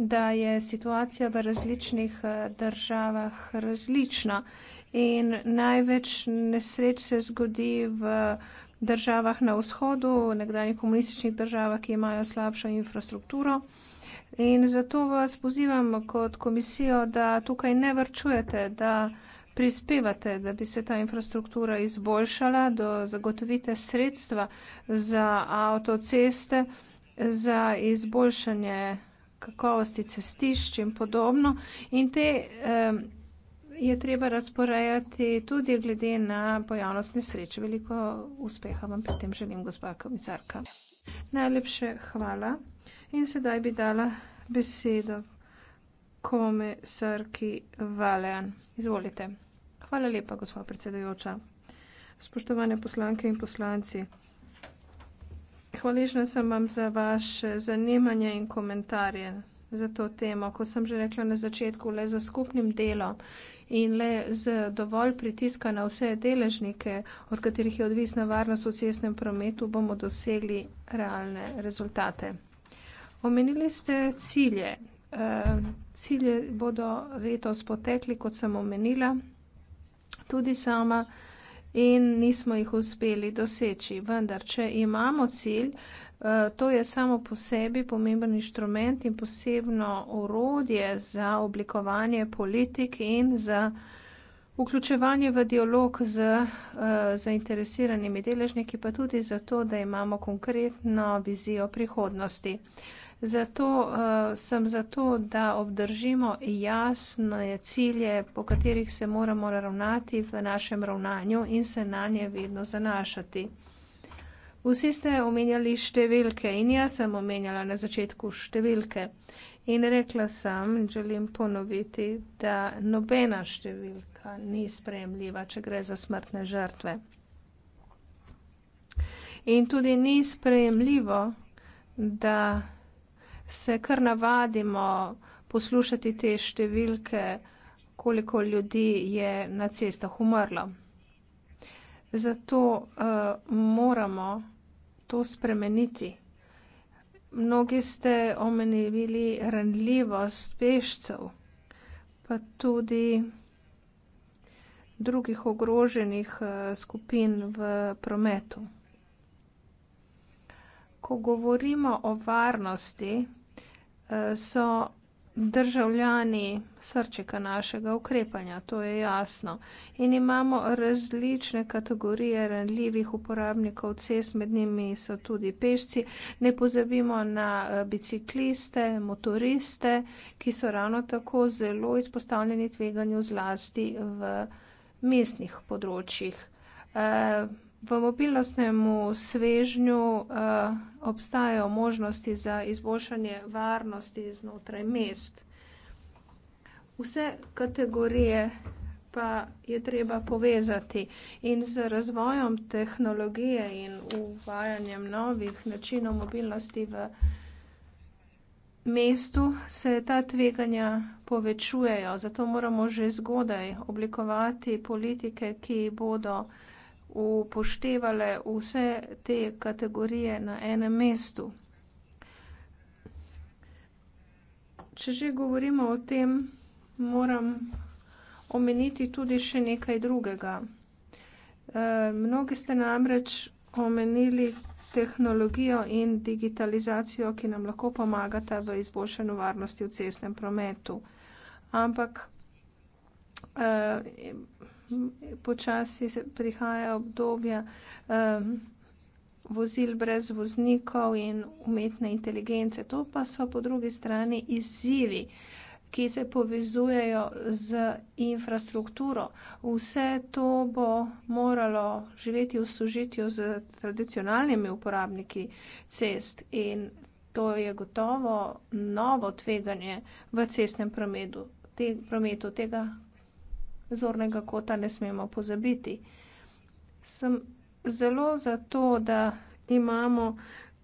da je situacija v različnih eh, državah različna in največ nesreč se zgodi v državah na vzhodu, v nekdanjih komunističnih državah, ki imajo slabšo infrastrukturo. In zato vas pozivam kot komisijo, da tukaj ne vrčujete, da prispevate, da bi se ta infrastruktura izboljšala, da zagotovite sredstva za avtoceste, za izboljšanje kakovosti cestišč in podobno. In te um, je treba razporejati tudi glede na pojavnost nesreč. Veliko uspeha vam pri tem želim, gospa komisarka. Najlepše hvala. In sedaj bi dala besedo komisarki Valean. Izvolite. Hvala lepa, gospa predsedujoča. Spoštovane poslanke in poslanci. Hvaležna sem vam za vaše zanimanje in komentarje za to temo. Ko sem že rekla na začetku, le za skupnim delom in le z dovolj pritiska na vse deležnike, od katerih je odvisna varnost v cestnem prometu, bomo dosegli realne rezultate. Omenili ste cilje. Eh, cilje bodo letos potekli, kot sem omenila. Tudi sama in nismo jih uspeli doseči. Vendar, če imamo cilj, eh, to je samo po sebi pomemben inštrument in posebno orodje za oblikovanje politik in za vključevanje v dialog z eh, zainteresiranimi deležniki, pa tudi zato, da imamo konkretno vizijo prihodnosti. Zato uh, sem zato, da obdržimo jasne cilje, po katerih se moramo ravnati v našem ravnanju in se na nje vedno zanašati. Vsi ste omenjali številke in jaz sem omenjala na začetku številke. In rekla sem, želim ponoviti, da nobena številka ni spremljiva, če gre za smrtne žrtve. In tudi ni spremljivo, da se kar navadimo poslušati te številke, koliko ljudi je na cestah umrlo. Zato uh, moramo to spremeniti. Mnogi ste omenili ranljivost pešcev, pa tudi drugih ogroženih eh, skupin v prometu. Ko govorimo o varnosti, Eh, so državljani srčika našega ukrepanja, to je jasno. In imamo različne kategorije ranljivih uporabnikov cest, med njimi so tudi pešci. Ne pozabimo na eh, bicikliste, motoriste, ki so ravno tako zelo izpostavljeni tveganju zlasti v mestnih področjih. Uh, V mobilnostnem svežnju uh, obstajajo možnosti za izboljšanje varnosti znotraj mest. Vse kategorije pa je treba povezati in z razvojem tehnologije in uvajanjem novih načinov mobilnosti v mestu se ta tveganja povečujejo. Zato moramo že zgodaj oblikovati politike, ki bodo upoštevale vse te kategorije na enem mestu. Če že govorimo o tem, moram omeniti tudi še nekaj drugega. Eh, mnogi ste namreč omenili tehnologijo in digitalizacijo, ki nam lahko pomagata v izboljšanju varnosti v cestnem prometu. Ampak eh, počasi prihaja obdobje um, vozil brez voznikov in umetne inteligence. To pa so po drugi strani izzivi, ki se povezujejo z infrastrukturo. Vse to bo moralo živeti v sožitju z tradicionalnimi uporabniki cest in to je gotovo novo tveganje v cestnem prometu. Te, prometu tega zornega kota ne smemo pozabiti. Sem zelo za to, da imamo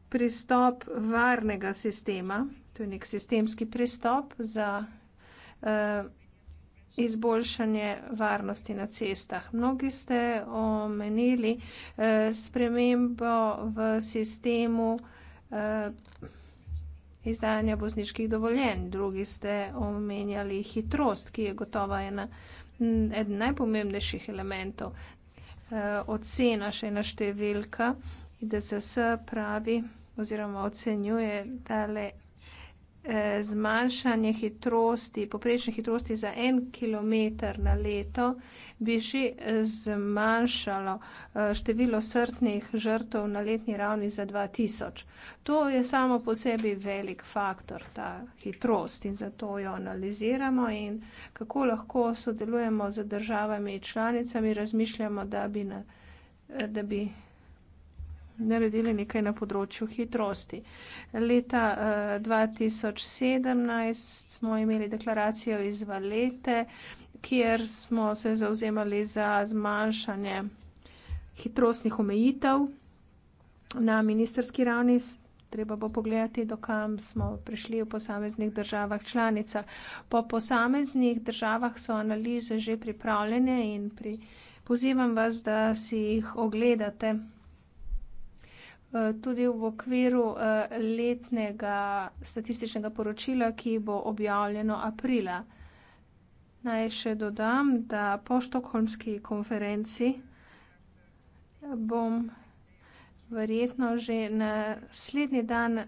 pristop varnega sistema, to je nek sistemski pristop za uh, izboljšanje varnosti na cestah. Mnogi ste omenili uh, spremembo v sistemu uh, izdajanja bozniških dovoljenj, drugi ste omenjali hitrost, ki je gotovo ena uh, eden najpomembnejših elementov. Eh, ocena še ena številka, IDSS pravi oziroma ocenjuje, da le Eh, zmanjšanje hitrosti, poprečne hitrosti za en kilometr na leto, bi že eh, zmanjšalo eh, število srtnih žrtov na letni ravni za 2000. To je samo po sebi velik faktor, ta hitrost in zato jo analiziramo in kako lahko sodelujemo z državami članicami, razmišljamo, da bi, na, da bi naredili nekaj na področju hitrosti. Leta uh, eh, 2017 smo imeli deklaracijo iz Valete, kjer smo se zauzemali za zmanjšanje hitrostnih omejitev na ministerski ravni. Treba bo pogledati, dokam smo prišli v posameznih državah članicah. Po posameznih državah so analize že pripravljene in pri, pozivam vas, da si jih ogledate. Eh, tudi v okviru eh, letnega statističnega poročila, ki bo objavljeno aprila. Naj še dodam, da po štokholmski konferenci eh, bom verjetno že naslednji dan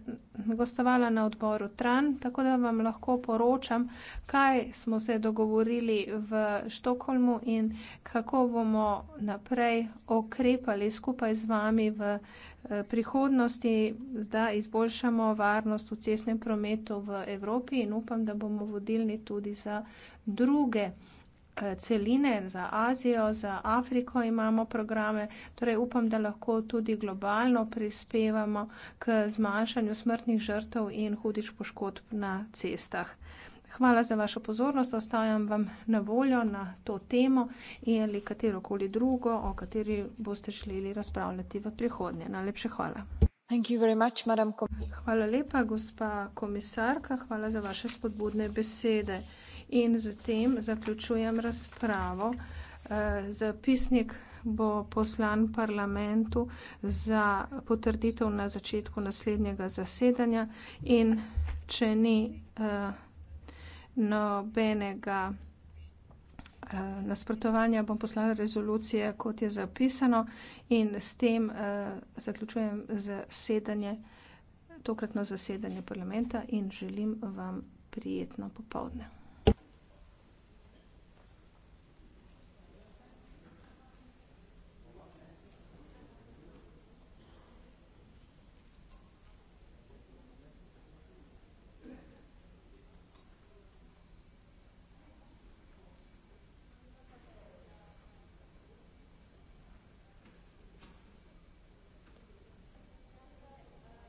gostovala na odboru Tran, tako da vam lahko poročam, kaj smo se dogovorili v Štokholmu in kako bomo naprej okrepali skupaj z vami v Eh, prihodnosti, da izboljšamo varnost v cestnem prometu v Evropi in upam, da bomo vodilni tudi za druge eh, celine, za Azijo, za Afriko imamo programe, torej upam, da lahko tudi globalno prispevamo k zmanjšanju smrtnih žrtev in hudič poškodb na cestah. Hvala za vašo pozornost. Ostajam vam na voljo na to temo ali katero koli drugo, o kateri boste želeli razpravljati v prihodnje. Najlepše hvala. Much, hvala lepa, gospa komisarka. Hvala za vaše spodbudne besede. In z tem zaključujem razpravo. Eh, zapisnik bo poslan parlamentu za potrditev na začetku naslednjega zasedanja in če ni. Uh, nobenega eh, nasprotovanja bom poslala rezolucije, kot je zapisano in s tem uh, zaključujem zasedanje, tokratno zasedanje parlamenta in želim vam prijetno popovdne.